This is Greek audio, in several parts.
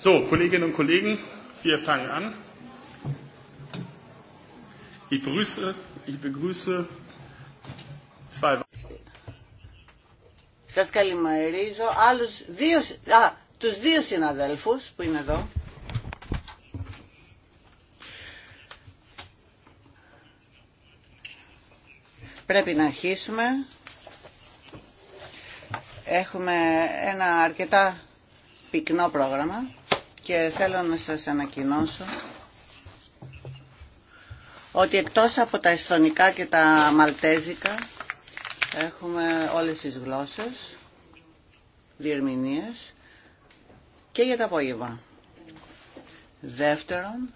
So, Kolleginnen und Kollegen, wir fangen an. Ich begrüße, ich begrüße zwei Σας καλημερίζω άλλους δύο, α, τους δύο συναδέλφους που είναι εδώ. Πρέπει να αρχίσουμε. Έχουμε ένα αρκετά πυκνό πρόγραμμα και θέλω να σας ανακοινώσω ότι εκτός από τα εσθονικά και τα μαλτέζικα έχουμε όλες τις γλώσσες, διερμηνίες και για τα απόγευμα. Δεύτερον,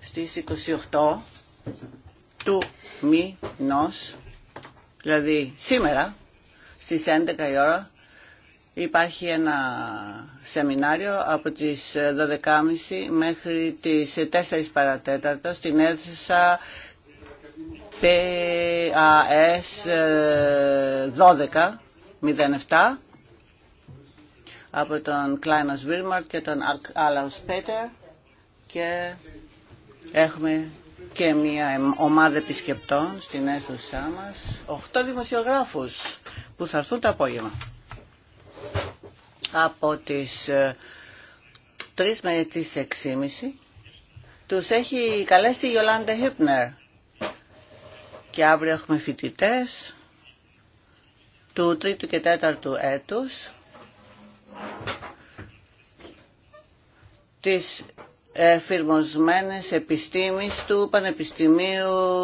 στις 28 του μηνός, δηλαδή σήμερα, στις 11 η ώρα, Υπάρχει ένα σεμινάριο από τις 12.30 μέχρι τις 4 παρατέταρτο στην αίθουσα PAS 12.07 από τον Κλάινος Βίρμαρτ και τον Άλαος Πέτερ και έχουμε και μια ομάδα επισκεπτών στην αίθουσά μας, 8 δημοσιογράφους που θα έρθουν το απόγευμα από τις 3 ε, με τις 6.30 τους έχει καλέσει η Ιολάντα Χίπνερ και αύριο έχουμε φοιτητέ του 3ου και 4ου έτους της ε, εφηρμοσμένης επιστήμης του Πανεπιστημίου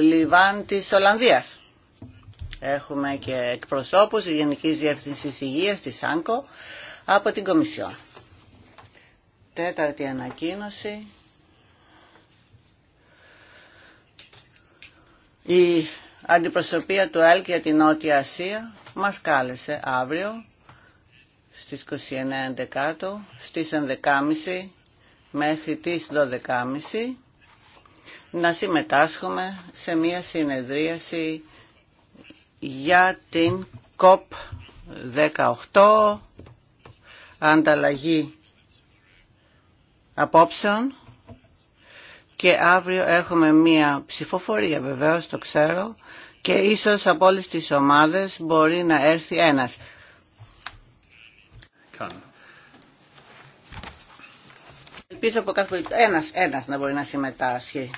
Λιβάν της Ολλανδίας. Έχουμε και εκπροσώπους της Γενικής Διεύθυνσης Υγείας της ΣΑΝΚΟ από την Κομισιόν. Τέταρτη ανακοίνωση. Η αντιπροσωπεία του ΕΛΚ για την Νότια Ασία μας κάλεσε αύριο στις 29 Δεκάτου, στις 11.30 μέχρι τις 12.30 να συμμετάσχουμε σε μία συνεδρίαση για την COP18 ανταλλαγή απόψεων και αύριο έχουμε μία ψηφοφορία βεβαίως το ξέρω και ίσως από όλες τις ομάδες μπορεί να έρθει ένας. Ελπίζω από κάθε ένας, ένας να μπορεί να συμμετάσχει.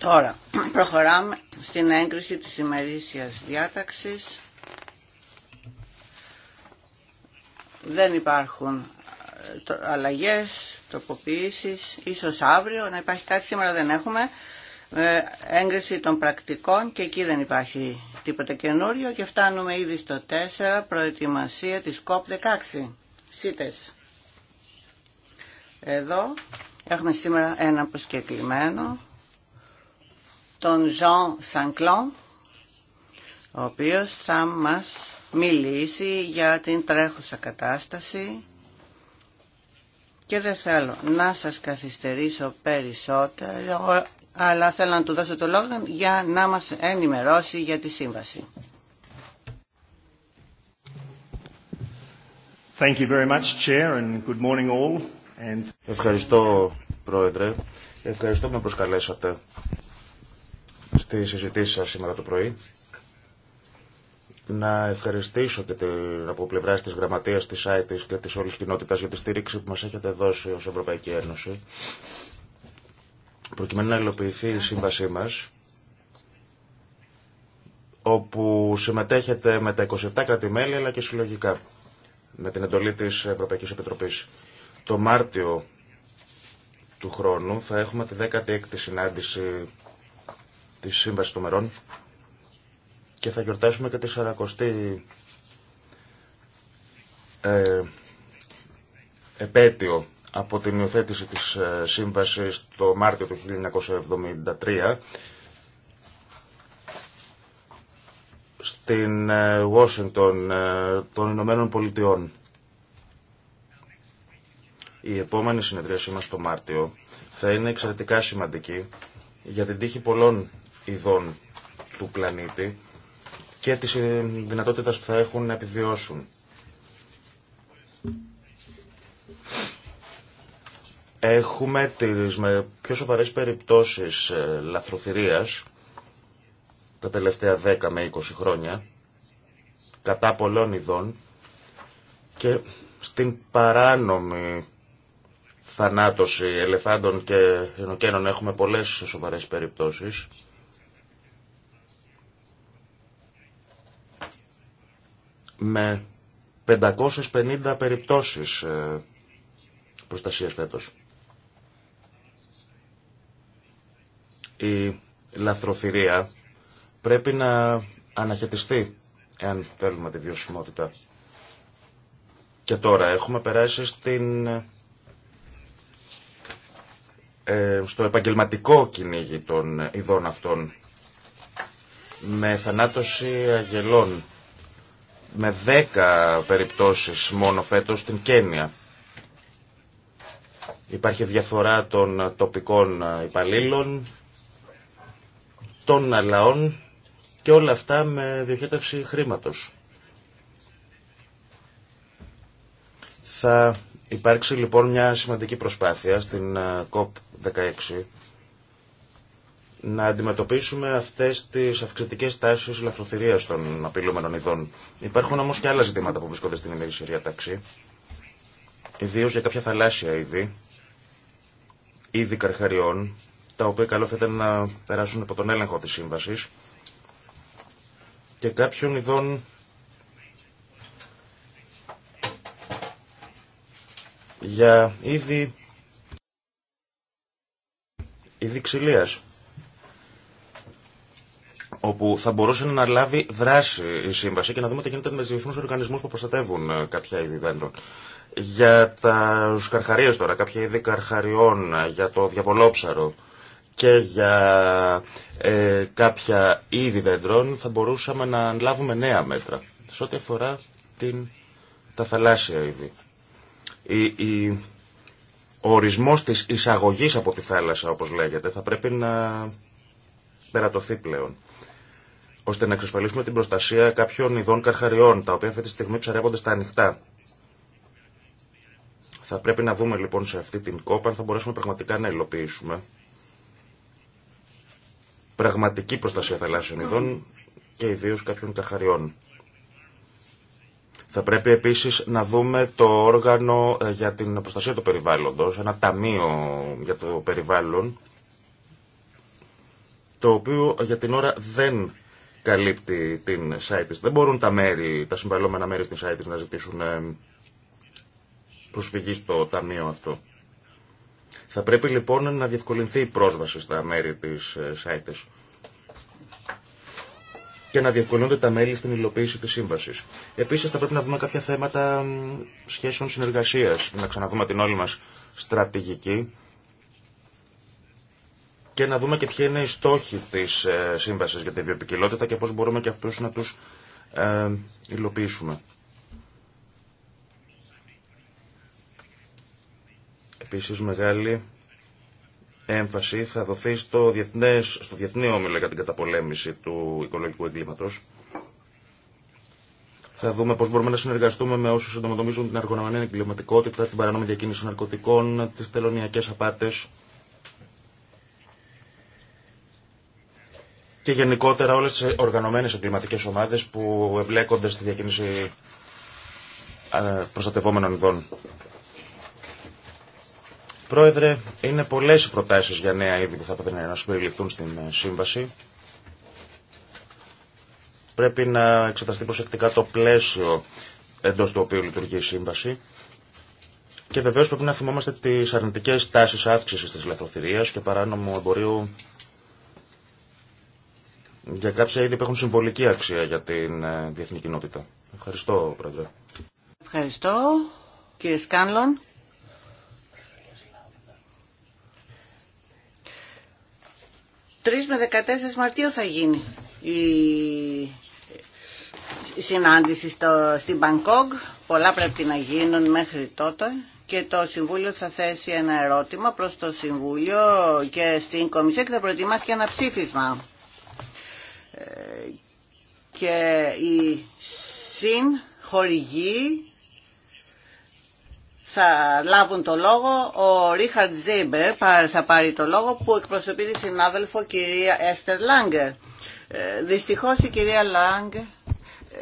Τώρα, προχωράμε στην έγκριση της ημερήσιας διάταξης. Δεν υπάρχουν ε, αλλαγές, τροποποιήσεις, ίσως αύριο να υπάρχει κάτι, σήμερα δεν έχουμε. Ε, έγκριση των πρακτικών και εκεί δεν υπάρχει τίποτα καινούριο και φτάνουμε ήδη στο 4, προετοιμασία της COP16. ΣΥΤΕΣ. Εδώ έχουμε σήμερα ένα προσκεκλημένο τον Ζων Σανκλόν, ο οποίος θα μας μιλήσει για την τρέχουσα κατάσταση και δεν θέλω να σας καθυστερήσω περισσότερο, αλλά θέλω να του δώσω το λόγο για να μας ενημερώσει για τη σύμβαση. Thank you very much, Chair, and good morning all. And... Ευχαριστώ, Πρόεδρε. Ευχαριστώ που με προσκαλέσατε στη συζητήση σας σήμερα το πρωί. Να ευχαριστήσω και την, από πλευράς τη γραμματείας τη ΆΕΤΗΣ και της όλης κοινότητα για τη στήριξη που μας έχετε δώσει ως Ευρωπαϊκή Ένωση, προκειμένου να υλοποιηθεί η σύμβασή μα, όπου συμμετέχετε με τα 27 κράτη-μέλη αλλά και συλλογικά, με την εντολή τη Ευρωπαϊκή Επιτροπή. Το Μάρτιο του χρόνου θα έχουμε τη 16η συνάντηση τη Σύμβαση των Μερών και θα γιορτάσουμε και τη 40 ε, επέτειο από την υιοθέτηση της ε, Σύμβασης το Μάρτιο του 1973 στην Ουάσιγκτον ε, των Ηνωμένων Πολιτειών. Η επόμενη συνεδρίασή μας το Μάρτιο θα είναι εξαιρετικά σημαντική για την τύχη πολλών ειδών του πλανήτη και τις ε, δυνατότητες που θα έχουν να επιβιώσουν. Έχουμε τις με πιο σοβαρές περιπτώσεις ε, λαθροθυρίας τα τελευταία 10 με 20 χρόνια κατά πολλών ειδών και στην παράνομη θανάτωση ελεφάντων και ενοκαίνων έχουμε πολλές σοβαρές περιπτώσεις με 550 περιπτώσεις ε, προστασίας φέτος. Η λαθροθυρία πρέπει να αναχαιτιστεί εάν θέλουμε τη βιωσιμότητα. Και τώρα έχουμε περάσει στην, ε, στο επαγγελματικό κυνήγι των ειδών αυτών με θανάτωση αγελών με 10 περιπτώσεις μόνο φέτος στην Κένια. Υπάρχει διαφορά των τοπικών υπαλλήλων, των λαών και όλα αυτά με διοχέτευση χρήματος. Θα υπάρξει λοιπόν μια σημαντική προσπάθεια στην COP16 ε, να αντιμετωπίσουμε αυτές τις αυξητικέ τάσει λαθροθυρία των απειλούμενων ειδών. Υπάρχουν όμω και άλλα ζητήματα που βρίσκονται στην ημερήσια διαταξή, ιδίω για κάποια θαλάσσια είδη, είδη καρχαριών, τα οποία καλό θα ήταν να περάσουν από τον έλεγχο της σύμβασης και κάποιων ειδών για είδη, είδη ξυλίας όπου θα μπορούσε να λάβει δράση η σύμβαση και να δούμε τι γίνεται με του διεθνού οργανισμού που προστατεύουν ε, κάποια είδη δέντρων. Για τα καρχαρίε τώρα, κάποια είδη καρχαριών, ε, για το διαβολόψαρο και για ε, κάποια είδη δέντρων θα μπορούσαμε να λάβουμε νέα μέτρα σε ό,τι αφορά την, τα θαλάσσια είδη. ο ορισμός της εισαγωγής από τη θάλασσα, όπως λέγεται, θα πρέπει να περατωθεί πλέον ώστε να εξασφαλίσουμε την προστασία κάποιων ειδών καρχαριών, τα οποία αυτή τη στιγμή ψαρεύονται στα ανοιχτά. Θα πρέπει να δούμε λοιπόν σε αυτή την κόπα αν θα μπορέσουμε πραγματικά να υλοποιήσουμε πραγματική προστασία θαλάσσιων ειδών και ιδίω κάποιων καρχαριών. Θα πρέπει επίσης να δούμε το όργανο ε, για την προστασία του περιβάλλοντος, ένα ταμείο για το περιβάλλον, το οποίο ε, για την ώρα δεν καλύπτει την site Δεν μπορούν τα μέρη, τα συμβαλόμενα μέρη στην site να ζητήσουν ε, προσφυγή στο ταμείο αυτό. Θα πρέπει λοιπόν να διευκολυνθεί η πρόσβαση στα μέρη της ε, site και να διευκολύνονται τα μέλη στην υλοποίηση τη σύμβασης. Επίσης θα πρέπει να δούμε κάποια θέματα σχέσεων συνεργασία, να ξαναδούμε την όλη μα στρατηγική και να δούμε και ποιοι είναι οι στόχοι της ε, σύμβαση για τη Βιοπικιλότητα και πώς μπορούμε και αυτού να τους ε, υλοποιήσουμε. Επίση μεγάλη έμφαση θα δοθεί στο, διεθνές, στο διεθνή όμιλο για την καταπολέμηση του οικολογικού εγκλήματο. Θα δούμε πώ μπορούμε να συνεργαστούμε με όσου αντιμετωπίζουν την αργονομανή εγκληματικότητα, την παράνομη διακίνηση ναρκωτικών, τι τελωνιακέ απάτε και γενικότερα όλες τις οργανωμένες εγκληματικές ομάδες που εμπλέκονται στη διακίνηση προστατευόμενων ειδών. Πρόεδρε, είναι πολλές οι προτάσεις για νέα είδη που θα πρέπει να συμπεριληφθούν στην ε, σύμβαση. Πρέπει να εξεταστεί προσεκτικά το πλαίσιο εντός του οποίου λειτουργεί η σύμβαση. Και βεβαίως πρέπει να θυμόμαστε τις αρνητικές τάσεις αύξησης της λαθροθυρία και παράνομου εμπορίου για κάποια είδη που έχουν συμβολική αξία για την ε, διεθνή κοινότητα. Ευχαριστώ, Πρόεδρε. Ευχαριστώ, κύριε Σκάνλον. Τρεις με 14 Μαρτίου θα γίνει η συνάντηση στο, στην Μπανκόγκ. Πολλά πρέπει να γίνουν μέχρι τότε και το Συμβούλιο θα θέσει ένα ερώτημα προς το Συμβούλιο και στην Κομισία και θα προετοιμάσει και ένα ψήφισμα και η συνχορηγή θα λάβουν το λόγο. Ο Ρίχαρτ Ζέιμπερ θα πάρει το λόγο που εκπροσωπεί τη συνάδελφο κυρία Έστερ Λάγκε. Ε, δυστυχώς η κυρία Λάγκε ε,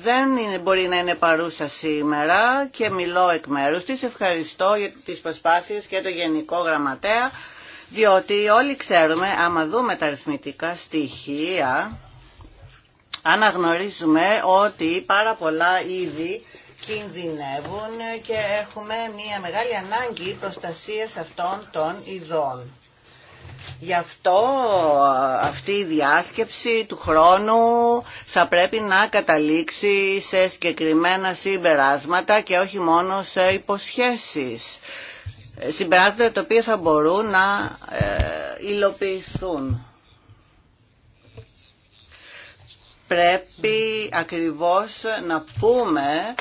δεν είναι, μπορεί να είναι παρούσα σήμερα και μιλώ εκ μέρους της. Ευχαριστώ για τις προσπάσεις και το Γενικό Γραμματέα διότι όλοι ξέρουμε, άμα δούμε τα αριθμητικά στοιχεία, αναγνωρίζουμε ότι πάρα πολλά είδη κινδυνεύουν και έχουμε μια μεγάλη ανάγκη προστασίας αυτών των ειδών. Γι' αυτό ε, αυτή η διάσκεψη του χρόνου θα πρέπει να καταλήξει σε συγκεκριμένα συμπεράσματα και όχι μόνο σε υποσχέσεις συμπεράσματα τα οποία θα μπορούν να ε, υλοποιηθούν. Πρέπει ακριβώς να πούμε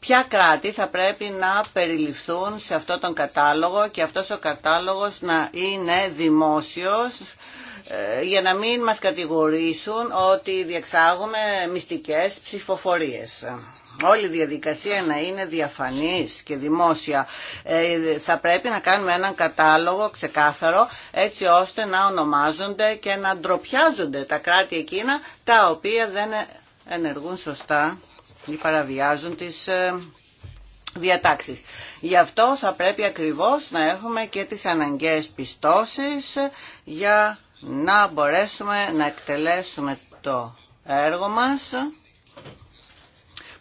ποια κράτη θα πρέπει να περιληφθούν σε αυτό τον κατάλογο και αυτός ο κατάλογος να είναι δημόσιος ε, για να μην μας κατηγορήσουν ότι διεξάγουμε μυστικές ψηφοφορίες όλη η διαδικασία να είναι διαφανής και δημόσια. Ε, θα πρέπει να κάνουμε έναν κατάλογο ξεκάθαρο έτσι ώστε να ονομάζονται και να ντροπιάζονται τα κράτη εκείνα τα οποία δεν ενεργούν σωστά ή παραβιάζουν τις ε, διατάξεις. Γι' αυτό θα πρέπει ακριβώς να έχουμε και τις αναγκαίες πιστώσεις για να μπορέσουμε να εκτελέσουμε το έργο μας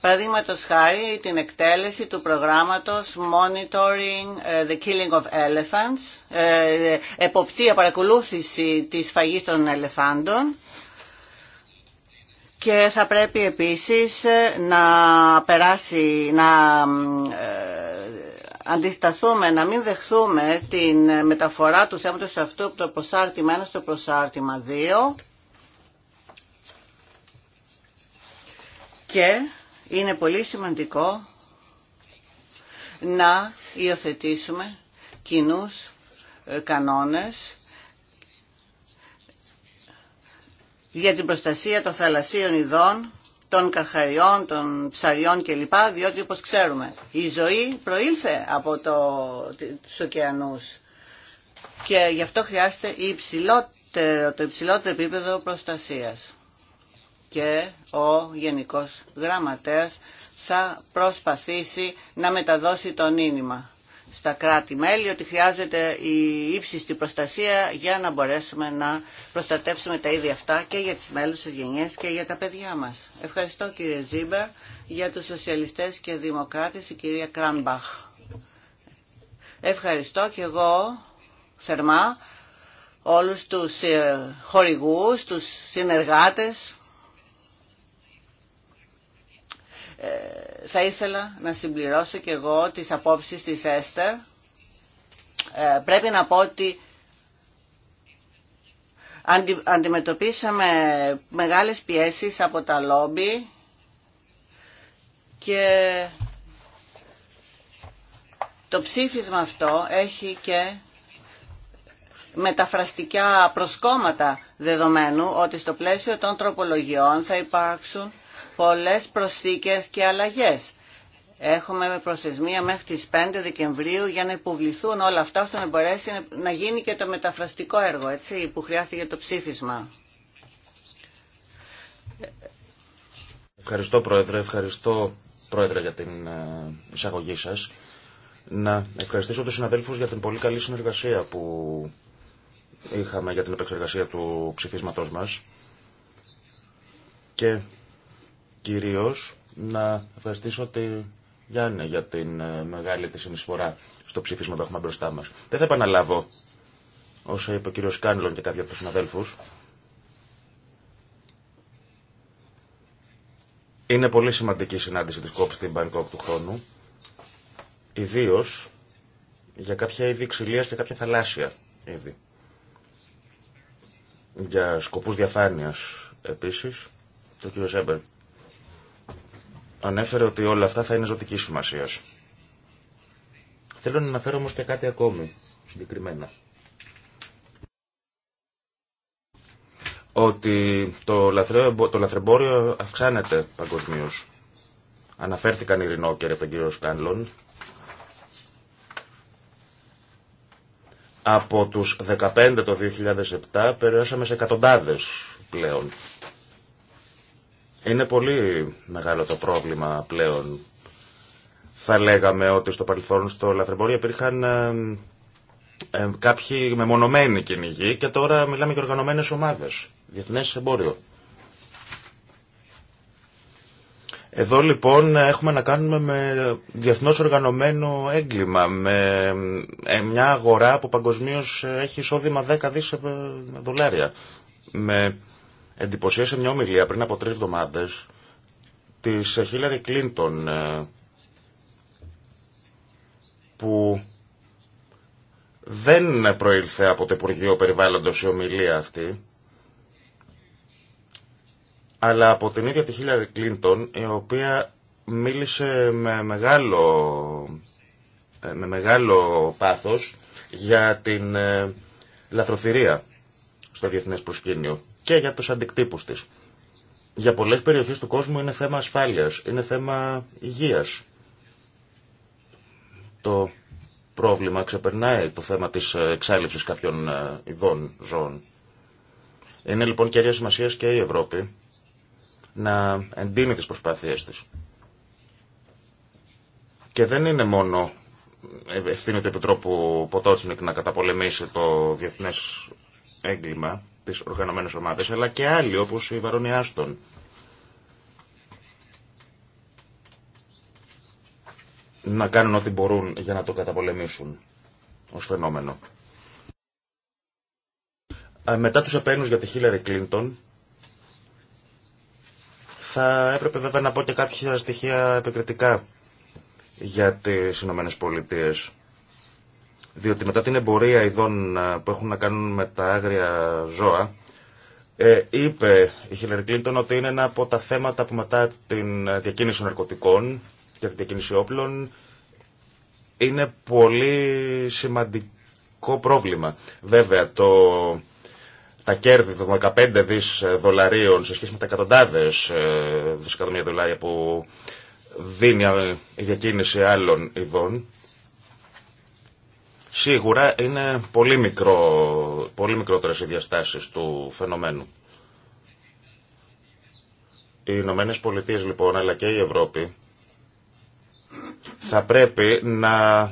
Παραδείγματο χάρη την εκτέλεση του προγράμματος Monitoring ε, the Killing of Elephants, ε, εποπτεία παρακολούθηση της φαγής των ελεφάντων, και θα πρέπει επίσης ε, να περάσει, να αντισταθούμε, να μην δεχθούμε την μεταφορά του θέματος αυτού από το προσάρτημα 1 στο προσάρτημα 2 και είναι πολύ σημαντικό να υιοθετήσουμε κοινούς ε, κανόνες για την προστασία των θαλασσίων ειδών, των καρχαριών, των ψαριών κλπ. Διότι όπως ξέρουμε η ζωή προήλθε από το, τους και γι' αυτό χρειάζεται το υψηλότερο επίπεδο προστασίας και ο Γενικός Γραμματέας θα προσπαθήσει να μεταδώσει το νήνυμα στα κράτη-μέλη ότι χρειάζεται η ύψιστη προστασία για να μπορέσουμε να προστατεύσουμε τα ίδια αυτά και για τις μέλους γενιές και για τα παιδιά μας. Ευχαριστώ κύριε Ζήμπερ για τους σοσιαλιστές και δημοκράτες η κυρία Κράμπαχ. Ευχαριστώ και εγώ θερμά όλους τους ε, χορηγούς, τους συνεργάτες θα ήθελα να συμπληρώσω και εγώ τις απόψεις της Έστερ. Ε, πρέπει να πω ότι αντιμετωπίσαμε μεγάλες πιέσεις από τα λόμπι και το ψήφισμα αυτό έχει και μεταφραστικά προσκόμματα δεδομένου ότι στο πλαίσιο των τροπολογιών θα υπάρξουν πολλές προσθήκες και αλλαγές. Έχουμε προθεσμία μέχρι τις 5 Δεκεμβρίου για να υποβληθούν όλα αυτά ώστε να μπορέσει να γίνει και το μεταφραστικό έργο έτσι, που χρειάζεται το ψήφισμα. Ευχαριστώ Πρόεδρε, ευχαριστώ Πρόεδρε για την ε, εισαγωγή σας. Να ευχαριστήσω τους συναδέλφους για την πολύ καλή συνεργασία που είχαμε για την επεξεργασία του ψηφίσματός μας. Και Κυρίως να ευχαριστήσω τη Γιάννη για την ε, μεγάλη της συνεισφορά στο ψήφισμα που έχουμε μπροστά μας. Δεν θα επαναλάβω όσα είπε ο κύριος Κάνλον και κάποιοι από τους συναδέλφους. Είναι πολύ σημαντική η συνάντηση της ΚΟΠ στην Πανκόκ του χρόνου, ιδίω για κάποια είδη ξυλίας και κάποια θαλάσσια είδη. Για σκοπούς διαφάνειας επίσης, το κύριο Σέμπερ ανέφερε ότι όλα αυτά θα είναι ζωτική σημασία. Θέλω να αναφέρω όμω και κάτι ακόμη συγκεκριμένα. Ότι το, λαθρεμπόριο, το αυξάνεται παγκοσμίω. Αναφέρθηκαν οι Ρινόκερ από τον κύριο Σκάνλον. Από τους 15 το 2007 περάσαμε σε εκατοντάδες πλέον είναι πολύ μεγάλο το πρόβλημα πλέον. Θα λέγαμε ότι στο παρελθόν στο λαθρεμπόριο υπήρχαν ε, ε, κάποιοι μεμονωμένοι κυνηγοί και τώρα μιλάμε για οργανωμένες ομάδες. Διεθνές εμπόριο. Εδώ λοιπόν έχουμε να κάνουμε με διεθνώς οργανωμένο έγκλημα, με ε, μια αγορά που παγκοσμίως έχει εισόδημα 10 δις ε, δολάρια, με εντυπωσίασε μια ομιλία πριν από τρεις εβδομάδες της Χίλαρη Κλίντον ε, που δεν προήλθε από το Υπουργείο Περιβάλλοντος η ομιλία αυτή αλλά από την ίδια τη Χίλαρη Κλίντον η οποία μίλησε με μεγάλο, ε, με μεγάλο πάθος για την ε, λαθροθυρία στο διεθνές προσκήνιο και για τους αντικτύπους της. Για πολλές περιοχές του κόσμου είναι θέμα ασφάλειας, είναι θέμα υγείας. Το πρόβλημα ξεπερνάει το θέμα της ε, εξάλληψης κάποιων ε, ειδών ζώων. Είναι λοιπόν κέρια σημασία και η Ευρώπη να εντείνει τις προσπάθειές της. Και δεν είναι μόνο ευθύνη του Επιτρόπου Ποτότσνικ να καταπολεμήσει το διεθνές έγκλημα, τι οργανωμένες ομάδες, αλλά και άλλοι όπως η Βαρόνι Άστον. Να κάνουν ό,τι μπορούν για να το καταπολεμήσουν ως φαινόμενο. Μετά τους επένους για τη Χίλαρη Κλίντον, θα έπρεπε βέβαια να πω και κάποια στοιχεία επικριτικά για τις Ηνωμένες Πολιτείες διότι μετά την εμπορία ειδών ε, που έχουν να κάνουν με τα άγρια ζώα, ε, είπε η Χιλερ Κλίντον ότι είναι ένα από τα θέματα που μετά την ε, διακίνηση ναρκωτικών και την διακίνηση όπλων είναι πολύ σημαντικό πρόβλημα. Βέβαια, το, τα κέρδη των 15 δις δολαρίων σε σχέση με τα εκατοντάδες δισεκατομμύρια δολάρια που δίνει η διακίνηση άλλων ειδών Σίγουρα είναι πολύ, μικρό, πολύ μικρότερες οι διαστάσεις του φαινομένου. Οι Ηνωμένε Πολιτείε λοιπόν, αλλά και η Ευρώπη, θα πρέπει να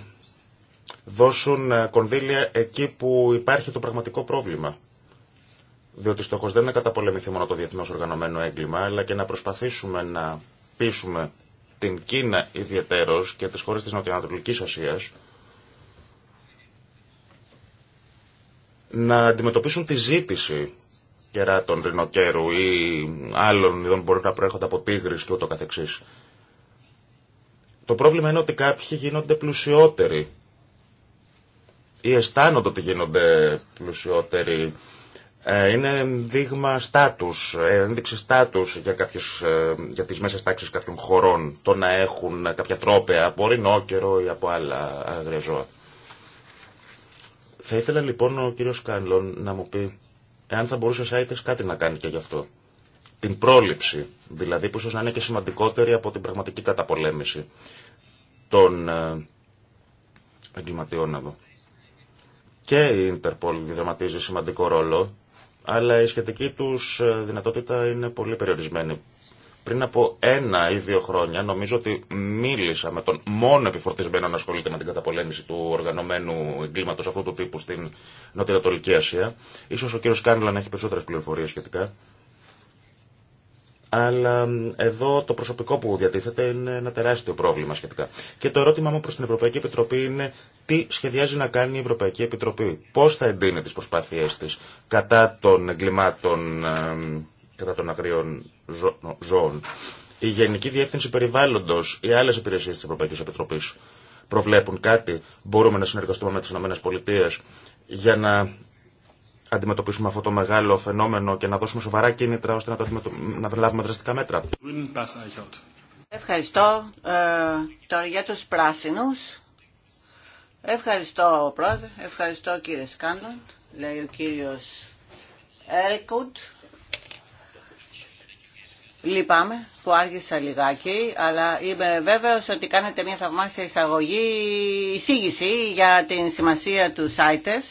δώσουν κονδύλια εκεί που υπάρχει το πραγματικό πρόβλημα. Διότι στόχος δεν είναι να καταπολεμηθεί μόνο το διεθνώς οργανωμένο έγκλημα, αλλά και να προσπαθήσουμε να πείσουμε την Κίνα ιδιαιτέρως και τις χώρες της Νοτιοανατολικής Ασίας, να αντιμετωπίσουν τη ζήτηση κεράτων ρινοκέρου ή άλλων ειδών που μπορεί να προέρχονται από τίγρης και ούτω καθεξής. Το πρόβλημα είναι ότι κάποιοι γίνονται πλουσιότεροι ή αισθάνονται ότι γίνονται πλουσιότεροι. Ε, είναι δείγμα στάτους, ε, ένδειξη στάτους για, κάποιες, ε, για τις μέσες τάξεις κάποιων χωρών το να έχουν κάποια τρόπαια από ρινόκερο ή από άλλα αγριαζόα. Θα ήθελα λοιπόν ο κύριο Κάνλον να μου πει εάν θα μπορούσε ο ΣΑΙΤΕΣ κάτι να κάνει και γι' αυτό. Την πρόληψη, δηλαδή που ίσως να είναι και σημαντικότερη από την πραγματική καταπολέμηση των ε, εγκληματιών εδώ. Και η Ιντερπολ διδραματίζει σημαντικό ρόλο, αλλά η σχετική τους ε, δυνατότητα είναι πολύ περιορισμένη. Πριν από ένα ή δύο χρόνια νομίζω ότι μίλησα με τον μόνο επιφορτισμένο να ασχολείται με την καταπολέμηση του οργανωμένου εγκλήματο αυτού του τύπου στην Νοτιοανατολική Ασία. Σω ο κύριος Κάνιλα να έχει περισσότερε πληροφορίε σχετικά. Αλλά εδώ το προσωπικό που διατίθεται είναι ένα τεράστιο πρόβλημα σχετικά. Και το ερώτημά μου προ την Ευρωπαϊκή Επιτροπή είναι τι σχεδιάζει να κάνει η Ευρωπαϊκή Επιτροπή. Πώ θα εντείνει τι προσπάθειέ τη κατά των εγκλημάτων, ε, κατά των αγρίων ζώων. Η Γενική Διεύθυνση Περιβάλλοντος, ή άλλες υπηρεσίες της Ευρωπαϊκής Επιτροπής προβλέπουν κάτι, μπορούμε να συνεργαστούμε με τις ΗΠΑ για να αντιμετωπίσουμε αυτό το μεγάλο φαινόμενο και να δώσουμε σοβαρά κίνητρα ώστε να, το να λάβουμε δραστικά μέτρα. Ευχαριστώ. Ε, τώρα για τους πράσινους. Ευχαριστώ πρόεδρε, ευχαριστώ κύριε Σκάνλοντ, λέει ο κύριος Έλκουτ. Λυπάμαι που άργησα λιγάκι, αλλά είμαι βέβαιος ότι κάνετε μια θαυμάσια εισαγωγή, εισήγηση για την σημασία του ΣΑΙΤΕΣ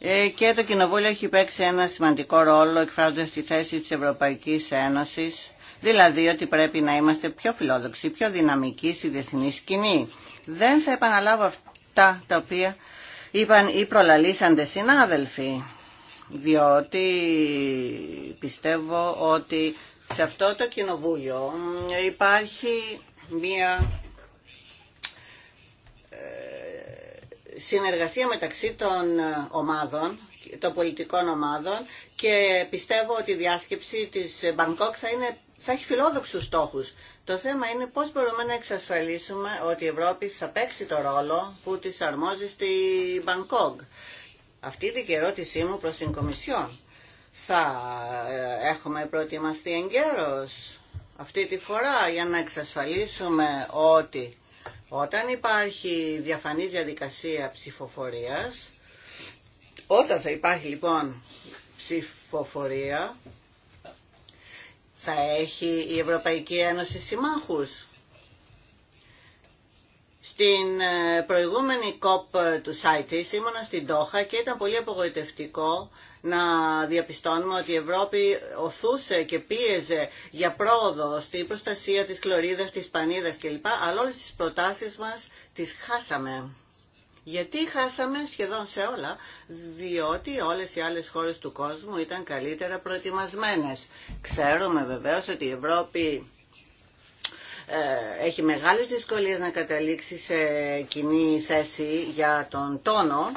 ε, και το Κοινοβούλιο έχει παίξει ένα σημαντικό ρόλο εκφράζοντας τη θέση της Ευρωπαϊκής Ένωσης, δηλαδή ότι πρέπει να είμαστε πιο φιλόδοξοι, πιο δυναμικοί στη διεθνή σκηνή. Δεν θα επαναλάβω αυτά τα οποία είπαν ή προλαλήσαντε συνάδελφοι διότι πιστεύω ότι σε αυτό το κοινοβούλιο υπάρχει μία ε, συνεργασία μεταξύ των ομάδων, των πολιτικών ομάδων και πιστεύω ότι η διάσκεψη της Μπαγκόκ θα, είναι, θα έχει φιλόδοξους στόχους. Το θέμα είναι πώς μπορούμε να εξασφαλίσουμε ότι η Ευρώπη θα παίξει το ρόλο που της αρμόζει στη Μπαγκόκ. Αυτή είναι και ερώτησή μου προς την Κομισιόν. Θα ε, έχουμε προετοιμαστεί καιρός αυτή τη φορά για να εξασφαλίσουμε ότι όταν υπάρχει διαφανής διαδικασία ψηφοφορίας, όταν θα υπάρχει λοιπόν ψηφοφορία, θα έχει η Ευρωπαϊκή Ένωση συμμάχους στην ε, προηγούμενη COP ε, του ΣΑΙΤΗΣ ήμουνα στην Τόχα και ήταν πολύ απογοητευτικό να διαπιστώνουμε ότι η Ευρώπη οθούσε και πίεζε για πρόοδο στην προστασία της κλωρίδας, της πανίδας κλπ. Αλλά όλες τις προτάσεις μας τις χάσαμε. Γιατί χάσαμε σχεδόν σε όλα, διότι όλες οι άλλες χώρες του κόσμου ήταν καλύτερα προετοιμασμένες. Ξέρουμε βεβαίως ότι η Ευρώπη ε, έχει μεγάλες δυσκολίες να καταλήξει σε κοινή θέση για τον τόνο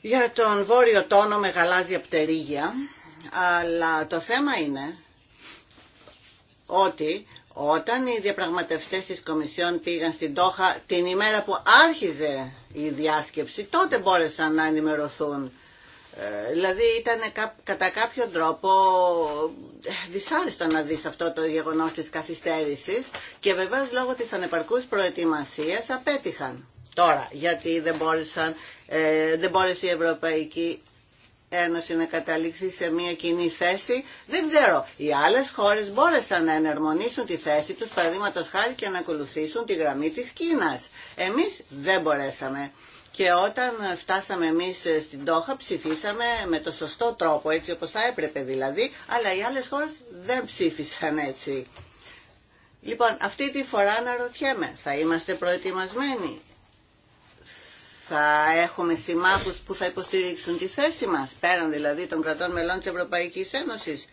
για τον βόρειο τόνο με γαλάζια αλλά το θέμα είναι ότι όταν οι διαπραγματευτές της Κομισιόν πήγαν στην Τόχα την ημέρα που άρχιζε η διάσκεψη τότε μπόρεσαν να ενημερωθούν ε, δηλαδή ήταν κατά κάποιο τρόπο ε, δυσάρεστο να δεις αυτό το γεγονός της καθυστέρησης και βεβαίως λόγω της ανεπαρκούς προετοιμασίας απέτυχαν τώρα γιατί δεν, μπόρεσαν, ε, δεν μπόρεσε η Ευρωπαϊκή Ένωση να καταλήξει σε μια κοινή θέση. Δεν ξέρω. Οι άλλες χώρες μπόρεσαν να ενερμονίσουν τη θέση τους παραδείγματος χάρη και να ακολουθήσουν τη γραμμή της Κίνας. Εμείς δεν μπορέσαμε. Και όταν φτάσαμε εμείς στην Τόχα ψηφίσαμε με το σωστό τρόπο, έτσι όπως θα έπρεπε δηλαδή, αλλά οι άλλες χώρες δεν ψήφισαν έτσι. Λοιπόν, αυτή τη φορά να ρωτιέμαι, θα είμαστε προετοιμασμένοι, θα έχουμε συμμάχους που θα υποστηρίξουν τη θέση μας, πέραν δηλαδή των κρατών μελών της Ευρωπαϊκής Ένωσης.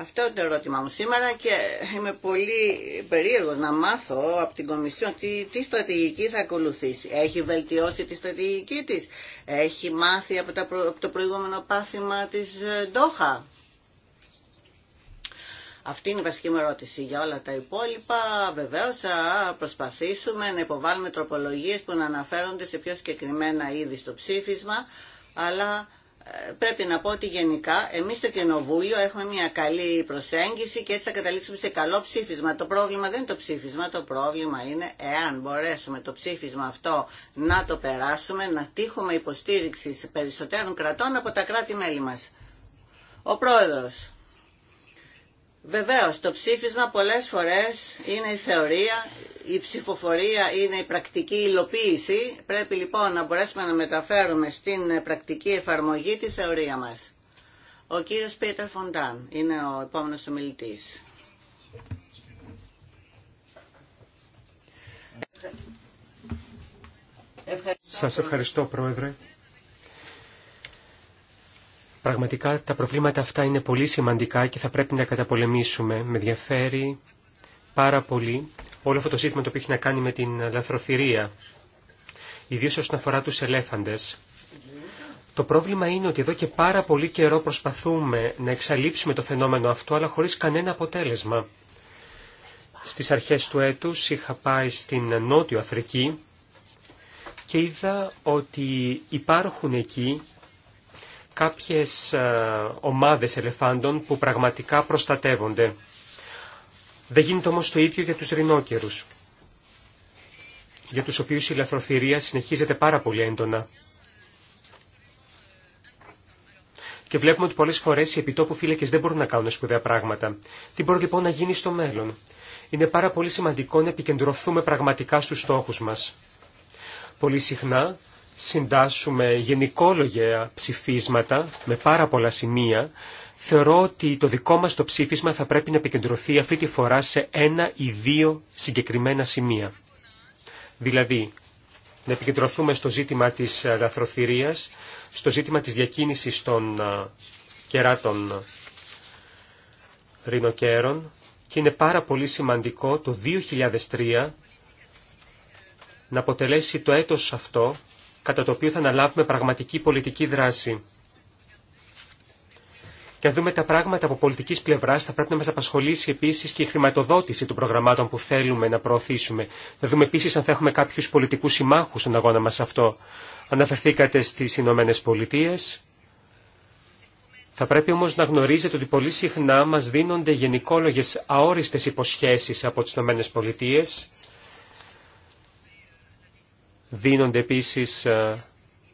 Αυτό είναι το ερώτημά μου σήμερα και είμαι πολύ περίεργο να μάθω από την Κομισιόν τι, τι στρατηγική θα ακολουθήσει. Έχει βελτιώσει τη στρατηγική της, έχει μάθει από, τα, το προηγούμενο πάσημα της ε, Ντόχα. Αυτή είναι η βασική μου ερώτηση. Για όλα τα υπόλοιπα, βεβαίω θα προσπαθήσουμε να υποβάλουμε τροπολογίε που να αναφέρονται σε πιο συγκεκριμένα είδη στο ψήφισμα, αλλά πρέπει να πω ότι γενικά εμείς στο Κοινοβούλιο έχουμε μια καλή προσέγγιση και έτσι θα καταλήξουμε σε καλό ψήφισμα. Το πρόβλημα δεν είναι το ψήφισμα, το πρόβλημα είναι εάν μπορέσουμε το ψήφισμα αυτό να το περάσουμε, να τύχουμε υποστήριξη περισσότερων κρατών από τα κράτη-μέλη μα. Ο Πρόεδρος. Βεβαίω, το ψήφισμα πολλέ φορές είναι η θεωρία, η ψηφοφορία είναι η πρακτική υλοποίηση, πρέπει λοιπόν να μπορέσουμε να μεταφέρουμε στην πρακτική εφαρμογή τη θεωρία μας. Ο κύριος Πίτερ Φοντάν είναι ο επόμενος ομιλητής. Σας ευχαριστώ Πρόεδρε. Πραγματικά τα προβλήματα αυτά είναι πολύ σημαντικά και θα πρέπει να καταπολεμήσουμε. Με ενδιαφέρει πάρα πολύ όλο αυτό το ζήτημα το οποίο έχει να κάνει με την λαθροθυρία, ιδίως όσον αφορά τους ελέφαντες. Το πρόβλημα είναι ότι εδώ και πάρα πολύ καιρό προσπαθούμε να εξαλείψουμε το φαινόμενο αυτό, αλλά χωρίς κανένα αποτέλεσμα. Στις αρχές του έτους είχα πάει στην Νότιο Αφρική και είδα ότι υπάρχουν εκεί κάποιες ε, ομάδες ελεφάντων που πραγματικά προστατεύονται. Δεν γίνεται όμως το ίδιο για τους ρινόκερους, για τους οποίους η λαθροθυρία συνεχίζεται πάρα πολύ έντονα. Και βλέπουμε ότι πολλές φορές οι επιτόπου φύλακες δεν μπορούν να κάνουν σπουδαία πράγματα. Τι μπορεί λοιπόν να γίνει στο μέλλον. Είναι πάρα πολύ σημαντικό να επικεντρωθούμε πραγματικά στους στόχους μας. Πολύ συχνά συντάσσουμε γενικόλογια ψηφίσματα με πάρα πολλά σημεία θεωρώ ότι το δικό μας το ψήφισμα θα πρέπει να επικεντρωθεί αυτή τη φορά σε ένα ή δύο συγκεκριμένα σημεία. Δηλαδή, να επικεντρωθούμε στο ζήτημα της ε, λαθροθυρίας, στο ζήτημα της διακίνησης των ε, κεράτων ε, ρινοκέρων και είναι πάρα πολύ σημαντικό το 2003 να αποτελέσει το έτος αυτό κατά το οποίο θα αναλάβουμε πραγματική πολιτική δράση και αν δούμε τα πράγματα από πολιτική πλευρά, θα πρέπει να μα απασχολήσει επίση και η χρηματοδότηση των προγραμμάτων που θέλουμε να προωθήσουμε. Θα δούμε επίση αν θα έχουμε κάποιου πολιτικού συμμάχου στον αγώνα μα αυτό. Αναφερθήκατε στι Ηνωμένε Πολιτείε. Θα πρέπει όμω να γνωρίζετε ότι πολύ συχνά μα δίνονται γενικόλογε αόριστες υποσχέσει από τι Ηνωμένε Πολιτείε. Δίνονται επίση ε,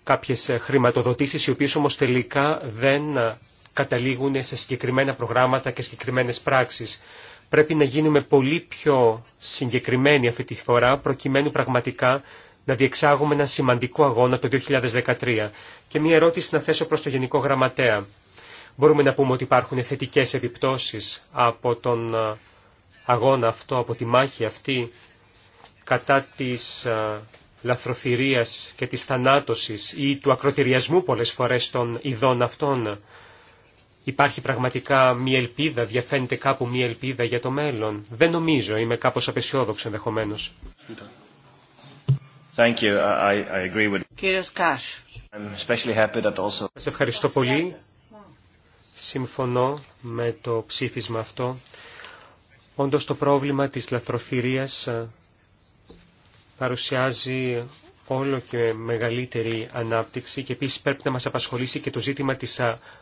κάποιες ε, χρηματοδοτήσεις οι οποίες όμως τελικά δεν ε, καταλήγουν σε συγκεκριμένα προγράμματα και συγκεκριμένες πράξεις. Πρέπει να γίνουμε πολύ πιο συγκεκριμένοι αυτή τη φορά, προκειμένου πραγματικά να διεξάγουμε ένα σημαντικό αγώνα το 2013. Και μια ερώτηση να θέσω προς το Γενικό Γραμματέα. Μπορούμε να πούμε ότι υπάρχουν θετικές επιπτώσεις από τον αγώνα αυτό, από τη μάχη αυτή, κατά της λαθροθυρίας και της θανάτωσης ή του ακροτηριασμού πολλές φορές των ειδών αυτών Υπάρχει πραγματικά μία ελπίδα, διαφαίνεται κάπου μία ελπίδα για το μέλλον. Δεν νομίζω, είμαι κάπως απεσιόδοξο ενδεχομένω. Thank ευχαριστώ πολύ. Συμφωνώ με το ψήφισμα αυτό. Όντως το πρόβλημα της λαθροθυρίας ε, παρουσιάζει όλο και μεγαλύτερη ανάπτυξη και επίσης πρέπει να μας απασχολήσει και το ζήτημα της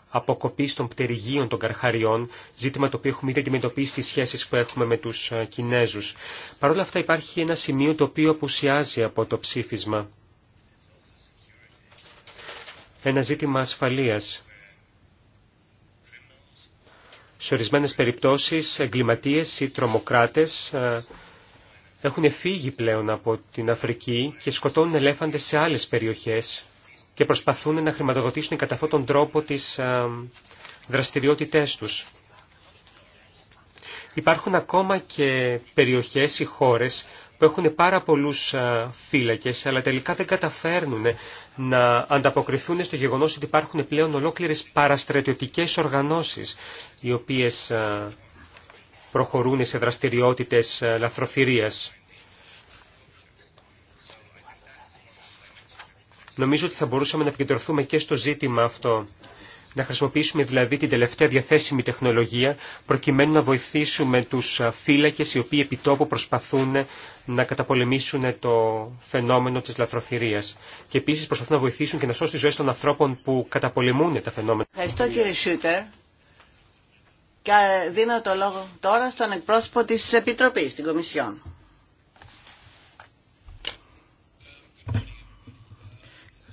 αποκοπής των πτερυγίων των καρχαριών, ζήτημα το οποίο έχουμε ήδη αντιμετωπίσει στις σχέσεις που έχουμε με τους Κινέζους. Παρ' όλα αυτά υπάρχει ένα σημείο το οποίο απουσιάζει από το ψήφισμα. Ένα ζήτημα ασφαλείας. Σε ορισμένε περιπτώσεις εγκληματίες ή τρομοκράτες έχουν φύγει πλέον από την Αφρική και σκοτώνουν ελέφαντες σε άλλες περιοχές και προσπαθούν να χρηματοδοτήσουν κατά αυτόν τον τρόπο τις α, δραστηριότητές τους. Υπάρχουν ακόμα και περιοχές ή χώρες που έχουν πάρα πολλούς φύλακες, αλλά τελικά δεν καταφέρνουν να ανταποκριθούν στο γεγονός ότι υπάρχουν πλέον ολόκληρες παραστρατιωτικές οργανώσεις, οι οποίες προχωρούν σε δραστηριότητες ε, λαθροθυρίας. Νομίζω ότι θα μπορούσαμε να επικεντρωθούμε και στο ζήτημα αυτό. Να χρησιμοποιήσουμε δηλαδή την τελευταία διαθέσιμη τεχνολογία προκειμένου να βοηθήσουμε τους ε, φύλακες οι οποίοι επιτόπου προσπαθούν να καταπολεμήσουν το φαινόμενο της λαθροθυρίας. Και επίσης προσπαθούν να βοηθήσουν και να σώσουν τις ζωές των ανθρώπων που καταπολεμούν τα φαινόμενα. Ευχαριστώ κύριε Σούτερ. Και ε, δίνω το λόγο τώρα στον εκπρόσωπο της Επιτροπής, την Κομισιόν.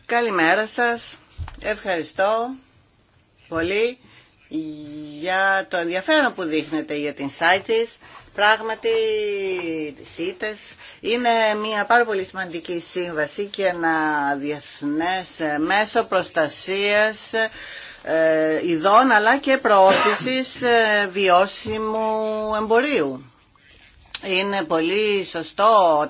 Καλημέρα σας. Ευχαριστώ πολύ για το ενδιαφέρον που δείχνετε για την site της. Πράγματι, ΣΥΤΕΣ είναι μια πάρα πολύ σημαντική σύμβαση και ένα διασνές μέσο προστασίας ε, ειδών αλλά και προώθησης ε, βιώσιμου εμπορίου. Είναι πολύ σωστό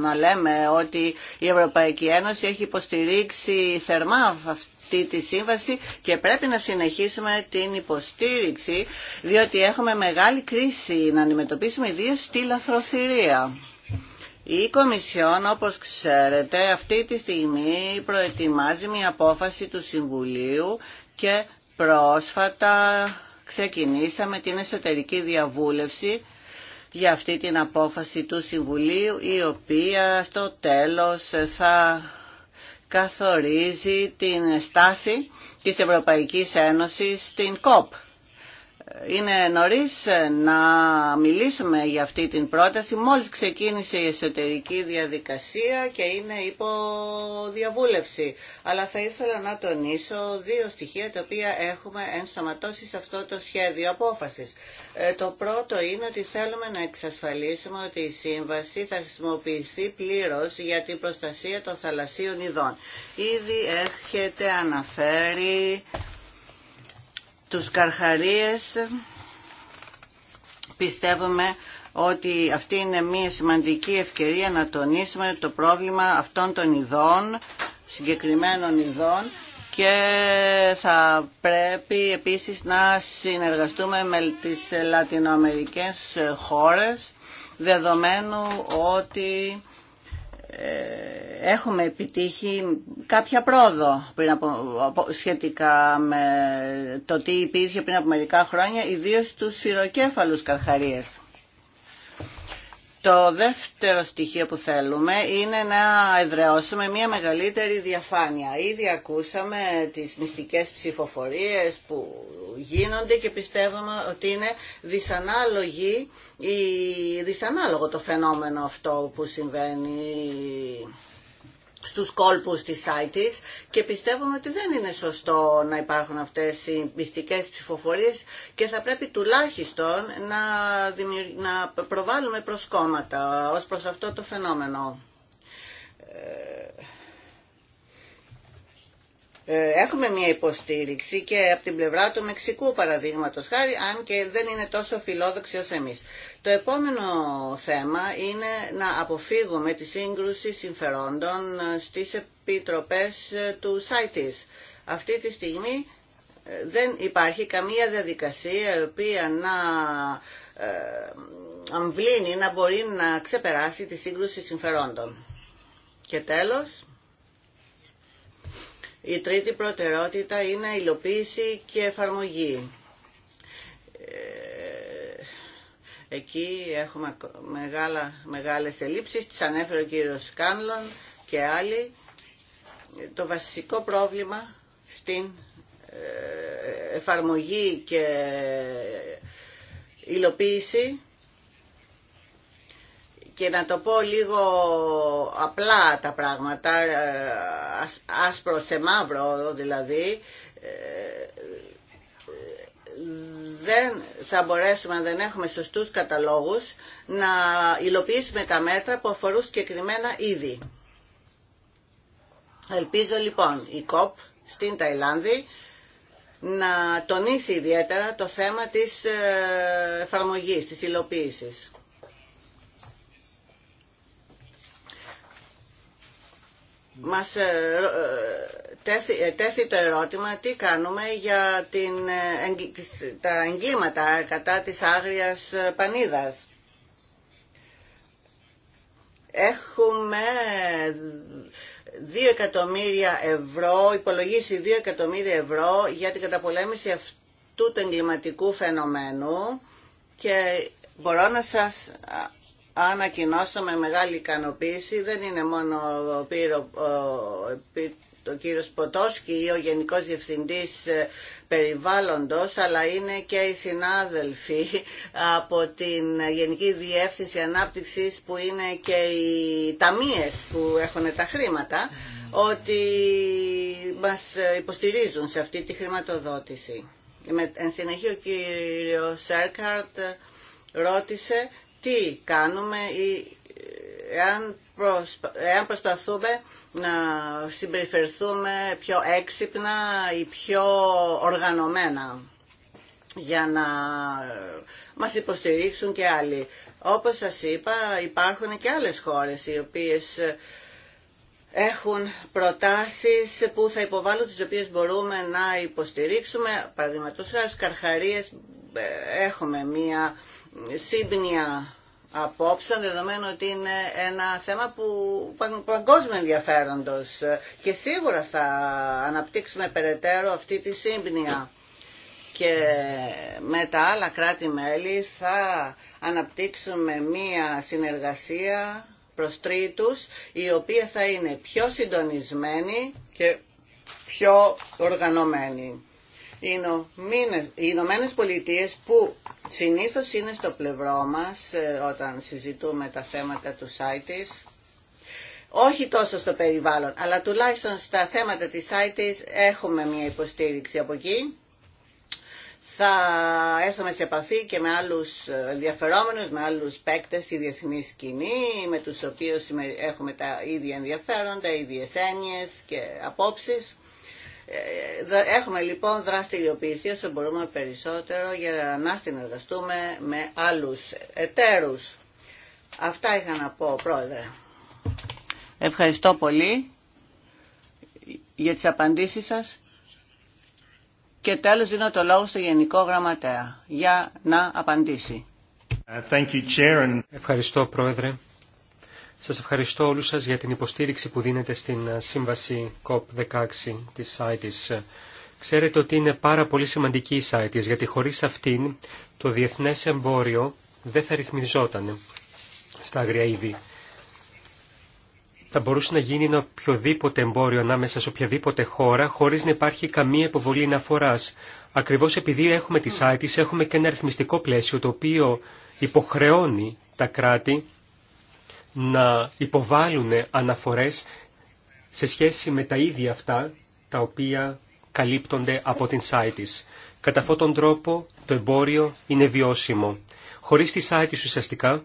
να λέμε ότι η Ευρωπαϊκή Ένωση έχει υποστηρίξει σερμά αυτή τη σύμβαση και πρέπει να συνεχίσουμε την υποστήριξη διότι έχουμε μεγάλη κρίση να αντιμετωπίσουμε ιδίως στη λαθροθυρία. Η Κομισιόν, όπως ξέρετε, αυτή τη στιγμή προετοιμάζει μια απόφαση του Συμβουλίου και πρόσφατα ξεκινήσαμε την εσωτερική διαβούλευση για αυτή την απόφαση του Συμβουλίου η οποία στο τέλος θα καθορίζει την στάση της Ευρωπαϊκής Ένωσης στην ΚΟΠ είναι νωρίς ε, να μιλήσουμε για αυτή την πρόταση. Μόλις ξεκίνησε η εσωτερική διαδικασία και είναι υπό διαβούλευση. Αλλά θα ήθελα να τονίσω δύο στοιχεία τα οποία έχουμε ενσωματώσει σε αυτό το σχέδιο απόφασης. Ε, το πρώτο είναι ότι θέλουμε να εξασφαλίσουμε ότι η σύμβαση θα χρησιμοποιηθεί πλήρως για την προστασία των θαλασσίων ειδών. Ήδη έχετε αναφέρει τους καρχαρίες πιστεύουμε ότι αυτή είναι μια σημαντική ευκαιρία να τονίσουμε το πρόβλημα αυτών των ειδών, συγκεκριμένων ειδών και θα πρέπει επίσης να συνεργαστούμε με τις λατινοαμερικές χώρες δεδομένου ότι ε, έχουμε επιτύχει κάποια πρόοδο πριν από, σχετικά με το τι υπήρχε πριν από μερικά χρόνια, ιδίως στους φυροκέφαλους καρχαρίες. Το δεύτερο στοιχείο που θέλουμε είναι να εδραιώσουμε μια μεγαλύτερη διαφάνεια. Ήδη ακούσαμε τις μυστικές ψηφοφορίες που γίνονται και πιστεύουμε ότι είναι δυσανάλογη, δυσανάλογο το φαινόμενο αυτό που συμβαίνει στους κόλπους της ΣΑΙΤΙΣ και πιστεύουμε ότι δεν είναι σωστό να υπάρχουν αυτές οι μυστικές ψηφοφορίες και θα πρέπει τουλάχιστον να, να προβάλλουμε προσκόμματα ως προς αυτό το φαινόμενο. Ε, ε, έχουμε μια υποστήριξη και από την πλευρά του Μεξικού παραδείγματο χάρη, αν και δεν είναι τόσο φιλόδοξοι ως εμείς. Το επόμενο θέμα είναι να αποφύγουμε τη σύγκρουση συμφερόντων στις επιτροπές του ΣΑΙΤΙΣ. Αυτή τη στιγμή ε, δεν υπάρχει καμία διαδικασία η οποία να ε, αμβλύνει, να μπορεί να ξεπεράσει τη σύγκρουση συμφερόντων. Και τέλος, η τρίτη προτεραιότητα είναι υλοποίηση και εφαρμογή. Ε, εκεί έχουμε μεγάλα, μεγάλες ελλείψεις, τις ανέφερε ο κύριος Σκάνλον και άλλοι. Το βασικό πρόβλημα στην ε, εφαρμογή και υλοποίηση και να το πω λίγο απλά τα πράγματα, ε, άσπρο σε μαύρο δηλαδή, ε, δεν θα μπορέσουμε, αν δεν έχουμε σωστούς καταλόγους, να υλοποιήσουμε τα μέτρα που αφορούν συγκεκριμένα είδη. Ελπίζω λοιπόν η ΚΟΠ στην Ταϊλάνδη να τονίσει ιδιαίτερα το θέμα της ε, εφαρμογής, της υλοποίησης. μας ε, ε, τέσει το ερώτημα τι κάνουμε για την, ε, τα εγκλήματα κατά της άγριας πανίδας. Έχουμε 2 εκατομμύρια ευρώ, υπολογίσει 2 εκατομμύρια ευρώ για την καταπολέμηση αυτού του εγκληματικού φαινομένου και μπορώ να σας ανακοινώσω με μεγάλη ικανοποίηση, δεν είναι μόνο ο, Πύρο, ο κύριος Ποτόσκι ή ο Γενικός Διευθυντής ε, Περιβάλλοντος, αλλά είναι και οι συνάδελφοι από την Γενική Διεύθυνση Ανάπτυξης που είναι και οι ταμείες που έχουν τα χρήματα, ότι μας υποστηρίζουν σε αυτή τη χρηματοδότηση. Εν συνεχεία ο κύριος Σέρκαρτ ρώτησε τι κάνουμε ή ε, εάν, προσπα... εάν προσπαθούμε να συμπεριφερθούμε πιο έξυπνα ή πιο οργανωμένα για να ε, μας υποστηρίξουν και άλλοι. Όπως σας είπα υπάρχουν και άλλες χώρες οι οποίες ε, έχουν προτάσεις που θα υποβάλουν τις οποίες μπορούμε να υποστηρίξουμε. Παραδείγματος χάρη Καρχαρίες έχουμε μία σύμπνοια απόψεων, δεδομένου ότι είναι ένα θέμα που παγκόσμιο ενδιαφέροντος και σίγουρα θα αναπτύξουμε περαιτέρω αυτή τη σύμπνοια και με τα άλλα κράτη-μέλη θα αναπτύξουμε μία συνεργασία προς τρίτους η οποία θα είναι πιο συντονισμένη και πιο οργανωμένη οι Ηνωμένε Πολιτείε που συνήθως είναι στο πλευρό μας ε, όταν συζητούμε τα θέματα του ΣΑΙΤΙΣ, όχι τόσο στο περιβάλλον, αλλά τουλάχιστον στα θέματα της ΣΑΙΤΙΣ έχουμε μια υποστήριξη από εκεί. Θα έρθουμε σε επαφή και με άλλους ε, ενδιαφερόμενους, με άλλους παίκτες στη διεθνή σκηνή, με τους οποίους έχουμε τα ίδια ενδιαφέροντα, ίδιες έννοιες και απόψεις. Ε, ε, έχουμε λοιπόν δραστηριοποιηθεί όσο μπορούμε περισσότερο για να συνεργαστούμε με άλλους εταίρους. Αυτά είχα να πω, Πρόεδρε. Ευχαριστώ πολύ για τις απαντήσεις σας. Και τέλος δίνω το λόγο στο Γενικό Γραμματέα για να απαντήσει. Ευχαριστώ, Πρόεδρε. Σας ευχαριστώ όλους σας για την υποστήριξη που δίνετε στην ε, σύμβαση COP16 της ΣΑΙΤΙΣ. Ξέρετε ότι είναι πάρα πολύ σημαντική η ΣΑΙΤΙΣ, γιατί χωρίς αυτήν το διεθνές εμπόριο δεν θα ρυθμιζόταν στα άγρια είδη. Θα μπορούσε να γίνει ένα οποιοδήποτε εμπόριο ανάμεσα σε οποιαδήποτε χώρα, χωρίς να υπάρχει καμία υποβολή αναφοράς. Ακριβώς επειδή έχουμε τη ΣΑΙΤΙΣ, έχουμε και ένα ρυθμιστικό πλαίσιο, το οποίο υποχρεώνει τα κράτη να υποβάλουν αναφορές σε σχέση με τα ίδια αυτά τα οποία καλύπτονται από την site της. Κατά αυτόν τον τρόπο το εμπόριο είναι βιώσιμο. Χωρίς τη site ουσιαστικά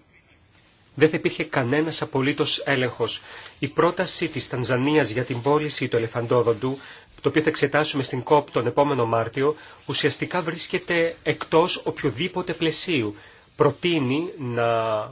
δεν θα υπήρχε κανένας απολύτως έλεγχος. Η πρόταση της Τανζανίας για την πώληση του ελεφαντόδοντου, το οποίο θα εξετάσουμε στην Κόπ τον επόμενο Μάρτιο, ουσιαστικά βρίσκεται εκτός οποιοδήποτε πλαισίου προτείνει να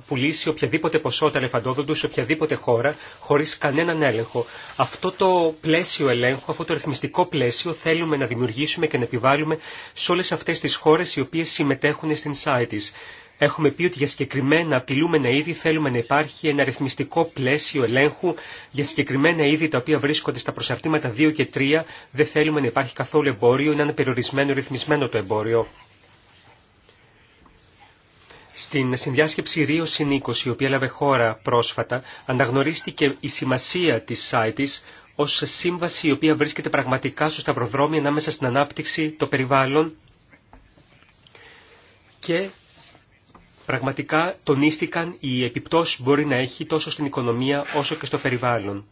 πουλήσει οποιαδήποτε ποσότητα ελεφαντόδοντου σε οποιαδήποτε χώρα χωρίς κανέναν έλεγχο. Αυτό το πλαίσιο ελέγχου, αυτό το ρυθμιστικό πλαίσιο θέλουμε να δημιουργήσουμε και να επιβάλλουμε σε όλες αυτές τις χώρες οι οποίες συμμετέχουν στην ΣΑΕΤΙΣ. Έχουμε πει ότι για συγκεκριμένα απειλούμενα είδη θέλουμε να υπάρχει ένα ρυθμιστικό πλαίσιο ελέγχου. Για συγκεκριμένα είδη τα οποία βρίσκονται στα προσαρτήματα 2 και 3 δεν θέλουμε να υπάρχει καθόλου εμπόριο, να είναι περιορισμένο ρυθμισμένο το εμπόριο. Στην συνδιάσκεψη Ρίο η οποία έλαβε χώρα πρόσφατα, αναγνωρίστηκε η σημασία της ΣΑΙΤΙΣ ως σύμβαση η οποία βρίσκεται πραγματικά στο σταυροδρόμι ανάμεσα στην ανάπτυξη, το περιβάλλον και πραγματικά τονίστηκαν οι επιπτώσεις που μπορεί να έχει τόσο στην οικονομία όσο και στο περιβάλλον.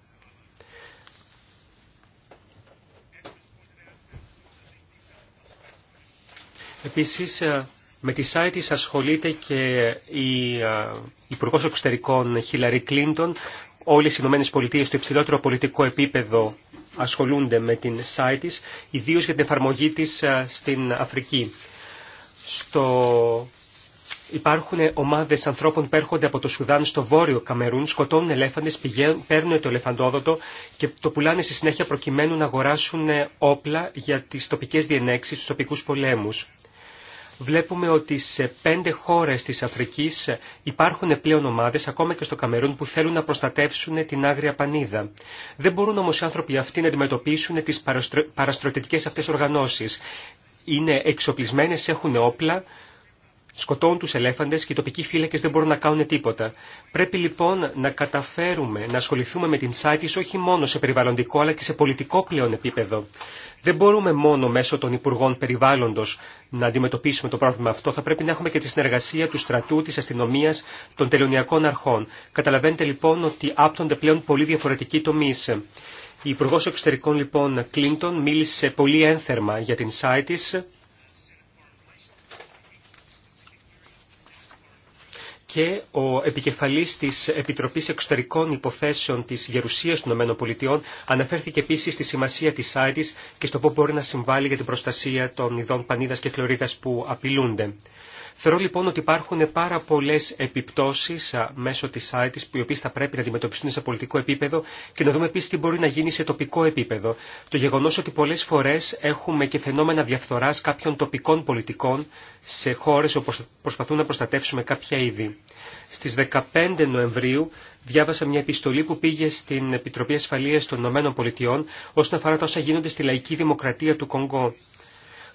Επίσης, ε, με τη site ασχολείται και η ε, Υπουργό Εξωτερικών Χίλαρη Κλίντον. όλε οι Ηνωμένε Πολιτείε, στο υψηλότερο πολιτικό επίπεδο ασχολούνται με την site της, ιδίως για την εφαρμογή της ε, στην Αφρική. Στο... Υπάρχουν ομάδε ανθρώπων που έρχονται από το Σουδάν στο βόρειο Καμερούν, σκοτώνουν ελέφαντε, παίρνουν το ελεφαντόδοτο και το πουλάνε στη συνέχεια προκειμένου να αγοράσουν όπλα για τι τοπικέ διενέξει, του τοπικού πολέμου βλέπουμε ότι σε πέντε χώρες της Αφρικής υπάρχουν πλέον ομάδες, ακόμα και στο Καμερούν, που θέλουν να προστατεύσουν την άγρια πανίδα. Δεν μπορούν όμως οι άνθρωποι αυτοί να αντιμετωπίσουν τις παραστρο... αυτές οργανώσεις. Είναι εξοπλισμένες, έχουν όπλα σκοτώνουν τους ελέφαντες και οι τοπικοί φύλακες δεν μπορούν να κάνουν τίποτα. Πρέπει λοιπόν να καταφέρουμε να ασχοληθούμε με την Τσάιτης όχι μόνο σε περιβαλλοντικό αλλά και σε πολιτικό πλέον επίπεδο. Δεν μπορούμε μόνο μέσω των Υπουργών Περιβάλλοντος να αντιμετωπίσουμε το πρόβλημα αυτό. Θα πρέπει να έχουμε και τη συνεργασία του στρατού, της αστυνομίας, των τελωνιακών αρχών. Καταλαβαίνετε λοιπόν ότι άπτονται πλέον πολύ διαφορετικοί τομείς. Η Υπουργό Εξωτερικών λοιπόν Κλίντον μίλησε πολύ ένθερμα για την Σάιτις και ο επικεφαλής της Επιτροπής Εξωτερικών Υποθέσεων της Γερουσίας των ΗΠΑ αναφέρθηκε επίσης στη σημασία της ΆΙΤΙΣ και στο πώς μπορεί να συμβάλλει για την προστασία των ειδών πανίδας και χλωρίδας που απειλούνται. Θεωρώ λοιπόν ότι υπάρχουν πάρα πολλέ επιπτώσει μέσω τη που οι οποίε θα πρέπει να αντιμετωπιστούν σε πολιτικό επίπεδο και να δούμε επίση τι μπορεί να γίνει σε τοπικό επίπεδο. Το γεγονό ότι πολλέ φορέ έχουμε και φαινόμενα διαφθορά κάποιων τοπικών πολιτικών σε χώρε όπου προσπαθούν να προστατεύσουμε κάποια είδη. Στι 15 Νοεμβρίου διάβασα μια επιστολή που πήγε στην Επιτροπή Ασφαλεία των ΗΠΑ όσον αφορά τα όσα γίνονται στη λαϊκή δημοκρατία του Κονγκό.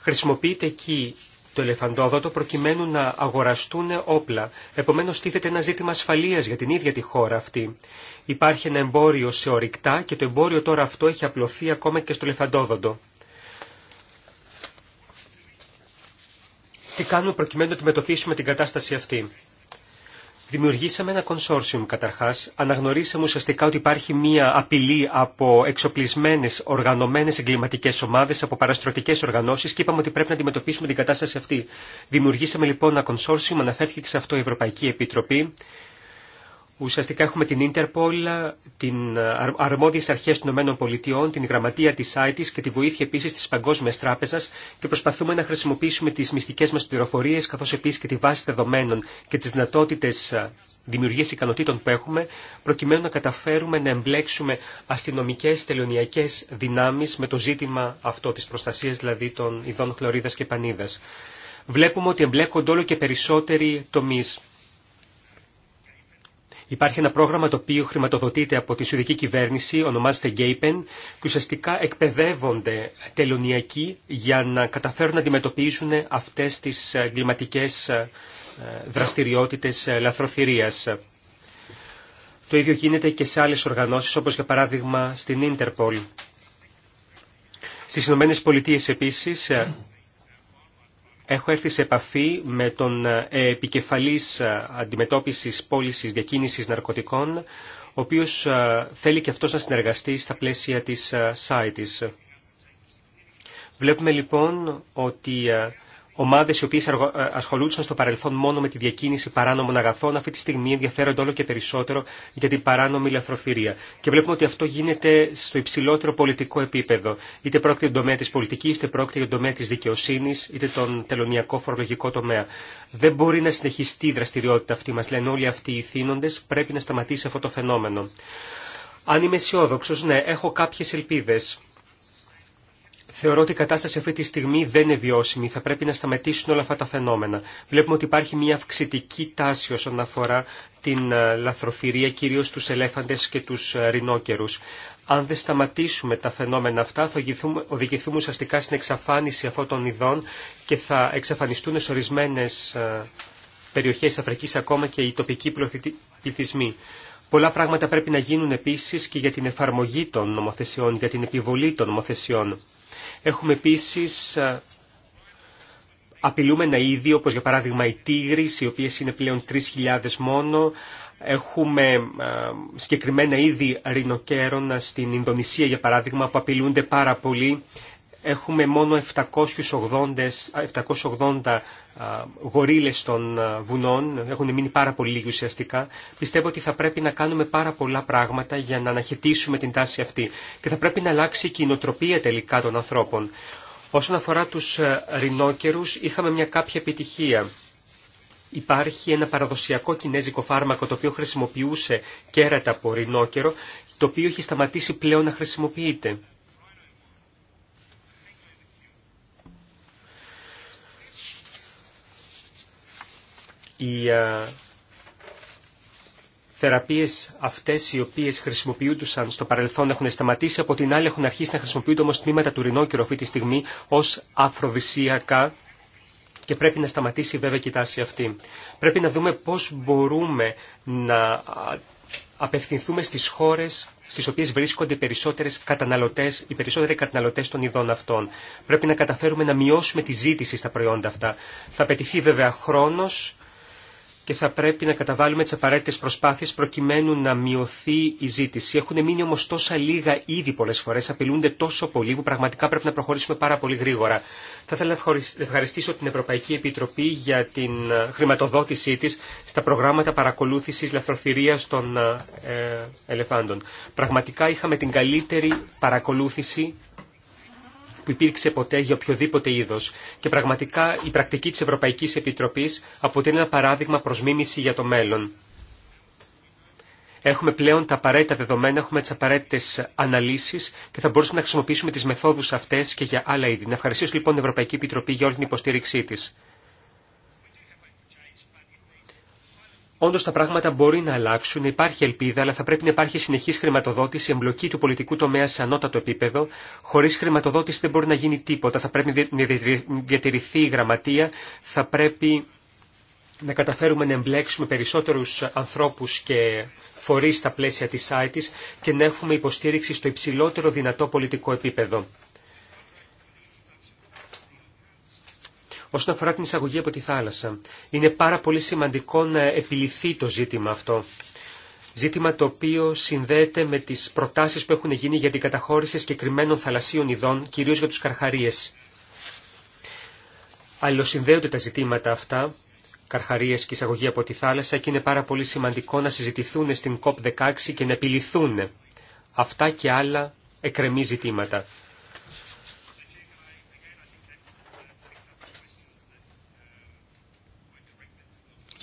Χρησιμοποιείται εκεί το ελεφαντόδοτο προκειμένου να αγοραστούν όπλα. Επομένως τίθεται ένα ζήτημα ασφαλείας για την ίδια τη χώρα αυτή. Υπάρχει ένα εμπόριο σε ορυκτά και το εμπόριο τώρα αυτό έχει απλωθεί ακόμα και στο ελεφαντόδοτο. Τι κάνουμε προκειμένου να αντιμετωπίσουμε την κατάσταση αυτή. Δημιουργήσαμε ένα consortium καταρχάς, αναγνωρίσαμε ουσιαστικά ότι υπάρχει μία απειλή από εξοπλισμένες οργανωμένες εγκληματικές ομάδες, από παραστρωτικές οργανώσεις και είπαμε ότι πρέπει να αντιμετωπίσουμε την κατάσταση αυτή. Δημιουργήσαμε λοιπόν ένα consortium, αναφέρθηκε σε αυτό η Ευρωπαϊκή Επιτροπή Ουσιαστικά έχουμε την Interpol, την αρμόδιες αρχές των ΗΠΑ, την γραμματεία της ITIS και τη βοήθεια επίσης της Παγκόσμιας Τράπεζας και προσπαθούμε να χρησιμοποιήσουμε τις μυστικές μας πληροφορίες καθώς επίσης και τη βάση δεδομένων και τις δυνατότητες ε, δημιουργίας ικανοτήτων που έχουμε προκειμένου να καταφέρουμε να εμπλέξουμε αστυνομικές τελωνιακές δυνάμεις με το ζήτημα αυτό της προστασίας δηλαδή των ειδών χλωρίδας και Πανίδα. Βλέπουμε ότι εμπλέκονται όλο και περισσότεροι τομεί. Υπάρχει ένα πρόγραμμα το οποίο χρηματοδοτείται από τη Σουηδική κυβέρνηση, ονομάζεται Gapen, που ουσιαστικά εκπαιδεύονται τελωνιακοί για να καταφέρουν να αντιμετωπίσουν αυτές τις ε, εγκληματικέ ε, ε, δραστηριότητες λαθροθυρίας. Το ίδιο γίνεται και σε άλλες οργανώσεις, όπως για παράδειγμα στην Interpol. Στις Ηνωμένε Πολιτείες επίσης Έχω έρθει σε επαφή με τον ε, επικεφαλής ε, αντιμετώπισης πώλησης διακίνησης ναρκωτικών, ο οποίος ε, θέλει και αυτός να συνεργαστεί στα πλαίσια της ΣΑΙΤΙΣ. Βλέπουμε λοιπόν ότι Ομάδε οι οποίε ασχολούνταν στο παρελθόν μόνο με τη διακίνηση παράνομων αγαθών, αυτή τη στιγμή ενδιαφέρονται όλο και περισσότερο για την παράνομη λαθροθυρία. Και βλέπουμε ότι αυτό γίνεται στο υψηλότερο πολιτικό επίπεδο. Είτε πρόκειται για τον τομέα τη πολιτική, είτε πρόκειται για τον τομέα τη δικαιοσύνη, είτε τον τελωνιακό φορολογικό τομέα. Δεν μπορεί να συνεχιστεί η δραστηριότητα αυτή, μα λένε όλοι αυτοί οι θύνοντε, πρέπει να σταματήσει αυτό το φαινόμενο. Αν είμαι αισιόδοξο, ναι, έχω κάποιε ελπίδε. Θεωρώ ότι η κατάσταση αυτή τη στιγμή δεν είναι βιώσιμη. Θα πρέπει να σταματήσουν όλα αυτά τα φαινόμενα. Βλέπουμε ότι υπάρχει μια αυξητική τάση όσον αφορά την ε, λαθροθυρία, κυρίω του ελέφαντε και του ε, ρινόκερου. Αν δεν σταματήσουμε τα φαινόμενα αυτά, θα οδηγηθούμε ουσιαστικά στην εξαφάνιση αυτών των ειδών και θα εξαφανιστούν σε ορισμένε περιοχέ Αφρική ακόμα και οι τοπικοί πληθυσμοί. Πολλά πράγματα πρέπει να γίνουν επίση και για την εφαρμογή των νομοθεσιών, για την επιβολή των νομοθεσιών. Έχουμε επίσης απειλούμενα είδη, όπως για παράδειγμα οι τίγρεις, οι οποίες είναι πλέον 3.000 μόνο. Έχουμε συγκεκριμένα είδη ρινοκαίρονα στην Ινδονησία, για παράδειγμα, που απειλούνται πάρα πολύ έχουμε μόνο 780, 780 γορίλες των βουνών, έχουν μείνει πάρα πολύ λίγοι ουσιαστικά. Πιστεύω ότι θα πρέπει να κάνουμε πάρα πολλά πράγματα για να αναχαιτήσουμε την τάση αυτή και θα πρέπει να αλλάξει η κοινοτροπία τελικά των ανθρώπων. Όσον αφορά τους ε, ρινόκερους, είχαμε μια κάποια επιτυχία. Υπάρχει ένα παραδοσιακό κινέζικο φάρμακο το οποίο χρησιμοποιούσε κέρατα από ρινόκερο, το οποίο έχει σταματήσει πλέον να χρησιμοποιείται. οι θεραπείες αυτές οι οποίες χρησιμοποιούντουσαν στο παρελθόν έχουν σταματήσει, από την άλλη έχουν αρχίσει να χρησιμοποιούνται όμως τμήματα του ρινόκυρου αυτή τη στιγμή ως αφροδυσιακά και πρέπει να σταματήσει βέβαια και η τάση αυτή. Πρέπει να δούμε πώς μπορούμε να απευθυνθούμε στις χώρες στις οποίες βρίσκονται περισσότερες καταναλωτές, οι περισσότεροι καταναλωτές των ειδών αυτών. Πρέπει να καταφέρουμε να μειώσουμε τη ζήτηση στα προϊόντα αυτά. Θα πετυχεί βέβαια χρόνος και θα πρέπει να καταβάλουμε τι απαραίτητε προσπάθειε προκειμένου να μειωθεί η ζήτηση. Έχουν μείνει όμω τόσα λίγα ήδη πολλέ φορέ, απειλούνται τόσο πολύ που πραγματικά πρέπει να προχωρήσουμε πάρα πολύ γρήγορα. Θα ήθελα να ευχαριστήσω την Ευρωπαϊκή Επιτροπή για την ε, χρηματοδότησή τη στα προγράμματα παρακολούθηση λαθροθυρία των ε, ε, ελεφάντων. Πραγματικά είχαμε την καλύτερη παρακολούθηση που υπήρξε ποτέ για οποιοδήποτε είδο. Και πραγματικά η πρακτική τη Ευρωπαϊκή Επιτροπή αποτελεί ένα παράδειγμα προ μίμηση για το μέλλον. Έχουμε πλέον τα απαραίτητα δεδομένα, έχουμε τι απαραίτητε αναλύσει και θα μπορούσαμε να χρησιμοποιήσουμε τι μεθόδου αυτέ και για άλλα είδη. Να ευχαριστήσω λοιπόν την Ευρωπαϊκή Επιτροπή για όλη την υποστήριξή τη. Όντω τα πράγματα μπορεί να αλλάξουν, υπάρχει ελπίδα, αλλά θα πρέπει να υπάρχει συνεχή χρηματοδότηση, εμπλοκή του πολιτικού τομέα σε ανώτατο επίπεδο. Χωρί χρηματοδότηση δεν μπορεί να γίνει τίποτα. Θα πρέπει να διατηρηθεί η γραμματεία, θα πρέπει να καταφέρουμε να εμπλέξουμε περισσότερους ανθρώπους και φορεί στα πλαίσια τη σάιτης και να έχουμε υποστήριξη στο υψηλότερο δυνατό πολιτικό επίπεδο. όσον αφορά την εισαγωγή από τη θάλασσα. Είναι πάρα πολύ σημαντικό να επιληθεί το ζήτημα αυτό. Ζήτημα το οποίο συνδέεται με τις προτάσεις που έχουν γίνει για την καταχώρηση συγκεκριμένων θαλασσίων ειδών, κυρίως για τους καρχαρίες. Αλληλοσυνδέονται τα ζητήματα αυτά, καρχαρίες και εισαγωγή από τη θάλασσα και είναι πάρα πολύ σημαντικό να συζητηθούν στην COP16 και να επιληθούν αυτά και άλλα εκρεμή ζητήματα.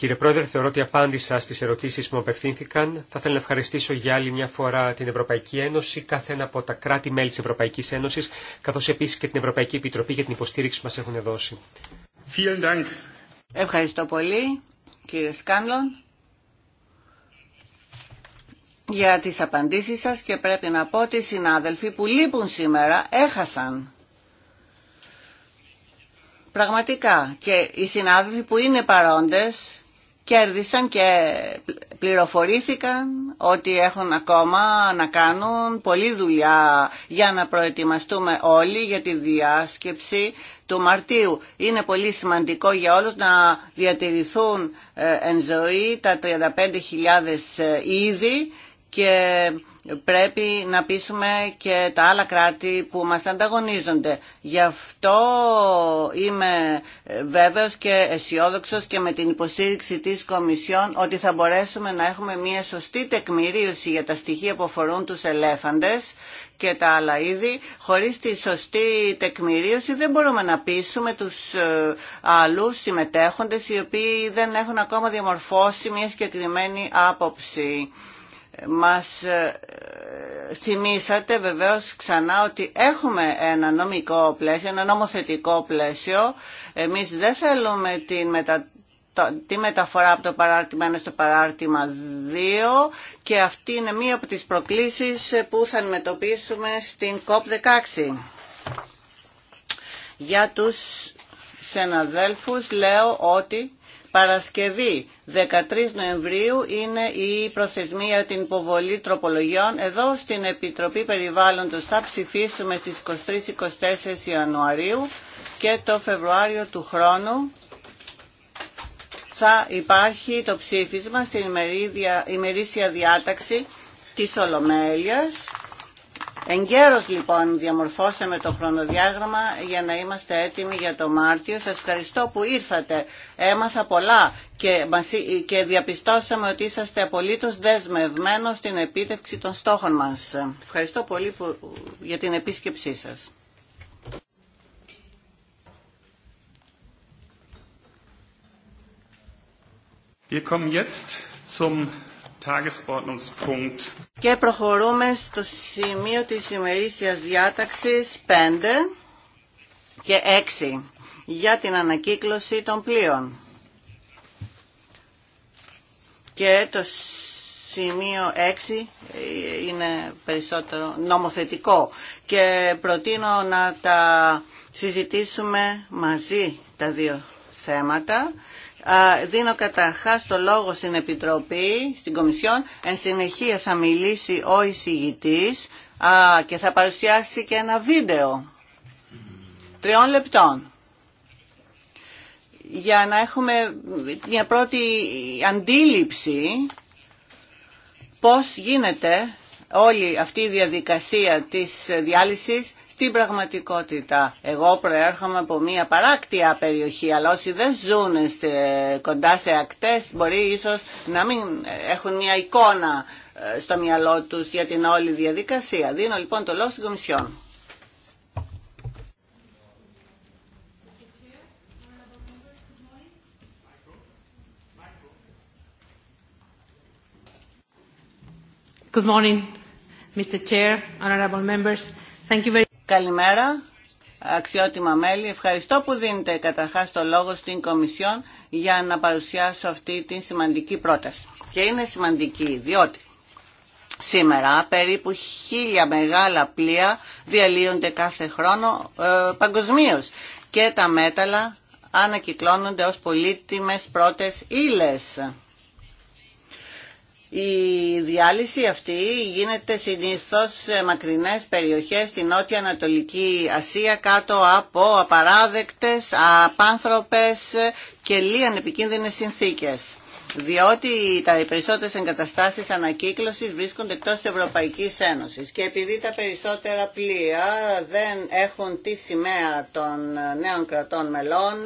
Κύριε Πρόεδρε, θεωρώ ότι απάντησα στις ερωτήσεις που μου απευθύνθηκαν. Θα ήθελα να ευχαριστήσω για άλλη μια φορά την Ευρωπαϊκή Ένωση, κάθε ένα από τα κράτη-μέλη της Ευρωπαϊκής Ένωσης, καθώς επίσης και την Ευρωπαϊκή Επιτροπή για την υποστήριξη που μας έχουν δώσει. Ευχαριστώ πολύ, κύριε Σκάνλον, για τις απαντήσεις σας και πρέπει να πω ότι οι συνάδελφοι που λείπουν σήμερα έχασαν πραγματικά. Και οι συνάδελφοι που είναι παρόντες κέρδισαν και πληροφορήθηκαν ότι έχουν ακόμα να κάνουν πολλή δουλειά για να προετοιμαστούμε όλοι για τη διάσκεψη του Μαρτίου. Είναι πολύ σημαντικό για όλους να διατηρηθούν ε, εν ζωή τα 35.000 ε, είδη και πρέπει να πείσουμε και τα άλλα κράτη που μας ανταγωνίζονται. Γι' αυτό είμαι βέβαιος και αισιόδοξο και με την υποστήριξη της Κομισιόν ότι θα μπορέσουμε να έχουμε μια σωστή τεκμηρίωση για τα στοιχεία που αφορούν τους ελέφαντες και τα άλλα είδη. Χωρίς τη σωστή τεκμηρίωση δεν μπορούμε να πείσουμε τους ε, άλλους συμμετέχοντες οι οποίοι δεν έχουν ακόμα διαμορφώσει μια συγκεκριμένη άποψη μας ε, θυμήσατε βεβαίως ξανά ότι έχουμε ένα νομικό πλαίσιο, ένα νομοθετικό πλαίσιο. Εμείς δεν θέλουμε την μετα... τη μεταφορά από το παράρτημα 1 στο παράρτημα 2 και αυτή είναι μία από τις προκλήσεις που θα αντιμετωπίσουμε στην COP16. Για τους συναδέλφους λέω ότι Παρασκευή 13 Νοεμβρίου είναι η προθεσμία την υποβολή τροπολογιών. Εδώ στην Επιτροπή Περιβάλλοντος θα ψηφίσουμε τις 23-24 Ιανουαρίου και το Φεβρουάριο του χρόνου θα υπάρχει το ψήφισμα στην ημερήσια διάταξη της Ολομέλειας Εγκαίρως λοιπόν διαμορφώσαμε το χρονοδιάγραμμα για να είμαστε έτοιμοι για το Μάρτιο. Σας ευχαριστώ που ήρθατε. Έμαθα πολλά και, διαπιστώσαμε ότι είσαστε απολύτως δεσμευμένος στην επίτευξη των στόχων μας. Ευχαριστώ πολύ για την επίσκεψή σας. Wir kommen jetzt zum και προχωρούμε στο σημείο της ημερήσιας διάταξης 5 και 6 για την ανακύκλωση των πλοίων. Και το σημείο 6 ε, είναι περισσότερο νομοθετικό και προτείνω να τα συζητήσουμε μαζί τα δύο θέματα δίνω καταρχά το λόγο στην Επιτροπή, στην Κομισιόν. Εν συνεχεία θα μιλήσει ο εισηγητής και θα παρουσιάσει και ένα βίντεο τριών λεπτών για να έχουμε μια πρώτη αντίληψη πώς γίνεται όλη αυτή η διαδικασία της διάλυσης στην πραγματικότητα. Εγώ προέρχομαι από μια παράκτια περιοχή, αλλά όσοι δεν ζουν κοντά σε ακτές μπορεί ίσως να μην έχουν μια εικόνα ε, στο μυαλό τους για την όλη διαδικασία. Δίνω λοιπόν το λόγο στην Κομισιόν. Good morning, Mr. Chair, honorable members. Thank you very Καλημέρα, αξιότιμα μέλη. Ευχαριστώ που δίνετε καταρχάς το λόγο στην Κομισιόν για να παρουσιάσω αυτή τη σημαντική πρόταση. Και είναι σημαντική διότι σήμερα περίπου χίλια μεγάλα πλοία διαλύονται κάθε χρόνο ε, παγκοσμίω και τα μέταλλα ανακυκλώνονται ως πολύτιμες πρώτες ύλες. Η διάλυση αυτή γίνεται συνήθως σε μακρινές περιοχές στην Νότια Ανατολική Ασία κάτω από απαράδεκτες, απάνθρωπες και λίαν επικίνδυνες συνθήκες διότι τα περισσότερε εγκαταστάσεις ανακύκλωσης βρίσκονται εκτός της Ευρωπαϊκής Ένωσης και επειδή τα περισσότερα πλοία δεν έχουν τη σημαία των νέων κρατών μελών,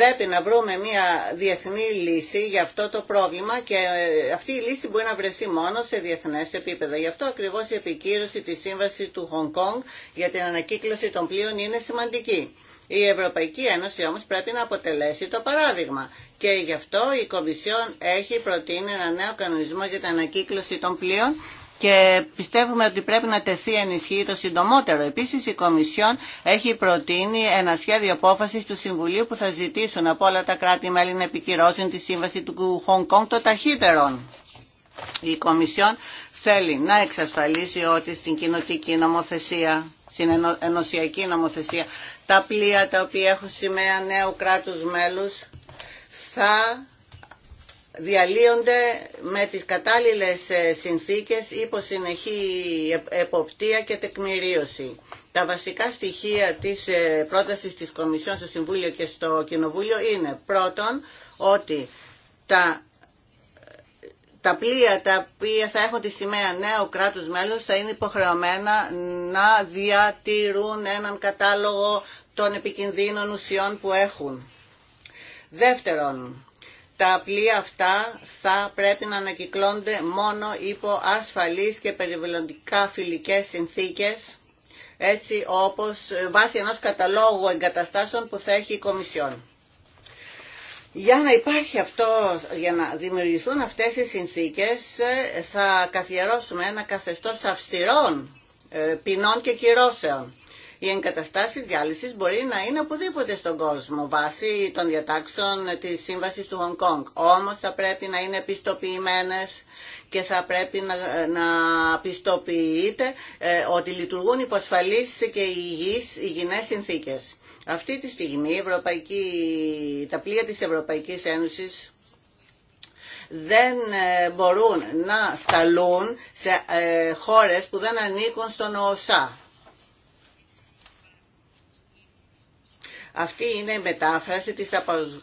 Πρέπει να βρούμε μια διεθνή λύση για αυτό το πρόβλημα και ε, αυτή η λύση μπορεί να βρεθεί μόνο σε διεθνέ επίπεδα. Γι' αυτό ακριβώ η επικύρωση τη σύμβαση του Χονγκ Κόνγκ για την ανακύκλωση των πλοίων είναι σημαντική. Η Ευρωπαϊκή Ένωση όμως πρέπει να αποτελέσει το παράδειγμα και γι' αυτό η Κομισιόν έχει προτείνει ένα νέο κανονισμό για την ανακύκλωση των πλοίων και πιστεύουμε ότι πρέπει να τεθεί ενισχύει το συντομότερο. Επίσης η Κομισιόν έχει προτείνει ένα σχέδιο απόφασης του Συμβουλίου που θα ζητήσουν από όλα τα κράτη-μέλη να επικυρώσουν τη σύμβαση του Χονγκ Κόνγκ το ταχύτερον. Η Κομισιόν θέλει να εξασφαλίσει ότι στην κοινοτική νομοθεσία, στην ενωσιακή νομοθεσία, τα πλοία τα οποία έχουν σημαία νέου κράτους μέλους θα διαλύονται με τις κατάλληλες ε, συνθήκες υπό συνεχή εποπτεία και τεκμηρίωση. Τα βασικά στοιχεία της ε, πρότασης της Κομισιόν στο Συμβούλιο και στο Κοινοβούλιο είναι πρώτον ότι τα τα πλοία τα οποία θα έχουν τη σημαία νέου κράτους μέλους θα είναι υποχρεωμένα να διατηρούν έναν κατάλογο των επικινδύνων ουσιών που έχουν. Δεύτερον, τα πλοία αυτά θα πρέπει να ανακυκλώνται μόνο υπό ασφαλείς και περιβαλλοντικά φιλικές συνθήκες έτσι όπως βάσει ενός καταλόγου εγκαταστάσεων που θα έχει η Κομισιόν. Για να υπάρχει αυτό, για να δημιουργηθούν αυτές οι συνθήκες, θα καθιερώσουμε ένα καθεστώς αυστηρών ε, ποινών και κυρώσεων. Οι εγκαταστάσει διάλυσης μπορεί να είναι οπουδήποτε στον κόσμο βάσει των διατάξεων της Σύμβασης του Χονγκ Κόνγκ. Όμως θα πρέπει να είναι πιστοποιημένες και θα πρέπει να, να πιστοποιείται ε, ότι λειτουργούν υποσφαλίσεις και υγιείς υγιεινές συνθήκες. Αυτή τη στιγμή η τα πλοία της Ευρωπαϊκής Ένωσης δεν ε, μπορούν να σταλούν σε ε, χώρες που δεν ανήκουν στον ΟΣΑ. Αυτή είναι η μετάφραση της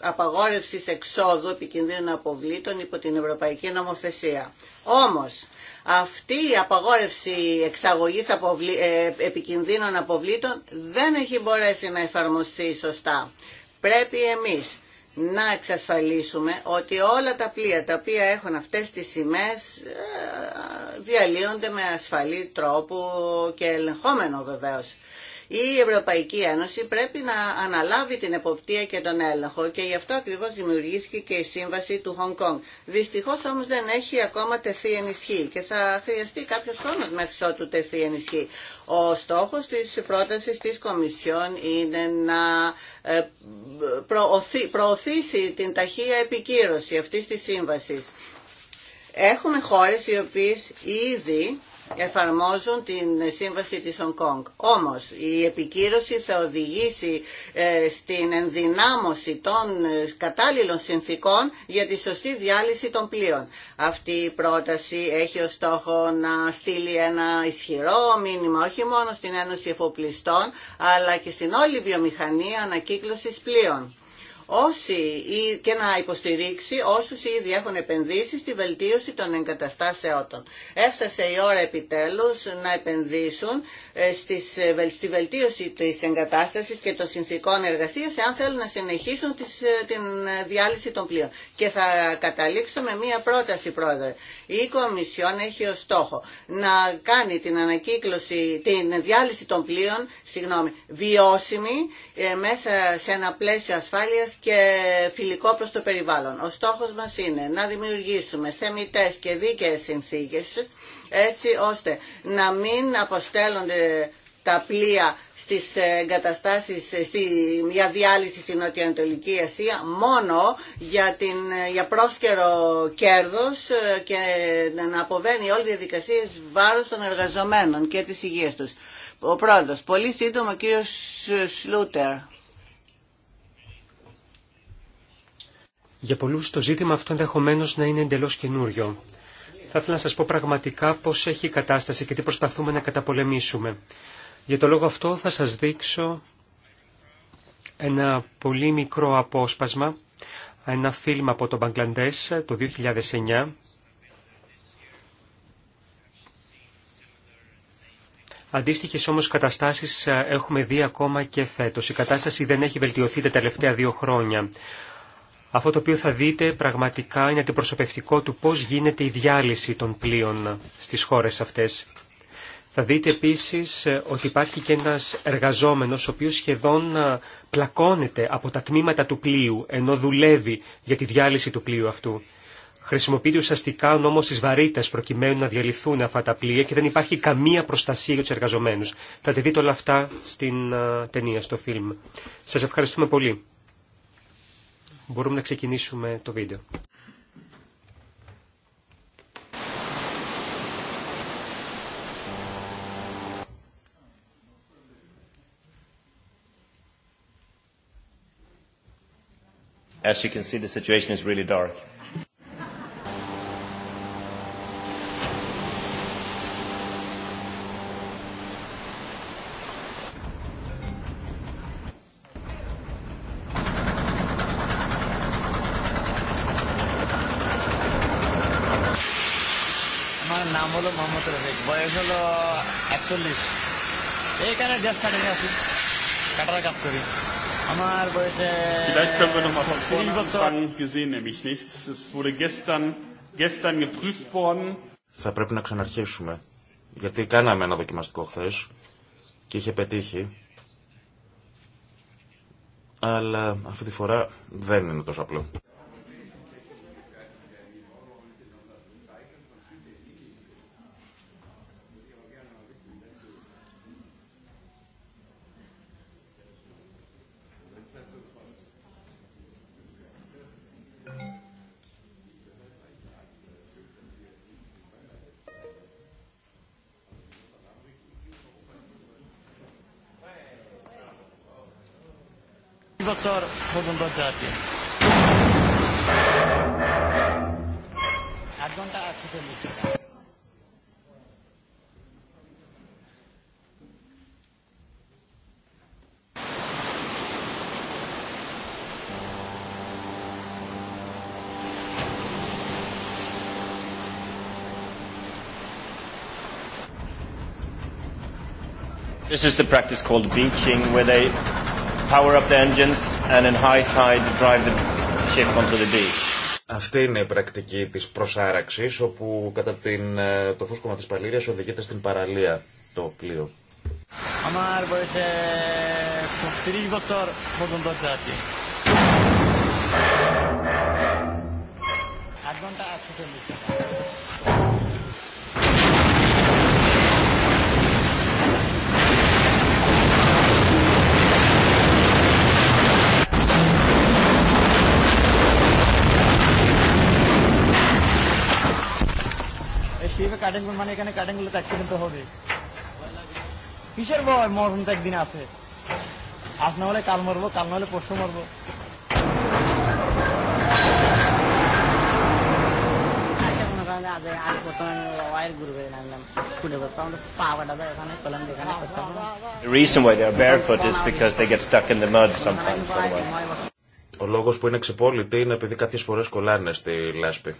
απαγόρευσης εξόδου επικίνδυνων αποβλήτων υπό την Ευρωπαϊκή Νομοθεσία. Όμως, αυτή η απαγόρευση εξαγωγής ε, επικινδύνων αποβλήτων δεν έχει μπορέσει να εφαρμοστεί σωστά. Πρέπει εμείς να εξασφαλίσουμε ότι όλα τα πλοία τα οποία έχουν αυτές τις σημαίες ε, διαλύονται με ασφαλή τρόπο και ελεγχόμενο βεβαίως η Ευρωπαϊκή Ένωση πρέπει να αναλάβει την εποπτεία και τον έλεγχο και γι' αυτό ακριβώς δημιουργήθηκε και η σύμβαση του Χονγκ Κονγκ. Δυστυχώς όμως δεν έχει ακόμα τεθεί ενισχύ και θα χρειαστεί κάποιος χρόνος μέχρι ότου τεθεί ενισχύ. Ο στόχος της πρότασης της Κομισιόν είναι να ε, προωθήσει την ταχεία επικύρωση αυτής της σύμβασης. Έχουμε χώρες οι οποίες ήδη εφαρμόζουν την σύμβαση της Hong Kong. Όμως η επικύρωση θα οδηγήσει ε, στην ενδυνάμωση των ε, κατάλληλων συνθήκων για τη σωστή διάλυση των πλοίων. Αυτή η πρόταση έχει ως στόχο να στείλει ένα ισχυρό μήνυμα όχι μόνο στην Ένωση Εφοπλιστών αλλά και στην όλη βιομηχανία ανακύκλωσης πλοίων όσοι, και να υποστηρίξει όσους ήδη έχουν επενδύσει στη βελτίωση των εγκαταστάσεών των. Έφτασε η ώρα επιτέλους να επενδύσουν ε, στις, ε, στη βελτίωση της εγκατάστασης και των συνθήκων εργασίας εάν θέλουν να συνεχίσουν ε, την διάλυση των πλοίων. Και θα καταλήξω με μία πρόταση, Πρόεδρε. Η Κομισιόν έχει ως στόχο να κάνει την ανακύκλωση, την διάλυση των πλοίων, συγγνώμη, βιώσιμη μέσα σε ένα πλαίσιο ασφάλειας και φιλικό προς το περιβάλλον. Ο στόχος μας είναι να δημιουργήσουμε σεμιτές και δίκαιες συνθήκες έτσι ώστε να μην αποστέλλονται τα πλοία στις εγκαταστάσεις στη, για διάλυση στην Νοτιοανατολική Ασία μόνο για, την, για πρόσκαιρο κέρδος και να αποβαίνει όλη οι διαδικασίες βάρος των εργαζομένων και τη υγείας τους. Ο πρόεδρος, πολύ σύντομα ο κύριος Σλούτερ. Για πολλούς το ζήτημα αυτό ενδεχομένω να είναι εντελώς καινούριο. Θα ήθελα να σας πω πραγματικά πώς έχει η κατάσταση και τι προσπαθούμε να καταπολεμήσουμε. Για το λόγο αυτό θα σας δείξω ένα πολύ μικρό απόσπασμα, ένα φιλμ από το Μπαγκλαντές το 2009, Αντίστοιχε όμω καταστάσει έχουμε δει ακόμα και φέτο. Η κατάσταση δεν έχει βελτιωθεί τα τελευταία δύο χρόνια. Αυτό το οποίο θα δείτε πραγματικά είναι αντιπροσωπευτικό του πώς γίνεται η διάλυση των πλοίων στις χώρες αυτές. Θα δείτε επίσης ε, ότι υπάρχει και ένας εργαζόμενος ο οποίος σχεδόν ε, πλακώνεται από τα τμήματα του πλοίου ενώ δουλεύει για τη διάλυση του πλοίου αυτού. Χρησιμοποιείται ουσιαστικά ο νόμος της βαρύτητας προκειμένου να διαλυθούν αυτά τα πλοία και δεν υπάρχει καμία προστασία για τους εργαζομένους. Θα τη δείτε όλα αυτά στην ε, ταινία, στο φιλμ. Σας ευχαριστούμε πολύ μπορούμε να ξεκινήσουμε το βίντεο. As you can see, the situation is really dark. Θα πρέπει να ξαναρχίσουμε. Γιατί κάναμε ένα δοκιμαστικό χθε και είχε πετύχει. Αλλά αυτή τη φορά δεν είναι τόσο απλό. जाते This is the practice called beaching, where they power up the engines and in high tide drive the ship onto the beach. Αυτή είναι η πρακτική της προσάραξης, όπου κατά την, ε, το φούσκωμα της παλήριας οδηγείται στην παραλία το πλοίο. Αμάρ, μπορείτε να δοκτώρ, μπορούν το τσάκι. Αντώντα, কাটেঙ্গুল মানে এখানে হবে কিসের তো আছে হলে কাল কাল না হলে পরশু Ο λόγος που είναι ξεπόλυτη είναι επειδή κάποιες φορές κολλάνε στη λάσπη.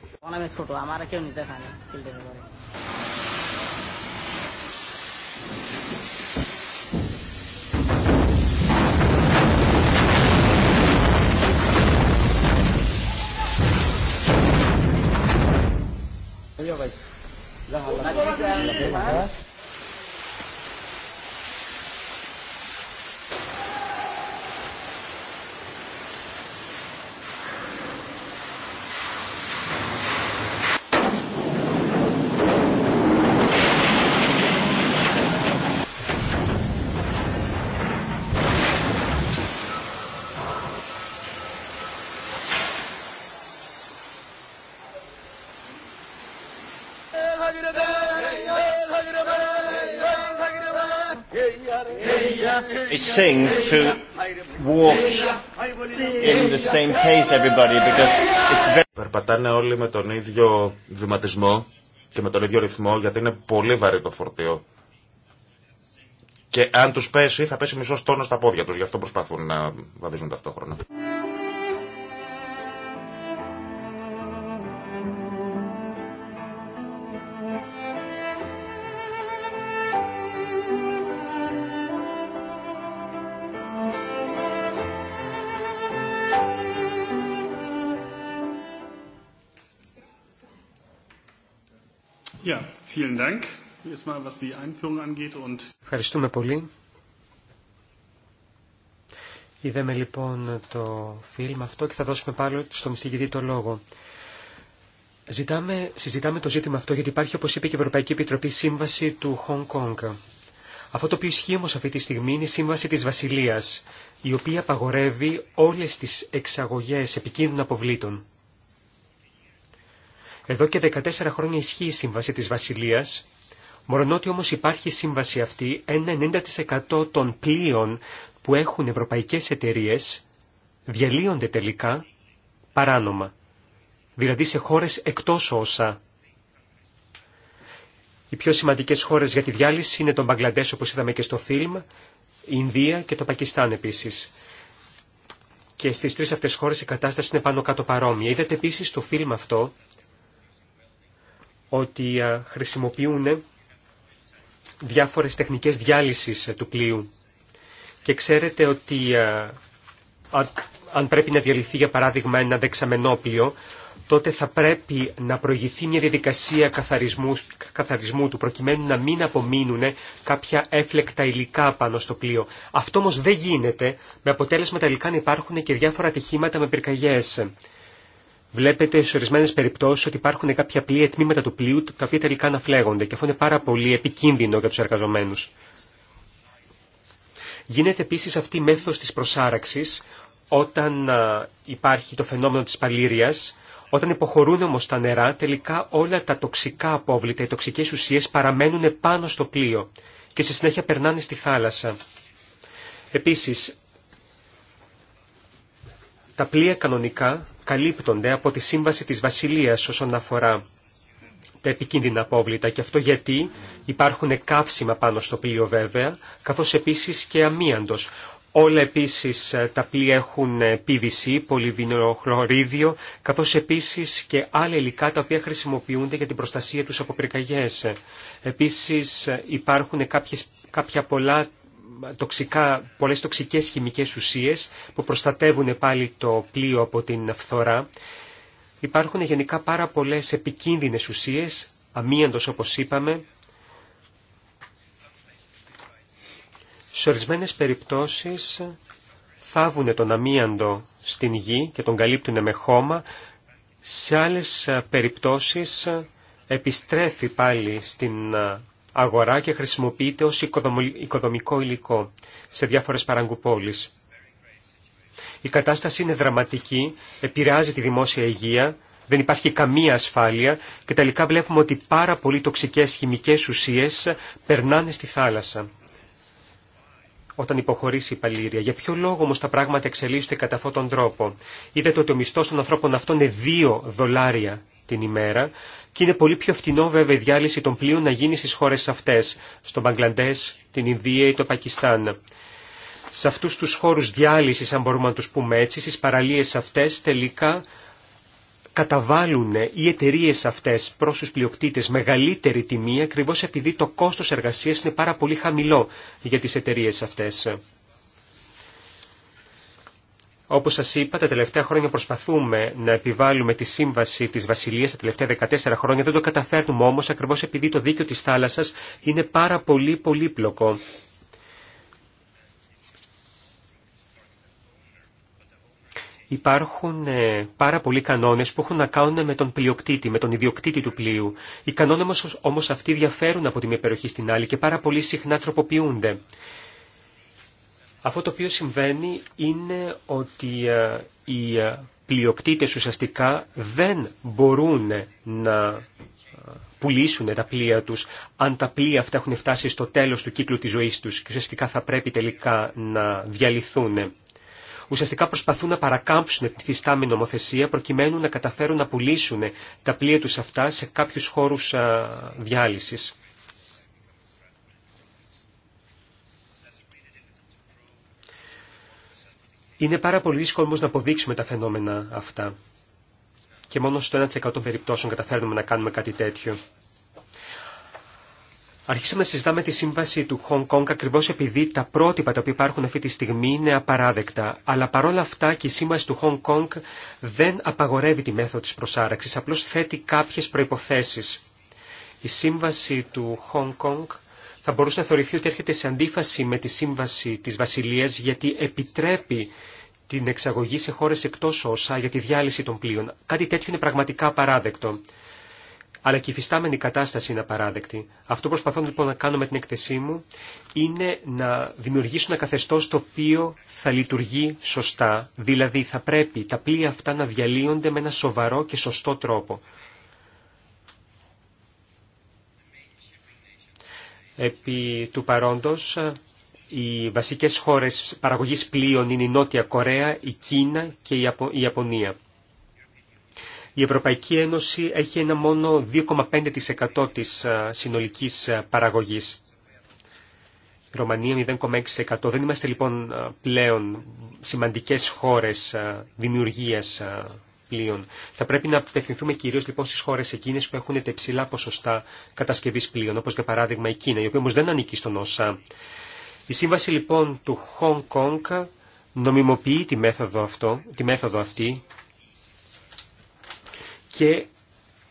Βάστι. sing to walk in the same pace everybody because it's Περπατάνε όλοι με τον ίδιο βηματισμό και με τον ίδιο ρυθμό γιατί είναι πολύ βαρύ το φορτίο. Και αν τους πέσει θα πέσει μισός τόνος στα πόδια τους, γι' αυτό προσπαθούν να βαδίζουν ταυτόχρονα. Ευχαριστούμε πολύ. Είδαμε λοιπόν το φιλμ αυτό και θα δώσουμε πάλι στον εισηγητή το λόγο. Ζητάμε, συζητάμε το ζήτημα αυτό γιατί υπάρχει, όπως είπε και η Ευρωπαϊκή Επιτροπή, σύμβαση του Hong Kong. Αυτό το οποίο ισχύει όμως αυτή τη στιγμή είναι η σύμβαση της Βασιλείας, η οποία απαγορεύει όλες τις εξαγωγές επικίνδυνων αποβλήτων. Εδώ και 14 χρόνια ισχύει η σύμβαση της Βασιλείας, ότι όμως υπάρχει η σύμβαση αυτή, ένα 90% των πλοίων που έχουν ευρωπαϊκές εταιρείες διαλύονται τελικά παράνομα, δηλαδή σε χώρες εκτός όσα. Οι πιο σημαντικές χώρες για τη διάλυση είναι τον Μπαγκλαντές όπως είδαμε και στο φιλμ, η Ινδία και το Πακιστάν επίσης. Και στις τρεις αυτές χώρες η κατάσταση είναι πάνω κάτω παρόμοια. Είδατε επίσης στο φιλμ αυτό ότι ε, χρησιμοποιούν διάφορες τεχνικές διάλυσης ε, του πλοίου. Και ξέρετε ότι ε, αν πρέπει να διαλυθεί για παράδειγμα ένα δεξαμενόπλιο, τότε θα πρέπει να προηγηθεί μια διαδικασία καθαρισμού, καθαρισμού του, προκειμένου να μην απομείνουν κάποια έφλεκτα υλικά πάνω στο πλοίο. Αυτό όμως δεν γίνεται, με αποτέλεσμα τα υλικά να υπάρχουν και διάφορα ατυχήματα με πυρκαγιές. Βλέπετε σε ορισμένε περιπτώσει ότι υπάρχουν κάποια πλοία, τμήματα του πλοίου, τα οποία τελικά φλέγονται και αυτό είναι πάρα πολύ επικίνδυνο για του εργαζομένου. Γίνεται επίση αυτή η μέθοδο τη προσάραξη όταν υπάρχει το φαινόμενο τη παλήρεια. Όταν υποχωρούν όμω τα νερά, τελικά όλα τα τοξικά απόβλητα, οι τοξικέ ουσίε παραμένουν πάνω στο πλοίο και στη συνέχεια περνάνε στη θάλασσα. Επίση, τα πλοία κανονικά καλύπτονται από τη Σύμβαση της Βασιλείας όσον αφορά τα επικίνδυνα απόβλητα και αυτό γιατί υπάρχουν καύσιμα πάνω στο πλοίο βέβαια, καθώς επίσης και αμίαντος. Όλα επίσης ε, τα πλοία έχουν ε, PVC, πολυβινοχλωρίδιο, καθώς επίσης και άλλα υλικά τα οποία χρησιμοποιούνται για την προστασία τους από πυρκαγιές. Επίσης ε, υπάρχουν κάποια πολλά τοξικά, πολλές τοξικές χημικές ουσίες που προστατεύουν πάλι το πλοίο από την φθορά. Υπάρχουν γενικά πάρα πολλές επικίνδυνες ουσίες, αμίαντος όπως είπαμε. Σε ορισμένε περιπτώσεις θάβουν τον αμίαντο στην γη και τον καλύπτουν με χώμα. Σε άλλες περιπτώσεις επιστρέφει πάλι στην αγορά και χρησιμοποιείται ως οικοδομικό υλικό σε διάφορες παραγκουπόλεις. Η κατάσταση είναι δραματική, επηρεάζει τη δημόσια υγεία, δεν υπάρχει καμία ασφάλεια και τελικά βλέπουμε ότι πάρα πολύ τοξικές χημικές ουσίες περνάνε στη θάλασσα όταν υποχωρήσει η παλήρια. Για ποιο λόγο όμως τα πράγματα εξελίσσονται κατά αυτόν τον τρόπο. Είδατε ότι ο μισθό των ανθρώπων αυτών είναι 2 δολάρια την ημέρα, και είναι πολύ πιο φτηνό βέβαια η διάλυση των πλοίων να γίνει στις χώρες αυτές, στο Μπαγκλαντές, την Ινδία ή το Πακιστάν. Σε αυτούς τους χώρους διάλυσης, αν μπορούμε να τους πούμε έτσι, στις παραλίες αυτές τελικά καταβάλουν οι εταιρείε αυτές προς τους πλειοκτήτες μεγαλύτερη τιμή ακριβώ επειδή το κόστος εργασίας είναι πάρα πολύ χαμηλό για τις εταιρείε αυτές. Όπως σας είπα, τα τελευταία χρόνια προσπαθούμε να επιβάλλουμε τη σύμβαση της Βασιλείας τα τελευταία 14 χρόνια. Δεν το καταφέρνουμε όμως ακριβώς επειδή το δίκαιο της θάλασσας είναι πάρα πολύ πολύπλοκο. υπάρχουν ε, πάρα πολλοί κανόνες που έχουν να κάνουν με τον πλειοκτήτη, με τον ιδιοκτήτη του πλοίου. Οι κανόνες όμως, αυτοί διαφέρουν από τη μία περιοχή στην άλλη και πάρα πολύ συχνά τροποποιούνται. Αυτό το οποίο συμβαίνει είναι ότι ε, οι ε, πλειοκτήτες ουσιαστικά δεν μπορούν να ε, πουλήσουν τα πλοία τους αν τα πλοία αυτά έχουν φτάσει στο τέλος του κύκλου της ζωής τους και ουσιαστικά θα πρέπει τελικά να διαλυθούν. Ουσιαστικά προσπαθούν να παρακάμψουν τη με νομοθεσία προκειμένου να καταφέρουν να πουλήσουν τα πλοία τους αυτά σε κάποιους χώρους διάλυσης. Είναι πάρα πολύ δύσκολο όμως να αποδείξουμε τα φαινόμενα αυτά. Και μόνο στο 1% των περιπτώσεων καταφέρνουμε να κάνουμε κάτι τέτοιο. Αρχίσαμε να συζητάμε τη σύμβαση του Χονγκ Κόνγκ ακριβώ επειδή τα πρότυπα τα οποία υπάρχουν αυτή τη στιγμή είναι απαράδεκτα. Αλλά παρόλα αυτά και η σύμβαση του Χονγκ Κόνγκ δεν απαγορεύει τη μέθοδο τη προσάραξη, απλώ θέτει κάποιε προποθέσει. Η σύμβαση του Χονγκ Κόνγκ θα μπορούσε να θεωρηθεί ότι έρχεται σε αντίφαση με τη σύμβαση της Βασιλείας γιατί επιτρέπει την εξαγωγή σε χώρες εκτός όσα για τη διάλυση των πλοίων. Κάτι τέτοιο είναι πραγματικά παράδεκτο. Αλλά και η φυστάμενη κατάσταση είναι απαράδεκτη. Αυτό που προσπαθώ λοιπόν να κάνω με την εκθεσή μου είναι να δημιουργήσω ένα καθεστώ το οποίο θα λειτουργεί σωστά. Δηλαδή θα πρέπει τα πλοία αυτά να διαλύονται με ένα σοβαρό και σωστό τρόπο. Επί του παρόντος, οι βασικές χώρες παραγωγής πλοίων είναι η Νότια Κορέα, η Κίνα και η Ιαπωνία. Η Ευρωπαϊκή Ένωση έχει ένα μόνο 2,5% της συνολικής παραγωγής. Η Ρωμανία 0,6%. Δεν είμαστε λοιπόν πλέον σημαντικές χώρες δημιουργίας πλοίων. Θα πρέπει να απευθυνθούμε κυρίω λοιπόν στι χώρε εκείνε που έχουν τα υψηλά ποσοστά κατασκευή πλοίων, όπω για παράδειγμα η Κίνα, η οποία όμω δεν ανήκει στον ΩΣΑ. Η σύμβαση λοιπόν του Hong Kong νομιμοποιεί τη μέθοδο, αυτό, τη μέθοδο αυτή και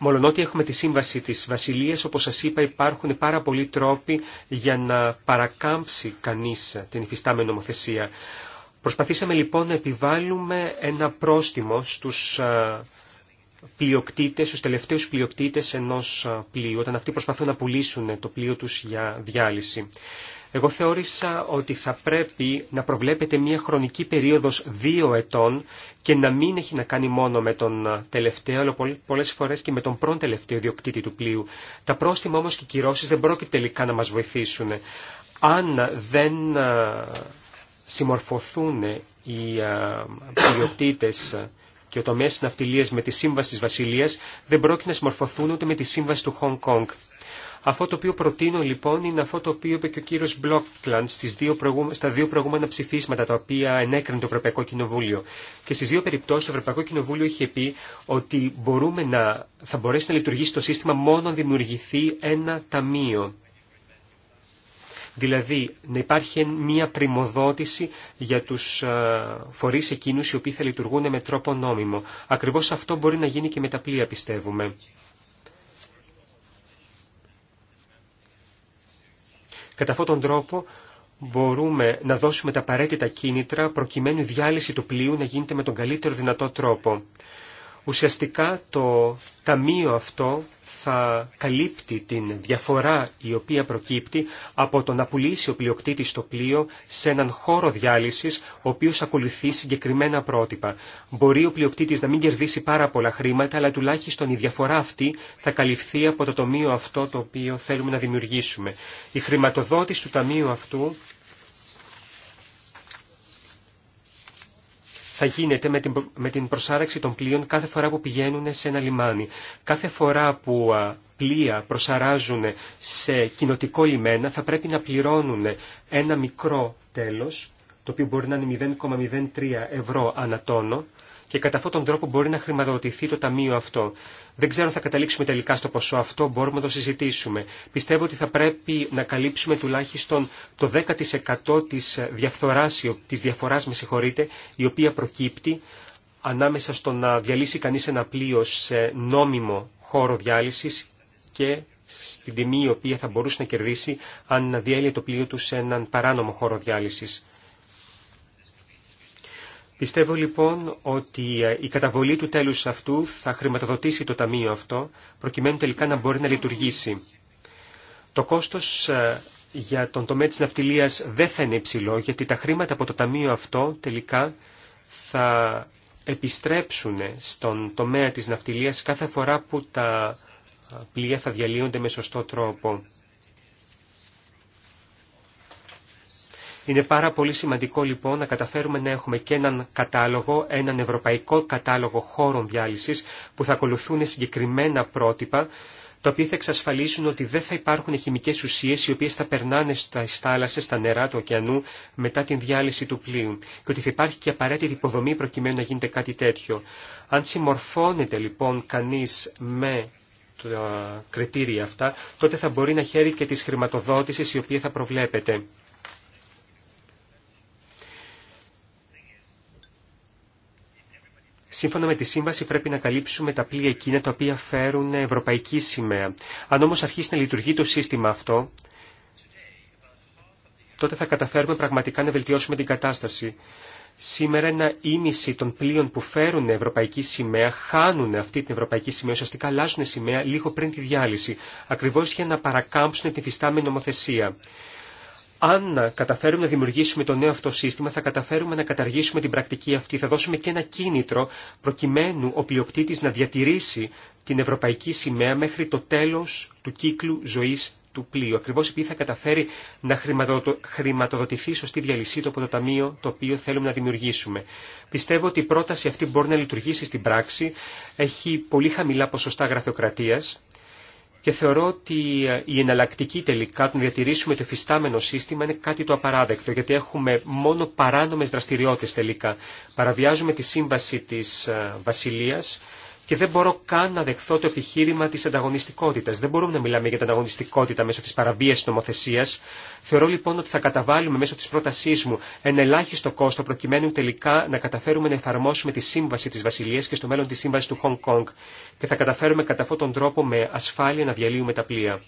Μολονότι έχουμε τη σύμβαση της Βασιλείας, όπως σας είπα υπάρχουν πάρα πολλοί τρόποι για να παρακάμψει κανείς την υφιστάμενη νομοθεσία. Προσπαθήσαμε λοιπόν να επιβάλλουμε ένα πρόστιμο στους ε, πλειοκτήτες, στους τελευταίους πλειοκτήτες ενός ε, πλοίου, όταν αυτοί προσπαθούν να πουλήσουν το πλοίο τους για διάλυση. Εγώ θεώρησα ότι θα πρέπει να προβλέπεται μια χρονική περίοδος δύο ετών και να μην έχει να κάνει μόνο με τον ε, τελευταίο, αλλά πολλές φορές και με τον πρώτο τελευταίο διοκτήτη του πλοίου. Τα πρόστιμα όμως και οι κυρώσεις δεν πρόκειται τελικά να μας βοηθήσουν. Αν δεν συμμορφωθούν οι πλειοκτήτες και ο τομέας της ναυτιλίας με τη Σύμβαση της Βασιλείας δεν πρόκειται να συμμορφωθούν ούτε με τη Σύμβαση του Χονγκ Κονγκ. Αυτό το οποίο προτείνω λοιπόν είναι αυτό το οποίο είπε και ο κύριο Μπλόκλαντ στα δύο προηγούμενα ψηφίσματα τα οποία ενέκρινε το Ευρωπαϊκό Κοινοβούλιο. Και στι δύο περιπτώσει το Ευρωπαϊκό Κοινοβούλιο είχε πει ότι μπορούμε να, θα μπορέσει να λειτουργήσει το σύστημα μόνο αν δημιουργηθεί ένα ταμείο. Δηλαδή, να υπάρχει μία πρημοδότηση για τους ε, φορείς εκείνους οι οποίοι θα λειτουργούν με τρόπο νόμιμο. Ακριβώς αυτό μπορεί να γίνει και με τα πλοία, πιστεύουμε. Κατά αυτόν τον τρόπο μπορούμε να δώσουμε τα απαραίτητα κίνητρα προκειμένου η διάλυση του πλοίου να γίνεται με τον καλύτερο δυνατό τρόπο. Ουσιαστικά το ταμείο αυτό θα καλύπτει την διαφορά η οποία προκύπτει από το να πουλήσει ο πλειοκτήτης το πλοίο σε έναν χώρο διάλυσης ο οποίος ακολουθεί συγκεκριμένα πρότυπα. Μπορεί ο πλειοκτήτης να μην κερδίσει πάρα πολλά χρήματα αλλά τουλάχιστον η διαφορά αυτή θα καλυφθεί από το τομείο αυτό το οποίο θέλουμε να δημιουργήσουμε. Η χρηματοδότηση του ταμείου αυτού θα γίνεται με την, με την προσάραξη των πλοίων κάθε φορά που πηγαίνουν σε ένα λιμάνι. Κάθε φορά που πλοία προσαράζουν σε κοινοτικό λιμένα θα πρέπει να πληρώνουν ένα μικρό τέλος, το οποίο μπορεί να είναι 0,03 ευρώ ανατόνο, και κατά αυτόν τον τρόπο μπορεί να χρηματοδοτηθεί το ταμείο αυτό. Δεν ξέρω αν θα καταλήξουμε τελικά στο ποσό αυτό, μπορούμε να το συζητήσουμε. Πιστεύω ότι θα πρέπει να καλύψουμε τουλάχιστον το 10% της διαφθοράς, της διαφοράς με συγχωρείτε, η οποία προκύπτει ανάμεσα στο να διαλύσει κανείς ένα πλοίο σε νόμιμο χώρο διάλυσης και στην τιμή η οποία θα μπορούσε να κερδίσει αν διέλυε το πλοίο του σε έναν παράνομο χώρο διάλυσης. Πιστεύω λοιπόν ότι ε, η καταβολή του τέλους αυτού θα χρηματοδοτήσει το ταμείο αυτό, προκειμένου τελικά να μπορεί να λειτουργήσει. Το κόστος ε, για τον τομέα της ναυτιλίας δεν θα είναι υψηλό, γιατί τα χρήματα από το ταμείο αυτό τελικά θα επιστρέψουν στον τομέα της ναυτιλίας κάθε φορά που τα ε, πλοία θα διαλύονται με σωστό τρόπο. Είναι πάρα πολύ σημαντικό λοιπόν να καταφέρουμε να έχουμε και έναν κατάλογο, έναν ευρωπαϊκό κατάλογο χώρων διάλυσης που θα ακολουθούν συγκεκριμένα πρότυπα τα οποία θα εξασφαλίσουν ότι δεν θα υπάρχουν χημικές ουσίες οι οποίες θα περνάνε στα θάλασσες, στα νερά του ωκεανού μετά την διάλυση του πλοίου και ότι θα υπάρχει και απαραίτητη υποδομή προκειμένου να γίνεται κάτι τέτοιο. Αν συμμορφώνεται λοιπόν κανείς με τα κριτήρια αυτά, τότε θα μπορεί να χαίρει και τις χρηματοδότηση, η οποία θα προβλέπεται. Σύμφωνα με τη σύμβαση πρέπει να καλύψουμε τα πλοία εκείνα τα οποία φέρουν ευρωπαϊκή σημαία. Αν όμως αρχίσει να λειτουργεί το σύστημα αυτό, τότε θα καταφέρουμε πραγματικά να βελτιώσουμε την κατάσταση. Σήμερα ένα ίμιση των πλοίων που φέρουν ευρωπαϊκή σημαία χάνουν αυτή την ευρωπαϊκή σημαία, ουσιαστικά αλλάζουν σημαία λίγο πριν τη διάλυση, ακριβώς για να παρακάμψουν την φυστάμενη νομοθεσία αν καταφέρουμε να δημιουργήσουμε το νέο αυτό σύστημα, θα καταφέρουμε να καταργήσουμε την πρακτική αυτή. Θα δώσουμε και ένα κίνητρο προκειμένου ο πλειοκτήτης να διατηρήσει την ευρωπαϊκή σημαία μέχρι το τέλος του κύκλου ζωής του πλοίου. Ακριβώς επειδή θα καταφέρει να χρηματοδοτηθεί σωστή διαλυσή του από το ταμείο το οποίο θέλουμε να δημιουργήσουμε. Πιστεύω ότι η πρόταση αυτή μπορεί να λειτουργήσει στην πράξη. Έχει πολύ χαμηλά ποσοστά γραφειοκρατίας και θεωρώ ότι ε, η εναλλακτική τελικά του να διατηρήσουμε το φυστάμενο σύστημα είναι κάτι το απαράδεκτο, γιατί έχουμε μόνο παράνομες δραστηριότητες τελικά. Παραβιάζουμε τη σύμβαση της ε, Βασιλείας και δεν μπορώ καν να δεχθώ το επιχείρημα της ανταγωνιστικότητας. Δεν μπορούμε να μιλάμε για την ανταγωνιστικότητα μέσω της παραβίασης νομοθεσίας. Θεωρώ λοιπόν ότι θα καταβάλουμε μέσω της πρότασής μου ένα ελάχιστο κόστο προκειμένου τελικά να καταφέρουμε να εφαρμόσουμε τη σύμβαση της Βασιλείας και στο μέλλον τη σύμβαση του Χονγκ Κονγκ και θα καταφέρουμε κατά αυτόν τον τρόπο με ασφάλεια να διαλύουμε τα πλοία.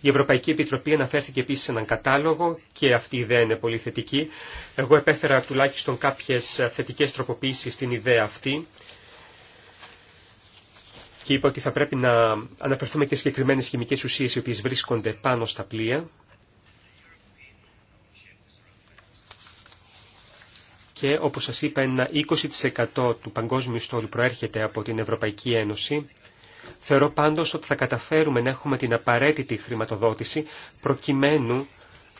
Η Ευρωπαϊκή Επιτροπή αναφέρθηκε επίση σε έναν κατάλογο και αυτή η ιδέα είναι πολύ θετική. Εγώ επέφερα τουλάχιστον κάποιε θετικέ τροποποίησει στην ιδέα αυτή και είπα ότι θα πρέπει να αναφερθούμε και συγκεκριμένε χημικές ουσίες οι οποίες βρίσκονται πάνω στα πλοία και όπως σας είπα ένα 20% του παγκόσμιου στόλου προέρχεται από την Ευρωπαϊκή Ένωση. Θεωρώ πάντως ότι θα καταφέρουμε να έχουμε την απαραίτητη χρηματοδότηση προκειμένου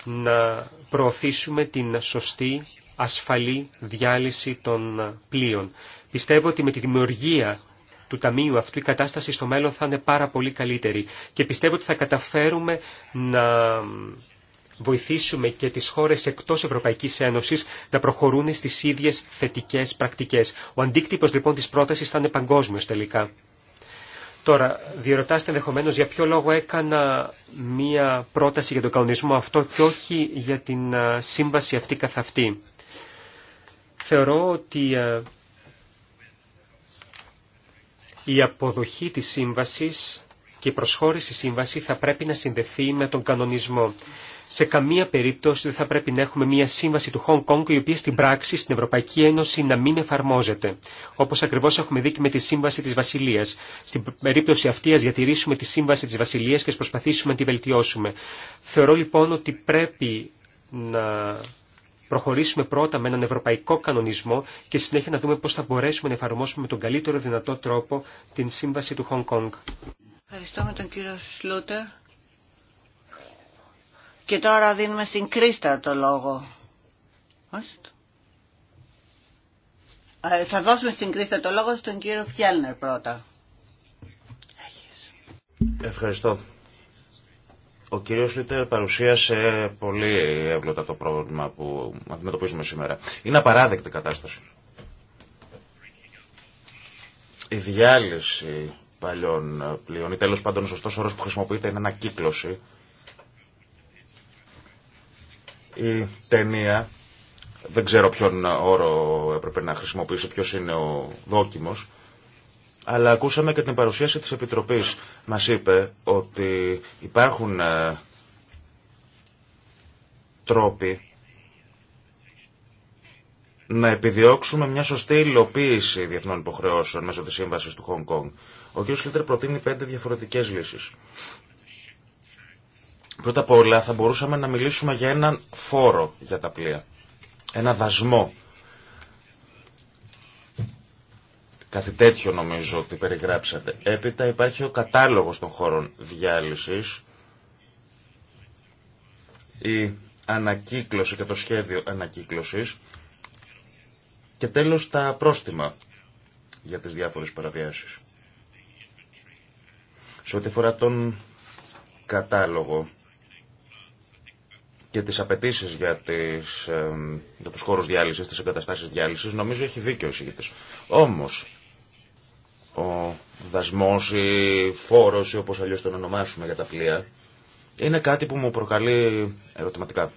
να προωθήσουμε την σωστή ασφαλή διάλυση των πλοίων. Πιστεύω ότι με τη δημιουργία του Ταμείου αυτού η κατάσταση στο μέλλον θα είναι πάρα πολύ καλύτερη. Και πιστεύω ότι θα καταφέρουμε να βοηθήσουμε και τις χώρες εκτός Ευρωπαϊκής Ένωσης να προχωρούν στις ίδιες θετικές πρακτικές. Ο αντίκτυπος λοιπόν της πρότασης θα είναι παγκόσμιος τελικά. Τώρα, διερωτάστε ενδεχομένω για ποιο λόγο έκανα μία πρόταση για τον κανονισμό αυτό και όχι για την σύμβαση αυτή καθ' αυτή. Θεωρώ ότι η αποδοχή της σύμβασης και η προσχώρηση σύμβαση θα πρέπει να συνδεθεί με τον κανονισμό. Σε καμία περίπτωση δεν θα πρέπει να έχουμε μια σύμβαση του Χονγκ Κόνγκ η οποία στην πράξη στην Ευρωπαϊκή Ένωση να μην εφαρμόζεται. Όπω ακριβώ έχουμε δει και με τη σύμβαση τη Βασιλεία. Στην περίπτωση αυτή α διατηρήσουμε τη σύμβαση τη Βασιλεία και α προσπαθήσουμε να τη βελτιώσουμε. Θεωρώ λοιπόν ότι πρέπει να προχωρήσουμε πρώτα με έναν ευρωπαϊκό κανονισμό και συνέχεια να δούμε πώς θα μπορέσουμε να εφαρμόσουμε με τον καλύτερο δυνατό τρόπο την σύμβαση του Χονγκ Κονγκ. Ευχαριστώ με τον κύριο Σλούτερ. Και τώρα δίνουμε στην Κρίστα το λόγο. Ε, θα δώσουμε στην Κρίστα το λόγο στον κύριο Φιέλνερ πρώτα. Ευχαριστώ. Ο κύριος Λίτερ παρουσίασε πολύ εύλογα το πρόβλημα που αντιμετωπίζουμε σήμερα. Είναι απαράδεκτη κατάσταση. Η διάλυση παλιών πλοίων ή τέλος πάντων ο σωστός όρος που χρησιμοποιείται είναι ανακύκλωση. Η ταινία, δεν ξέρω ποιον όρο έπρεπε να χρησιμοποιήσει, ποιος είναι ο δόκιμος, αλλά ακούσαμε και την παρουσίαση της Επιτροπής. Μας είπε ότι υπάρχουν ε, τρόποι να επιδιώξουμε μια σωστή υλοποίηση διεθνών υποχρεώσεων μέσω της σύμβασης του Χονγκ Κονγκ. Ο κ. Χίλτερ προτείνει πέντε διαφορετικές λύσεις. Πρώτα απ' όλα θα μπορούσαμε να μιλήσουμε για έναν φόρο για τα πλοία. Ένα δασμό Κάτι τέτοιο νομίζω ότι περιγράψατε. Έπειτα υπάρχει ο κατάλογος των χώρων διάλυσης, η ανακύκλωση και το σχέδιο ανακύκλωσης και τέλος τα πρόστιμα για τις διάφορες παραβιάσεις. Σε ό,τι αφορά τον κατάλογο και τις απαιτήσεις για, τις, ε, για τους χώρους διάλυσης, τις εγκαταστάσεις διάλυσης, νομίζω έχει δίκιο ο εισηγητής. Όμως, ο δασμός ή φόρος ή όπως αλλιώς τον ονομάσουμε για τα πλοία είναι κάτι που μου προκαλεί ερωτηματικά.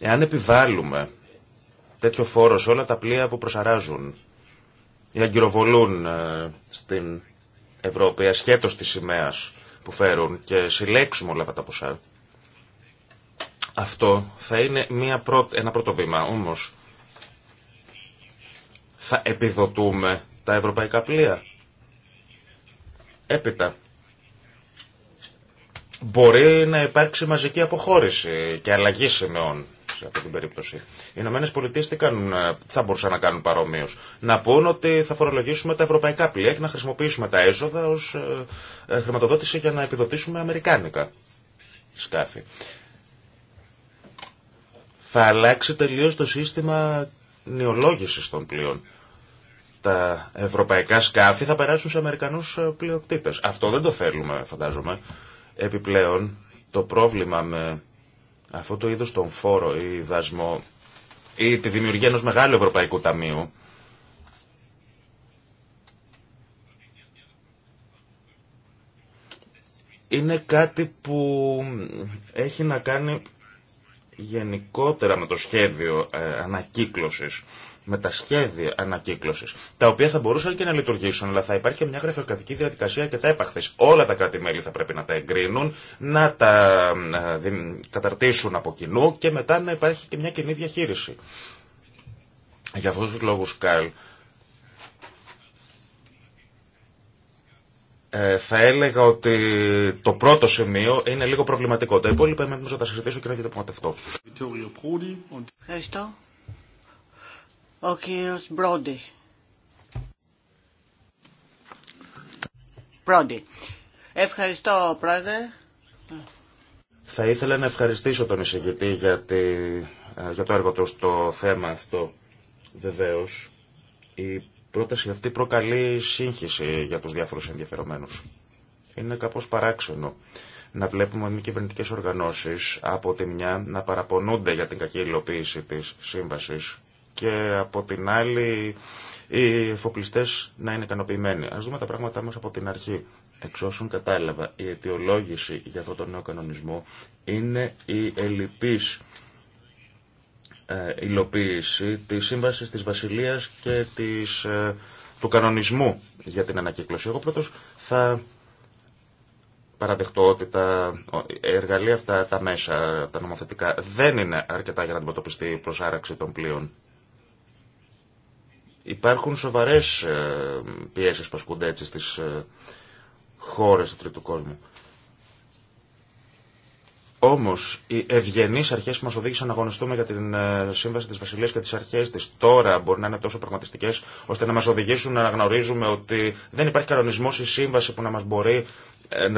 Εάν επιβάλλουμε τέτοιο φόρο σε όλα τα πλοία που προσαράζουν ή αγκυροβολούν ε, στην Ευρώπη ασχέτως της σημαίας που φέρουν και συλλέξουμε όλα αυτά τα ποσά, αυτό θα είναι μια ένα πρώτο βήμα. Όμως θα επιδοτούμε τα ευρωπαϊκά πλοία. Έπειτα, μπορεί να υπάρξει μαζική αποχώρηση και αλλαγή σημεών σε αυτή την περίπτωση. Οι Ηνωμένε Πολιτείε τι ε, θα μπορούσαν να κάνουν παρομοίω. Να πούν ότι θα φορολογήσουμε τα ευρωπαϊκά πλοία και να χρησιμοποιήσουμε τα έσοδα ω ε, ε, χρηματοδότηση για να επιδοτήσουμε αμερικάνικα σκάφη. Θα αλλάξει τελείω το σύστημα νεολόγηση των πλοίων τα ευρωπαϊκά σκάφη θα περάσουν σε Αμερικανούς ε, πλειοκτήτες. Αυτό δεν το θέλουμε φαντάζομαι. Επιπλέον το πρόβλημα με αυτό το είδος των φόρο ή δασμό ή τη δημιουργία ενός μεγάλου ευρωπαϊκού ταμείου είναι κάτι που έχει να κάνει γενικότερα με το σχέδιο ε, ανακύκλωσης με τα σχέδια ανακύκλωσης, τα οποία θα μπορούσαν και να λειτουργήσουν, αλλά θα υπάρχει και μια γραφειοκρατική διαδικασία και τα έπαχθες. Όλα τα κράτη-μέλη θα πρέπει να τα εγκρίνουν, να τα ε, καταρτήσουν από κοινού και μετά να υπάρχει και μια κοινή διαχείριση. Για αυτού τους λόγους, Καλ, ε, θα έλεγα ότι το πρώτο σημείο είναι λίγο προβληματικό. το υπόλοιπα να τα συζητήσω και να γίνει Ευχαριστώ ο κύριος Μπρόντι. Μπρόντι. Ευχαριστώ, πρόεδρε. Θα ήθελα να ευχαριστήσω τον εισηγητή για, ε, για το έργο του στο θέμα αυτό. Βεβαίως, η πρόταση αυτή προκαλεί σύγχυση για τους διάφορους ενδιαφερομένους. Είναι κάπως παράξενο να βλέπουμε μη κυβερνητικέ οργανώσεις από τη μια να παραπονούνται για την κακή υλοποίηση της σύμβασης και από την άλλη οι εφοπλιστές να είναι ικανοποιημένοι. Ας δούμε τα πράγματα μας από την αρχή. Εξ όσων κατάλαβα, η αιτιολόγηση για αυτόν τον νέο κανονισμό είναι η ελλειπής ε, υλοποίηση της σύμβασης της Βασιλείας και της, ε, του κανονισμού για την ανακύκλωση. Εγώ πρώτος θα παραδεχτώ ότι τα ε, εργαλεία αυτά, τα μέσα, τα νομοθετικά δεν είναι αρκετά για να αντιμετωπιστεί η προσάραξη των πλοίων. Υπάρχουν σοβαρές ε, πιέσεις που ασκούνται έτσι στις ε, χώρες του τρίτου κόσμου. Όμω, οι ευγενεί αρχέ που μα οδήγησαν να αγωνιστούμε για την ε, σύμβαση τη Βασιλεία και τι αρχέ τη τώρα μπορεί να είναι τόσο πραγματιστικέ ώστε να μα οδηγήσουν να αναγνωρίζουμε ότι δεν υπάρχει κανονισμό ή σύμβαση που να, μας μπορεί,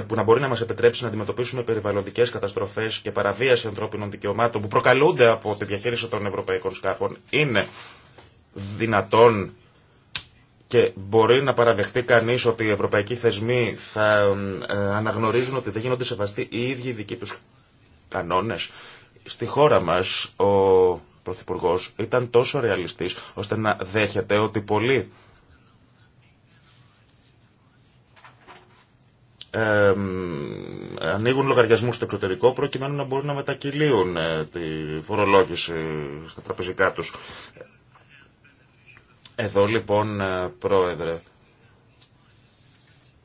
που να μπορεί να μα επιτρέψει να αντιμετωπίσουμε περιβαλλοντικές καταστροφές και παραβίαση ανθρώπινων δικαιωμάτων που προκαλούνται από τη διαχείριση των ευρωπαϊκών σκάφων. Είναι δυνατόν και μπορεί να παραδεχτεί κανείς ότι οι ευρωπαϊκοί θεσμοί θα ε, αναγνωρίζουν ότι δεν γίνονται σεβαστοί οι ίδιοι οι δικοί τους κανόνες. Στη χώρα μας ο Πρωθυπουργό ήταν τόσο ρεαλιστής ώστε να δέχεται ότι πολλοί Ε, ανοίγουν λογαριασμού στο εξωτερικό προκειμένου να μπορούν να μετακυλίουν ε, τη φορολόγηση στα τραπεζικά τους. Εδώ λοιπόν, ε, Πρόεδρε,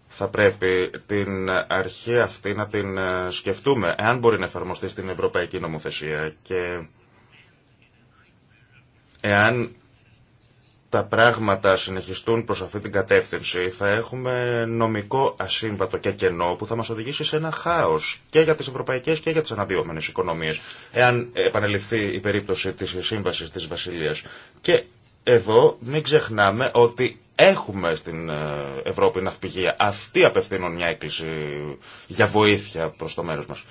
θα πρέπει την αρχή αυτή να την ε, σκεφτούμε, εάν μπορεί να εφαρμοστεί στην Ευρωπαϊκή Νομοθεσία και εάν τα πράγματα συνεχιστούν προς αυτή την κατεύθυνση, θα έχουμε νομικό ασύμβατο και κενό που θα μας οδηγήσει σε ένα χάος και για τις ευρωπαϊκές και για τις αναδυόμενες οικονομίες, εάν επανεληφθεί η περίπτωση της σύμβασης της Βασιλείας. Και εδώ μην ξεχνάμε ότι έχουμε στην ε, Ευρώπη ναυπηγεία. Αυτοί απευθύνουν μια έκκληση για βοήθεια προς το μέρος μας.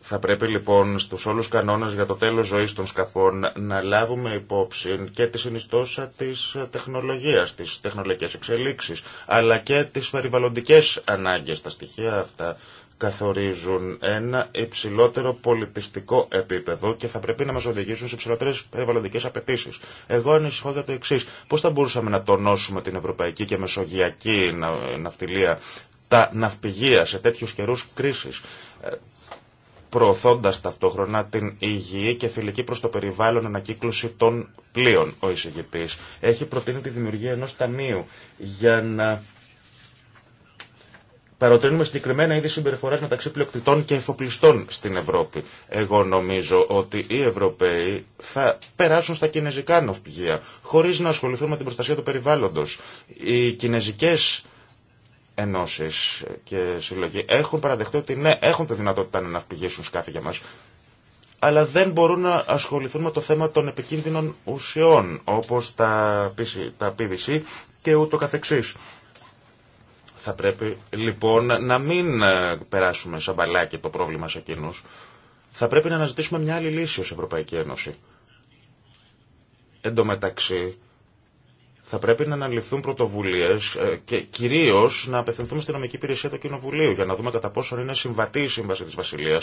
Θα πρέπει λοιπόν στους όλους κανόνες για το τέλος ζωής των σκαφών να λάβουμε υπόψη και τη συνιστόσα της τεχνολογίας, τις τεχνολογικές εξελίξεις, αλλά και τις περιβαλλοντικές ανάγκες. Τα στοιχεία αυτά καθορίζουν ένα υψηλότερο πολιτιστικό επίπεδο και θα πρέπει να μας οδηγήσουν σε υψηλότερες περιβαλλοντικέ απαιτήσει. Εγώ ανησυχώ για το εξή. Πώς θα μπορούσαμε να τονώσουμε την ευρωπαϊκή και μεσογειακή ναυτιλία, τα ναυπηγεία σε τέτοιου καιρού κρίσης προωθώντα ταυτόχρονα την υγιή και φιλική προ το περιβάλλον ανακύκλωση των πλοίων. Ο εισηγητή έχει προτείνει τη δημιουργία ενό ταμείου για να παροτρύνουμε συγκεκριμένα είδη συμπεριφορά μεταξύ πλειοκτητών και εφοπλιστών στην Ευρώπη. Εγώ νομίζω ότι οι Ευρωπαίοι θα περάσουν στα κινέζικα ναυπηγεία, χωρί να ασχοληθούν με την προστασία του περιβάλλοντο. Οι κινέζικε ενώσει και συλλογοί έχουν παραδεχτεί ότι ναι, έχουν τη δυνατότητα να ναυπηγήσουν σκάφη για μα, αλλά δεν μπορούν να ασχοληθούν με το θέμα των επικίνδυνων ουσιών, όπως τα PVC και ούτω καθεξής. Θα πρέπει λοιπόν να μην ε, περάσουμε σαν μπαλάκι το πρόβλημα σε εκείνους. Θα πρέπει να αναζητήσουμε μια άλλη λύση ως Ευρωπαϊκή Ένωση. Εν τω μεταξύ, θα πρέπει να αναλυφθούν πρωτοβουλίε ε, και κυρίω να απευθυνθούμε στην νομική υπηρεσία του Κοινοβουλίου για να δούμε κατά πόσο είναι συμβατή η σύμβαση τη Βασιλεία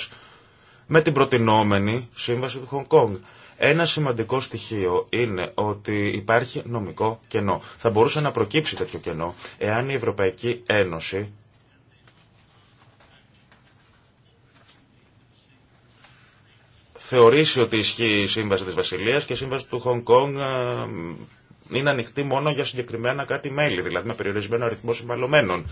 με την προτινόμενη σύμβαση του Χονγκ Κόνγκ. Ένα σημαντικό στοιχείο είναι ότι υπάρχει νομικό κενό. Θα μπορούσε να προκύψει τέτοιο κενό εάν η Ευρωπαϊκή Ένωση θεωρήσει ότι ισχύει η σύμβαση της Βασιλείας και η σύμβαση του Χονγκ Κόνγκ ε, είναι ανοιχτή μόνο για συγκεκριμενα κάτι κράτη-μέλη, δηλαδή με περιορισμένο αριθμό συμβαλωμένων.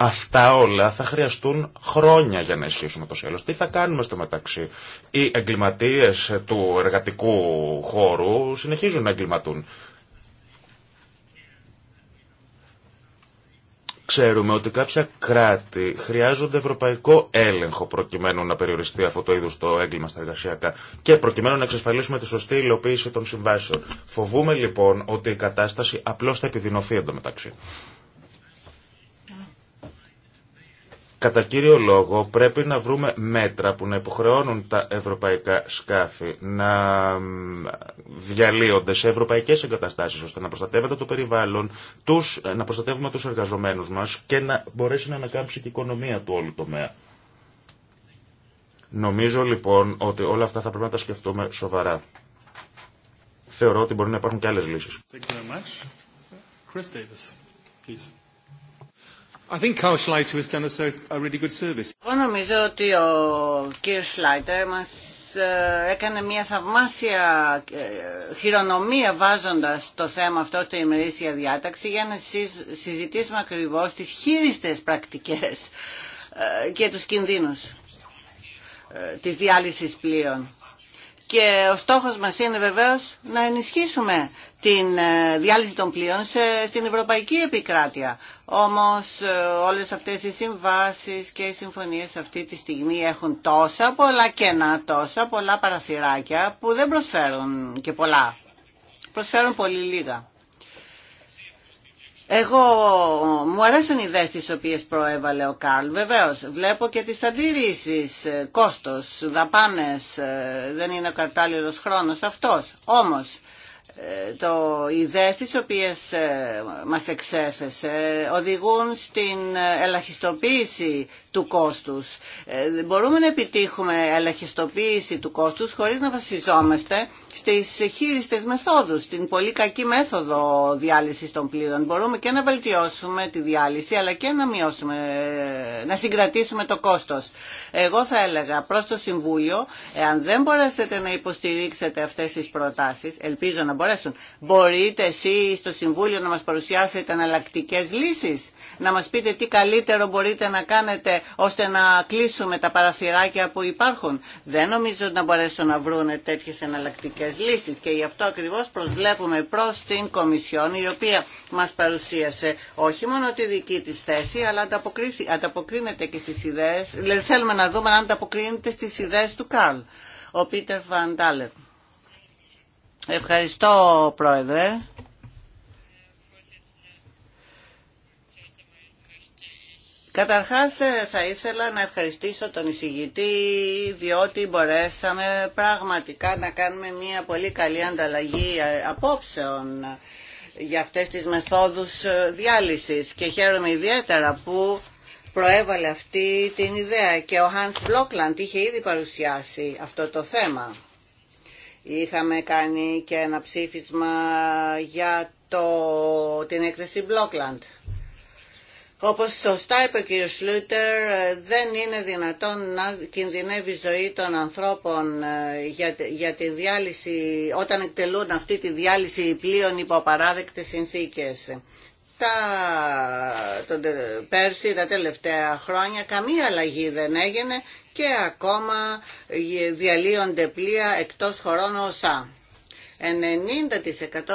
Αυτά όλα θα χρειαστούν χρόνια για να ισχύσουν το σελος Τι θα κάνουμε στο μεταξύ. Οι εγκληματίες του εργατικού χώρου συνεχίζουν να εγκληματούν. Ξέρουμε ότι κάποια κράτη χρειάζονται ευρωπαϊκό έλεγχο προκειμένου να περιοριστεί αυτό το είδους το έγκλημα στα εργασιακά και προκειμένου να εξασφαλίσουμε τη σωστή υλοποίηση των συμβάσεων. Φοβούμε λοιπόν ότι η κατάσταση απλώς θα επιδεινωθεί εντωμεταξύ. μεταξύ. Κατά κύριο λόγο πρέπει να βρούμε μέτρα που να υποχρεώνουν τα ευρωπαϊκά σκάφη να διαλύονται σε ευρωπαϊκές εγκαταστάσεις ώστε να προστατεύεται το περιβάλλον, τους, να προστατεύουμε τους εργαζομένους μας και να μπορέσει να ανακάμψει και η οικονομία του όλου τομέα. Νομίζω λοιπόν ότι όλα αυτά θα πρέπει να τα σκεφτούμε σοβαρά. Θεωρώ ότι μπορεί να υπάρχουν και άλλες λύσεις. I Εγώ νομίζω ότι ο κύριος Σλάιτερ μας ε, έκανε μια θαυμάσια ε, χειρονομία βάζοντας το θέμα αυτό στην ημερήσια διάταξη για να συζητήσουμε ακριβώς τις χείριστες πρακτικές ε, και τους κινδύνους της διάλυσης πλοίων. Και ο στόχος μας είναι βεβαίως να ενισχύσουμε την ε, διάλυση των πλοίων σε, στην ευρωπαϊκή επικράτεια. Όμως ε, όλες αυτές οι συμβάσεις και οι συμφωνίες αυτή τη στιγμή έχουν τόσα πολλά κενά, τόσα πολλά παρασυράκια που δεν προσφέρουν και πολλά. Προσφέρουν πολύ λίγα. Εγώ μου αρέσουν οι ιδέες τις οποίες προέβαλε ο Καρλ. Βεβαίως βλέπω και τις αντιρρήσεις, ε, κόστος, δαπάνες, δεν είναι ο κατάλληλος χρόνος αυτός. Όμως το, οι ιδέες οι οποίες ε, μας εξέσεσε οδηγούν στην ε, ελαχιστοποίηση του κόστους. Ε, μπορούμε να επιτύχουμε ελαχιστοποίηση του κόστους χωρίς να βασιζόμαστε στις χείριστες μεθόδους, την πολύ κακή μέθοδο διάλυσης των πλήρων. Μπορούμε και να βελτιώσουμε τη διάλυση αλλά και να μειώσουμε, να συγκρατήσουμε το κόστος. Εγώ θα έλεγα προς το Συμβούλιο, εάν δεν μπορέσετε να υποστηρίξετε αυτές τις προτάσεις, ελπίζω να μπορέσουν, μπορείτε εσεί στο Συμβούλιο να μας παρουσιάσετε εναλλακτικέ λύσεις, να μας πείτε τι καλύτερο μπορείτε να κάνετε ώστε να κλείσουμε τα παρασυράκια που υπάρχουν. Δεν νομίζω να μπορέσουν να βρούνε τέτοιες εναλλακτικέ λύσεις και γι' αυτό ακριβώς προσβλέπουμε προς την Κομισιόν η οποία μας παρουσίασε όχι μόνο τη δική της θέση αλλά ανταποκρίνεται και στις ιδέες, δηλαδή θέλουμε να δούμε αν ανταποκρίνεται στι ιδέε του Καρλ, ο Πίτερ Βαντάλερ. Ευχαριστώ Πρόεδρε. Καταρχάς ε, θα ήθελα να ευχαριστήσω τον εισηγητή διότι μπορέσαμε πραγματικά να κάνουμε μια πολύ καλή ανταλλαγή ε, απόψεων για αυτές τις μεθόδους ε, διάλυσης και χαίρομαι ιδιαίτερα που προέβαλε αυτή την ιδέα και ο Hans Blockland είχε ήδη παρουσιάσει αυτό το θέμα. Είχαμε κάνει και ένα ψήφισμα για το, την έκθεση Blockland. Όπως σωστά είπε ο κ. Σλούτερ, δεν είναι δυνατόν να κινδυνεύει η ζωή των ανθρώπων ε, για, τη διάλυση, όταν εκτελούν αυτή τη διάλυση πλοίων υπό απαράδεκτες συνθήκες. Τα, τον, πέρσι, τα τελευταία χρόνια, καμία αλλαγή δεν έγινε και ακόμα ε, διαλύονται πλοία εκτός χωρών ΩΣΑ.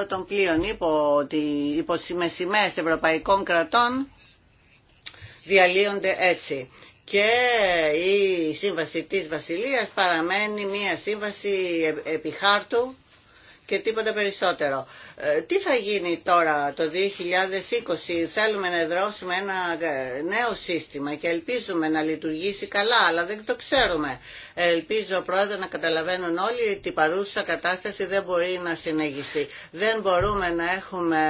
90% των πλοίων υπό, υπό ευρωπαϊκών κρατών διαλύονται έτσι. Και η σύμβαση της Βασιλείας παραμένει μία σύμβαση επιχάρτου και τίποτα περισσότερο. Ε, τι θα γίνει τώρα το 2020, θέλουμε να εδρώσουμε ένα ε, νέο σύστημα και ελπίζουμε να λειτουργήσει καλά, αλλά δεν το ξέρουμε. Ελπίζω, Πρόεδρε, να καταλαβαίνουν όλοι ότι η παρούσα κατάσταση δεν μπορεί να συνεχιστεί. Δεν μπορούμε να, έχουμε,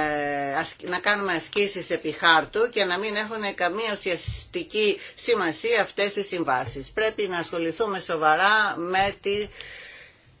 να κάνουμε ασκήσεις επί χάρτου και να μην έχουν καμία ουσιαστική σημασία αυτές οι συμβάσεις. Πρέπει να ασχοληθούμε σοβαρά με τη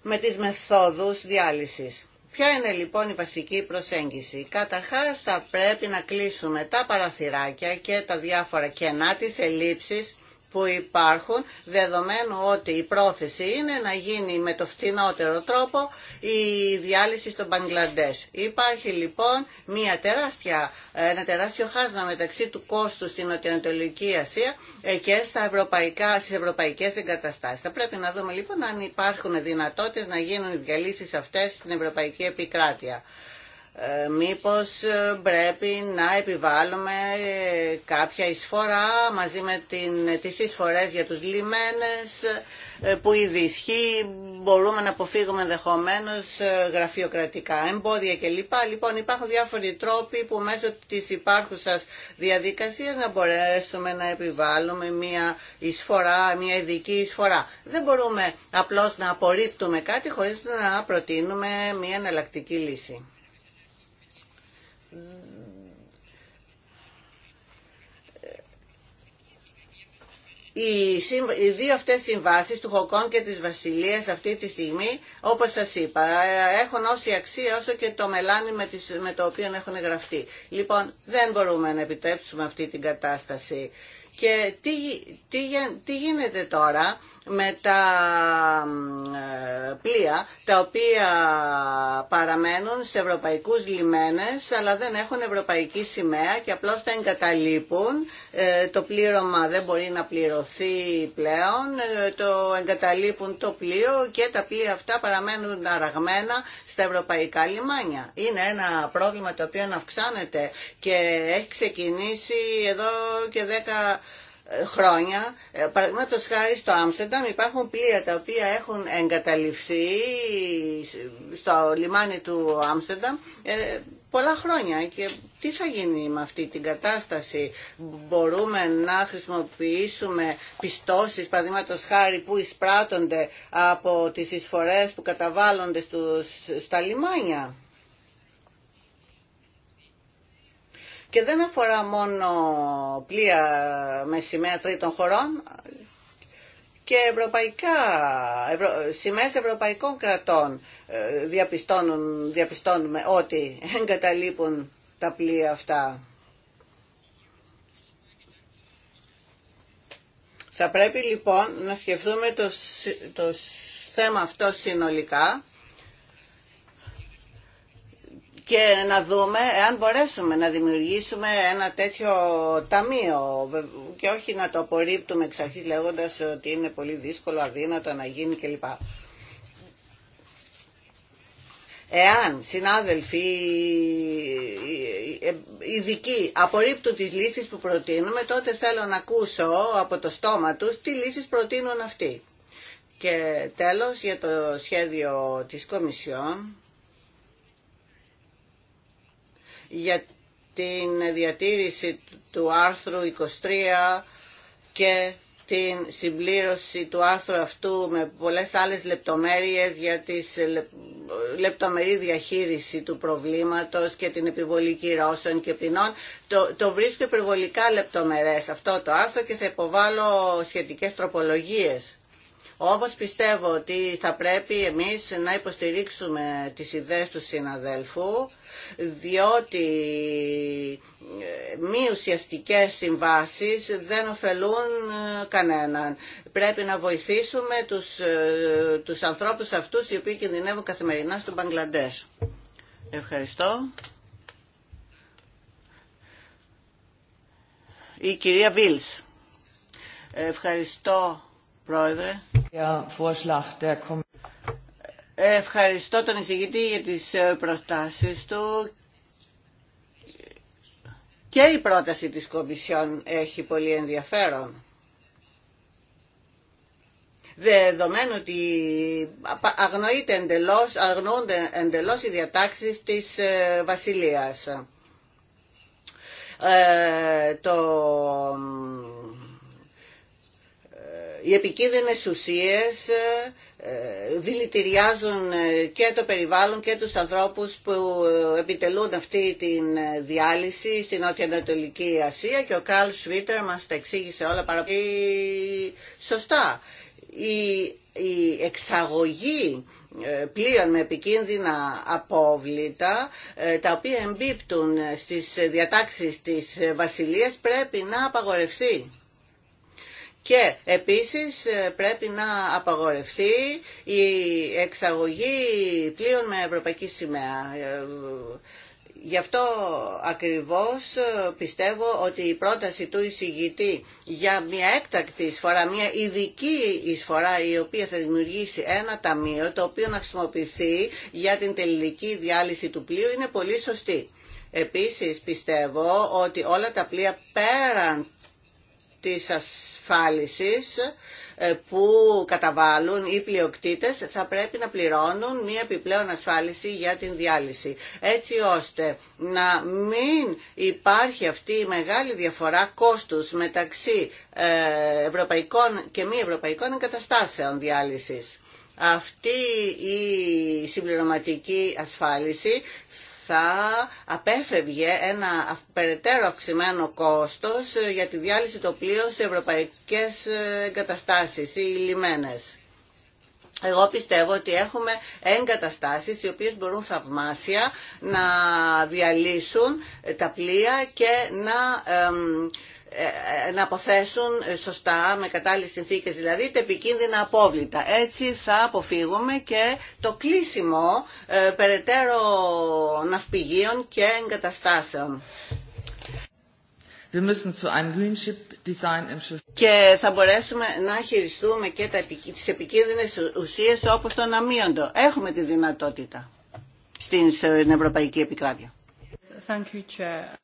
με τις μεθόδους διάλυσης. Ποια είναι λοιπόν η βασική προσέγγιση. Καταρχάς θα πρέπει να κλείσουμε τα παρασυράκια και τα διάφορα κενά της ελλείψης που υπάρχουν, δεδομένου ότι η πρόθεση είναι να γίνει με το φτηνότερο τρόπο η διάλυση στο Μπαγκλαντές. Υπάρχει λοιπόν μια τεράστια, ένα τεράστιο χάσμα μεταξύ του κόστου στην Νοτιοανατολική Ασία ε, και στα ευρωπαϊκά, στις ευρωπαϊκές εγκαταστάσεις. Θα πρέπει να δούμε λοιπόν αν υπάρχουν δυνατότητες να γίνουν οι διαλύσεις αυτές στην ευρωπαϊκή επικράτεια. Ε, μήπως ε, πρέπει να επιβάλλουμε ε, κάποια εισφορά μαζί με την, τις εισφορές για τους λιμένες που ήδη ισχύει, μπορούμε να αποφύγουμε ενδεχομένω γραφειοκρατικά εμπόδια κλπ. Λοιπόν υπάρχουν διάφοροι τρόποι που μέσω της υπάρχουσας διαδικασίας να μπορέσουμε να επιβάλλουμε μια ισφορά, μια ειδική εισφορά. Δεν μπορούμε απλώς να απορρίπτουμε κάτι χωρίς να προτείνουμε μια εναλλακτική λύση. Οι δύο αυτές συμβάσεις του Χοκόν και της Βασιλείας αυτή τη στιγμή, όπως σας είπα, έχουν όση αξία όσο και το μελάνι με το οποίο έχουν γραφτεί. Λοιπόν, δεν μπορούμε να επιτρέψουμε αυτή την κατάσταση. Και τι, γίνεται τώρα με τα ε, πλοία τα οποία παραμένουν σε ευρωπαϊκούς λιμένες αλλά δεν έχουν ευρωπαϊκή σημαία και απλώς τα εγκαταλείπουν. Ε, το πλήρωμα δεν μπορεί να πληρωθεί πλέον, ε, το εγκαταλείπουν το πλοίο και τα πλοία αυτά παραμένουν αραγμένα στα ευρωπαϊκά λιμάνια. Είναι ένα πρόβλημα το οποίο αυξάνεται και έχει ξεκινήσει εδώ και 10 χρόνια, ε, παραδείγματο χάρη στο Άμστερνταμ υπάρχουν πλοία τα οποία έχουν εγκαταληφθεί στο λιμάνι του Άμστερνταμ ε, πολλά χρόνια και τι θα γίνει με αυτή την κατάσταση. Μπορούμε να χρησιμοποιήσουμε πιστώσεις, παραδείγματο χάρη που εισπράττονται από τις εισφορές που καταβάλλονται στους, στα λιμάνια. και δεν αφορά μόνο πλοία με σημαία τρίτων χωρών και ευρωπαϊκά, ευρω, σημαίες ευρωπαϊκών κρατών ε, διαπιστώνουμε ότι εγκαταλείπουν τα πλοία αυτά. Θα πρέπει λοιπόν να σκεφτούμε το, το θέμα αυτό συνολικά και να δούμε εάν μπορέσουμε να δημιουργήσουμε ένα τέτοιο ταμείο και όχι να το απορρίπτουμε εξ αρχής λέγοντας ότι είναι πολύ δύσκολο, αδύνατο να γίνει κλπ. Εάν συνάδελφοι ε, ε, ειδικοί απορρίπτουν τις λύσεις που προτείνουμε, τότε θέλω να ακούσω από το στόμα τους τι λύσεις προτείνουν αυτοί. Και τέλος για το σχέδιο της Κομισιόν, για την διατήρηση του άρθρου 23 και την συμπλήρωση του άρθρου αυτού με πολλές άλλες λεπτομέρειες για τη λεπτομερή διαχείριση του προβλήματος και την επιβολή κυρώσεων και ποινών. Το, το βρίσκω υπερβολικά λεπτομερές αυτό το άρθρο και θα υποβάλω σχετικές τροπολογίες. Όμως πιστεύω ότι θα πρέπει εμείς να υποστηρίξουμε τις ιδέες του συναδέλφου, διότι ε, μη ουσιαστικέ συμβάσεις δεν ωφελούν ε, κανέναν. Πρέπει να βοηθήσουμε τους, ε, τους ανθρώπους αυτούς οι οποίοι κινδυνεύουν καθημερινά στον Μπαγκλαντές. Ευχαριστώ. Η κυρία Βίλς. Ευχαριστώ Πρόεδρε. Ευχαριστώ τον εισηγητή για τις ε, προτάσεις του και η πρόταση της Κομισιόν έχει πολύ ενδιαφέρον. Δεδομένου ότι αγνοείται εντελώς, αγνοούνται εντελώς οι διατάξεις της ε, Βασιλείας. Ε, το οι επικίνδυνες ουσίες ε, ε, δηλητηριάζουν ε, και το περιβάλλον και τους ανθρώπους που επιτελούν αυτή τη διάλυση στην Νότια-Ανατολική Ασία και ο Καρλ Σβίτερ μας τα εξήγησε όλα πάρα πολύ σωστά. Η, η εξαγωγή πλοίων με επικίνδυνα απόβλητα τα οποία εμπίπτουν στις διατάξεις της Βασιλείας πρέπει να απαγορευτεί. Και επίσης ε, πρέπει να απαγορευτεί η εξαγωγή πλοίων με ευρωπαϊκή σημαία. Ε, γι' αυτό ακριβώς ε, πιστεύω ότι η πρόταση του εισηγητή για μια έκτακτη εισφορά, μια ειδική εισφορά η οποία θα δημιουργήσει ένα ταμείο το οποίο να χρησιμοποιηθεί για την τελική διάλυση του πλοίου είναι πολύ σωστή. Επίσης πιστεύω ότι όλα τα πλοία πέραν της ασφάλισης ε, που καταβάλουν οι πλειοκτήτες θα πρέπει να πληρώνουν μία επιπλέον ασφάλιση για την διάλυση. Έτσι ώστε να μην υπάρχει αυτή η μεγάλη διαφορά κόστους μεταξύ ε, ευρωπαϊκών και μη ευρωπαϊκών εγκαταστάσεων διάλυσης. Αυτή η συμπληρωματική ασφάλιση θα απέφευγε ένα περαιτέρω αυξημένο κόστος για τη διάλυση των πλοίων σε ευρωπαϊκές εγκαταστάσεις ή λιμένες. Εγώ πιστεύω ότι έχουμε εγκαταστάσεις οι οποίες μπορούν θαυμάσια να διαλύσουν τα πλοία και να ε, να αποθέσουν ε, σωστά, με κατάλληλες συνθήκες δηλαδή, τα επικίνδυνα απόβλητα. Έτσι θα αποφύγουμε και το κλείσιμο ε, περαιτέρω ναυπηγείων και εγκαταστάσεων. Και θα μπορέσουμε να χειριστούμε και τα, τις επικίνδυνες ουσίες όπως τον αμύοντο. Έχουμε τη δυνατότητα στην Ευρωπαϊκή Επικράτεια. Thank you,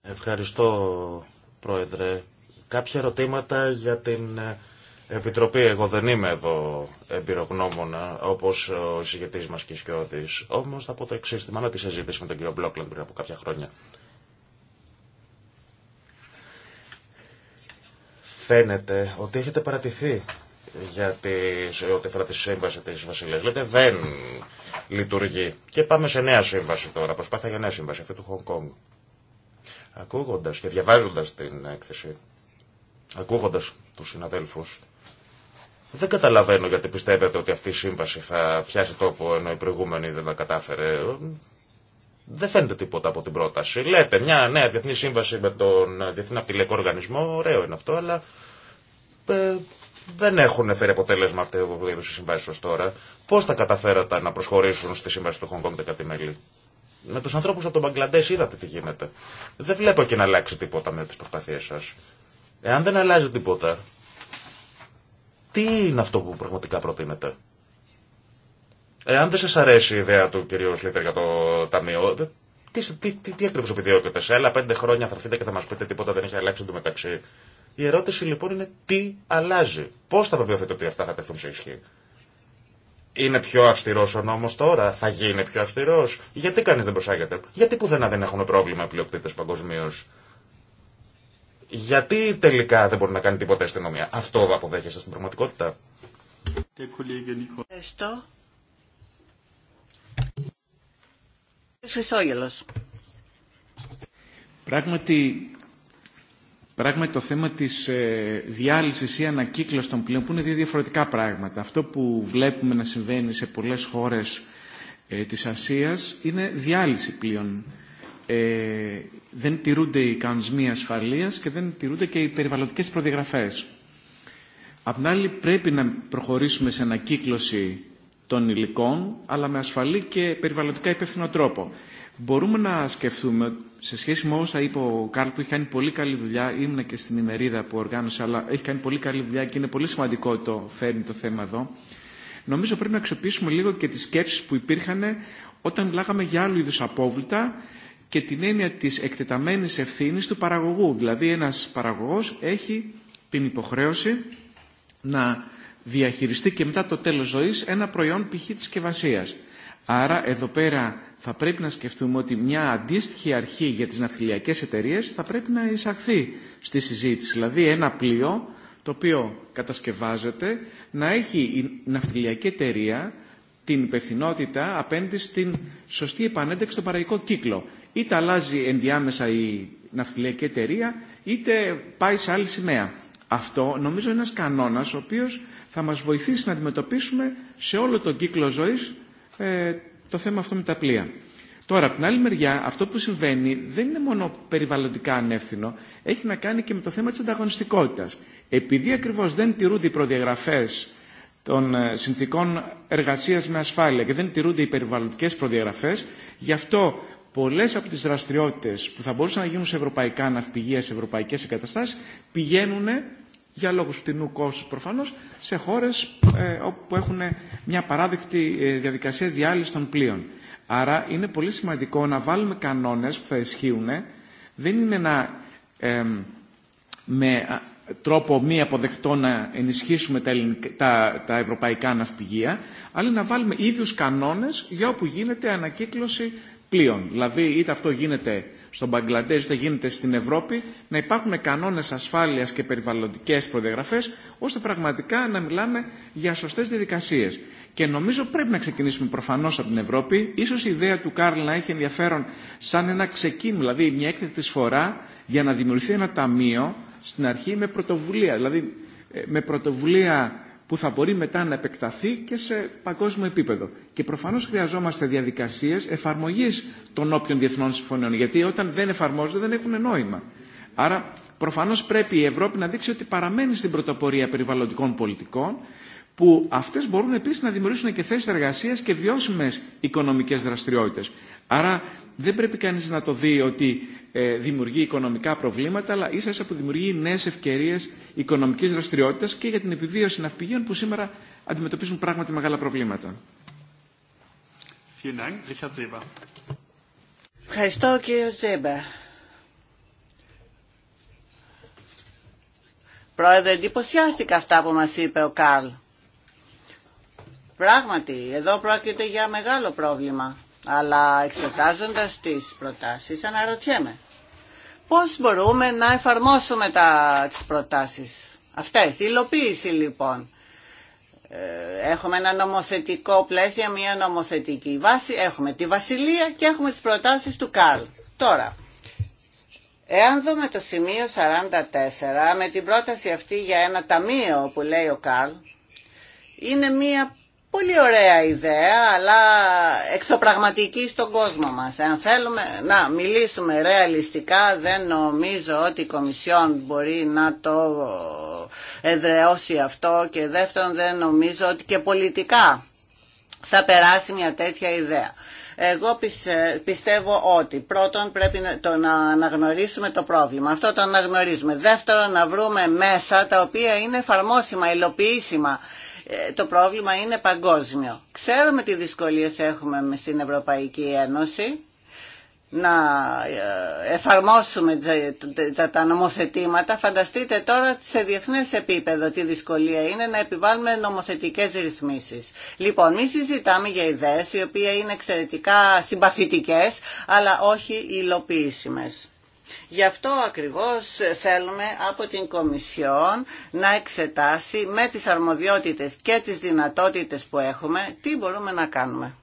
Ευχαριστώ, Πρόεδρε. Κάποια ερωτήματα για την ε, Επιτροπή. Εγώ δεν είμαι εδώ εμπειρογνώμονα, όπως ο συγγετής μας και η Όμως θα πω το εξής, Να τη συζήτηση με τον κύριο Μπλόκλαντ πριν από κάποια χρόνια. Φαίνεται ότι έχετε παρατηθεί για τις, ε, ό,τι αφορά τη σύμβαση της Βασιλείας. Λέτε δεν λειτουργεί. Και πάμε σε νέα σύμβαση τώρα, προσπάθεια για νέα σύμβαση, αυτή του Χονκ Κόγκ. Ακούγοντας και διαβάζοντας την έκθεση, ακούγοντας τους συναδέλφους, δεν καταλαβαίνω γιατί πιστεύετε ότι αυτή η σύμβαση θα πιάσει τόπο ενώ η προηγούμενη δεν τα κατάφερε. Δεν φαίνεται τίποτα από την πρόταση. Λέτε μια νέα διεθνή σύμβαση με τον Διεθνή Ναυτιλιακό Οργανισμό, ωραίο είναι αυτό, αλλά ε, δεν έχουν φέρει αποτέλεσμα αυτέ οι συμβάσει ω τώρα. Πώ θα καταφέρατε να προσχωρήσουν στη σύμβαση του Χονγκ τα μελη Με του ανθρώπου από τον Μπαγκλαντέ είδατε τι γίνεται. Δεν βλέπω και να αλλάξει τίποτα με τι προσπαθίε σα. Εάν δεν αλλάζει τίποτα, τι είναι αυτό που πραγματικά προτείνεται. Εάν δεν σα αρέσει η ιδέα του κυρίου Σλίτερ για το ταμείο, τι, τι, τι, τι ακριβώς επιδιώκεται. Σε άλλα πέντε χρόνια θα έρθετε και θα μα πείτε τίποτα δεν έχει αλλάξει το μεταξύ. Η ερώτηση λοιπόν είναι τι αλλάζει. Πώ θα βεβαιωθείτε ότι αυτά θα τεθούν σε ισχύ. Είναι πιο αυστηρό ο νόμο τώρα, θα γίνει πιο αυστηρό. Γιατί κανεί δεν προσάγεται, γιατί που δεν έχουμε πρόβλημα οι πλειοκτήτε παγκοσμίω. Γιατί τελικά δεν μπορεί να κάνει τίποτα η αστυνομία. Αυτό αποδέχεσαι στην πραγματικότητα. Πράγματι, πράγματι το θέμα της ε, διάλυσης ή ανακύκλωσης των πλοίων που είναι δύο διαφορετικά πράγματα. Αυτό που βλέπουμε να συμβαίνει σε πολλές χώρες ε, της Ασίας είναι διάλυση πλοίων. Ε, δεν τηρούνται οι κανονισμοί ασφαλείας και δεν τηρούνται και οι περιβαλλοντικές προδιαγραφές. Απ' την άλλη πρέπει να προχωρήσουμε σε ανακύκλωση των υλικών, αλλά με ασφαλή και περιβαλλοντικά υπεύθυνο τρόπο. Μπορούμε να σκεφτούμε, σε σχέση με όσα είπε ο Κάρλ που έχει κάνει πολύ καλή δουλειά, ήμουν και στην ημερίδα που οργάνωσε, αλλά έχει κάνει πολύ καλή δουλειά και είναι πολύ σημαντικό το φέρνει το θέμα εδώ. Νομίζω πρέπει να αξιοποιήσουμε λίγο και τις σκέψεις που υπήρχαν όταν μιλάγαμε για άλλου είδου απόβλητα και την έννοια της εκτεταμένης ευθύνης του παραγωγού. Δηλαδή ένας παραγωγός έχει την υποχρέωση να διαχειριστεί και μετά το τέλος ζωής ένα προϊόν π.χ. της συσκευασίας. Άρα εδώ πέρα θα πρέπει να σκεφτούμε ότι μια αντίστοιχη αρχή για τις ναυτιλιακές εταιρείες θα πρέπει να εισαχθεί στη συζήτηση. Δηλαδή ένα πλοίο το οποίο κατασκευάζεται να έχει η ναυτιλιακή εταιρεία την υπευθυνότητα απέναντι στην σωστή επανένταξη στον παραγωγικό κύκλο είτε αλλάζει ενδιάμεσα η ναυτιλιακή εταιρεία, είτε πάει σε άλλη σημαία. Αυτό νομίζω είναι ένας κανόνας ο οποίος θα μας βοηθήσει να αντιμετωπίσουμε σε όλο τον κύκλο ζωής ε, το θέμα αυτό με τα πλοία. Τώρα, από την άλλη μεριά, αυτό που συμβαίνει δεν είναι μόνο περιβαλλοντικά ανεύθυνο, έχει να κάνει και με το θέμα της ανταγωνιστικότητας. Επειδή ακριβώς δεν τηρούνται οι προδιαγραφές των ε, συνθήκων εργασίας με ασφάλεια και δεν τηρούνται οι περιβαλλοντικές προδιαγραφές, γι' αυτό Πολλέ από τις δραστηριότητε που θα μπορούσαν να γίνουν σε ευρωπαϊκά ναυπηγεία, σε ευρωπαϊκές εγκαταστάσεις, πηγαίνουν για λόγους φτηνού κόστου προφανώ σε χώρες που ε, όπου έχουν μια παράδεκτη ε, διαδικασία διάλυσης των πλοίων. Άρα είναι πολύ σημαντικό να βάλουμε κανόνες που θα ισχύουν. Δεν είναι να με τρόπο μη αποδεκτό να ενισχύσουμε τα, τα, ευρωπαϊκά ναυπηγεία, αλλά να βάλουμε ίδιους κανόνες για όπου γίνεται ανακύκλωση πλοίων. Δηλαδή είτε αυτό γίνεται στον Μπαγκλαντές είτε γίνεται στην Ευρώπη να υπάρχουν κανόνες ασφάλειας και περιβαλλοντικές προδιαγραφές ώστε πραγματικά να μιλάμε για σωστές διαδικασίες. Και νομίζω πρέπει να ξεκινήσουμε προφανώ από την Ευρώπη. σω η ιδέα του Κάρλ να έχει ενδιαφέρον σαν ένα ξεκίνημα, δηλαδή μια έκθετη σφορά για να δημιουργηθεί ένα ταμείο στην αρχή με πρωτοβουλία. Δηλαδή ε, με πρωτοβουλία που θα μπορεί μετά να επεκταθεί και σε παγκόσμιο επίπεδο. Και προφανώ χρειαζόμαστε διαδικασίε εφαρμογή των όποιων διεθνών συμφωνιών, γιατί όταν δεν εφαρμόζονται δεν έχουν νόημα. Άρα προφανώ πρέπει η Ευρώπη να δείξει ότι παραμένει στην πρωτοπορία περιβαλλοντικών πολιτικών, που αυτέ μπορούν επίση να δημιουργήσουν και θέσει εργασία και βιώσιμε οικονομικέ δραστηριότητες. Άρα δεν πρέπει κανεί να το δει ότι ε, δημιουργεί οικονομικά προβλήματα, αλλά ίσα ίσα που δημιουργεί νέε ευκαιρίε οικονομική δραστηριότητα και για την επιβίωση ναυπηγείων που σήμερα αντιμετωπίζουν πράγματι μεγάλα προβλήματα. Ευχαριστώ κύριο Τζέμπα. Πρόεδρε, εντυπωσιάστηκα αυτά που μας είπε ο Καρλ. Πράγματι, εδώ πρόκειται για μεγάλο πρόβλημα. Αλλά εξετάζοντας τις προτάσεις αναρωτιέμαι πώς μπορούμε να εφαρμόσουμε τα, τις προτάσεις αυτές. Η υλοποίηση λοιπόν. Ε, έχουμε ένα νομοθετικό πλαίσιο, μια νομοθετική βάση. Έχουμε τη Βασιλεία και έχουμε τις προτάσεις του Καρλ. Τώρα, εάν δούμε το σημείο 44 με την πρόταση αυτή για ένα ταμείο που λέει ο Καρλ, είναι μια Πολύ ωραία ιδέα, αλλά εξωπραγματική στον κόσμο μας. Αν θέλουμε να μιλήσουμε ρεαλιστικά, δεν νομίζω ότι η Κομισιόν μπορεί να το εδραιώσει αυτό και δεύτερον δεν νομίζω ότι και πολιτικά θα περάσει μια τέτοια ιδέα. Εγώ πιστεύω ότι πρώτον πρέπει το να αναγνωρίσουμε το πρόβλημα. Αυτό το αναγνωρίζουμε. Δεύτερον να βρούμε μέσα τα οποία είναι εφαρμόσιμα, υλοποιήσιμα ε, το πρόβλημα είναι παγκόσμιο. Ξέρουμε τι δυσκολίες έχουμε στην Ευρωπαϊκή Ένωση να ε, εφαρμόσουμε τα νομοθετήματα. Φανταστείτε τώρα σε διεθνές επίπεδο τι δυσκολία είναι να επιβάλλουμε νομοθετικές ρυθμίσεις. Λοιπόν, μη συζητάμε για ιδέες οι οποίες είναι εξαιρετικά συμπαθητικές αλλά όχι υλοποιήσιμες. Γι' αυτό ακριβώς θέλουμε από την Κομισιόν να εξετάσει με τις αρμοδιότητες και τις δυνατότητες που έχουμε τι μπορούμε να κάνουμε.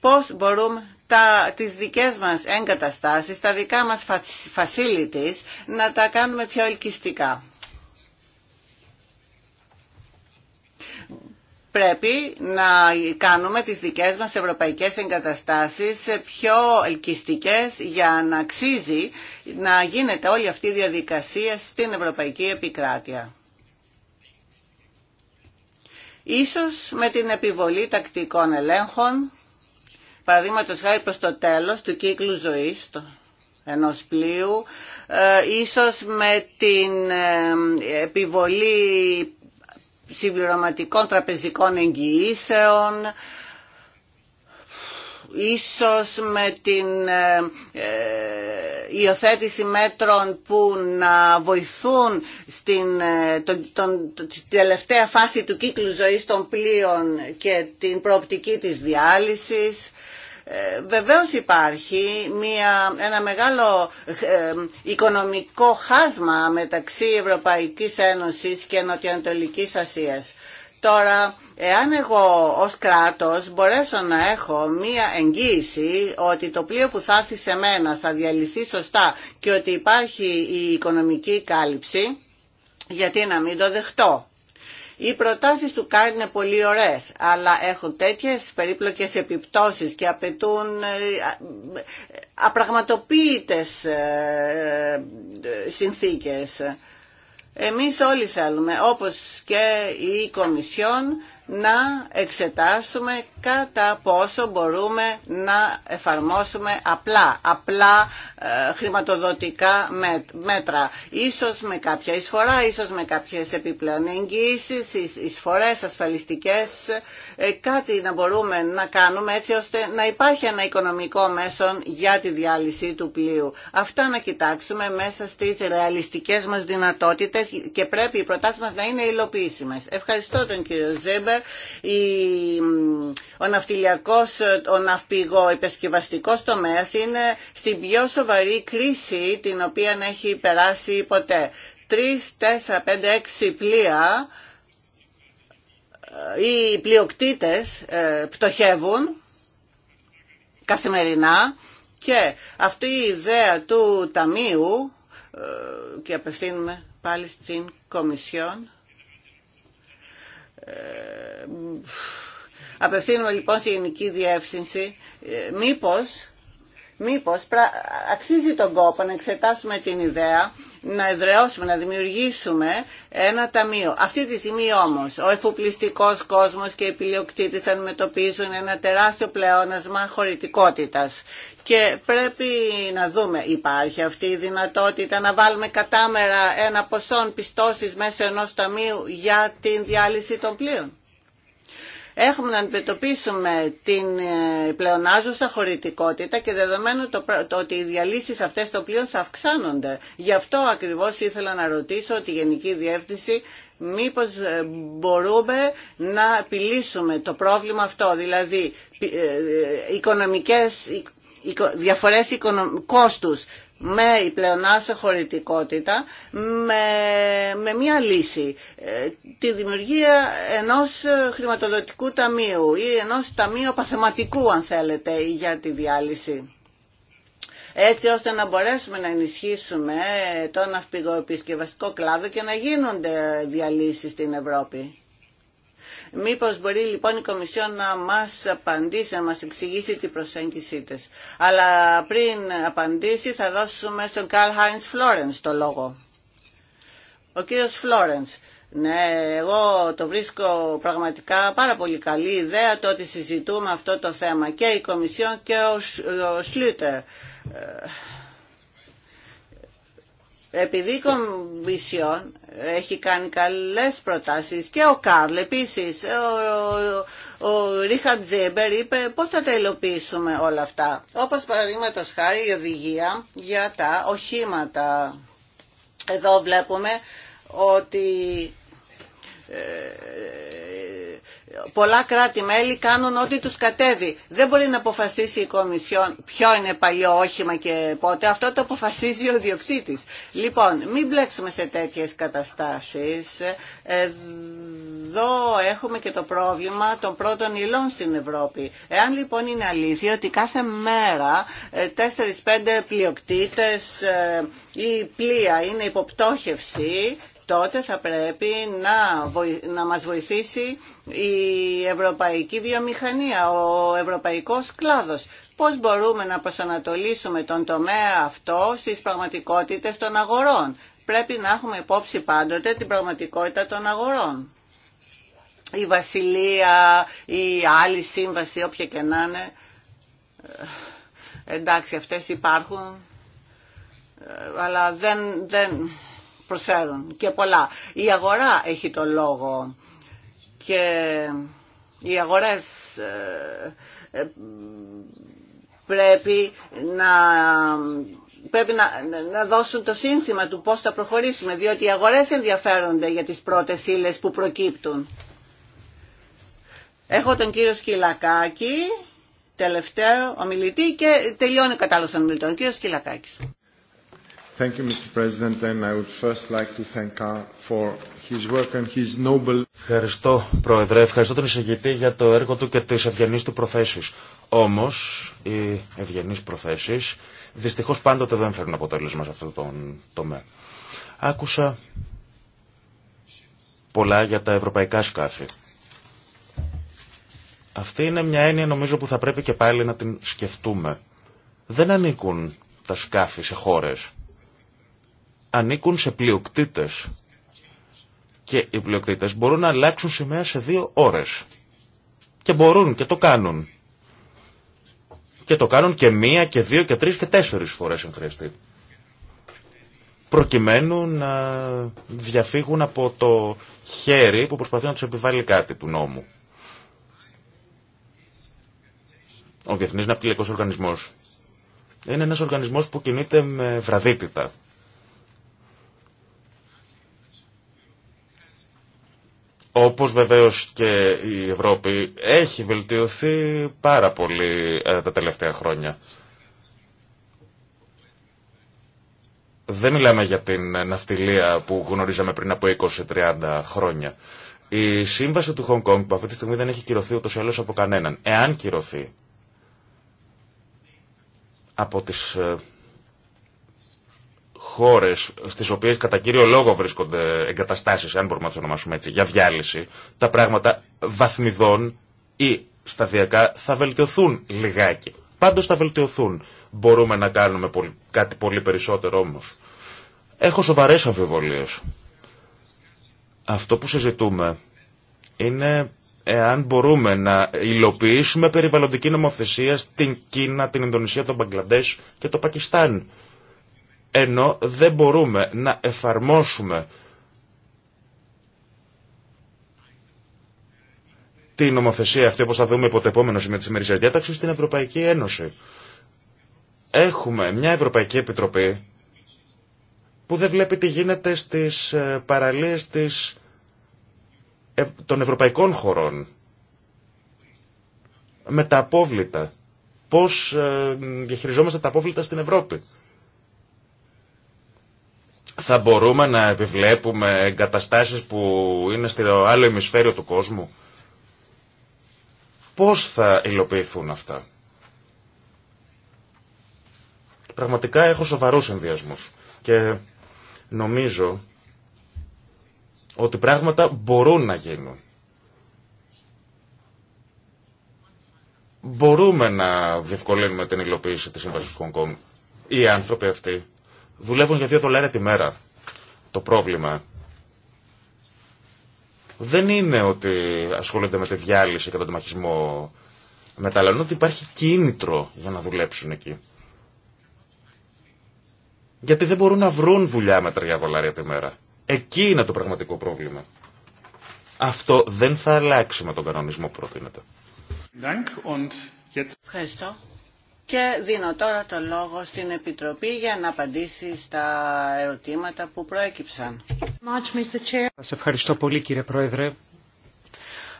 Πώς μπορούμε τα, τις δικές μας εγκαταστάσεις, τα δικά μας facilities να τα κάνουμε πιο ελκυστικά. πρέπει να κάνουμε τις δικές μας ευρωπαϊκές εγκαταστάσεις πιο ελκυστικές για να αξίζει να γίνεται όλη αυτή η διαδικασία στην ευρωπαϊκή επικράτεια. Ίσως με την επιβολή τακτικών ελέγχων, παραδείγματο χάρη προς το τέλος του κύκλου ζωής, ενός πλοίου, ε, ίσως με την ε, επιβολή συμπληρωματικών τραπεζικών εγγυήσεων, ίσως με την ε, ε, υιοθέτηση μέτρων που να βοηθούν στην ε, τον, τελευταία φάση του κύκλου ζωής των πλοίων και την προοπτική της διάλυσης. Ε, βεβαίως υπάρχει μια, ένα μεγάλο ε, οικονομικό χάσμα μεταξύ Ευρωπαϊκής Ένωσης και Νοτιοανατολικής Ασίας. Τώρα, εάν εγώ ως κράτος μπορέσω να έχω μία εγγύηση ότι το πλοίο που θα έρθει σε μένα θα διαλυθεί σωστά και ότι υπάρχει η οικονομική κάλυψη, γιατί να μην το δεχτώ. Οι προτάσεις του ΚΑΡ είναι πολύ ωραίες, αλλά έχουν τέτοιες περίπλοκες επιπτώσεις και απαιτούν ε, απραγματοποιητές ε, ε, συνθήκες. Εμείς όλοι θέλουμε, όπως και η Κομισιόν, να εξετάσουμε κατά πόσο μπορούμε να εφαρμόσουμε απλά, απλά ε, χρηματοδοτικά μέτρα. Ίσως με κάποια εισφορά, ίσως με κάποιες επιπλέον εγγύησεις, εισφορές ασφαλιστικές, ε, κάτι να μπορούμε να κάνουμε έτσι ώστε να υπάρχει ένα οικονομικό μέσο για τη διάλυση του πλοίου. Αυτά να κοιτάξουμε μέσα στις ρεαλιστικές μας δυνατότητες και πρέπει οι προτάσεις μας να είναι υλοποιήσιμες. Ευχαριστώ τον κύριο Ζέμπερ ο ναυτιλιακός, ο ναυπηγό, υπεσκευαστικός τομέας είναι στην πιο σοβαρή κρίση την οποία έχει περάσει ποτέ. Τρεις, τέσσερα, πέντε, έξι πλοία ε, οι πλειοκτήτες ε, πτωχεύουν καθημερινά και αυτή η ιδέα του Ταμείου ε, και απευθύνουμε πάλι στην Κομισιόν ε, Απευθύνουμε λοιπόν στη Γενική Διεύθυνση ε, μήπως Μήπως αξίζει τον κόπο να εξετάσουμε την ιδέα, να εδραιώσουμε, να δημιουργήσουμε ένα ταμείο. Αυτή τη στιγμή όμως ο εφοπλιστικός κόσμος και οι θα αντιμετωπίζουν ένα τεράστιο πλεόνασμα χωρητικότητας. Και πρέπει να δούμε, υπάρχει αυτή η δυνατότητα να βάλουμε κατάμερα ένα ποσόν πιστώσεις μέσα ενός ταμείου για την διάλυση των πλοίων. Έχουμε να αντιμετωπίσουμε την ε, πλεονάζουσα χωρητικότητα και δεδομένου το, ότι οι διαλύσεις αυτές των πλοίων αυξάνονται. Γι' αυτό ακριβώς ήθελα να ρωτήσω τη Γενική Διεύθυνση μήπως ε, μπορούμε να επιλύσουμε το πρόβλημα αυτό, δηλαδή ε, οικονομικές, διαφορές κόστους με η πλεονάσα χωρητικότητα με, μια λύση ε, τη δημιουργία ενός ε, χρηματοδοτικού ταμείου ή ενός ταμείου παθεματικού αν θέλετε για τη διάλυση έτσι ώστε να μπορέσουμε να ενισχύσουμε τον αυπηγοεπισκευαστικό κλάδο και να γίνονται διαλύσεις στην Ευρώπη. Μήπως μπορεί λοιπόν η Κομισιόν να μας απαντήσει, να μας εξηγήσει την προσέγγιση της. Αλλά πριν απαντήσει θα δώσουμε στον Καρλ Χάινς Φλόρενς το λόγο. Ο κύριος Φλόρενς. Ναι, εγώ το βρίσκω πραγματικά πάρα πολύ καλή ιδέα το ότι συζητούμε αυτό το θέμα και η Κομισιόν και ο Σλούτερ. Ε, επειδή η Κομισιόν έχει κάνει καλές προτάσεις και ο Κάρλ επίσης, ο, ο, Ρίχαρτ Τζέμπερ είπε πώς θα τα υλοποιήσουμε όλα αυτά. Όπως παραδείγματο χάρη η οδηγία για τα οχήματα. Εδώ βλέπουμε ότι ε, πολλά κράτη-μέλη κάνουν ό,τι τους κατέβει. Δεν μπορεί να αποφασίσει η Κομισιόν ποιο είναι παλιό όχημα και πότε. Αυτό το αποφασίζει ο διοκτήτης. Λοιπόν, μην μπλέξουμε σε τέτοιες καταστάσεις. Εδώ έχουμε και το πρόβλημα των πρώτων υλών στην Ευρώπη. Εάν λοιπόν είναι αλήθεια ότι κάθε μέρα 4-5 ε, πλειοκτήτες ή ε, πλοία είναι υποπτώχευση τότε θα πρέπει να, να μας βοηθήσει η ευρωπαϊκή βιομηχανία, ο ευρωπαϊκός κλάδος. Πώς μπορούμε να προσανατολίσουμε τον τομέα αυτό στις πραγματικότητες των αγορών. Πρέπει να έχουμε υπόψη πάντοτε την πραγματικότητα των αγορών. Η Βασιλεία, η άλλη σύμβαση, όποια και να είναι. Ε, εντάξει, αυτές υπάρχουν, ε, αλλά δεν, δεν, προσφέρουν και πολλά. Η αγορά έχει το λόγο και οι αγορές ε, ε, πρέπει να πρέπει να, δώσουν το σύνθημα του πώς θα προχωρήσουμε, διότι οι αγορές ενδιαφέρονται για τις πρώτες ύλε που προκύπτουν. Έχω τον κύριο Σκυλακάκη, τελευταίο ομιλητή και τελειώνει κατάλληλος των ομιλητών. Κύριο Σκυλακάκης. Thank you, Mr. President, and Ευχαριστώ, Πρόεδρε. Ευχαριστώ τον εισηγητή για το έργο του και τις ευγενείς του προθέσεις. Όμως, οι ευγενείς προθέσεις δυστυχώς πάντοτε δεν φέρνουν αποτέλεσμα σε αυτό τον τομέα. Άκουσα πολλά για τα ευρωπαϊκά σκάφη. Αυτή είναι μια έννοια νομίζω που θα πρέπει και πάλι να την σκεφτούμε. Δεν ανήκουν τα σκάφη σε χώρες ανήκουν σε πλειοκτήτες και οι πλειοκτήτες μπορούν να αλλάξουν σημαία σε δύο ώρες. Και μπορούν και το κάνουν. Και το κάνουν και μία και δύο και τρεις και τέσσερις φορές αν χρειαστεί. Προκειμένου να διαφύγουν από το χέρι που προσπαθεί να τους επιβάλλει κάτι του νόμου. Ο Διεθνής Ναυτιλιακός Οργανισμός είναι ένας οργανισμός που κινείται με βραδύτητα. Όπως βεβαίως και η Ευρώπη έχει βελτιωθεί πάρα πολύ ε, τα τελευταία χρόνια. Δεν μιλάμε για την ναυτιλία που γνωρίζαμε πριν από 20-30 χρόνια. Η σύμβαση του Χονγκ Κόνγκ που αυτή τη στιγμή δεν έχει κυρωθεί ούτως ή άλλως από κανέναν. Εάν κυρωθεί από τις ε, χώρε στι οποίε κατά κύριο λόγο βρίσκονται εγκαταστάσει, αν μπορούμε να το ονομάσουμε έτσι, για διάλυση, τα πράγματα βαθμιδών ή σταδιακά θα βελτιωθούν λιγάκι. Πάντω θα βελτιωθούν. Μπορούμε να κάνουμε κάτι πολύ περισσότερο όμω. Έχω σοβαρέ αμφιβολίε. Αυτό που συζητούμε είναι εάν μπορούμε να υλοποιήσουμε περιβαλλοντική νομοθεσία στην Κίνα, την Ινδονησία, τον Μπαγκλαντές και το Πακιστάν ενώ δεν μπορούμε να εφαρμόσουμε την νομοθεσία αυτή, όπως θα δούμε υπό το επόμενο σημείο της ημερήσιας διάταξης, στην Ευρωπαϊκή Ένωση. Έχουμε μια Ευρωπαϊκή Επιτροπή που δεν βλέπει τι γίνεται στις ε, παραλίες ε, των ευρωπαϊκών χωρών, με τα απόβλητα. Πώς ε, διαχειριζόμαστε τα απόβλητα στην Ευρώπη θα μπορούμε να επιβλέπουμε εγκαταστάσεις που είναι στο άλλο ημισφαίριο του κόσμου. Πώς θα υλοποιηθούν αυτά. Πραγματικά έχω σοβαρούς ενδιασμούς και νομίζω ότι πράγματα μπορούν να γίνουν. Μπορούμε να διευκολύνουμε την υλοποίηση της Σύμβασης του Οι άνθρωποι αυτοί δουλεύουν για 2 δολάρια τη μέρα. Το πρόβλημα δεν είναι ότι ασχολούνται με τη διάλυση και τον μαχισμό μεταλλών, ότι υπάρχει κίνητρο για να δουλέψουν εκεί. Γιατί δεν μπορούν να βρουν δουλειά με 3 δολάρια τη μέρα. Εκεί είναι το πραγματικό πρόβλημα. Αυτό δεν θα αλλάξει με τον κανονισμό που προτείνεται. Ευχαριστώ. Και δίνω τώρα το λόγο στην Επιτροπή για να απαντήσει στα ερωτήματα που προέκυψαν. Σας ευχαριστώ πολύ κύριε Πρόεδρε.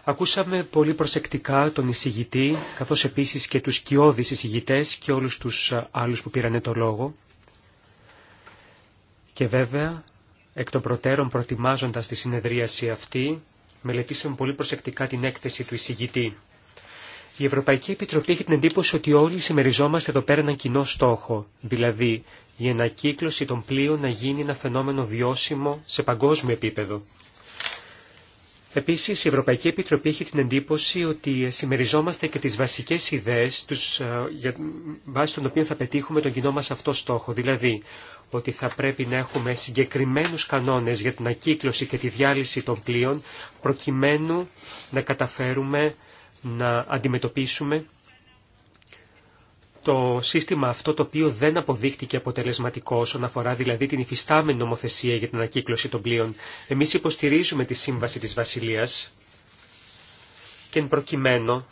Ακούσαμε πολύ προσεκτικά τον εισηγητή, καθώς επίσης και τους κοιόδης εισηγητές και όλους τους άλλους που πήρανε το λόγο. Και βέβαια, εκ των προτέρων προτιμάζοντας τη συνεδρίαση αυτή, μελετήσαμε πολύ προσεκτικά την έκθεση του εισηγητή. Η Ευρωπαϊκή Επιτροπή έχει την εντύπωση ότι όλοι συμμεριζόμαστε εδώ πέρα έναν κοινό στόχο, δηλαδή η ανακύκλωση των πλοίων να γίνει ένα φαινόμενο βιώσιμο σε παγκόσμιο επίπεδο. Επίσης, η Ευρωπαϊκή Επιτροπή έχει την εντύπωση ότι ε, συμμεριζόμαστε και τις βασικές ιδέες ε, βάσει των οποίων θα πετύχουμε τον κοινό μας αυτό στόχο, δηλαδή ότι θα πρέπει να έχουμε συγκεκριμένους κανόνες για την ακύκλωση και τη διάλυση των πλοίων, προκειμένου να καταφέρουμε να αντιμετωπίσουμε το σύστημα αυτό το οποίο δεν αποδείχτηκε αποτελεσματικό όσον αφορά δηλαδή την υφιστάμενη νομοθεσία για την ανακύκλωση των πλοίων. Εμείς υποστηρίζουμε τη σύμβαση της Βασιλείας και εν προκειμένου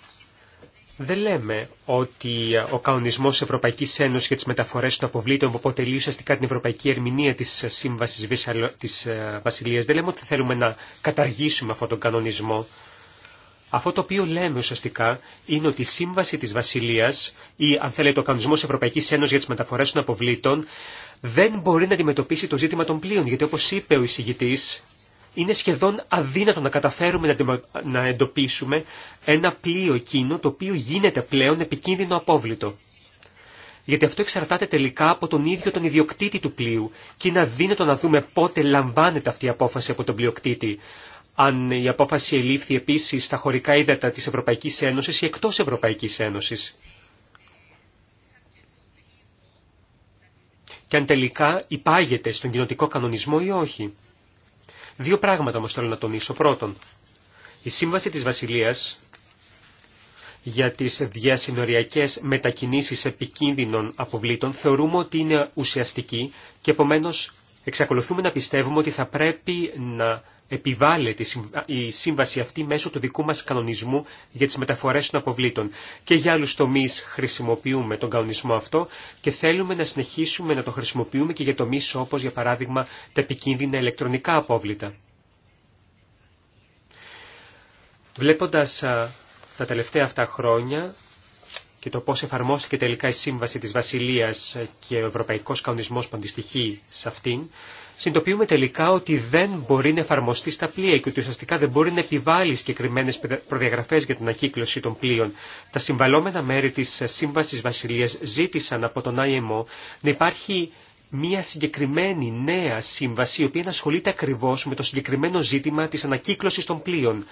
δεν λέμε ότι ο κανονισμό Ευρωπαϊκής Ένωσης για τις μεταφορές των αποβλήτων που αποτελεί ουσιαστικά την ευρωπαϊκή ερμηνεία της σύμβασης της ε, Βασιλείας δεν λέμε ότι θέλουμε να καταργήσουμε αυτόν τον κανονισμό. Αυτό το οποίο λέμε ουσιαστικά είναι ότι η σύμβαση της Βασιλείας ή αν θέλετε ο κανονισμός Ευρωπαϊκής Ένωσης για τις μεταφορές των αποβλήτων δεν μπορεί να αντιμετωπίσει το ζήτημα των πλοίων γιατί όπως είπε ο εισηγητής είναι σχεδόν αδύνατο να καταφέρουμε να εντοπίσουμε ένα πλοίο εκείνο το οποίο γίνεται πλέον επικίνδυνο απόβλητο. Γιατί αυτό εξαρτάται τελικά από τον ίδιο τον ιδιοκτήτη του πλοίου και είναι αδύνατο να δούμε πότε λαμβάνεται αυτή η απόφαση από τον πλειοκτήτη αν η απόφαση ελήφθη επίσης στα χωρικά ύδατα της Ευρωπαϊκής Ένωσης ή εκτός Ευρωπαϊκής Ένωσης. Και αν τελικά υπάγεται στον κοινοτικό κανονισμό ή όχι. Δύο πράγματα όμως θέλω να τονίσω. Πρώτον, η Σύμβαση της Βασιλείας για τις διασυνοριακές μετακινήσεις επικίνδυνων αποβλήτων θεωρούμε ότι είναι ουσιαστική και επομένως εξακολουθούμε να πιστεύουμε ότι θα πρέπει να επιβάλλεται η σύμβαση αυτή μέσω του δικού μας κανονισμού για τις μεταφορές των αποβλήτων. Και για άλλους τομείς χρησιμοποιούμε τον κανονισμό αυτό και θέλουμε να συνεχίσουμε να το χρησιμοποιούμε και για τομείς όπως για παράδειγμα τα επικίνδυνα ηλεκτρονικά απόβλητα. Βλέποντας τα τελευταία αυτά χρόνια και το πώς εφαρμόστηκε τελικά η σύμβαση της Βασιλείας και ο Ευρωπαϊκός Κανονισμός που αντιστοιχεί σε αυτήν, Συντοποιούμε τελικά ότι δεν μπορεί να εφαρμοστεί στα πλοία και ότι ουσιαστικά δεν μπορεί να επιβάλλει συγκεκριμένε προδιαγραφέ για την ανακύκλωση των πλοίων. Τα συμβαλώμενα μέρη τη Σύμβαση Βασιλεία ζήτησαν από τον IMO να υπάρχει μια συγκεκριμένη νέα σύμβαση η οποία ασχολείται ακριβώ με το συγκεκριμένο ζήτημα τη ανακύκλωση των πλοίων.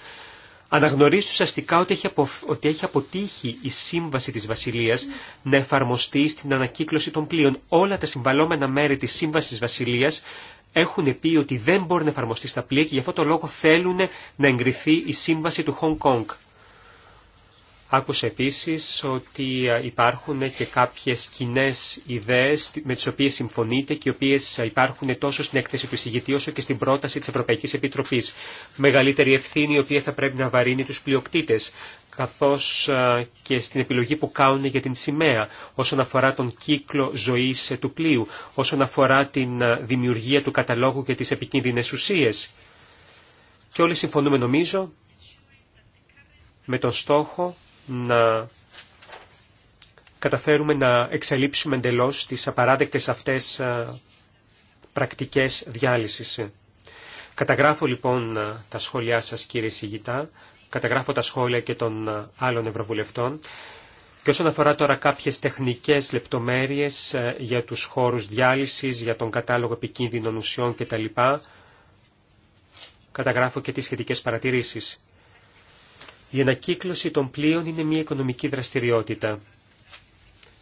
Αναγνωρίζει ουσιαστικά ότι έχει, ότι έχει αποτύχει η σύμβαση της Βασιλείας να εφαρμοστεί στην ανακύκλωση των πλοίων. Όλα τα συμβαλώμενα μέρη της σύμβασης της Βασιλείας έχουν πει ότι δεν μπορεί να εφαρμοστεί στα πλοία και γι' αυτό το λόγο θέλουν να εγκριθεί η σύμβαση του Χονγκ Κόνγκ. Άκουσε επίσης ότι ε, υπάρχουν και κάποιες κοινέ ιδέες με τις οποίες συμφωνείτε και οι οποίες ε, υπάρχουν τόσο στην έκθεση του εισηγητή όσο και στην πρόταση της Ευρωπαϊκής Επιτροπής. Μεγαλύτερη ευθύνη η οποία θα πρέπει να βαρύνει τους πλειοκτήτες καθώς ε, και στην επιλογή που κάνουν για την σημαία όσον αφορά τον κύκλο ζωής του πλοίου, όσον αφορά την δημιουργία του καταλόγου και τις επικίνδυνες ουσίες. Και όλοι συμφωνούμε νομίζω με τον στόχο να καταφέρουμε να εξαλείψουμε εντελώ τις απαράδεκτες αυτές πρακτικές διάλυσης. Καταγράφω λοιπόν τα σχόλιά σας κύριε Σιγητά, καταγράφω τα σχόλια και των άλλων Ευρωβουλευτών και όσον αφορά τώρα κάποιες τεχνικές λεπτομέρειες για τους χώρους διάλυσης, για τον κατάλογο επικίνδυνων ουσιών κτλ. Καταγράφω και τις σχετικές παρατηρήσεις. Η ανακύκλωση των πλοίων είναι μια οικονομική δραστηριότητα.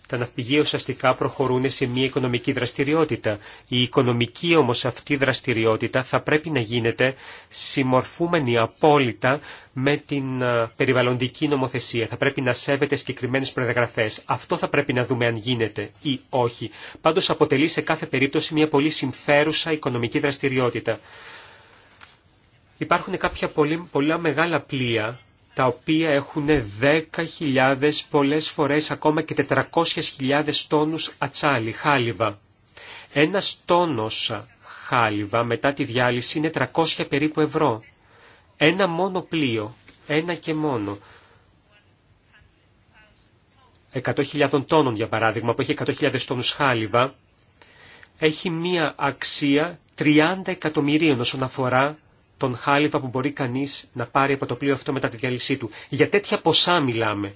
Τα ναυπηγεία ουσιαστικά προχωρούν σε μια οικονομική δραστηριότητα. Η οικονομική όμως αυτή δραστηριότητα θα πρέπει να γίνεται συμμορφούμενη απόλυτα με την ε, περιβαλλοντική νομοθεσία. Θα πρέπει να σέβεται συγκεκριμένε προδιαγραφέ. Αυτό θα πρέπει να δούμε αν γίνεται ή όχι. Πάντως αποτελεί σε κάθε περίπτωση μια πολύ συμφέρουσα οικονομική δραστηριότητα. Υπάρχουν κάποια πολύ, πολλά μεγάλα πλοία τα οποία έχουν 10.000, πολλές φορές ακόμα και 400.000 τόνους ατσάλι, χάλιβα. Ένας τόνος χάλιβα μετά τη διάλυση είναι 300 περίπου ευρώ. Ένα μόνο πλοίο, ένα και μόνο. 100.000 τόνων για παράδειγμα, που έχει 100.000 τόνους χάλιβα, έχει μία αξία 30 εκατομμυρίων όσον αφορά τον χάλιβα που μπορεί κανείς να πάρει από το πλοίο αυτό μετά τη διάλυσή του. Για τέτοια ποσά μιλάμε.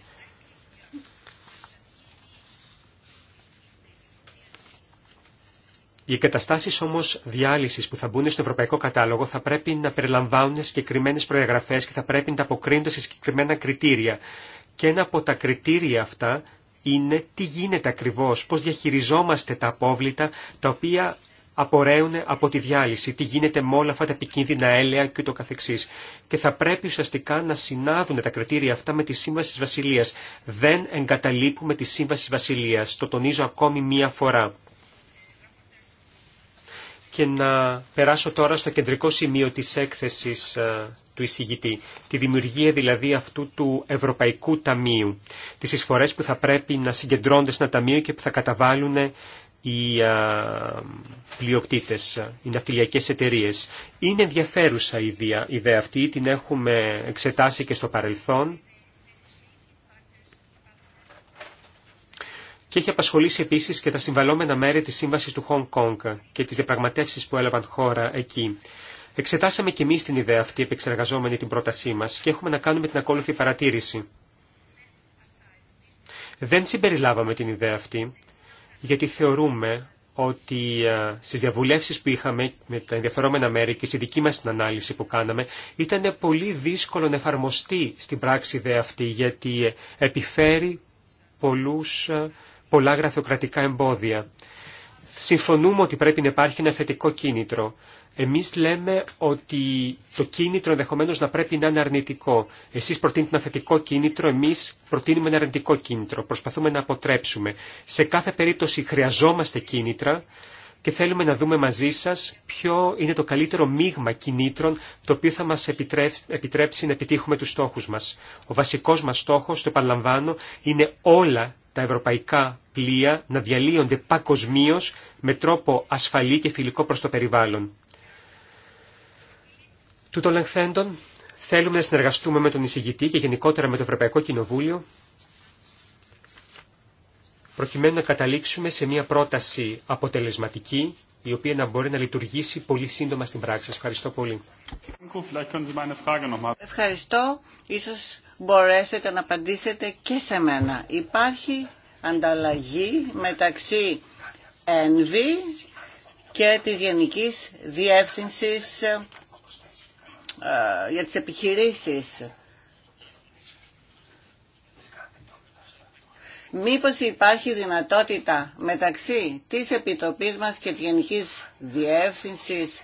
Οι εγκαταστάσει όμως διάλυσης που θα μπουν στο ευρωπαϊκό κατάλογο θα πρέπει να περιλαμβάνουν συγκεκριμένε προεγραφέ και θα πρέπει να τα αποκρίνονται σε συγκεκριμένα κριτήρια. Και ένα από τα κριτήρια αυτά είναι τι γίνεται ακριβώ, πώ διαχειριζόμαστε τα απόβλητα τα οποία απορρέουν από τη διάλυση, τι γίνεται με όλα αυτά τα επικίνδυνα έλεα και το καθεξής. Και θα πρέπει ουσιαστικά να συνάδουν τα κριτήρια αυτά με τη Σύμβαση της Βασιλείας. Δεν εγκαταλείπουμε τη Σύμβαση της Βασιλείας. Το τονίζω ακόμη μία φορά. Και να περάσω τώρα στο κεντρικό σημείο της έκθεσης ε, του εισηγητή, τη δημιουργία δηλαδή αυτού του Ευρωπαϊκού Ταμείου, τις εισφορές που θα πρέπει να συγκεντρώνται σε ένα ταμείο και που θα καταβάλουν οι πλειοκτήτες, οι ναυτιλιακές εταιρείες. Είναι ενδιαφέρουσα η ιδέα αυτή, την έχουμε εξετάσει και στο παρελθόν και έχει απασχολήσει επίσης και τα συμβαλόμενα μέρη της σύμβασης του Χονγκ Κόνγκ και τις διαπραγματεύσεις που έλαβαν χώρα εκεί. Εξετάσαμε και εμείς την ιδέα αυτή επεξεργαζόμενη την πρότασή μας και έχουμε να κάνουμε την ακόλουθη παρατήρηση. Δεν συμπεριλάβαμε την ιδέα αυτή γιατί θεωρούμε ότι ε, στις διαβουλεύσεις που είχαμε με τα ενδιαφερόμενα μέρη και στη δική μας την ανάλυση που κάναμε ήταν πολύ δύσκολο να εφαρμοστεί στην πράξη δε αυτή γιατί ε, επιφέρει πολλούς, ε, πολλά γραφειοκρατικά εμπόδια. Συμφωνούμε ότι πρέπει να υπάρχει ένα θετικό κίνητρο. Εμείς λέμε ότι το κίνητρο ενδεχομένω να πρέπει να είναι αρνητικό. Εσείς προτείνετε ένα θετικό κίνητρο, εμείς προτείνουμε ένα αρνητικό κίνητρο. Προσπαθούμε να αποτρέψουμε. Σε κάθε περίπτωση χρειαζόμαστε κίνητρα και θέλουμε να δούμε μαζί σας ποιο είναι το καλύτερο μείγμα κινήτρων το οποίο θα μας επιτρέψει να επιτύχουμε τους στόχους μας. Ο βασικός μας στόχος, το επαναλαμβάνω, είναι όλα τα ευρωπαϊκά πλοία να διαλύονται πακοσμίω με τρόπο ασφαλή και φιλικό προς το περιβάλλον. Τούτων λεγθέντων, θέλουμε να συνεργαστούμε με τον εισηγητή και γενικότερα με το Ευρωπαϊκό Κοινοβούλιο, προκειμένου να καταλήξουμε σε μια πρόταση αποτελεσματική, η οποία να μπορεί να λειτουργήσει πολύ σύντομα στην πράξη. Σας ευχαριστώ πολύ. Ευχαριστώ. Ίσως μπορέσετε να απαντήσετε και σε μένα. Υπάρχει ανταλλαγή μεταξύ ΕΝΒΗ και της Γενικής Διεύθυνσης ε, για τις επιχειρήσεις. Μήπως υπάρχει δυνατότητα μεταξύ της Επιτροπής μας και της Γενικής Διεύθυνσης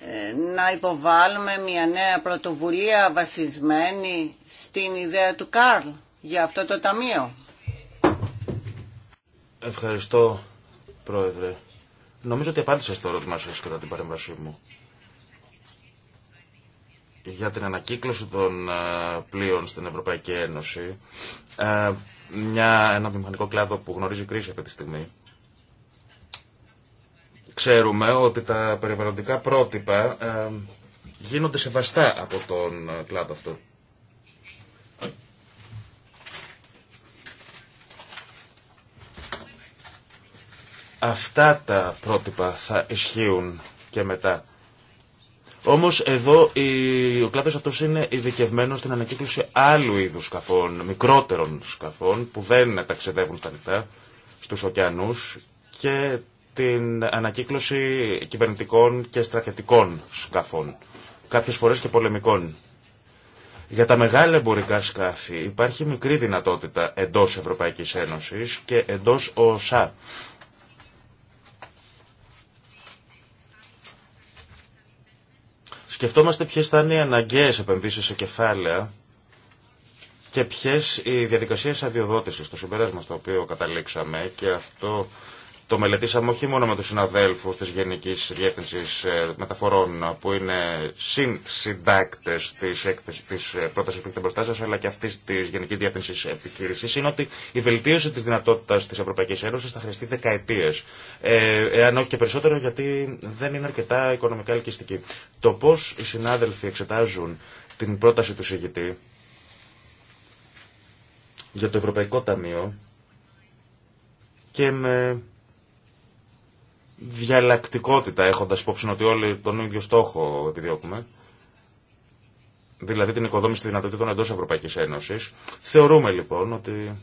ε, να υποβάλουμε μια νέα πρωτοβουλία βασισμένη στην ιδέα του Καρλ για αυτό το ταμείο. Ευχαριστώ, Πρόεδρε. Νομίζω ότι απάντησα στο ερώτημά σα κατά την παρέμβασή μου για την ανακύκλωση των ε, πλοίων στην Ευρωπαϊκή Ένωση, ε, μια, ένα βιομηχανικό κλάδο που γνωρίζει κρίση αυτή τη στιγμή, ξέρουμε ότι τα περιβαλλοντικά πρότυπα ε, γίνονται σεβαστά από τον κλάδο αυτό. Αυτά τα πρότυπα θα ισχύουν και μετά. Όμως εδώ ο κλάδος αυτός είναι ειδικευμένο στην ανακύκλωση άλλου είδους σκαφών, μικρότερων σκαφών που δεν ταξιδεύουν στα νυχτά, στους ωκεανούς και την ανακύκλωση κυβερνητικών και στρατιωτικών σκαφών, κάποιες φορές και πολεμικών. Για τα μεγάλα εμπορικά σκάφη υπάρχει μικρή δυνατότητα εντός Ευρωπαϊκής Ένωσης και εντός ΟΣΑ Σκεφτόμαστε ποιε θα είναι οι αναγκαίε επενδύσει σε κεφάλαια και ποιε οι διαδικασίε αδειοδότηση. Το συμπέρασμα στο οποίο καταλήξαμε και αυτό το μελετήσαμε όχι μόνο με τους συναδέλφους της Γενικής Διεύθυνσης ε, Μεταφορών που είναι συνσυντάκτες της, έκθεσης, ε, πρότασης που έχετε μπροστά σας αλλά και αυτής της Γενικής Διεύθυνσης επιχείρηση, είναι ότι η βελτίωση της δυνατότητας της Ευρωπαϊκής Ένωσης θα χρειαστεί δεκαετίες. Ε, εάν όχι και περισσότερο γιατί δεν είναι αρκετά οικονομικά ελκυστική. Το πώς οι συνάδελφοι εξετάζουν την πρόταση του συγητή για το Ευρωπαϊκό Ταμείο και με διαλλακτικότητα έχοντας υπόψη ότι όλοι τον ίδιο στόχο επιδιώκουμε δηλαδή την οικοδόμηση δυνατοτήτων εντός Ευρωπαϊκής Ένωσης θεωρούμε λοιπόν ότι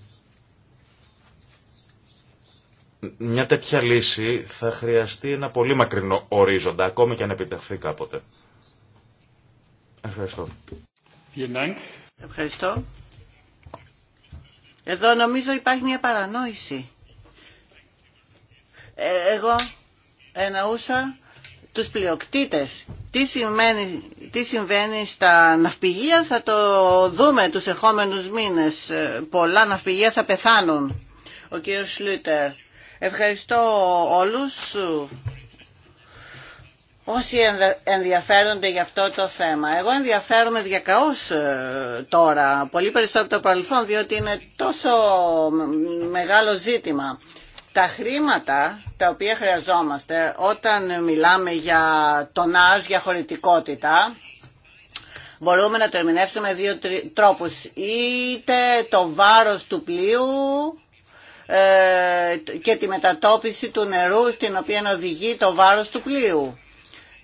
μια τέτοια λύση θα χρειαστεί ένα πολύ μακρινό ορίζοντα ακόμη και αν επιτευχθεί κάποτε Ευχαριστώ Ευχαριστώ Εδώ νομίζω υπάρχει μια παρανόηση ε, εγώ εννοούσα τους πλειοκτήτες. Τι, συμβαίνει, τι συμβαίνει στα ναυπηγεία θα το δούμε τους ερχόμενους μήνες. Ε, πολλά ναυπηγεία θα πεθάνουν. Ο κύριος Σλούτερ. Ευχαριστώ όλους όσοι ενδιαφέρονται για αυτό το θέμα. Εγώ ενδιαφέρομαι διακαώς ε, τώρα, πολύ περισσότερο από το παρελθόν, διότι είναι τόσο μεγάλο ζήτημα τα χρήματα τα οποία χρειαζόμαστε όταν μιλάμε για τονάζ, για χωρητικότητα, μπορούμε να το ερμηνεύσουμε δύο τρόπους. Είτε το βάρος του πλοίου ε, και τη μετατόπιση του νερού στην οποία οδηγεί το βάρος του πλοίου.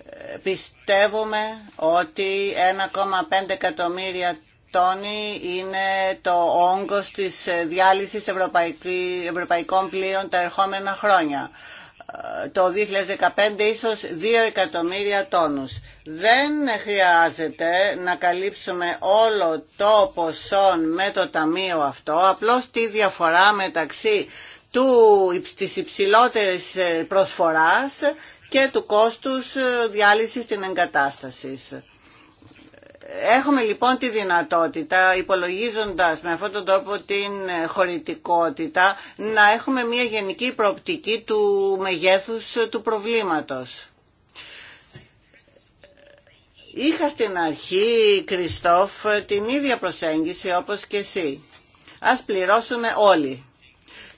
Ε, πιστεύουμε ότι 1,5 εκατομμύρια Τονι είναι το όγκος της ε, διάλυσης ευρωπαϊκών πλοίων τα ερχόμενα χρόνια. Ε, το 2015 ίσως 2 εκατομμύρια τόνους. Δεν χρειάζεται να καλύψουμε όλο το ποσό με το ταμείο αυτό, απλώς τη διαφορά μεταξύ του, της υψηλότερης ε, προσφοράς και του κόστους διάλυσης την εγκατάσταση. Έχουμε λοιπόν τη δυνατότητα, υπολογίζοντας με αυτόν τον τόπο την χωρητικότητα, να έχουμε μια γενική προοπτική του μεγέθους του προβλήματος. Είχα στην αρχή, Κριστόφ, την ίδια προσέγγιση όπως και εσύ. Ας πληρώσουμε όλοι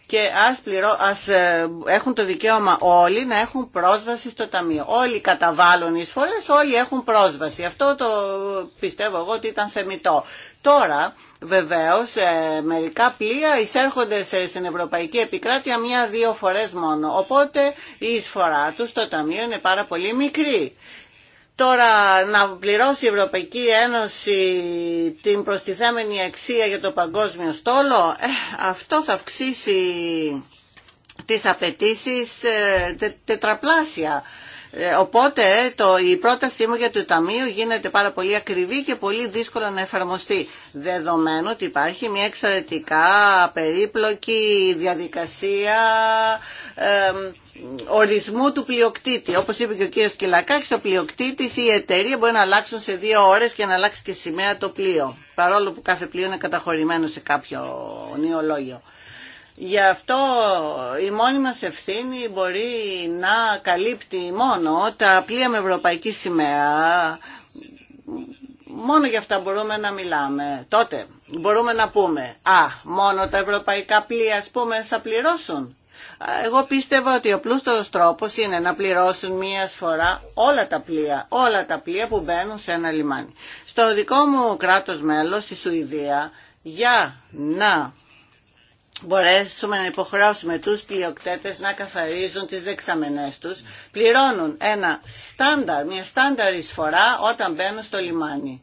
και ας, πληρώ, ας ε, έχουν το δικαίωμα όλοι να έχουν πρόσβαση στο ταμείο. Όλοι καταβάλουν εισφορές, όλοι έχουν πρόσβαση. Αυτό το πιστεύω εγώ ότι ήταν σεμιτό. Τώρα βεβαίως ε, μερικά πλοία εισέρχονται στην Ευρωπαϊκή Επικράτεια μία-δύο φορές μόνο. Οπότε η εισφορά τους στο ταμείο είναι πάρα πολύ μικρή. Τώρα να πληρώσει η Ευρωπαϊκή Ένωση την προστιθέμενη αξία για το παγκόσμιο στόλο, ε, αυτό θα αυξήσει τις απαιτήσει ε, τετραπλάσια ε, οπότε το, η πρότασή μου για το Ταμείο γίνεται πάρα πολύ ακριβή και πολύ δύσκολο να εφαρμοστεί. Δεδομένου ότι υπάρχει μια εξαιρετικά περίπλοκη διαδικασία ορισμού του πλειοκτήτη. Όπως είπε και ο κ. Κυλακάκη, ο πλειοκτήτη η εταιρεία μπορεί να αλλάξουν σε δύο ώρες και να αλλάξει και σημαία το πλοίο. Παρόλο που κάθε πλοίο είναι καταχωρημένο σε κάποιο νεολόγιο. Γι' αυτό η μόνη μας ευθύνη μπορεί να καλύπτει μόνο τα πλοία με ευρωπαϊκή σημαία. Μόνο για αυτά μπορούμε να μιλάμε. Τότε μπορούμε να πούμε, α, μόνο τα ευρωπαϊκά πλοία ας πούμε θα πληρώσουν. Εγώ πίστευα ότι ο πλούστος τρόπος είναι να πληρώσουν μία φορά όλα τα πλοία, όλα τα πλοία που μπαίνουν σε ένα λιμάνι. Στο δικό μου κράτος μέλος, στη Σουηδία, για να μπορέσουμε να υποχρεώσουμε τους πλειοκτέτες να καθαρίζουν τις δεξαμενές τους, πληρώνουν ένα στάνταρ, μια στάνταρ εισφορά όταν μπαίνουν στο λιμάνι.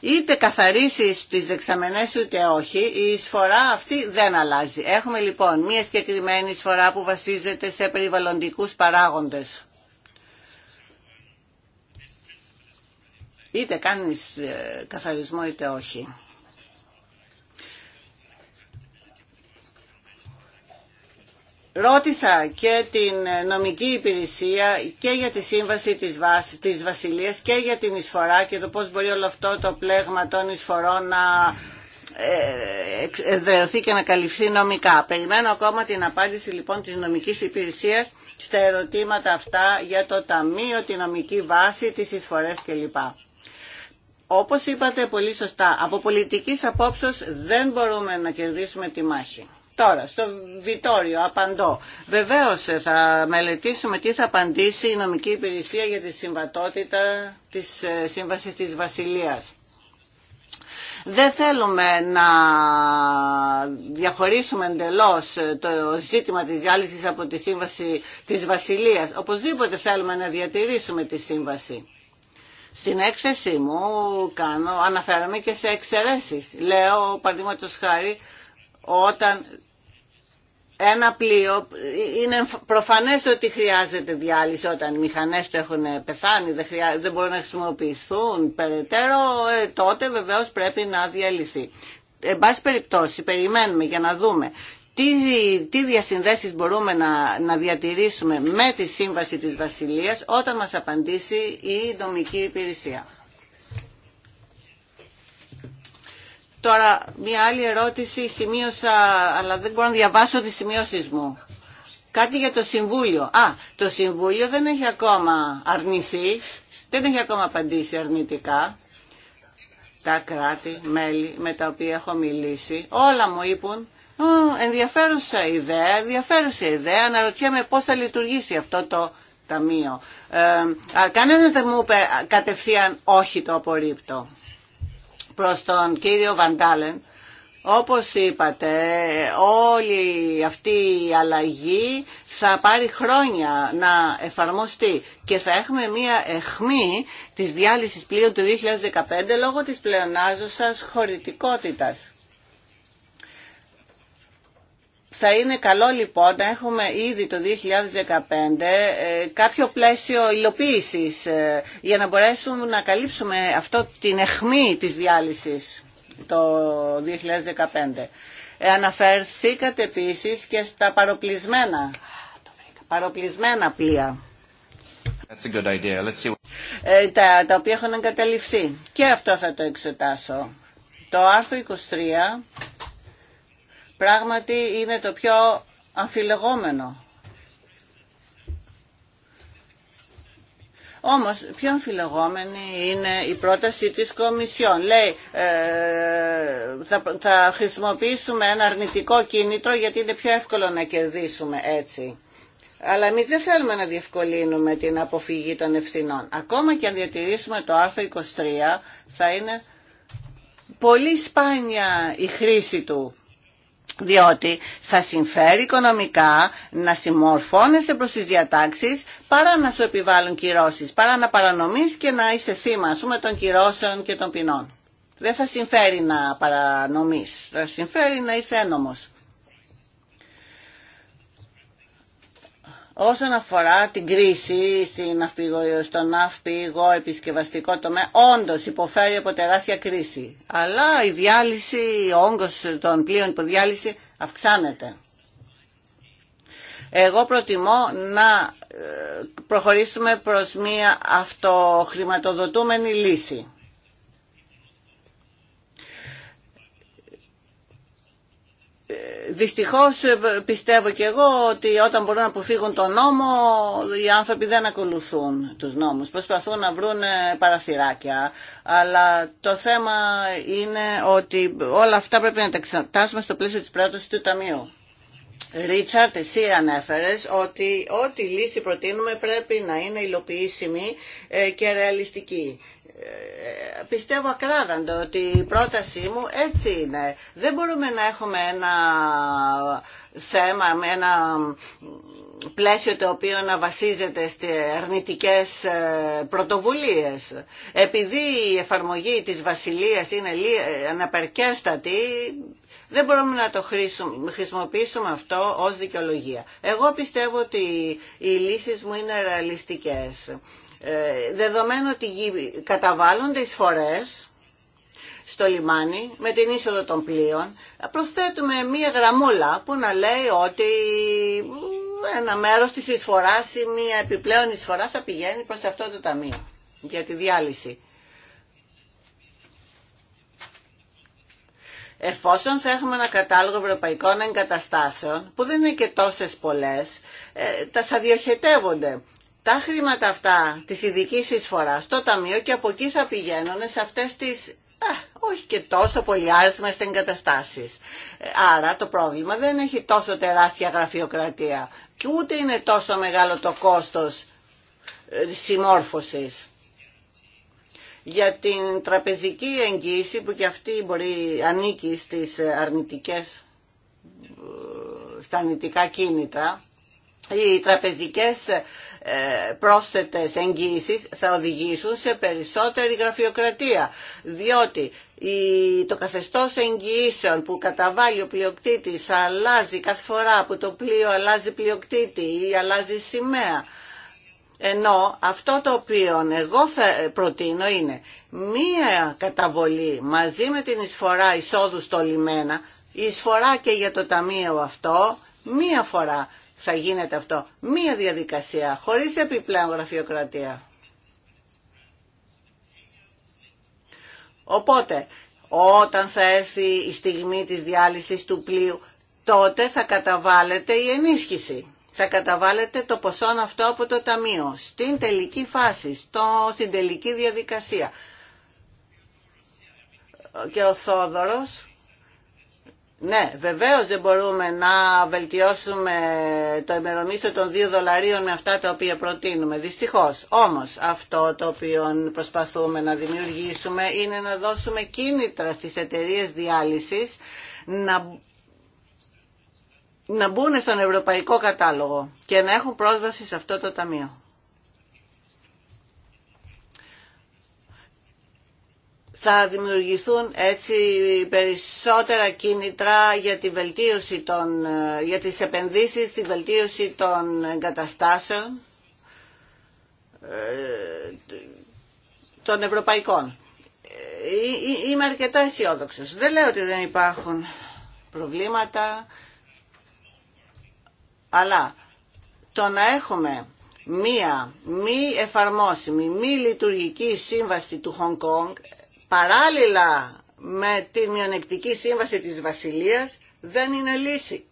Είτε καθαρίσεις τις δεξαμενές ούτε όχι, η εισφορά αυτή δεν αλλάζει. Έχουμε λοιπόν μια συγκεκριμένη εισφορά που βασίζεται σε περιβαλλοντικούς παράγοντες. Είτε κάνεις ε, καθαρισμό είτε όχι. Ρώτησα και την νομική υπηρεσία και για τη σύμβαση της, Βασιλεία της Βασιλείας και για την εισφορά και το πώς μπορεί όλο αυτό το πλέγμα των εισφορών να ε, εδρεωθεί και να καλυφθεί νομικά. Περιμένω ακόμα την απάντηση λοιπόν της νομικής υπηρεσίας στα ερωτήματα αυτά για το ταμείο, τη νομική βάση, τις εισφορές κλπ. Όπως είπατε πολύ σωστά, από πολιτικής απόψεως δεν μπορούμε να κερδίσουμε τη μάχη. Τώρα, στο Βιτόριο απαντώ. Βεβαίω ε, θα μελετήσουμε τι θα απαντήσει η νομική υπηρεσία για τη συμβατότητα της ε, Σύμβασης της βασιλεία. Δεν θέλουμε να διαχωρίσουμε εντελώ ε, το ζήτημα της διάλυσης από τη σύμβαση της Βασιλείας. Οπωσδήποτε θέλουμε να διατηρήσουμε τη σύμβαση. Στην έκθεσή μου κάνω, αναφέρομαι και σε εξαιρέσεις. Λέω, παραδείγματο χάρη, όταν ένα πλοίο, είναι προφανές το ότι χρειάζεται διάλυση όταν οι μηχανές του έχουν πεθάνει, δεν, μπορούν να χρησιμοποιηθούν περαιτέρω, ε, τότε βεβαίως πρέπει να διαλυθεί. Εν πάση περιπτώσει, περιμένουμε για να δούμε τι, τι διασυνδέσεις μπορούμε να, να διατηρήσουμε με τη Σύμβαση της Βασιλείας όταν μας απαντήσει η νομική υπηρεσία. Τώρα, μια άλλη ερώτηση, σημείωσα, αλλά δεν μπορώ να διαβάσω τις σημειώσεις μου. Κάτι για το Συμβούλιο. Α, το Συμβούλιο δεν έχει ακόμα αρνηθεί, δεν έχει ακόμα απαντήσει αρνητικά. Τα κράτη, μέλη με τα οποία έχω μιλήσει, όλα μου είπαν ενδιαφέρουσα ιδέα, ενδιαφέρουσα ιδέα, αναρωτιέμαι πώς θα λειτουργήσει αυτό το ταμείο. Ε, κανένας δεν μου είπε κατευθείαν όχι το απορρίπτω προς τον κύριο Βαντάλεν. Όπως είπατε, όλη αυτή η αλλαγή θα πάρει χρόνια να εφαρμοστεί και θα έχουμε μία εχμή της διάλυσης πλοίων του 2015 λόγω της πλεονάζωσας χωρητικότητας. Θα είναι καλό λοιπόν να έχουμε ήδη το 2015 ε, κάποιο πλαίσιο υλοποίησης ε, για να μπορέσουμε να καλύψουμε αυτό την εχμή της διάλυσης το 2015. Ε, αναφερθήκατε επίσης και στα παροπλισμένα, παροπλισμένα πλοία. That's a good idea. Let's see. Ε, τα, τα οποία έχουν εγκαταλειφθεί. Και αυτό θα το εξετάσω. Το άρθρο 23 πράγματι είναι το πιο αμφιλεγόμενο. Όμως, πιο αμφιλεγόμενη είναι η πρόταση της Κομισιόν. Λέει, ε, θα, θα χρησιμοποιήσουμε ένα αρνητικό κίνητρο γιατί είναι πιο εύκολο να κερδίσουμε έτσι. Αλλά εμεί δεν θέλουμε να διευκολύνουμε την αποφυγή των ευθυνών. Ακόμα και αν διατηρήσουμε το άρθρο 23, θα είναι πολύ σπάνια η χρήση του διότι σας συμφέρει οικονομικά να συμμορφώνεστε προς τις διατάξεις παρά να σου επιβάλλουν κυρώσεις, παρά να παρανομείς και να είσαι σήμα, ας πούμε, των κυρώσεων και των ποινών. Δεν σας συμφέρει να παρανομείς, σας συμφέρει να είσαι ένομος. Όσον αφορά την κρίση στην στον ναυπηγό επισκευαστικό τομέα, όντω υποφέρει από τεράστια κρίση. Αλλά η διάλυση, ο όγκος των πλοίων υποδιάλυση αυξάνεται. Εγώ προτιμώ να ε, προχωρήσουμε προς μία αυτοχρηματοδοτούμενη λύση. δυστυχώς ε, πιστεύω και εγώ ότι όταν μπορούν να αποφύγουν τον νόμο οι άνθρωποι δεν ακολουθούν τους νόμους. Προσπαθούν να βρουν παρασυράκια. Αλλά το θέμα είναι ότι όλα αυτά πρέπει να τα εξετάσουμε στο πλαίσιο της πρόταση του Ταμείου. Ρίτσαρτ, εσύ ανέφερες ότι ό,τι λύση προτείνουμε πρέπει να είναι υλοποιήσιμη ε, και ρεαλιστική πιστεύω ακράδαντο ότι η πρότασή μου έτσι είναι. Δεν μπορούμε να έχουμε ένα θέμα, ένα πλαίσιο το οποίο να βασίζεται στις αρνητικές ε, πρωτοβουλίες. Επειδή η εφαρμογή της βασιλείας είναι ε, αναπερκέστατη, δεν μπορούμε να το χρησιμοποιήσουμε αυτό ως δικαιολογία. Εγώ πιστεύω ότι οι λύσεις μου είναι ρεαλιστικές. Ε, δεδομένου ότι καταβάλλονται εισφορές στο λιμάνι με την είσοδο των πλοίων, προσθέτουμε μία γραμμούλα που να λέει ότι ένα μέρος της εισφοράς ή μία επιπλέον εισφορά θα πηγαίνει προς αυτό το ταμείο για τη διάλυση. Εφόσον θα έχουμε ένα κατάλογο ευρωπαϊκών εγκαταστάσεων, που δεν είναι και τόσες πολλές, ε, τα θα διοχετεύονται τα χρήματα αυτά της ειδική εισφοράς στο ταμείο και από εκεί θα πηγαίνουν σε αυτές τις όχι και τόσο πολύ άρισμες εγκαταστάσεις. Ε, άρα το πρόβλημα δεν έχει τόσο τεράστια γραφειοκρατία και ούτε είναι τόσο μεγάλο το κόστος ε, συμμόρφωσης. Για την τραπεζική εγγύηση που και αυτή μπορεί ανήκει στις ε, αρνητικές, στα αρνητικά κίνητρα, οι τραπεζικές ε, πρόσθετες εγγύησεις θα οδηγήσουν σε περισσότερη γραφειοκρατία, διότι το καθεστώς εγγυήσεων που καταβάλει ο πλειοκτήτης αλλάζει κάθε φορά που το πλοίο αλλάζει πλειοκτήτη ή αλλάζει σημαία. Ενώ αυτό το οποίο εγώ προτείνω είναι μία καταβολή μαζί με την εισφορά εισόδου στο λιμένα, η εισφορά και για το ταμείο αυτό, μία φορά θα γίνεται αυτό. Μία διαδικασία, χωρίς επιπλέον γραφειοκρατία. Οπότε, όταν θα έρθει η στιγμή της διάλυσης του πλοίου, τότε θα καταβάλλεται η ενίσχυση. Θα καταβάλλεται το ποσό αυτό από το Ταμείο, στην τελική φάση, στο, στην τελική διαδικασία. Και ο Θόδωρος ναι, βεβαίως δεν μπορούμε να βελτιώσουμε το ημερομίσθιο των 2 δολαρίων με αυτά τα οποία προτείνουμε, δυστυχώς. Όμως αυτό το οποίο προσπαθούμε να δημιουργήσουμε είναι να δώσουμε κίνητρα στις εταιρείες διάλυσης να, να μπουν στον ευρωπαϊκό κατάλογο και να έχουν πρόσβαση σε αυτό το ταμείο. Θα δημιουργηθούν έτσι περισσότερα κίνητρα για, τη βελτίωση των, για τις επενδύσεις, τη βελτίωση των εγκαταστάσεων ε, των ευρωπαϊκών. Ε, ε, είμαι αρκετά αισιόδοξο. Δεν λέω ότι δεν υπάρχουν προβλήματα, αλλά το να έχουμε μία μη εφαρμόσιμη, μη λειτουργική σύμβαση του Χονγκ Κόνγκ παράλληλα με τη μειονεκτική σύμβαση της Βασιλείας δεν είναι λύση.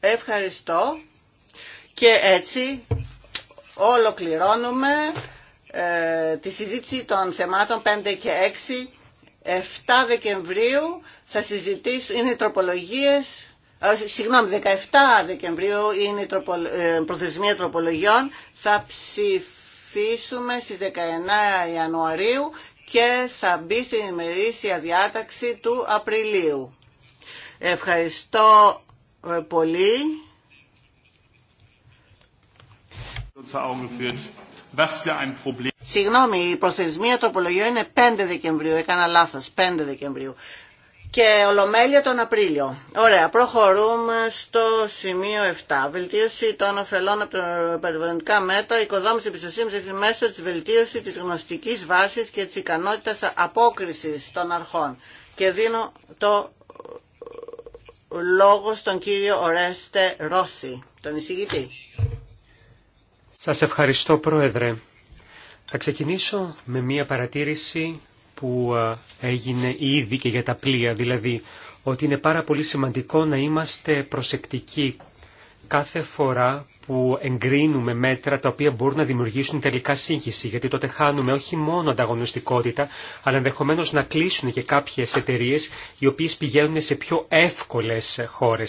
Ευχαριστώ και έτσι ολοκληρώνουμε ε, τη συζήτηση των θεμάτων 5 και 6. 7 Δεκεμβρίου θα συζητήσω, είναι οι τροπολογίες, ε, συγγνώμη, 17 Δεκεμβρίου είναι η ε, προθεσμία τροπολογιών, θα ψηφίσουμε ψηφίσουμε στις 19 Ιανουαρίου και θα μπει στην ημερήσια διάταξη του Απριλίου. Ευχαριστώ ε, πολύ. Συγγνώμη, η προθεσμία απολογίου είναι 5 Δεκεμβρίου. Έκανα λάθος, 5 Δεκεμβρίου και Ολομέλεια τον Απρίλιο. Ωραία, προχωρούμε στο σημείο 7. Βελτίωση των ωφελών από τα περιβαλλοντικά μέτρα, οικοδόμηση εμπιστοσύνη μέσω τη βελτίωση τη γνωστική βάση και τη ικανότητα απόκριση των αρχών. Και δίνω το λόγο στον κύριο Ορέστε Ρώση, τον εισηγητή. Σας ευχαριστώ, Πρόεδρε. Θα ξεκινήσω με μία παρατήρηση που ε, έγινε ήδη και για τα πλοία, δηλαδή ότι είναι πάρα πολύ σημαντικό να είμαστε προσεκτικοί κάθε φορά που εγκρίνουμε μέτρα τα οποία μπορούν να δημιουργήσουν τελικά σύγχυση, γιατί τότε χάνουμε όχι μόνο ανταγωνιστικότητα, αλλά ενδεχομένω να κλείσουν και κάποιες εταιρείε οι οποίες πηγαίνουν σε πιο εύκολε χώρε.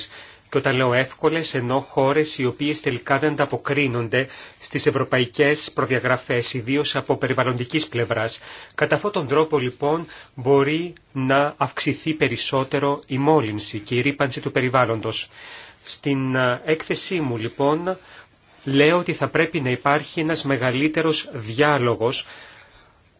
Και όταν λέω εύκολε, ενώ χώρε οι οποίε τελικά δεν ανταποκρίνονται στι ευρωπαϊκέ προδιαγραφέ, ιδίω από περιβαλλοντική πλευρά. Κατά αυτόν τον τρόπο, λοιπόν, μπορεί να αυξηθεί περισσότερο η μόλυνση και η ρήπανση του περιβάλλοντο. Στην έκθεσή μου, λοιπόν, λέω ότι θα πρέπει να υπάρχει ένας μεγαλύτερος διάλογος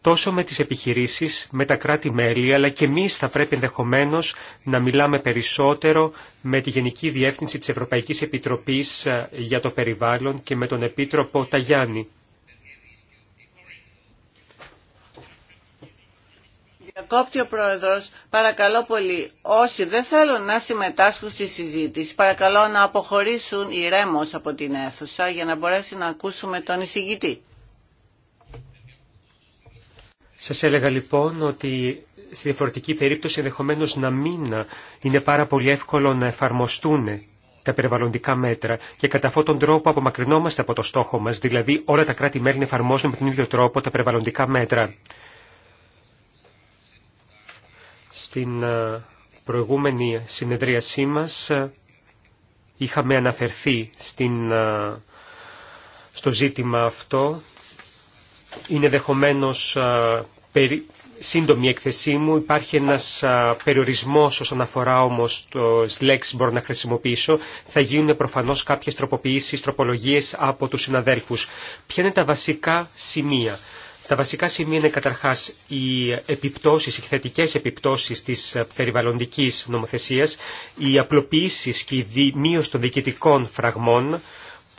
τόσο με τις επιχειρήσεις, με τα κράτη-μέλη, αλλά και εμείς θα πρέπει ενδεχομένω να μιλάμε περισσότερο με τη Γενική Διεύθυνση της Ευρωπαϊκής Επιτροπής ε, για το Περιβάλλον και με τον Επίτροπο Ταγιάννη. Διακόπτει ο Πρόεδρος, παρακαλώ πολύ, όσοι δεν θέλουν να συμμετάσχουν στη συζήτηση, παρακαλώ να αποχωρήσουν ηρέμως από την αίθουσα για να μπορέσει να ακούσουμε τον εισηγητή. Σας έλεγα λοιπόν ότι στη διαφορετική περίπτωση ενδεχομένω να μην είναι πάρα πολύ εύκολο να εφαρμοστούν τα περιβαλλοντικά μέτρα και κατά αυτόν τον τρόπο απομακρυνόμαστε από το στόχο μας, δηλαδή όλα τα κράτη-μέλη εφαρμόζουν με τον ίδιο τρόπο τα περιβαλλοντικά μέτρα. Στην ε, προηγούμενη συνεδρίασή μας ε, είχαμε αναφερθεί στην, ε, στο ζήτημα αυτό είναι δεχομένω σύντομη η έκθεσή μου. Υπάρχει ένας περιορισμός όσον αφορά όμως το λέξεις μπορώ να χρησιμοποιήσω. Θα γίνουν προφανώς κάποιες τροποποιήσεις, τροπολογίες από τους συναδέλφους. Ποια είναι τα βασικά σημεία. Τα βασικά σημεία είναι καταρχάς οι επιπτώσεις, οι επιπτώσεις της ε, περιβαλλοντική νομοθεσίας, οι απλοποιήσεις και η μείωση των διοικητικών φραγμών,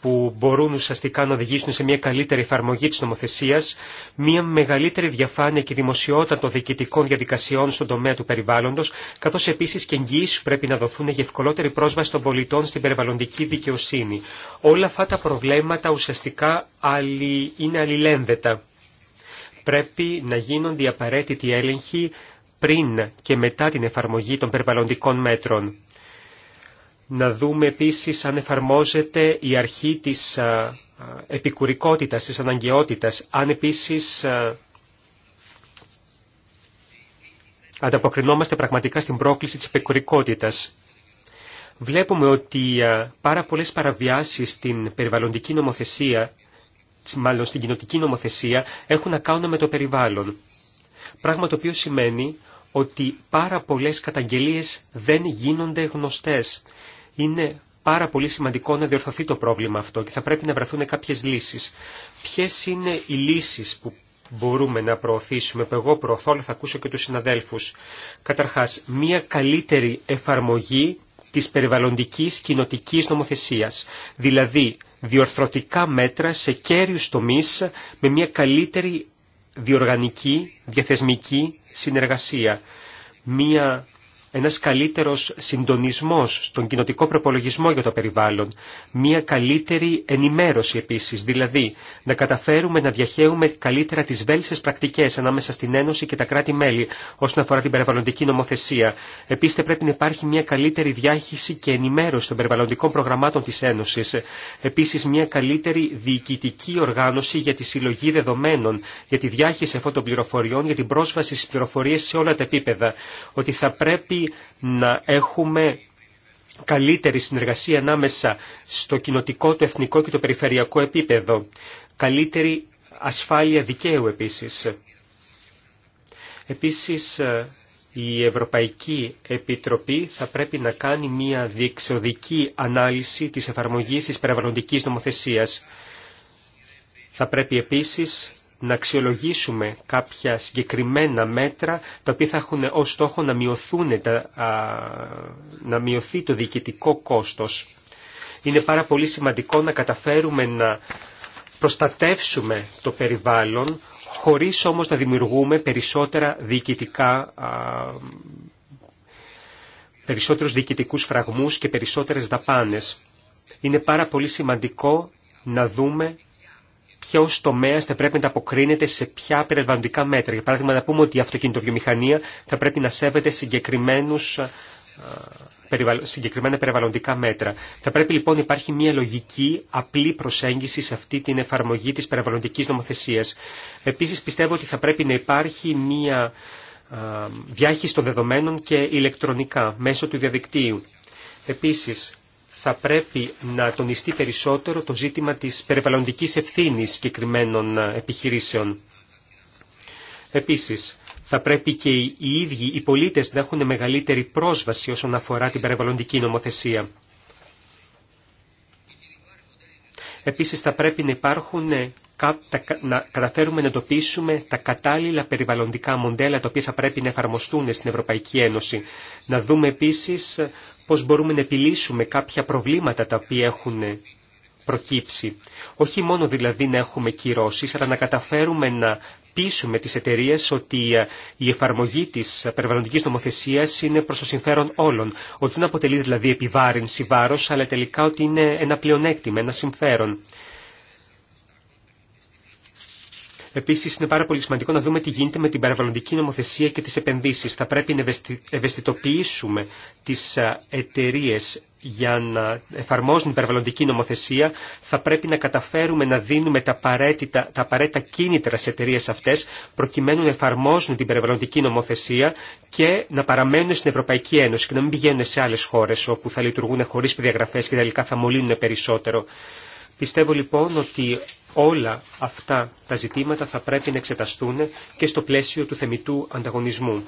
που μπορούν ουσιαστικά να οδηγήσουν σε μια καλύτερη εφαρμογή της νομοθεσίας, μια μεγαλύτερη διαφάνεια και δημοσιότητα των διοικητικών διαδικασιών στον τομέα του περιβάλλοντος, καθώς επίσης και εγγυήσεις πρέπει να δοθούν για ευκολότερη πρόσβαση των πολιτών στην περιβαλλοντική δικαιοσύνη. Όλα αυτά τα προβλήματα ουσιαστικά είναι αλληλένδετα. Πρέπει να γίνονται οι απαραίτητοι έλεγχοι πριν και μετά την εφαρμογή των περιβαλλοντικών μέτρων να δούμε επίσης αν εφαρμόζεται η αρχή της επικουρικότητας, της αναγκαιότητας, αν επίσης ανταποκρινόμαστε πραγματικά στην πρόκληση της επικουρικότητας. Βλέπουμε ότι πάρα πολλές παραβιάσεις στην περιβαλλοντική νομοθεσία, μάλλον στην κοινοτική νομοθεσία, έχουν να κάνουν με το περιβάλλον. Πράγμα το οποίο σημαίνει ότι πάρα πολλές καταγγελίες δεν γίνονται γνωστές. Είναι πάρα πολύ σημαντικό να διορθωθεί το πρόβλημα αυτό και θα πρέπει να βρεθούν κάποιες λύσεις. Ποιες είναι οι λύσεις που μπορούμε να προωθήσουμε, που εγώ προωθώ, αλλά θα ακούσω και τους συναδέλφους. Καταρχάς, μια καλύτερη εφαρμογή της περιβαλλοντικής κοινοτικής νομοθεσίας, δηλαδή διορθωτικά μέτρα σε κέριους τομείς με μια καλύτερη διοργανική, διαθεσμική συνεργασία. Μια ένας καλύτερος συντονισμός στον κοινοτικό προπολογισμό για το περιβάλλον, μια καλύτερη ενημέρωση επίσης, δηλαδή να καταφέρουμε να διαχέουμε καλύτερα τις βέλτιστες πρακτικές ανάμεσα στην Ένωση και τα κράτη-μέλη όσον αφορά την περιβαλλοντική νομοθεσία. Επίσης πρέπει να υπάρχει μια καλύτερη διάχυση και ενημέρωση των περιβαλλοντικών προγραμμάτων της Ένωσης. Επίσης μια καλύτερη διοικητική οργάνωση για τη συλλογή δεδομένων, για τη διάχυση αυτών των πληροφοριών, για την πρόσβαση στις πληροφορίες σε όλα τα επίπεδα. Ότι θα πρέπει να έχουμε καλύτερη συνεργασία ανάμεσα στο κοινοτικό, το εθνικό και το περιφερειακό επίπεδο. Καλύτερη ασφάλεια δικαίου επίσης. Επίσης, η Ευρωπαϊκή Επιτροπή θα πρέπει να κάνει μια διεξοδική ανάλυση της εφαρμογής της περιβαλλοντικής νομοθεσίας. Θα πρέπει επίσης να αξιολογήσουμε κάποια συγκεκριμένα μέτρα τα οποία θα έχουν ως στόχο να, να μειωθεί το διοικητικό κόστος. Είναι πάρα πολύ σημαντικό να καταφέρουμε να προστατεύσουμε το περιβάλλον χωρίς όμως να δημιουργούμε περισσότερα διοικητικά περισσότερους διοικητικούς φραγμούς και περισσότερες δαπάνες. Είναι πάρα πολύ σημαντικό να δούμε ποιο τομέα θα πρέπει να αποκρίνεται σε ποια περιβαλλοντικά μέτρα. Για παράδειγμα, να πούμε ότι η αυτοκινητοβιομηχανία θα πρέπει να σέβεται συγκεκριμένους, συγκεκριμένα περιβαλλοντικά μέτρα. Θα πρέπει λοιπόν να υπάρχει μια λογική, απλή προσέγγιση σε αυτή την εφαρμογή της περιβαλλοντικής νομοθεσίας. Επίσης πιστεύω ότι θα πρέπει να υπάρχει μια διάχυση των δεδομένων και ηλεκτρονικά μέσω του διαδικτύου. Επίσης, θα πρέπει να τονιστεί περισσότερο το ζήτημα της περιβαλλοντικής ευθύνης συγκεκριμένων ε, επιχειρήσεων. Επίσης, θα πρέπει και οι ίδιοι οι πολίτες να έχουν μεγαλύτερη πρόσβαση όσον αφορά την περιβαλλοντική νομοθεσία. Επίσης, θα πρέπει να υπάρχουν ε, να καταφέρουμε να εντοπίσουμε τα κατάλληλα περιβαλλοντικά μοντέλα τα οποία θα πρέπει να εφαρμοστούν στην Ευρωπαϊκή Ένωση. Να δούμε επίσης ε, πώς μπορούμε να επιλύσουμε κάποια προβλήματα τα οποία έχουν ε, προκύψει. Όχι μόνο δηλαδή να έχουμε κυρώσεις, αλλά να καταφέρουμε να πείσουμε τις εταιρείε ότι ε, η εφαρμογή της περιβαλλοντικής νομοθεσίας είναι προς το συμφέρον όλων. Ότι δεν αποτελεί δηλαδή επιβάρυνση βάρος, αλλά τελικά ότι είναι ένα πλεονέκτημα, ένα συμφέρον. Επίση, είναι πάρα πολύ σημαντικό να δούμε τι γίνεται με την περιβαλλοντική νομοθεσία και τι επενδύσει. Θα πρέπει να ευαισθητοποιήσουμε τι εταιρείε για να εφαρμόζουν την περιβαλλοντική νομοθεσία θα πρέπει να καταφέρουμε να δίνουμε τα απαραίτητα, τα απαραίτητα κίνητρα σε εταιρείε αυτέ προκειμένου να εφαρμόζουν την περιβαλλοντική νομοθεσία και να παραμένουν στην Ευρωπαϊκή Ένωση και να μην πηγαίνουν σε άλλε χώρε όπου θα λειτουργούν χωρί περιγραφέ και τελικά θα μολύνουν περισσότερο. Πιστεύω λοιπόν ότι Όλα αυτά τα ζητήματα θα πρέπει να εξεταστούν και στο πλαίσιο του θεμητού ανταγωνισμού.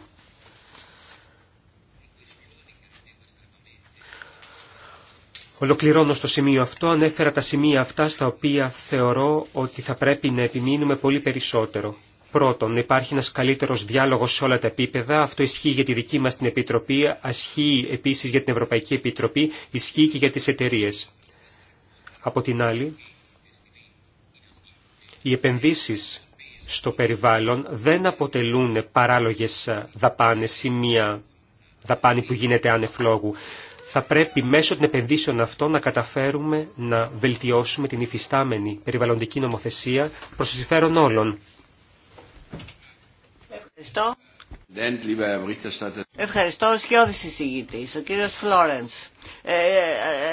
Ολοκληρώνω στο σημείο αυτό, ανέφερα τα σημεία αυτά στα οποία θεωρώ ότι θα πρέπει να επιμείνουμε πολύ περισσότερο. Πρώτον, υπάρχει ένα καλύτερο διάλογο σε όλα τα επίπεδα. Αυτό ισχύει για τη δική μα την Επιτροπή, ασχύει επίση για την Ευρωπαϊκή Επιτροπή, ισχύει και για τι εταιρείε. Από την άλλη, οι επενδύσεις στο περιβάλλον δεν αποτελούν παράλογες δαπάνες ή μία δαπάνη που γίνεται άνευ Θα πρέπει μέσω των επενδύσεων αυτών να καταφέρουμε να βελτιώσουμε την υφιστάμενη περιβαλλοντική νομοθεσία προς το συμφέρον όλων. Ευχαριστώ. Ευχαριστώ, σκιώδης εισηγητής, ο κύριος Φλόρενς. Ε, ε,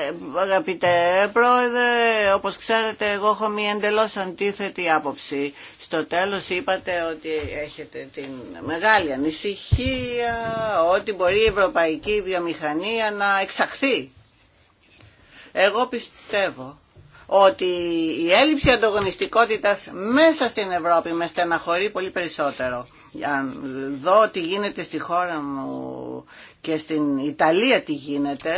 ε, αγαπητέ πρόεδρε, όπως ξέρετε εγώ έχω μια εντελώς αντίθετη άποψη. Στο τέλος είπατε ότι έχετε την μεγάλη ανησυχία, ότι μπορεί η ευρωπαϊκή βιομηχανία να εξαχθεί. Εγώ πιστεύω ότι η έλλειψη ανταγωνιστικότητας μέσα στην Ευρώπη με στεναχωρεί πολύ περισσότερο. Αν δω τι γίνεται στη χώρα μου και στην Ιταλία τι γίνεται,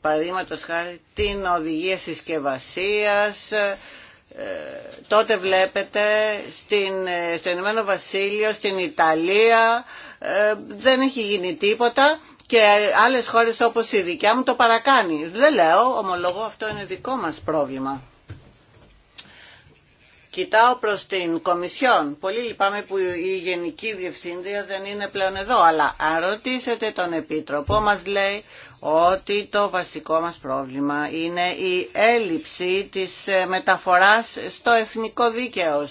Παραδείγματο χάρη την οδηγία συσκευασία. Ε, τότε βλέπετε στην, ε, στο Ηνωμένο Βασίλειο, στην Ιταλία ε, δεν έχει γίνει τίποτα και άλλες χώρες όπως η δικιά μου το παρακάνει. Δεν λέω, ομολογώ αυτό είναι δικό μας πρόβλημα. Κοιτάω προς την Κομισιόν. Πολύ λυπάμαι που η Γενική Διευθύντρια δεν είναι πλέον εδώ, αλλά αν ρωτήσετε τον Επίτροπο μας λέει ότι το βασικό μας πρόβλημα είναι η έλλειψη της ε, μεταφοράς στο εθνικό δίκαιο.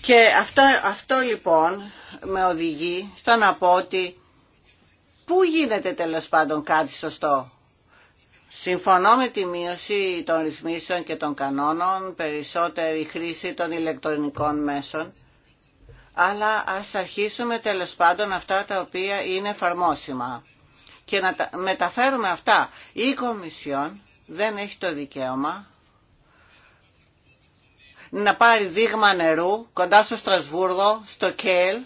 Και αυτό, αυτό λοιπόν με οδηγεί στο να πω ότι Πού γίνεται τέλος πάντων κάτι σωστό. Συμφωνώ με τη μείωση των ρυθμίσεων και των κανόνων, περισσότερη χρήση των ηλεκτρονικών μέσων, αλλά ας αρχίσουμε τέλος πάντων αυτά τα οποία είναι εφαρμόσιμα και να μεταφέρουμε αυτά. Η Κομισιόν δεν έχει το δικαίωμα να πάρει δείγμα νερού κοντά στο Στρασβούργο, στο Κέλ,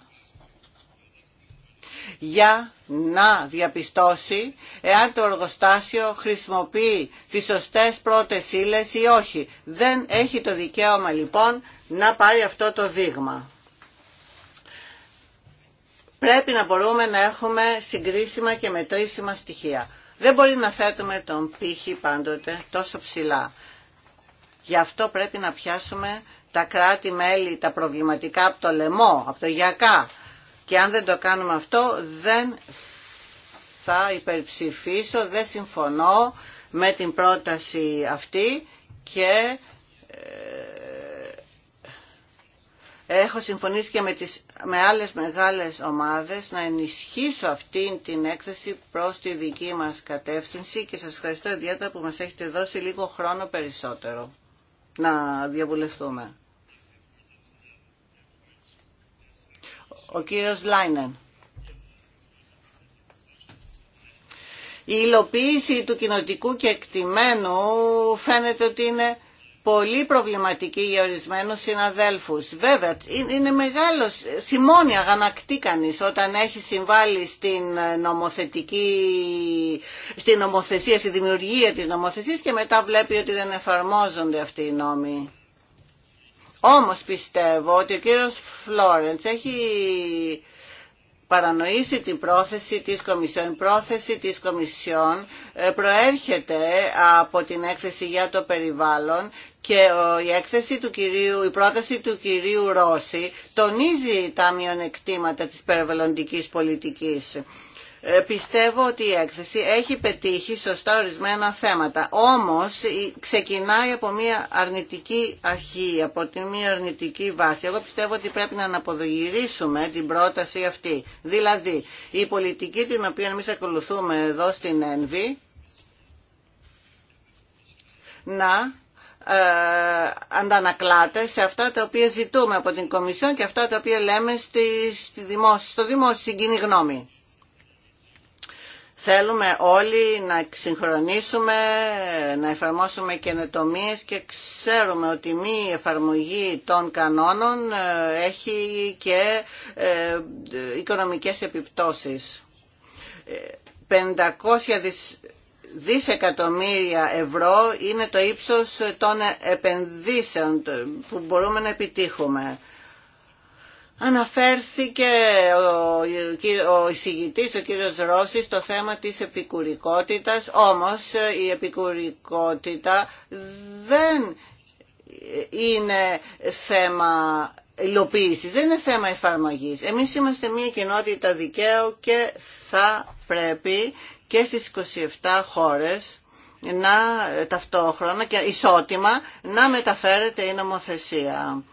για να διαπιστώσει εάν το εργοστάσιο χρησιμοποιεί τις σωστές πρώτες ύλες ή όχι. Δεν έχει το δικαίωμα λοιπόν να πάρει αυτό το δείγμα. Πρέπει να μπορούμε να έχουμε συγκρίσιμα και μετρήσιμα στοιχεία. Δεν μπορεί να θέτουμε τον πύχη πάντοτε τόσο ψηλά. Γι' αυτό πρέπει να πιάσουμε τα κράτη-μέλη, τα προβληματικά από το λαιμό, από το γιακά, και αν δεν το κάνουμε αυτό δεν θα υπερψηφίσω, δεν συμφωνώ με την πρόταση αυτή και ε, έχω συμφωνήσει και με, τις, με άλλες μεγάλες ομάδες να ενισχύσω αυτή την έκθεση προς τη δική μας κατεύθυνση και σας ευχαριστώ ιδιαίτερα που μας έχετε δώσει λίγο χρόνο περισσότερο να διαβουλευτούμε. ο κύριος Λάινεν. Η υλοποίηση του κοινοτικού και εκτιμένου φαίνεται ότι είναι πολύ προβληματική για ορισμένους συναδέλφους. Βέβαια, είναι μεγάλο σημώνει αγανακτή κανείς όταν έχει συμβάλει στην νομοθετική, στην νομοθεσία, στη δημιουργία της νομοθεσίας και μετά βλέπει ότι δεν εφαρμόζονται αυτοί οι νόμοι. Όμως πιστεύω ότι ο κύριος Φλόρεντς έχει παρανοήσει την πρόθεση της Κομισιόν. Η πρόθεση της Κομισιόν ε, προέρχεται από την έκθεση για το περιβάλλον και ε, η, έκθεση του κυρίου, η πρόταση του κυρίου Ρώση τονίζει τα μειονεκτήματα της περιβαλλοντικής πολιτικής. Ε, πιστεύω ότι η έκθεση έχει πετύχει σωστά ορισμένα θέματα. Όμως ξεκινάει από μια αρνητική αρχή, από την μια αρνητική βάση. Εγώ πιστεύω ότι πρέπει να αναποδογυρίσουμε την πρόταση αυτή. Δηλαδή, η πολιτική την οποία εμείς ακολουθούμε εδώ στην ΕΝΒΗ να ε, αντανακλάται σε αυτά τα οποία ζητούμε από την Κομισιόν και αυτά τα οποία λέμε στο δημόσιο, στην κοινή γνώμη. Θέλουμε όλοι να συγχρονίσουμε, να εφαρμόσουμε καινοτομίε και ξέρουμε ότι μη εφαρμογή των κανόνων ε, έχει και ε, οικονομικές επιπτώσεις. 500 δισεκατομμύρια ευρώ είναι το ύψος των επενδύσεων που μπορούμε να επιτύχουμε. Αναφέρθηκε ο, ο εισηγητής, ο κύριος Ρώση, στο θέμα της επικουρικότητας, όμως η επικουρικότητα δεν είναι θέμα υλοποίησης, δεν είναι θέμα εφαρμογής. Εμείς είμαστε μια κοινότητα δικαίου και θα πρέπει και στις 27 χώρες να ταυτόχρονα και ισότιμα να μεταφέρεται η νομοθεσία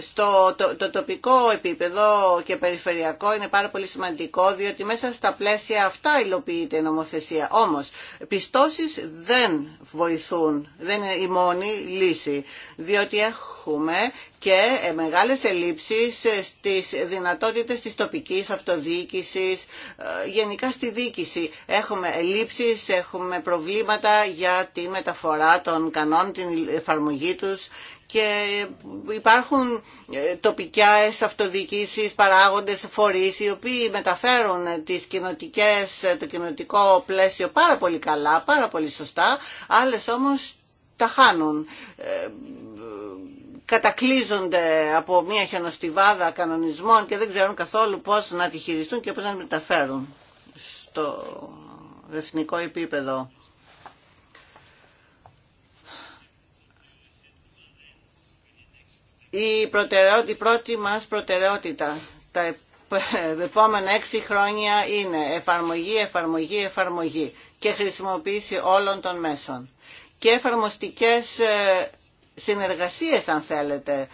στο το, τοπικό επίπεδο και περιφερειακό είναι πάρα πολύ σημαντικό διότι μέσα στα πλαίσια αυτά υλοποιείται η νομοθεσία. Όμως πιστώσεις δεν βοηθούν, δεν είναι η μόνη λύση διότι έχουμε και ε, μεγάλες ελλείψεις στις δυνατότητες της τοπικής αυτοδιοίκησης, ε, γενικά στη διοίκηση. Έχουμε ελλείψεις, έχουμε προβλήματα για τη μεταφορά των κανόνων, την εφαρμογή τους και υπάρχουν ε, τοπικές αυτοδιοίκησεις, παράγοντες, φορείς οι οποίοι μεταφέρουν τις κοινοτικές, το κοινοτικό πλαίσιο πάρα πολύ καλά, πάρα πολύ σωστά, άλλες όμως τα χάνουν. Ε, κατακλείζονται από μια χιονοστιβάδα κανονισμών και δεν ξέρουν καθόλου πώς να τη χειριστούν και πώς να μεταφέρουν στο εθνικό επίπεδο. η, πρώτη μας προτεραιότητα τα επόμενα έξι χρόνια είναι εφαρμογή, εφαρμογή, εφαρμογή και χρησιμοποίηση όλων των μέσων και εφαρμοστικές ε, συνεργασίες αν θέλετε.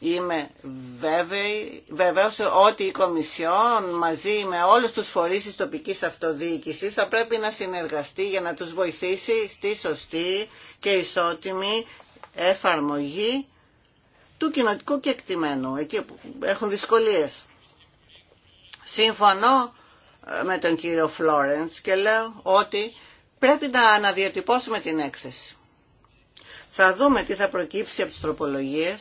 Είμαι βέβαιη, βεβαίως ότι η Κομισιόν μαζί με όλους τους φορείς της τοπικής αυτοδιοίκησης θα πρέπει να συνεργαστεί για να τους βοηθήσει στη σωστή και ισότιμη εφαρμογή του κοινοτικού κεκτημένου, εκεί που έχουν δυσκολίες. Σύμφωνο ε, με τον κύριο Φλόρεντς και λέω ότι πρέπει να αναδιατυπώσουμε την έκθεση. Θα δούμε τι θα προκύψει από τις τροπολογίες.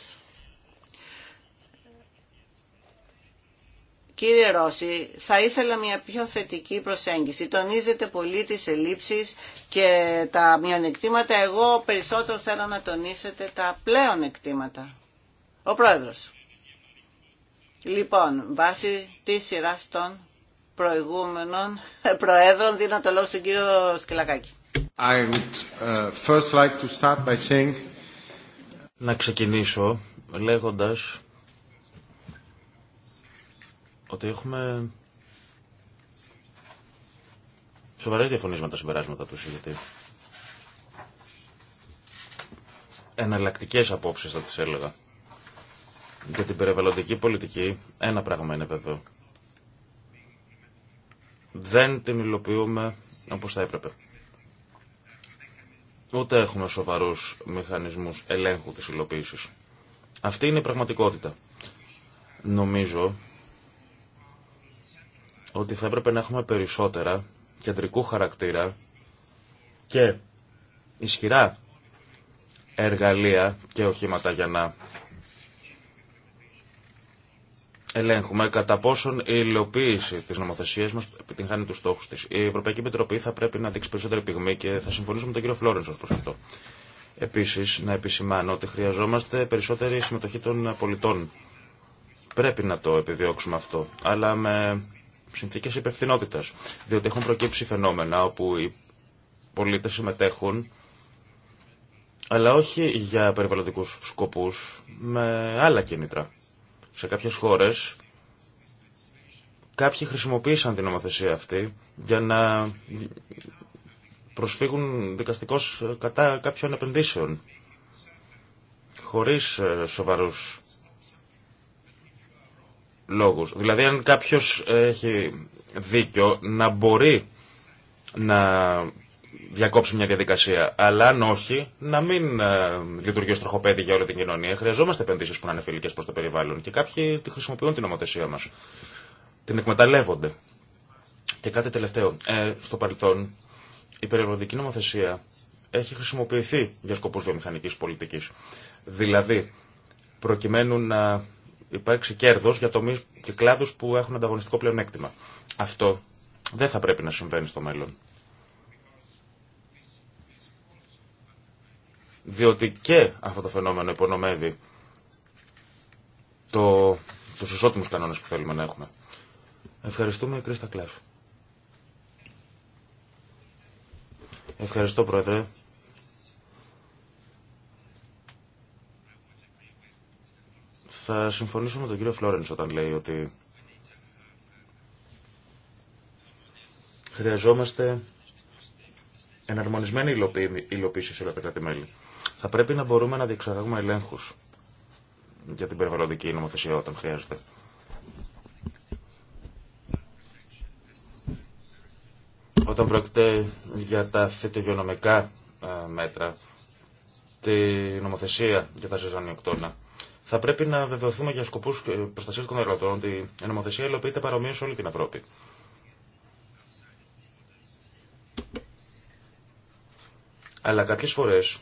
Κύριε Ρώση, θα ήθελα μια πιο θετική προσέγγιση. Τονίζετε πολύ τις ελλείψεις και τα μειονεκτήματα. Εγώ περισσότερο θέλω να τονίσετε τα πλέον εκτήματα. Ο πρόεδρος. Λοιπόν, βάσει τη σειρά των προηγούμενων προέδρων, δίνω το λόγο στον κύριο Σκυλακάκη. I would, uh, first like to start by saying... Να ξεκινήσω λέγοντας ότι έχουμε σοβαρές διαφωνίες με τα συμπεράσματα του συζητή. Εναλλακτικές απόψεις θα τις έλεγα. Για την περιβαλλοντική πολιτική, ένα πράγμα είναι βέβαιο. Δεν την υλοποιούμε όπως θα έπρεπε. Ούτε έχουμε σοβαρούς μηχανισμούς ελέγχου της υλοποίησης. Αυτή είναι η πραγματικότητα. Νομίζω ότι θα έπρεπε να έχουμε περισσότερα κεντρικού χαρακτήρα και ισχυρά εργαλεία και οχήματα για να ελέγχουμε κατά πόσον η υλοποίηση τη νομοθεσία μα επιτυγχάνει του στόχου τη. Η Ευρωπαϊκή Επιτροπή θα πρέπει να δείξει περισσότερη πυγμή και θα συμφωνήσουμε με τον κύριο Φλόρεν ω προ αυτό. Επίση, να επισημάνω ότι χρειαζόμαστε περισσότερη συμμετοχή των πολιτών. Πρέπει να το επιδιώξουμε αυτό, αλλά με συνθήκε υπευθυνότητα. Διότι έχουν προκύψει φαινόμενα όπου οι πολίτε συμμετέχουν αλλά όχι για περιβαλλοντικούς σκοπού με άλλα κίνητρα σε κάποιες χώρες κάποιοι χρησιμοποίησαν την νομοθεσία αυτή για να προσφύγουν δικαστικώς κατά κάποιων επενδύσεων χωρίς ε, σοβαρούς λόγους. Δηλαδή αν κάποιος έχει δίκιο να μπορεί να διακόψει μια διαδικασία. Αλλά αν όχι, να μην ε, λειτουργεί ω τροχοπέδι για όλη την κοινωνία. Χρειαζόμαστε επενδύσει που να είναι φιλικέ προ το περιβάλλον. Και κάποιοι τη χρησιμοποιούν την νομοθεσία μα. Την εκμεταλλεύονται. Και κάτι τελευταίο. Ε, στο παρελθόν, η περιβαλλοντική νομοθεσία έχει χρησιμοποιηθεί για σκοπού βιομηχανική πολιτική. Δηλαδή, προκειμένου να υπάρξει κέρδο για τομείς και κλάδου που έχουν ανταγωνιστικό πλεονέκτημα. Αυτό δεν θα πρέπει να συμβαίνει στο μέλλον. διότι και αυτό το φαινόμενο υπονομεύει το, τους ισότιμους κανόνες που θέλουμε να έχουμε. Ευχαριστούμε, Κρίστα Κλάφ. Ευχαριστώ, Πρόεδρε. Θα συμφωνήσω με τον κύριο Φλόρενς όταν λέει ότι χρειαζόμαστε εναρμονισμένη υλοποίηση σε όλα τα κράτη-μέλη. Θα πρέπει να μπορούμε να διεξαγάγουμε ελέγχους για την περιβαλλοντική νομοθεσία όταν χρειάζεται. Όταν πρόκειται για τα φυτογειονομικά ε, μέτρα, τη νομοθεσία για τα ζεζανιοκτώνα, θα πρέπει να βεβαιωθούμε για σκοπούς ε, προστασίας των εργατών ότι η νομοθεσία υλοποιείται παρομοίως σε όλη την Ευρώπη. Αλλά κάποιες φορές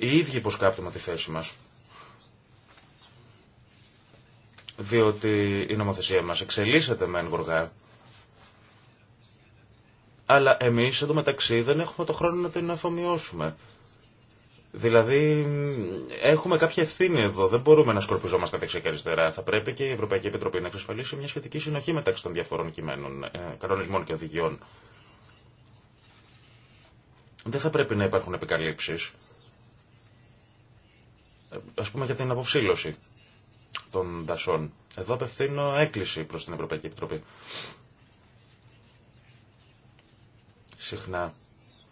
οι ίδιοι υποσκάπτουμε τη θέση μας. Διότι η νομοθεσία μας εξελίσσεται με γοργά, αλλά εμείς μεταξύ δεν έχουμε το χρόνο να την αφομοιώσουμε. Δηλαδή, έχουμε κάποια ευθύνη εδώ. Δεν μπορούμε να σκορπιζόμαστε δεξιά και αριστερά. Θα πρέπει και η Ευρωπαϊκή Επιτροπή να εξασφαλίσει μια σχετική συνοχή μεταξύ των διαφορών κειμένων, ε, κανονισμών και οδηγιών. Δεν θα πρέπει να υπάρχουν επικαλύψεις. Ε, Α πούμε για την αποψήλωση των δασών. Εδώ απευθύνω έκκληση προς την Ευρωπαϊκή Επιτροπή. Συχνά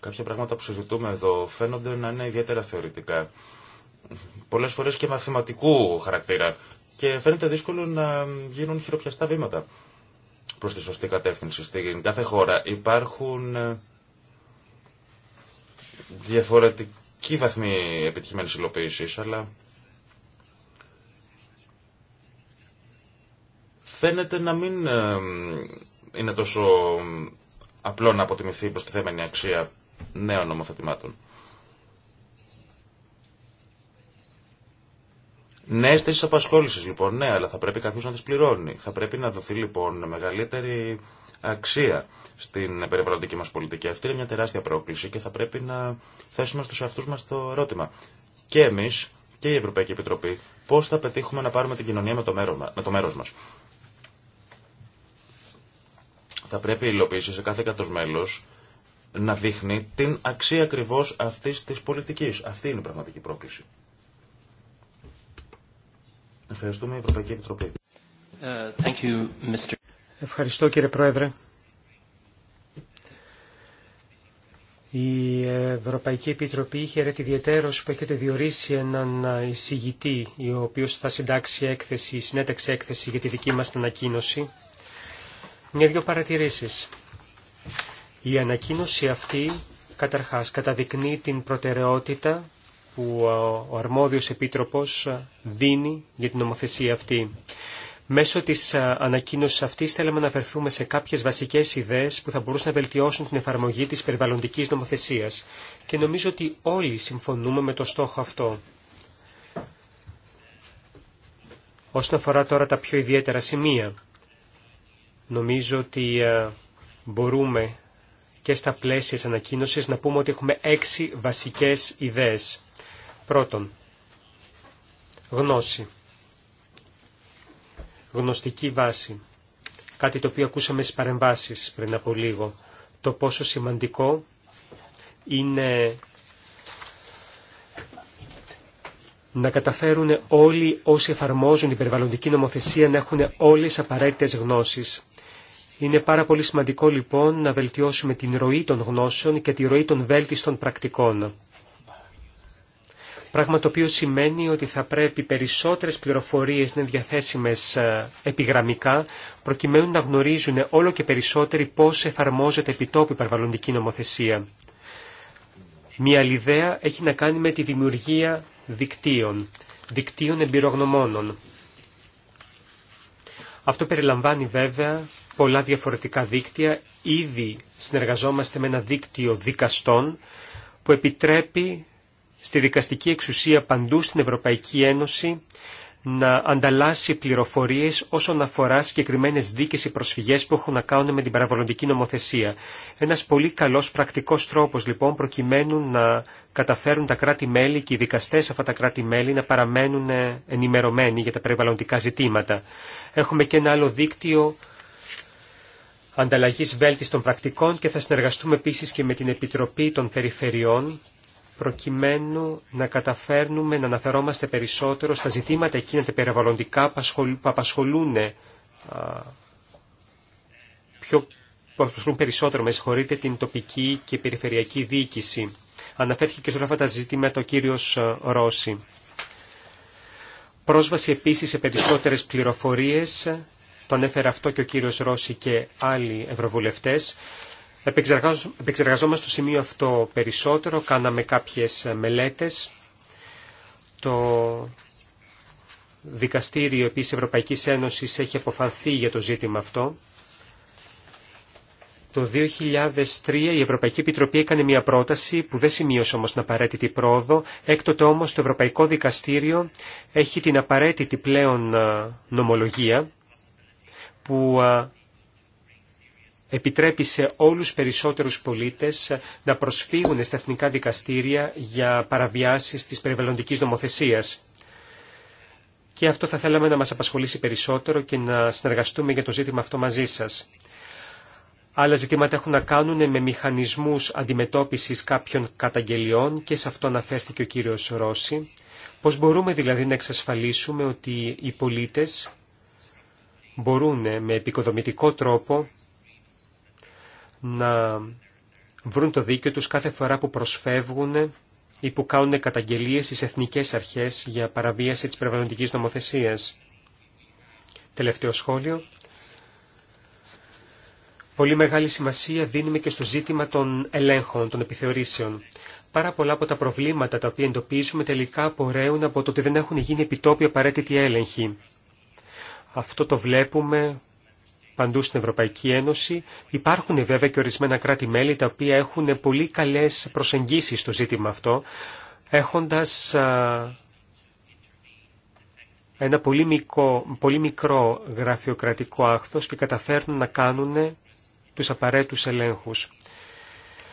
κάποια πράγματα που συζητούμε εδώ φαίνονται να είναι ιδιαίτερα θεωρητικά. Πολλές φορές και μαθηματικού χαρακτήρα. Και φαίνεται δύσκολο να γίνουν χειροπιαστά βήματα προς τη σωστή κατεύθυνση. Στην κάθε χώρα υπάρχουν ε, διαφορετικά μερικοί βαθμή επιτυχημένης υλοποίηση. αλλά φαίνεται να μην ε, είναι τόσο απλό να αποτιμηθεί η προστιθέμενη αξία νέων νομοθετημάτων. Νέε θέσει απασχόληση λοιπόν, ναι, αλλά θα πρέπει κάποιο να τι πληρώνει. Θα πρέπει να δοθεί λοιπόν μεγαλύτερη αξία στην περιβαλλοντική μα πολιτική. Αυτή είναι μια τεράστια πρόκληση και θα πρέπει να θέσουμε στου εαυτού μα το ερώτημα. Και εμεί και η Ευρωπαϊκή Επιτροπή πώ θα πετύχουμε να πάρουμε την κοινωνία με το μέρο μα. Θα πρέπει η υλοποίηση σε κάθε κατός να δείχνει την αξία ακριβώ αυτή τη πολιτική. Αυτή είναι η πραγματική πρόκληση. Ευχαριστούμε, Ευρωπαϊκή Επιτροπή. Ε, thank you, Mr. Ευχαριστώ, κύριε Πρόεδρε. Η Ευρωπαϊκή Επιτροπή είχε έρθει ιδιαιτέρως που έχετε διορίσει έναν εισηγητή, ο οποίος θα συντάξει έκθεση, συνέταξε έκθεση για τη δική μας ανακοίνωση. Μια-δυο παρατηρήσεις. Η ανακοίνωση αυτή, καταρχάς, καταδεικνύει την προτεραιότητα που ο αρμόδιος επίτροπος δίνει για την νομοθεσία αυτή. Μέσω της ανακοίνωσης αυτής θέλαμε να αφαιρθούμε σε κάποιες βασικές ιδέες που θα μπορούσαν να βελτιώσουν την εφαρμογή της περιβαλλοντικής νομοθεσίας και νομίζω ότι όλοι συμφωνούμε με το στόχο αυτό. Όσον αφορά τώρα τα πιο ιδιαίτερα σημεία, νομίζω ότι μπορούμε και στα πλαίσια της ανακοίνωσης να πούμε ότι έχουμε έξι βασικές ιδέες. Πρώτον, γνώση γνωστική βάση. Κάτι το οποίο ακούσαμε στις παρεμβάσεις πριν από λίγο. Το πόσο σημαντικό είναι να καταφέρουν όλοι όσοι εφαρμόζουν την περιβαλλοντική νομοθεσία να έχουν όλες τις απαραίτητες γνώσεις. Είναι πάρα πολύ σημαντικό λοιπόν να βελτιώσουμε την ροή των γνώσεων και τη ροή των βέλτιστων πρακτικών. Πράγμα το οποίο σημαίνει ότι θα πρέπει περισσότερες πληροφορίες να είναι διαθέσιμες ε, επιγραμμικά, προκειμένου να γνωρίζουν όλο και περισσότεροι πώς εφαρμόζεται επιτόπου η παρβαλλοντική νομοθεσία. Μία άλλη ιδέα έχει να κάνει με τη δημιουργία δικτύων, δικτύων εμπειρογνωμόνων. Αυτό περιλαμβάνει βέβαια πολλά διαφορετικά δίκτυα. Ήδη συνεργαζόμαστε με ένα δίκτυο δικαστών που επιτρέπει στη δικαστική εξουσία παντού στην Ευρωπαϊκή Ένωση να ανταλλάσσει πληροφορίε όσον αφορά συγκεκριμένε δίκε ή προσφυγέ που έχουν να κάνουν με την παραβολοντική νομοθεσία. Ένα πολύ καλό πρακτικό τρόπο λοιπόν προκειμένου να καταφέρουν τα κράτη-μέλη και οι δικαστέ αυτά τα κράτη-μέλη να παραμένουν ενημερωμένοι για τα περιβαλλοντικά ζητήματα. Έχουμε και ένα άλλο δίκτυο ανταλλαγή βέλτιστων πρακτικών και θα συνεργαστούμε επίση και με την Επιτροπή των Περιφερειών προκειμένου να καταφέρνουμε να αναφερόμαστε περισσότερο στα ζητήματα εκείνα τα περιβαλλοντικά που απασχολούν πιο που απασχολούν περισσότερο, με συγχωρείτε, την τοπική και περιφερειακή διοίκηση. Αναφέρθηκε και σε όλα αυτά τα ζητήματα ο κύριος Ρώση. Πρόσβαση επίσης σε περισσότερες πληροφορίες, το ανέφερε αυτό και ο κύριος Ρώση και άλλοι ευρωβουλευτές, Επεξεργαζόμαστε το σημείο αυτό περισσότερο, κάναμε κάποιες μελέτες. Το Δικαστήριο επίσης Ευρωπαϊκής Ένωσης έχει αποφανθεί για το ζήτημα αυτό. Το 2003 η Ευρωπαϊκή Επιτροπή έκανε μια πρόταση που δεν σημείωσε όμως την απαραίτητη πρόοδο. Έκτοτε όμως το Ευρωπαϊκό Δικαστήριο έχει την απαραίτητη πλέον ε, νομολογία που ε, επιτρέπει σε όλους περισσότερους πολίτες να προσφύγουν στα εθνικά δικαστήρια για παραβιάσεις της περιβαλλοντικής νομοθεσίας. Και αυτό θα θέλαμε να μας απασχολήσει περισσότερο και να συνεργαστούμε για το ζήτημα αυτό μαζί σας. Άλλα ζητήματα έχουν να κάνουν με μηχανισμούς αντιμετώπισης κάποιων καταγγελιών και σε αυτό αναφέρθηκε ο κύριος Ρώση. Πώς μπορούμε δηλαδή να εξασφαλίσουμε ότι οι πολίτες μπορούν με επικοδομητικό τρόπο να βρουν το δίκαιο τους κάθε φορά που προσφεύγουν ή που κάνουν καταγγελίες στις εθνικές αρχές για παραβίαση της περιβαλλοντικής νομοθεσίας. Τελευταίο σχόλιο. Πολύ μεγάλη σημασία δίνουμε και στο ζήτημα των ελέγχων, των επιθεωρήσεων. Πάρα πολλά από τα προβλήματα τα οποία εντοπίζουμε τελικά απορρέουν από το ότι δεν έχουν γίνει επιτόπιοι απαραίτητοι έλεγχοι. Αυτό το βλέπουμε παντού στην Ευρωπαϊκή Ένωση. Υπάρχουν βέβαια και ορισμένα κράτη-μέλη τα οποία έχουν πολύ καλές προσεγγίσεις στο ζήτημα αυτό, έχοντας ένα πολύ μικρό, γραφειοκρατικό άχθος και καταφέρνουν να κάνουν τους απαραίτητους ελέγχους.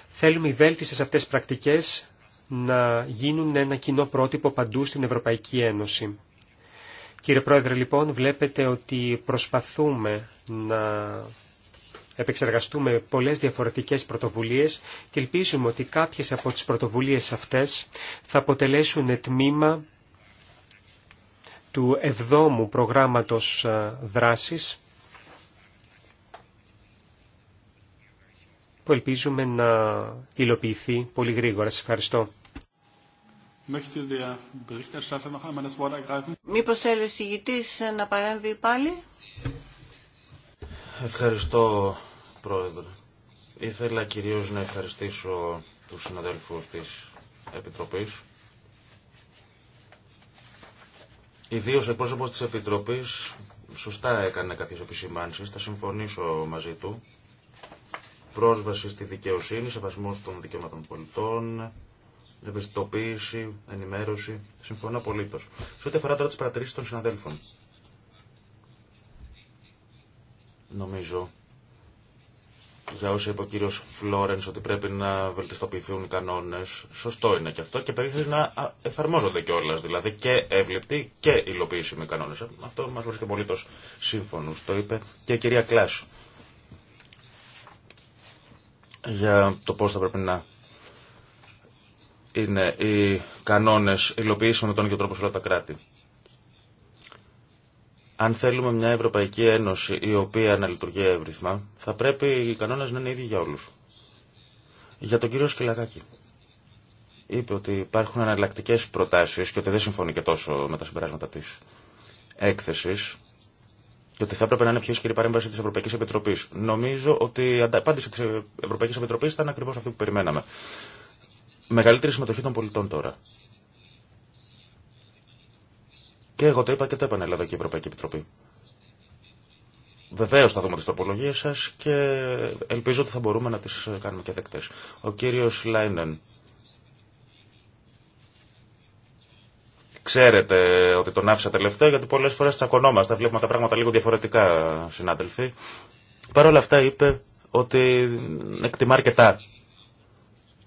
Θέλουμε οι βέλτιστες αυτές πρακτικές να γίνουν ένα κοινό πρότυπο παντού στην Ευρωπαϊκή Ένωση. Κύριε Πρόεδρε, λοιπόν, βλέπετε ότι προσπαθούμε να επεξεργαστούμε πολλές διαφορετικές πρωτοβουλίες και ελπίζουμε ότι κάποιες από τις πρωτοβουλίες αυτές θα αποτελέσουν τμήμα του εβδόμου προγράμματος δράσης που ελπίζουμε να υλοποιηθεί πολύ γρήγορα. Σας ευχαριστώ. Möchte Μήπως θέλει ο να παρέμβει πάλι. Ευχαριστώ, Πρόεδρε. Ήθελα κυρίως να ευχαριστήσω τους συναδέλφους της Επιτροπής. Ιδίω ο πρόσωπος της Επιτροπής σωστά έκανε κάποιες επισημάνσεις, θα συμφωνήσω μαζί του. Πρόσβαση στη δικαιοσύνη, σεβασμός των δικαιωμάτων πολιτών, Ευαισθητοποίηση, ενημέρωση. Συμφωνώ απολύτω. Σε ό,τι αφορά τώρα τι παρατηρήσει των συναδέλφων. Νομίζω για όσα είπε ο κύριο Φλόρεν ότι πρέπει να βελτιστοποιηθούν οι κανόνε. Σωστό είναι και αυτό και πρέπει να εφαρμόζονται κιόλα. Δηλαδή και εύληπτοι και υλοποιήσιμοι κανόνε. Ε, αυτό μα βρίσκει απολύτω σύμφωνο. Το είπε και η κυρία Κλάσ. Για το πώ θα πρέπει να είναι οι κανόνες υλοποιήσεων με τον ίδιο τρόπο σε όλα τα κράτη. Αν θέλουμε μια Ευρωπαϊκή Ένωση η οποία να λειτουργεί εύρυθμα, θα πρέπει οι κανόνες να είναι ίδιοι για όλους. Για τον κύριο Σκυλακάκη. Είπε ότι υπάρχουν αναλλακτικέ προτάσεις και ότι δεν συμφωνεί και τόσο με τα συμπεράσματα της έκθεσης και ότι θα έπρεπε να είναι πιο ισχυρή παρέμβαση τη Ευρωπαϊκή Επιτροπή. Νομίζω ότι η απάντηση τη Ευρωπαϊκή Επιτροπή ήταν ακριβώ αυτή που περιμέναμε. Μεγαλύτερη συμμετοχή των πολιτών τώρα. Και εγώ το είπα και το επανέλαβε και η Ευρωπαϊκή Επιτροπή. Βεβαίω θα δούμε τι τροπολογίε σα και ελπίζω ότι θα μπορούμε να τι κάνουμε και δεκτέ. Ο κύριο Λάινεν. Ξέρετε ότι τον άφησα τελευταίο γιατί πολλέ φορέ τσακωνόμαστε, βλέπουμε τα πράγματα λίγο διαφορετικά, συνάδελφοι. Παρ' όλα αυτά είπε ότι εκτιμά αρκετά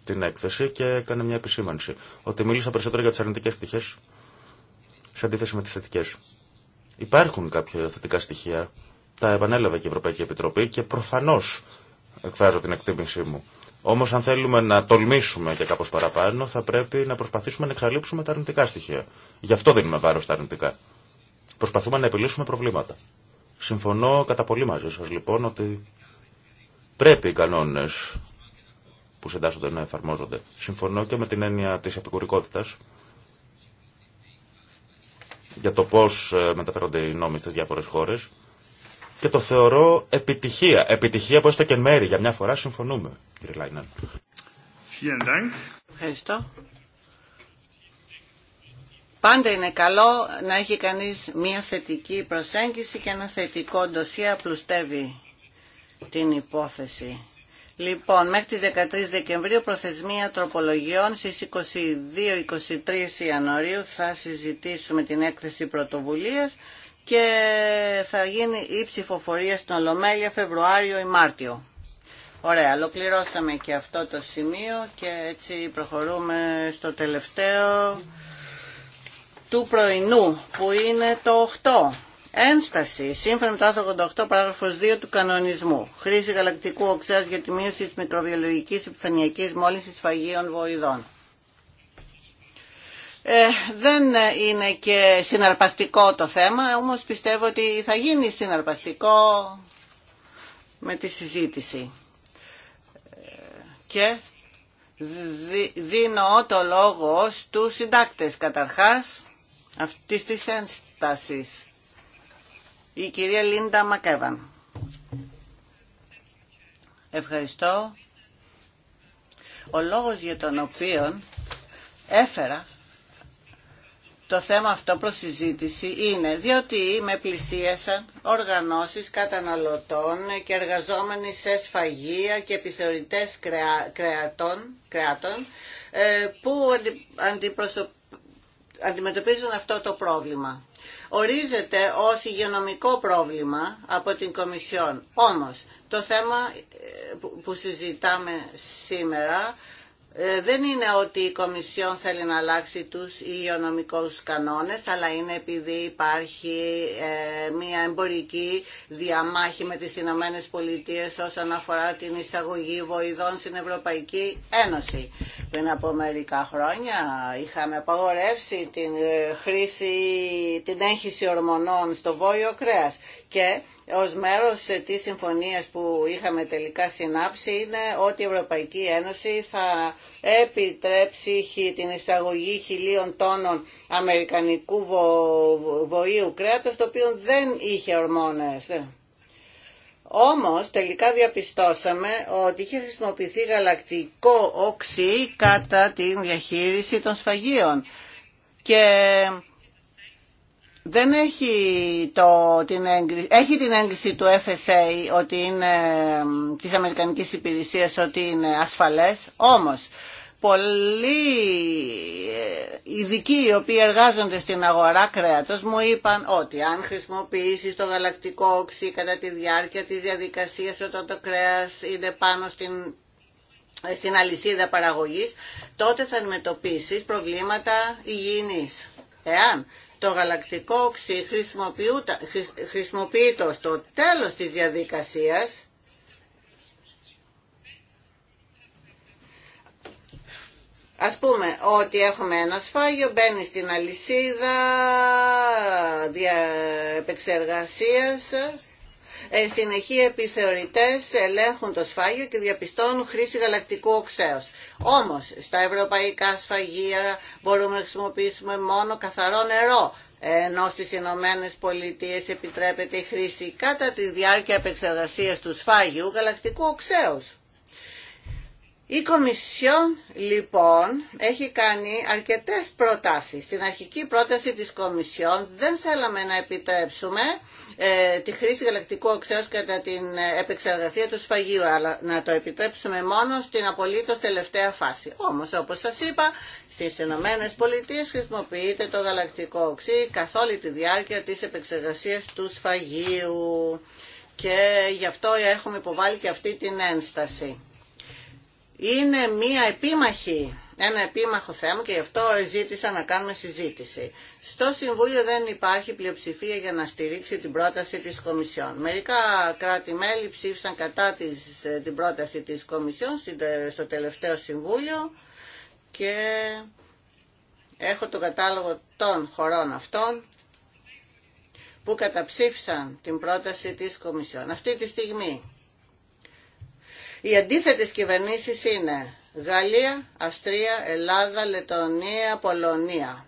την έκθεση και έκανε μια επισήμανση. Ότι μίλησα περισσότερο για τι αρνητικέ πτυχέ σε αντίθεση με τι θετικέ. Υπάρχουν κάποια θετικά στοιχεία. Τα επανέλαβε και η Ευρωπαϊκή Επιτροπή και προφανώ εκφράζω την εκτίμησή μου. Όμω, αν θέλουμε να τολμήσουμε και κάπω παραπάνω, θα πρέπει να προσπαθήσουμε να εξαλείψουμε τα αρνητικά στοιχεία. Γι' αυτό δίνουμε βάρο στα αρνητικά. Προσπαθούμε να επιλύσουμε προβλήματα. Συμφωνώ κατά πολύ μαζί σα λοιπόν ότι πρέπει οι κανόνε που συντάσσονται να εφαρμόζονται. Συμφωνώ και με την έννοια της επικουρικότητας για το πώς ε, μεταφέρονται οι νόμοι στις διάφορες χώρες και το θεωρώ επιτυχία. Επιτυχία που έστω και μέρη. Για μια φορά συμφωνούμε, κύριε Λάιναν. Ευχαριστώ. Πάντα είναι καλό να έχει κανείς μια θετική προσέγγιση και ένα θετικό ντοσία πλουστεύει την υπόθεση. Λοιπόν, μέχρι τις 13 Δεκεμβρίου προθεσμία τροπολογιών στις 22-23 Ιανουαρίου θα συζητήσουμε την έκθεση πρωτοβουλίας και θα γίνει η ψηφοφορία στην Ολομέλεια Φεβρουάριο ή Μάρτιο. Ωραία, ολοκληρώσαμε και αυτό το σημείο και έτσι προχωρούμε στο τελευταίο του πρωινού που είναι το 8. Ένσταση, σύμφωνα με το άρθρο 88 παράγραφος 2 του κανονισμού, χρήση γαλακτικού οξέας για τη μείωση της μικροβιολογικής επιφανειακής μόλυνσης φαγίων βοηδών. Ε, δεν είναι και συναρπαστικό το θέμα, όμως πιστεύω ότι θα γίνει συναρπαστικό με τη συζήτηση. Και δίνω το λόγο στους συντάκτες καταρχάς αυτής της ένστασης. Η κυρία Λίντα Μακέβαν. Ευχαριστώ. Ο λόγος για τον οποίο έφερα το θέμα αυτό προς συζήτηση είναι διότι με πλησίασαν οργανώσεις καταναλωτών και εργαζόμενοι σε σφαγεία και επιθεωρητές κρεατών, ε, που αντιμετωπίζουν αυτό το πρόβλημα ορίζεται ως υγειονομικό πρόβλημα από την Κομισιόν. Όμως, το θέμα ε, που συζητάμε σήμερα ε, δεν είναι ότι η Κομισιόν θέλει να αλλάξει τους υγειονομικούς κανόνες, αλλά είναι επειδή υπάρχει ε, μια εμπορική διαμάχη με τις Ηνωμένε Πολιτείε όσον αφορά την εισαγωγή βοηδών στην Ευρωπαϊκή Ένωση. Πριν από μερικά χρόνια είχαμε απαγορεύσει την ε, χρήση, την έγχυση ορμονών στο βόλιο κρέας και ως μέρος της συμφωνίας που είχαμε τελικά συνάψει είναι ότι η Ευρωπαϊκή Ένωση θα επιτρέψει την εισαγωγή χιλίων τόνων αμερικανικού βο... βοήου κρέατος το οποίο δεν είχε ορμόνες. Όμως τελικά διαπιστώσαμε ότι είχε χρησιμοποιηθεί γαλακτικό οξύ κατά τη διαχείριση των σφαγίων. και δεν έχει, το, την έγκριση, έχει την έγκριση του FSA ότι είναι, της Αμερικανικής Υπηρεσίας ότι είναι ασφαλές, όμως πολλοί ε, ειδικοί οι οποίοι εργάζονται στην αγορά κρέατος μου είπαν ότι αν χρησιμοποιήσεις το γαλακτικό οξύ κατά τη διάρκεια της διαδικασίας όταν το κρέας είναι πάνω στην ε, στην αλυσίδα παραγωγής, τότε θα αντιμετωπίσει προβλήματα υγιεινής. Εάν το γαλακτικό οξύ χρησιμοποιείται στο τέλος της διαδικασίας Ας πούμε ότι έχουμε ένα σφάγιο, μπαίνει στην αλυσίδα δια σας. Ε, συνεχή επιθεωρητές ελέγχουν το σφάγιο και διαπιστώνουν χρήση γαλακτικού οξέως. Όμως, στα ευρωπαϊκά σφαγεία μπορούμε να χρησιμοποιήσουμε μόνο καθαρό νερό, ενώ στις Ηνωμένε Πολιτείε επιτρέπεται η χρήση κατά τη διάρκεια επεξεργασίας του σφάγιου γαλακτικού οξέως. Η Κομισιόν λοιπόν έχει κάνει αρκετές προτάσεις. Στην αρχική πρόταση της Κομισιόν δεν θέλαμε να επιτρέψουμε ε, τη χρήση γαλακτικού οξέως κατά την επεξεργασία του σφαγίου, αλλά να το επιτρέψουμε μόνο στην απολύτως τελευταία φάση. Όμως, όπως σας είπα, στις Ηνωμένες Πολιτείες χρησιμοποιείται το γαλακτικό οξύ καθ' όλη τη διάρκεια της επεξεργασίας του σφαγίου και γι' αυτό έχουμε υποβάλει και αυτή την ένσταση είναι μία επίμαχη, ένα επίμαχο θέμα και γι' αυτό ζήτησα να κάνουμε συζήτηση. Στο Συμβούλιο δεν υπάρχει πλειοψηφία για να στηρίξει την πρόταση της Κομισιόν. Μερικά κράτη-μέλη ψήφισαν κατά της, ε, την πρόταση της Κομισιόν στο τελευταίο Συμβούλιο και έχω το κατάλογο των χωρών αυτών που καταψήφισαν την πρόταση της Κομισιόν. Αυτή τη στιγμή οι αντίθετε κυβερνήσει είναι Γαλλία, Αυστρία, Ελλάδα, Λετωνία, Πολωνία.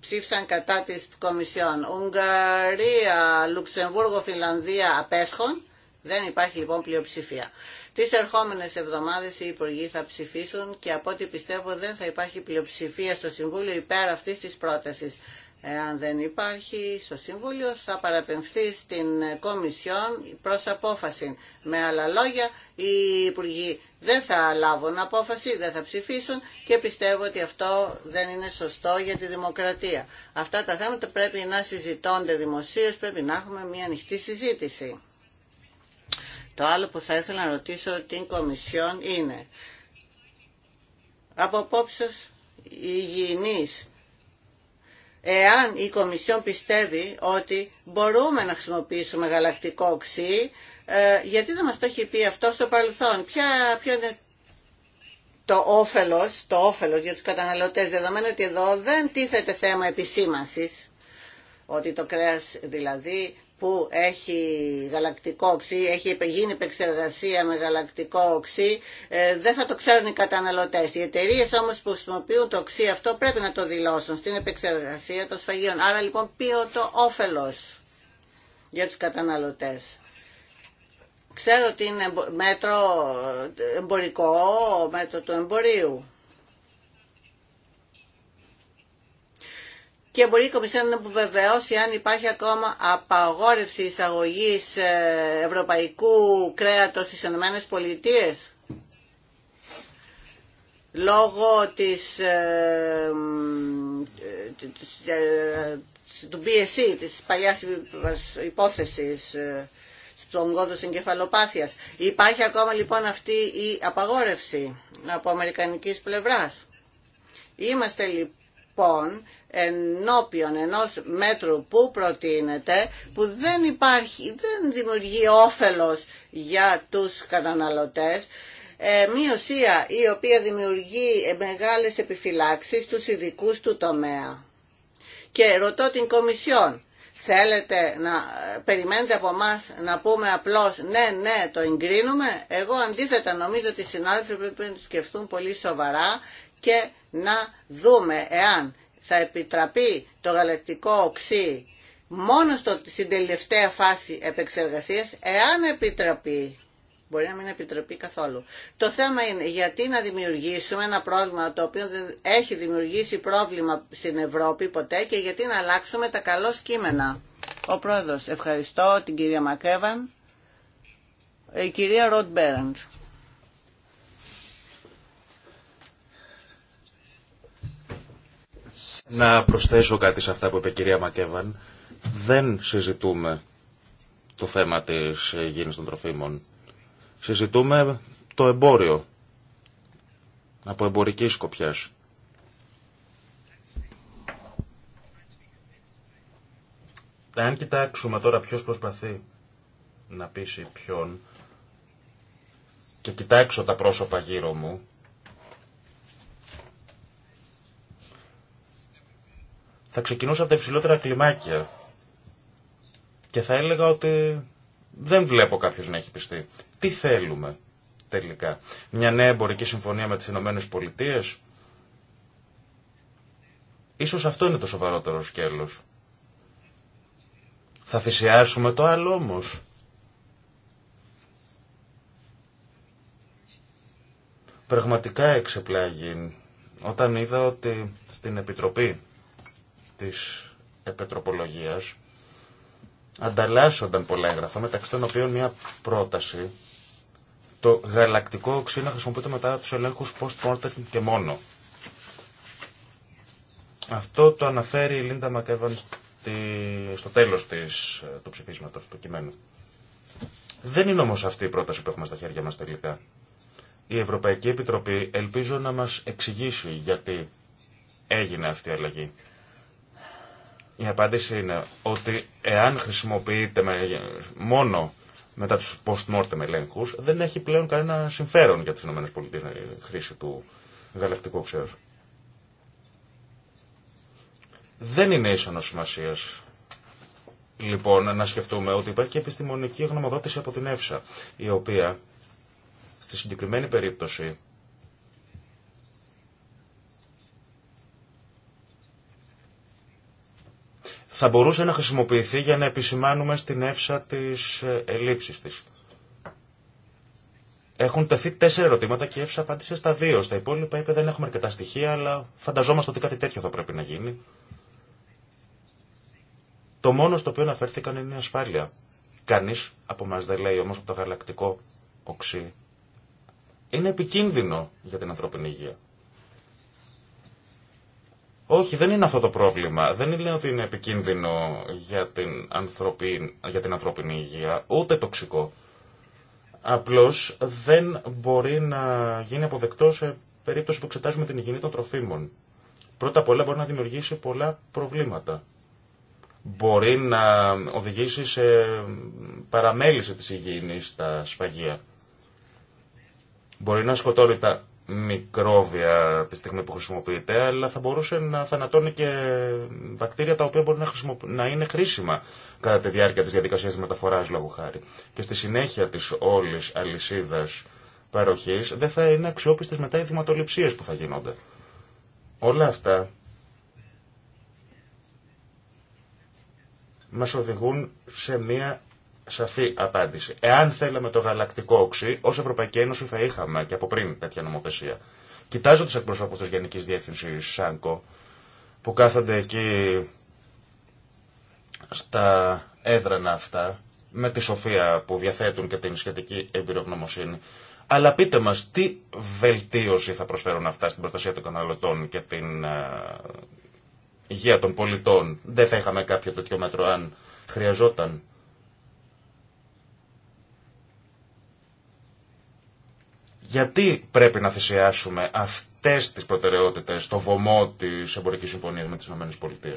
Ψήφισαν κατά της Κομισιόν. Ουγγαρία, Λουξεμβούργο, Φιλανδία απέσχον. Δεν υπάρχει λοιπόν πλειοψηφία. Τις ερχόμενες εβδομάδες οι υπουργοί θα ψηφίσουν και από ό,τι πιστεύω δεν θα υπάρχει πλειοψηφία στο Συμβούλιο υπέρ αυτή τη πρόταση. Εάν δεν υπάρχει στο Συμβούλιο θα παραπεμφθεί στην Κομισιόν προς απόφαση. Με άλλα λόγια, οι Υπουργοί δεν θα λάβουν απόφαση, δεν θα ψηφίσουν και πιστεύω ότι αυτό δεν είναι σωστό για τη δημοκρατία. Αυτά τα θέματα πρέπει να συζητώνται δημοσίως, πρέπει να έχουμε μια ανοιχτή συζήτηση. Το άλλο που θα ήθελα να ρωτήσω την Κομισιόν είναι από απόψεως υγιεινής Εάν η Κομισιόν πιστεύει ότι μπορούμε να χρησιμοποιήσουμε γαλακτικό οξύ, ε, γιατί δεν μας το έχει πει αυτό στο παρελθόν. Ποια, ποιο είναι το όφελος, το όφελος για τους καταναλωτές, δεδομένου ότι εδώ δεν τίθεται θέμα επισήμανσης, ότι το κρέας δηλαδή που έχει γαλακτικό οξύ, έχει γίνει επεξεργασία με γαλακτικό οξύ, ε, δεν θα το ξέρουν οι καταναλωτές. Οι εταιρείε όμως που χρησιμοποιούν το οξύ αυτό πρέπει να το δηλώσουν στην επεξεργασία των σφαγείων. Άρα λοιπόν ποιο το όφελος για τους καταναλωτές. Ξέρω ότι είναι μέτρο ε, εμπορικό, μέτρο του εμπορίου. και μπορεί η Κομισιόν να επιβεβαιώσει αν υπάρχει ακόμα απαγόρευση εισαγωγής ε, ευρωπαϊκού κρέατος στις ΗΠΑ λόγω της, ε, ε, του BSE, της παλιάς υπόθεσης στον κόδο εγκεφαλοπάθειας. Υπάρχει ακόμα λοιπόν αυτή η απαγόρευση από αμερικανικής πλευράς. Είμαστε λοιπόν ενώπιον ενός μέτρου που προτείνεται που δεν υπάρχει, δεν δημιουργεί όφελος για τους καταναλωτές ε, μια ουσία η οποία δημιουργεί μεγάλες επιφυλάξεις στους ειδικού του τομέα. Και ρωτώ την Κομισιόν, θέλετε να περιμένετε από εμά να πούμε απλώς ναι, ναι, το εγκρίνουμε. Εγώ αντίθετα νομίζω ότι οι συνάδελφοι πρέπει να σκεφτούν πολύ σοβαρά και να δούμε εάν θα επιτραπεί το γαλακτικό οξύ μόνο στο, στην τελευταία φάση επεξεργασίας, εάν επιτραπεί, μπορεί να μην επιτραπεί καθόλου. Το θέμα είναι γιατί να δημιουργήσουμε ένα πρόβλημα το οποίο δεν έχει δημιουργήσει πρόβλημα στην Ευρώπη ποτέ και γιατί να αλλάξουμε τα καλό κείμενα. Ο Πρόεδρος, ευχαριστώ την κυρία Μακέβαν. Η κυρία Ροτ Να προσθέσω κάτι σε αυτά που είπε η κυρία Μακέβαν. Δεν συζητούμε το θέμα της υγιεινής των τροφίμων. Συζητούμε το εμπόριο από εμπορική σκοπιά. Αν κοιτάξουμε τώρα ποιος προσπαθεί να πείσει ποιον και κοιτάξω τα πρόσωπα γύρω μου, Θα ξεκινούσα από τα υψηλότερα κλιμάκια και θα έλεγα ότι δεν βλέπω κάποιος να έχει πιστεί. Τι θέλουμε τελικά. Μια νέα εμπορική συμφωνία με τις Ηνωμένες Πολιτείες. Ίσως αυτό είναι το σοβαρότερο σκέλος. Θα θυσιάσουμε το άλλο όμως. Πραγματικά εξεπλάγει όταν είδα ότι στην Επιτροπή της επετροπολογίας ανταλλάσσονταν πολλά έγγραφα, μεταξύ των οποίων μια πρόταση το γαλακτικό να χρησιμοποιείται μετά τους ελέγχους post-mortem και μόνο. Αυτό το αναφέρει η Λίντα Μακέβαν στο τέλος της, ε, του ψηφίσματος, του κειμένου. Δεν είναι όμως αυτή η πρόταση που έχουμε στα χέρια μας τελικά. Η Ευρωπαϊκή Επιτροπή ελπίζω να μας εξηγήσει γιατί έγινε αυτή η αλλαγή. Η απάντηση είναι ότι εάν χρησιμοποιείται μόνο μετά του post-mortem ελέγχου, δεν έχει πλέον κανένα συμφέρον για τι ΗΠΑ η χρήση του γαλακτικού ξέου. Δεν είναι ίσονο σημασία λοιπόν να σκεφτούμε ότι υπάρχει και επιστημονική γνωμοδότηση από την ΕΦΣΑ, η οποία στη συγκεκριμένη περίπτωση θα μπορούσε να χρησιμοποιηθεί για να επισημάνουμε στην εύσα της ε, ελλείψεις της. Έχουν τεθεί τέσσερα ερωτήματα και η ΕΦΣΑ απάντησε στα δύο. Στα υπόλοιπα είπε δεν έχουμε αρκετά στοιχεία, αλλά φανταζόμαστε ότι κάτι τέτοιο θα πρέπει να γίνει. Το μόνο στο οποίο αναφέρθηκαν είναι η ασφάλεια. Κανεί από εμά δεν λέει όμω ότι το γαλακτικό οξύ είναι επικίνδυνο για την ανθρώπινη υγεία. Όχι, δεν είναι αυτό το πρόβλημα. Δεν είναι ότι είναι επικίνδυνο για την, για την ανθρώπινη υγεία, ούτε τοξικό. Απλώς δεν μπορεί να γίνει αποδεκτό σε περίπτωση που εξετάζουμε την υγιεινή των τροφίμων. Πρώτα απ' όλα μπορεί να δημιουργήσει πολλά προβλήματα. Μπορεί να οδηγήσει σε παραμέληση της υγιεινής στα σφαγεία. Μπορεί να σκοτώνει τα μικρόβια τη στιγμή που χρησιμοποιείται, αλλά θα μπορούσε να θανατώνει και βακτήρια τα οποία μπορεί να, να είναι χρήσιμα κατά τη διάρκεια της διαδικασίας μεταφοράς λόγου χάρη. Και στη συνέχεια τη όλη αλυσίδα παροχή δεν θα είναι αξιόπιστε μετά οι δηματοληψίε που θα γίνονται. Όλα αυτά μας οδηγούν σε μια σαφή απάντηση. Εάν θέλαμε το γαλακτικό οξύ, ω Ευρωπαϊκή Ένωση θα είχαμε και από πριν τέτοια νομοθεσία. Κοιτάζω του εκπροσώπου τη Γενική Διεύθυνση ΣΑΝΚΟ, που κάθονται εκεί στα έδρανα αυτά, με τη σοφία που διαθέτουν και την σχετική εμπειρογνωμοσύνη. Αλλά πείτε μα, τι βελτίωση θα προσφέρουν αυτά στην προστασία των καταναλωτών και την ε, υγεία των πολιτών. Δεν θα είχαμε κάποιο τέτοιο μέτρο αν χρειαζόταν. Γιατί πρέπει να θυσιάσουμε αυτέ τις προτεραιότητες στο βωμό τη Εμπορική Συμφωνία με τις ΗΠΑ.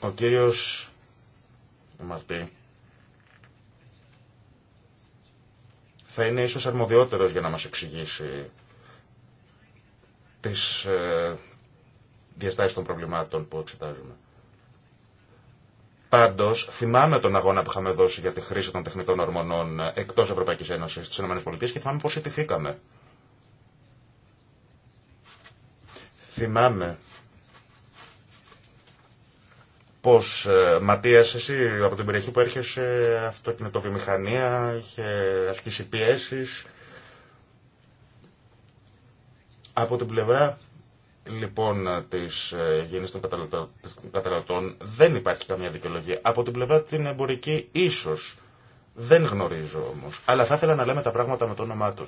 Ο κύριος Μαρτή θα είναι ίσως αρμοδιότερος για να μας εξηγήσει τις ε, διαστάσεις των προβλημάτων που εξετάζουμε. Πάντω, θυμάμαι τον αγώνα που είχαμε δώσει για τη χρήση των τεχνητών ορμονών εκτό Ευρωπαϊκή Ένωση στι ΗΠΑ και θυμάμαι πώ ιτηθήκαμε. Θυμάμαι πώ ε, Ματία, εσύ από την περιοχή που έρχεσαι, αυτοκινητοβιομηχανία, είχε ασκήσει πιέσει. Από την πλευρά λοιπόν ε, της ε, γεννη των καταναλωτών δεν υπάρχει καμία δικαιολογία. Από την πλευρά την εμπορική ίσως δεν γνωρίζω όμω. Αλλά θα ήθελα να λέμε τα πράγματα με το όνομά του.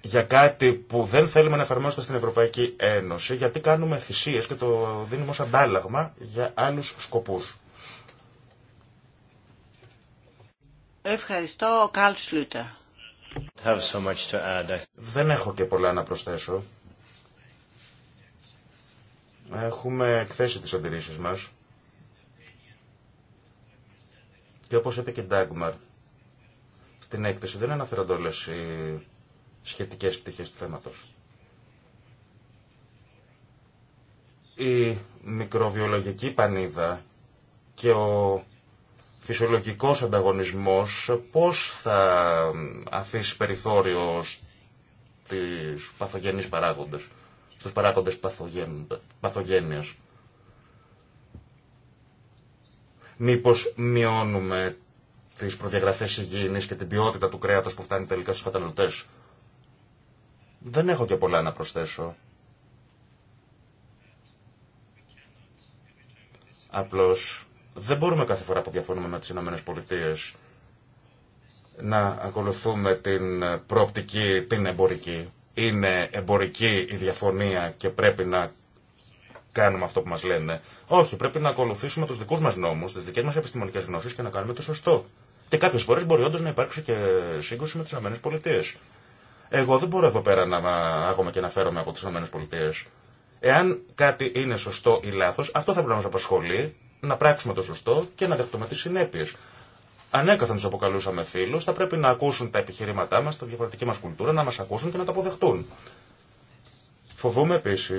Για κάτι που δεν θέλουμε να εφαρμόσουμε στην Ευρωπαϊκή Ένωση, γιατί κάνουμε θυσίες και το δίνουμε ως αντάλλαγμα για άλλους σκοπούς. Ευχαριστώ, Καλ Σλούτερ. Δεν έχω και πολλά να προσθέσω. Έχουμε εκθέσει τις αντιρρήσεις μας. Και όπως είπε και Ντάγμαρ, στην έκθεση δεν αναφέρονται όλες οι σχετικές πτυχές του θέματος. Η μικροβιολογική πανίδα και ο φυσιολογικός ανταγωνισμός πώς θα αφήσει περιθώριο στους παθογενείς παράγοντες, στους παράγοντες παθογένειας. Μήπως μειώνουμε τις προδιαγραφές υγιεινής και την ποιότητα του κρέατος που φτάνει τελικά στους καταναλωτές. Δεν έχω και πολλά να προσθέσω. Απλώς δεν μπορούμε κάθε φορά που διαφωνούμε με τις ΗΠΑ... να ακολουθούμε την προοπτική, την εμπορική. Είναι εμπορική η διαφωνία και πρέπει να κάνουμε αυτό που μας λένε. Όχι, πρέπει να ακολουθήσουμε τους δικούς μας νόμους, τις δικές μας επιστημονικές γνώσεις και να κάνουμε το σωστό. Και κάποιες φορές μπορεί όντως να υπάρξει και σύγκρουση με τις ΗΠΑ. Εγώ δεν μπορώ εδώ πέρα να άγομαι και να φέρομαι από τις ΗΠΑ. Εάν κάτι είναι σωστό ή λάθος, αυτό θα πρέπει να μας απασχολεί να πράξουμε το σωστό και να δεχτούμε τι συνέπειε. Ανέκαθεν του αποκαλούσαμε φίλου, θα πρέπει να ακούσουν τα επιχειρήματά μα, τα διαφορετική μα κουλτούρα, να μα ακούσουν και να τα αποδεχτούν. Φοβούμαι επίση,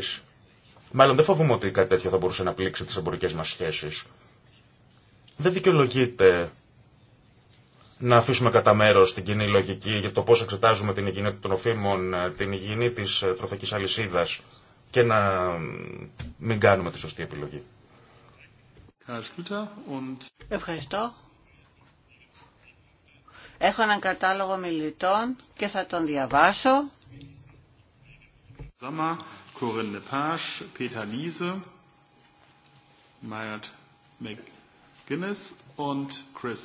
μάλλον δεν φοβούμαι ότι κάτι τέτοιο θα μπορούσε να πλήξει τι εμπορικέ μα σχέσει. Δεν δικαιολογείται να αφήσουμε κατά μέρο την κοινή λογική για το πώ εξετάζουμε την υγιεινή των τροφίμων, την υγιεινή τη τροφική αλυσίδα και να μην κάνουμε τη σωστή επιλογή. Ευχαριστώ. Έχω έναν κατάλογο μιλητών και θα τον διαβάσω. Μήπω Corinne Chris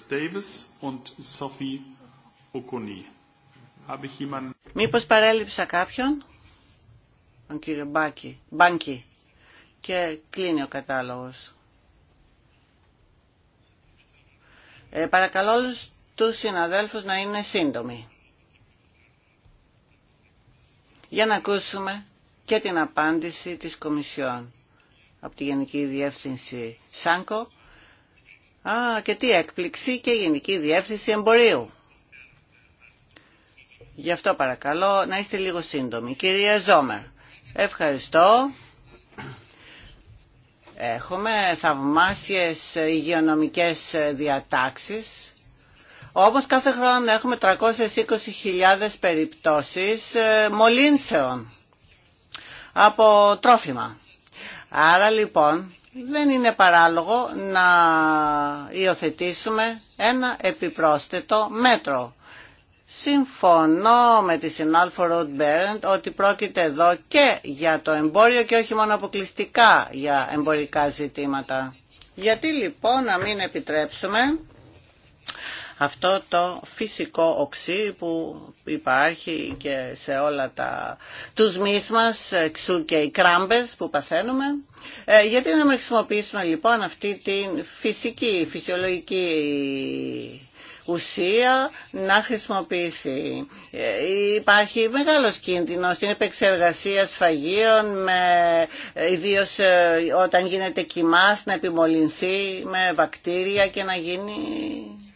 Μήπως παρέλειψα κάποιον, τον κύριο Μπάκη, και κλείνει ο κατάλογος. Ε, παρακαλώ όλους τους συναδέλφους να είναι σύντομοι. Για να ακούσουμε και την απάντηση της Κομισιόν από τη Γενική Διεύθυνση ΣΑΝΚΟ. Α, και τι έκπληξη και Γενική Διεύθυνση Εμπορίου. Γι' αυτό παρακαλώ να είστε λίγο σύντομοι. Κυρία Ζόμερ, ευχαριστώ. Έχουμε θαυμάσιες υγειονομικές διατάξεις, όμως κάθε χρόνο έχουμε 320.000 περιπτώσεις ε, μολύνθεων από τρόφιμα. Άρα λοιπόν δεν είναι παράλογο να υιοθετήσουμε ένα επιπρόσθετο μέτρο Συμφωνώ με τη συνάλφο Ροτ Μπέρεντ ότι πρόκειται εδώ και για το εμπόριο και όχι μόνο αποκλειστικά για εμπορικά ζητήματα. Γιατί λοιπόν να μην επιτρέψουμε αυτό το φυσικό οξύ που υπάρχει και σε όλα τα τους μυς μας, εξού και οι κράμπες που πασαίνουμε. Ε, γιατί να μην χρησιμοποιήσουμε λοιπόν αυτή τη φυσική, φυσιολογική ουσία να χρησιμοποιήσει. Ε, υπάρχει μεγάλος κίνδυνος στην επεξεργασία σφαγείων, με, ε, ιδίως ε, όταν γίνεται κοιμάς να επιμολυνθεί με βακτήρια και να γίνει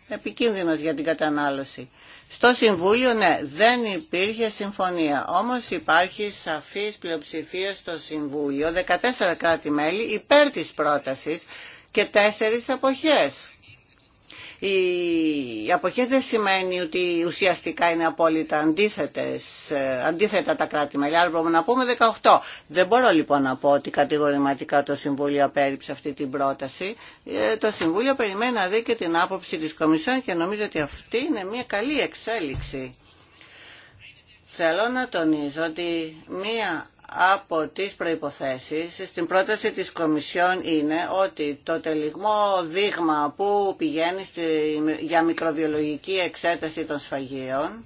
επικίνδυνος για την κατανάλωση. Στο Συμβούλιο, ναι, δεν υπήρχε συμφωνία. Όμως υπάρχει σαφής πλειοψηφία στο Συμβούλιο, 14 κράτη-μέλη υπέρ της πρότασης και 4 αποχές. Οι αποχές δεν σημαίνει ότι ουσιαστικά είναι απόλυτα αντίθετες, ε, αντίθετα τα κράτη μελιά, μπορούμε να πούμε 18. Δεν μπορώ λοιπόν να πω ότι κατηγορηματικά το Συμβούλιο απέρριψε αυτή την πρόταση. Ε, το Συμβούλιο περιμένει να δει και την άποψη της Κομισιόν και νομίζω ότι αυτή είναι μια καλή εξέλιξη. Θέλω να τονίζω ότι μία από τις προϋποθέσεις στην πρόταση της Κομισιόν είναι ότι το τελικό δείγμα που πηγαίνει για μικροβιολογική εξέταση των σφαγείων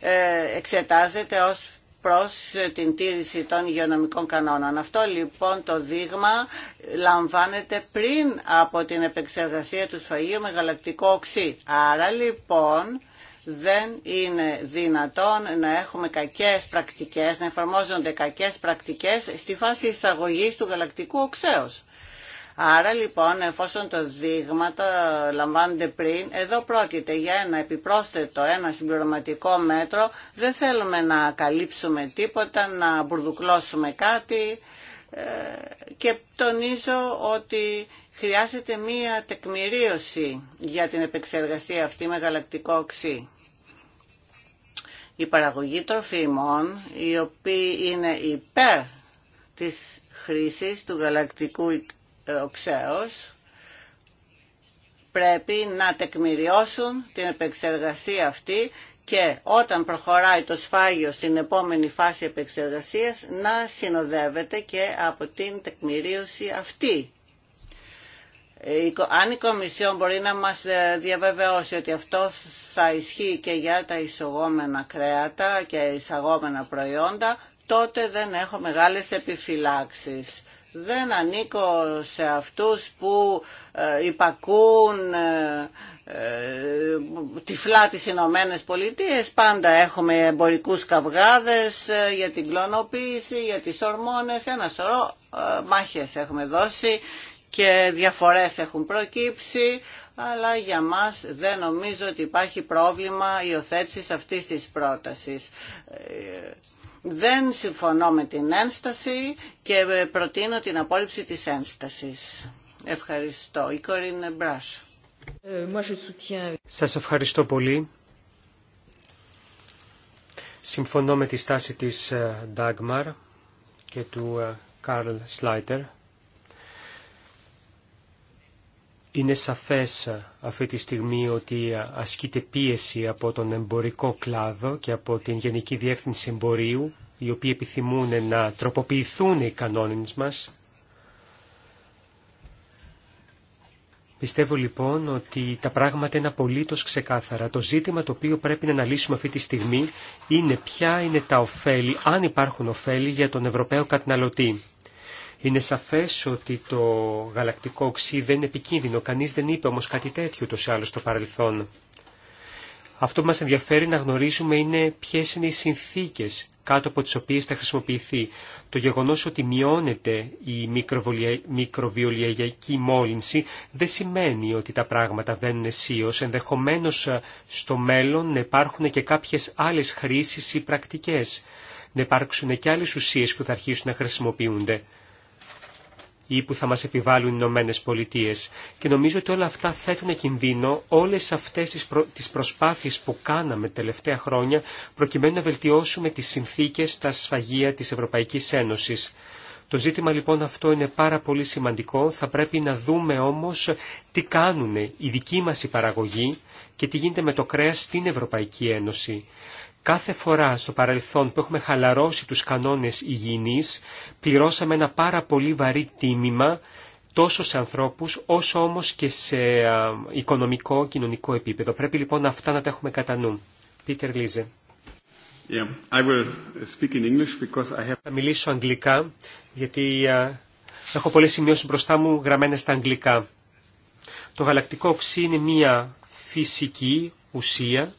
ε, εξετάζεται ως προς την τήρηση των υγειονομικών κανόνων. Αυτό λοιπόν το δείγμα λαμβάνεται πριν από την επεξεργασία του σφαγείου με γαλακτικό οξύ. Άρα λοιπόν δεν είναι δυνατόν να έχουμε κακές πρακτικές, να εφαρμόζονται κακές πρακτικές στη φάση εισαγωγής του γαλακτικού οξέως. Άρα λοιπόν εφόσον το δείγμα το λαμβάνονται πριν, εδώ πρόκειται για ένα επιπρόσθετο, ένα συμπληρωματικό μέτρο. Δεν θέλουμε να καλύψουμε τίποτα, να μπουρδουκλώσουμε κάτι ε, και τονίζω ότι Χρειάζεται μία τεκμηρίωση για την επεξεργασία αυτή με γαλακτικό οξύ. Η παραγωγή τροφίμων, οι οποίοι είναι υπέρ της χρήσης του γαλακτικού ε, οξέως, πρέπει να τεκμηριώσουν την επεξεργασία αυτή και όταν προχωράει το σφάγιο στην επόμενη φάση επεξεργασίας να συνοδεύεται και από την τεκμηρίωση αυτή ε, αν η Κομισιόν μπορεί να μας ε, διαβεβαιώσει ότι αυτό θα ισχύει και για τα εισαγόμενα κρέατα και εισαγόμενα προϊόντα, τότε δεν έχω μεγάλες επιφυλάξεις. Δεν ανήκω σε αυτούς που ε, υπακούν τυφλά τις Ηνωμένε Πολιτείε. Πάντα έχουμε εμπορικού καυγάδες για την κλωνοποίηση, για τις ορμόνες, ένα σωρό μάχες έχουμε δώσει και διαφορές έχουν προκύψει, αλλά για μας δεν νομίζω ότι υπάρχει πρόβλημα υιοθέτηση αυτής της πρότασης. Ε, δεν συμφωνώ με την ένσταση και προτείνω την απόρριψη της ένστασης. Ευχαριστώ. Η Κορίν Μπράσο. Σας ευχαριστώ πολύ. Συμφωνώ με τη στάση της Ντάγμαρ ε, και του Καρλ ε, Σλάιτερ. Είναι σαφές αυτή τη στιγμή ότι ασκείται πίεση από τον εμπορικό κλάδο και από την Γενική Διεύθυνση Εμπορίου, οι οποίοι επιθυμούν να τροποποιηθούν οι κανόνες μας. Πιστεύω λοιπόν ότι τα πράγματα είναι απολύτως ξεκάθαρα. Το ζήτημα το οποίο πρέπει να αναλύσουμε αυτή τη στιγμή είναι ποια είναι τα ωφέλη, αν υπάρχουν ωφέλη για τον Ευρωπαίο καταναλωτή. Είναι σαφές ότι το γαλακτικό οξύ δεν είναι επικίνδυνο. Κανείς δεν είπε όμως κάτι τέτοιο το άλλο στο παρελθόν. Αυτό που μας ενδιαφέρει να γνωρίζουμε είναι ποιες είναι οι συνθήκες κάτω από τις οποίες θα χρησιμοποιηθεί. Το γεγονός ότι μειώνεται η μικροβιολιακή μόλυνση δεν σημαίνει ότι τα πράγματα βαίνουν αισίως. Ενδεχομένως ε, στο μέλλον να υπάρχουν και κάποιες άλλες χρήσεις ή πρακτικές. Να υπάρξουν και άλλες ουσίες που θα αρχίσουν να χρησιμοποιούνται ή που θα μας επιβάλλουν οι Ηνωμένε Πολιτείε. Και νομίζω ότι όλα αυτά θέτουν κινδύνο όλες αυτές τις, προ... τις προσπάθειες που κάναμε τελευταία χρόνια προκειμένου να βελτιώσουμε τις συνθήκες στα σφαγεία της Ευρωπαϊκής Ένωσης. Το ζήτημα λοιπόν αυτό είναι πάρα πολύ σημαντικό. Θα πρέπει να δούμε όμως τι κάνουν η δική μας η παραγωγή και τι γίνεται με το κρέας στην Ευρωπαϊκή Ένωση. Κάθε φορά στο παρελθόν που έχουμε χαλαρώσει τους κανόνες υγιεινής, πληρώσαμε ένα πάρα πολύ βαρύ τίμημα τόσο σε ανθρώπους όσο όμως και σε οικονομικό, κοινωνικό επίπεδο. Πρέπει λοιπόν αυτά να τα έχουμε κατά νου. Πίτερ Λίζε. Θα μιλήσω αγγλικά γιατί έχω πολλές σημειώσεις μπροστά μου γραμμένες στα αγγλικά. Το γαλακτικό οξύ είναι μια φυσική ουσία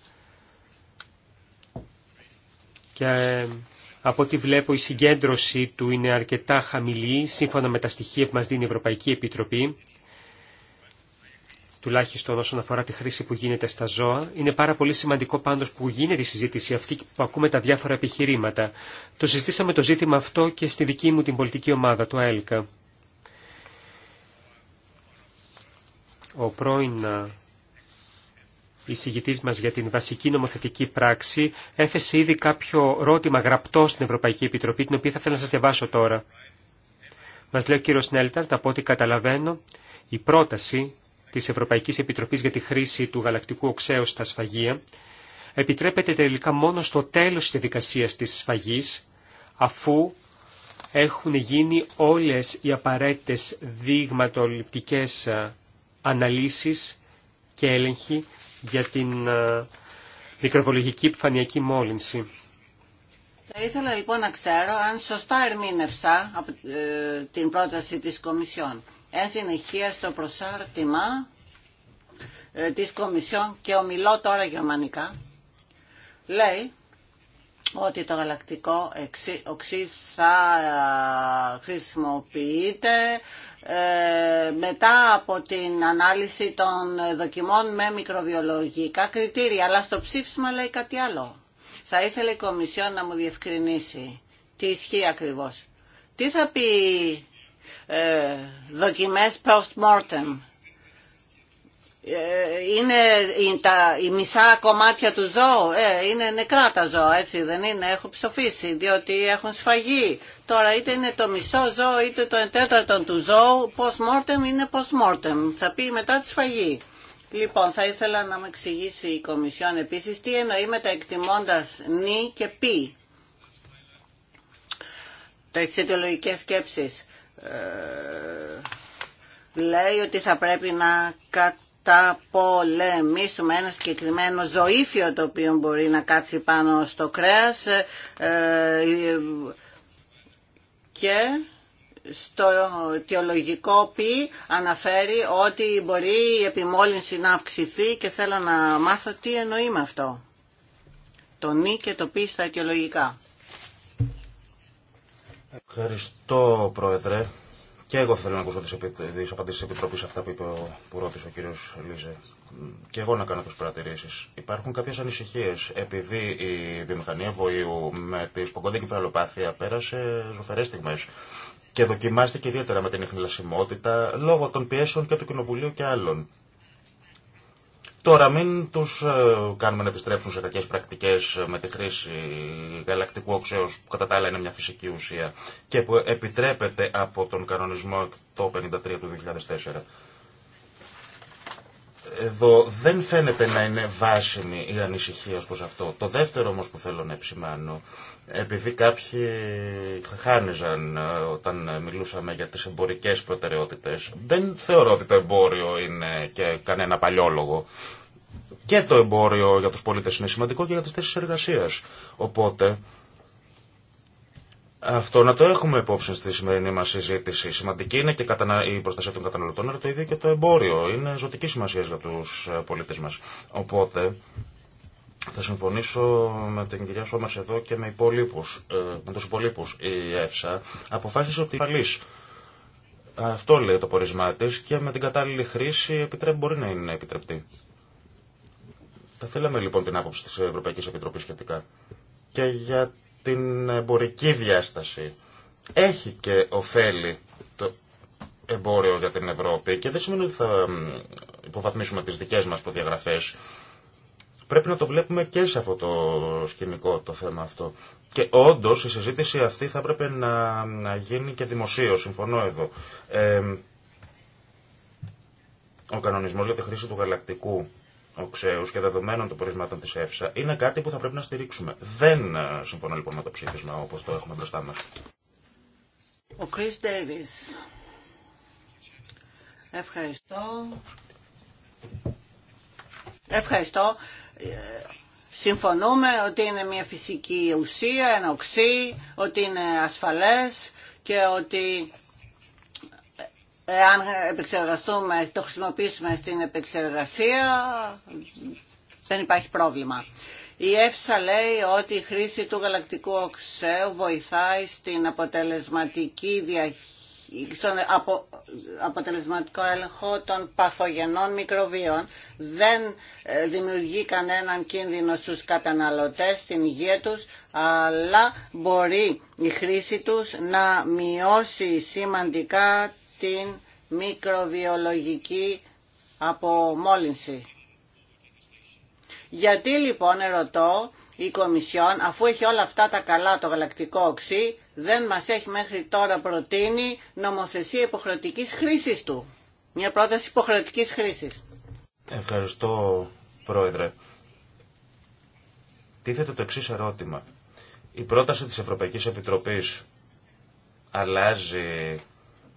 και ε, από ό,τι βλέπω η συγκέντρωση του είναι αρκετά χαμηλή σύμφωνα με τα στοιχεία που μας δίνει η Ευρωπαϊκή Επιτροπή τουλάχιστον όσον αφορά τη χρήση που γίνεται στα ζώα. Είναι πάρα πολύ σημαντικό πάντως που γίνεται η συζήτηση αυτή και που ακούμε τα διάφορα επιχειρήματα. Το συζητήσαμε το ζήτημα αυτό και στη δική μου την πολιτική ομάδα, του ΑΕΛΚΑ. Ο πρώην συγητής μας για την βασική νομοθετική πράξη έφεσε ήδη κάποιο ρώτημα γραπτό στην Ευρωπαϊκή Επιτροπή, την οποία θα ήθελα να σας διαβάσω τώρα. Μας λέει ο κύριος Νέλταρτ, από ό,τι καταλαβαίνω, η πρόταση της Ευρωπαϊκής Επιτροπής για τη χρήση του γαλακτικού οξέου στα σφαγεία επιτρέπεται τελικά μόνο στο τέλος της διαδικασίας της σφαγής, αφού έχουν γίνει όλες οι απαραίτητες δείγματοληπτικές ε, αναλύσεις και έλεγχοι για την ε, μικροβολογική επιφανειακή μόλυνση. Θα ήθελα λοιπόν να ξέρω αν σωστά ερμήνευσα από ε, την πρόταση της Κομισιόν. Εν συνεχεία στο προσάρτημα ε, της Κομισιόν και ομιλώ τώρα γερμανικά, λέει ότι το γαλακτικό οξύ θα ε, χρησιμοποιείται ε, μετά από την ανάλυση των δοκιμών με μικροβιολογικά κριτήρια. Αλλά στο ψήφισμα λέει κάτι άλλο. Θα ήθελε η Κομισιό να μου διευκρινίσει τι ισχύει ακριβώς. Τι θα πει ε, δοκιμές post-mortem ε, είναι τα, η μισά κομμάτια του ζώου, ε, είναι νεκρά τα ζώα, έτσι δεν είναι, έχουν ψοφήσει, διότι έχουν σφαγεί. Τώρα είτε είναι το μισό ζώο είτε το τέταρτο του ζώου, post mortem είναι post mortem, θα πει μετά τη σφαγή. Λοιπόν, θα ήθελα να με εξηγήσει η Κομισιόν επίσης τι εννοεί με τα εκτιμώντας νη και πι. Τα αιτιολογικές σκέψεις. Ε, λέει ότι θα πρέπει να κατα τα πολεμήσουμε ένα συγκεκριμένο ζωήφιο το οποίο μπορεί να κάτσει πάνω στο κρέας ε, ε, και στο αιτιολογικό πι αναφέρει ότι μπορεί η επιμόλυνση να αυξηθεί και θέλω να μάθω τι εννοεί με αυτό. Το νι και το πι στα αιτιολογικά. Ευχαριστώ Πρόεδρε. Και εγώ θέλω να ακούσω τι απαντήσει τη Επιτροπή σε αυτά που, είπε, που ρώτησε ο κύριο Λίζε. Και εγώ να κάνω τι παρατηρήσει. Υπάρχουν κάποιε ανησυχίε. Επειδή η βιομηχανία βοήου με τη σπογκόντια κεφαλοπάθεια πέρασε ζωφερέ στιγμέ και δοκιμάστηκε ιδιαίτερα με την εχνηλασιμότητα λόγω των πιέσεων και του Κοινοβουλίου και άλλων. Τώρα μην τους ε, κάνουμε να επιστρέψουν σε κακές πρακτικές ε, με τη χρήση γαλακτικού οξέως που κατά τα άλλα είναι μια φυσική ουσία και που επιτρέπεται από τον κανονισμό το 53 του 2004. Εδώ δεν φαίνεται να είναι βάσιμη η ανησυχία ως αυτό. Το δεύτερο όμως που θέλω να επισημάνω επειδή κάποιοι χάνιζαν ε, όταν μιλούσαμε για τις εμπορικές προτεραιότητες. Δεν θεωρώ ότι το εμπόριο είναι και κανένα παλιόλογο. Και το εμπόριο για τους πολίτες είναι σημαντικό και για τις θέσεις εργασίας. Οπότε, αυτό να το έχουμε υπόψη στη σημερινή μας συζήτηση. Σημαντική είναι και η προστασία των καταναλωτών, αλλά το ίδιο και το εμπόριο. Είναι ζωτική σημασία για τους ε, πολίτες μας. Οπότε, θα συμφωνήσω με την κυρία Σόμα εδώ και με, υπολείπους, ε, με τους υπολείπους. Η ΕΦΣΑ αποφάσισε ότι παλής. Αυτό λέει το πορισμά τη και με την κατάλληλη χρήση επιτρέπει, μπορεί να είναι επιτρεπτή. Θα θέλαμε λοιπόν την άποψη της Ευρωπαϊκής Επιτροπής σχετικά. Και για την εμπορική διάσταση. Έχει και ωφέλη το εμπόριο για την Ευρώπη και δεν σημαίνει ότι θα υποβαθμίσουμε τις δικές μας προδιαγραφές. Πρέπει να το βλέπουμε και σε αυτό το σκηνικό το θέμα αυτό. Και όντω η συζήτηση αυτή θα έπρεπε να, γίνει και δημοσίω, συμφωνώ εδώ. ο κανονισμό για τη χρήση του γαλακτικού οξέου και δεδομένων των πορισμάτων τη ΕΦΣΑ είναι κάτι που θα πρέπει να στηρίξουμε. Δεν ε, συμφωνώ λοιπόν με το ψήφισμα όπω το έχουμε μπροστά μα. Ο Davis. Ευχαριστώ. Ευχαριστώ συμφωνούμε ότι είναι μια φυσική ουσία, ένα οξύ, ότι είναι ασφαλές και ότι αν επεξεργαστούμε, το χρησιμοποιήσουμε στην επεξεργασία δεν υπάρχει πρόβλημα. Η ΕΦΣΑ λέει ότι η χρήση του γαλακτικού οξέου βοηθάει στην αποτελεσματική διαχείριση στον απο, αποτελεσματικό έλεγχο των παθογενών μικροβίων δεν ε, δημιουργεί κανέναν κίνδυνο στους καταναλωτές, στην υγεία τους, αλλά μπορεί η χρήση τους να μειώσει σημαντικά την μικροβιολογική απομόλυνση. Γιατί λοιπόν ερωτώ η Κομισιόν, αφού έχει όλα αυτά τα καλά το γαλακτικό οξύ, δεν μας έχει μέχρι τώρα προτείνει νομοθεσία υποχρεωτικής χρήσης του. Μια πρόταση υποχρεωτικής χρήσης. Ευχαριστώ, Πρόεδρε. Τίθεται το εξής ερώτημα. Η πρόταση της Ευρωπαϊκής Επιτροπής αλλάζει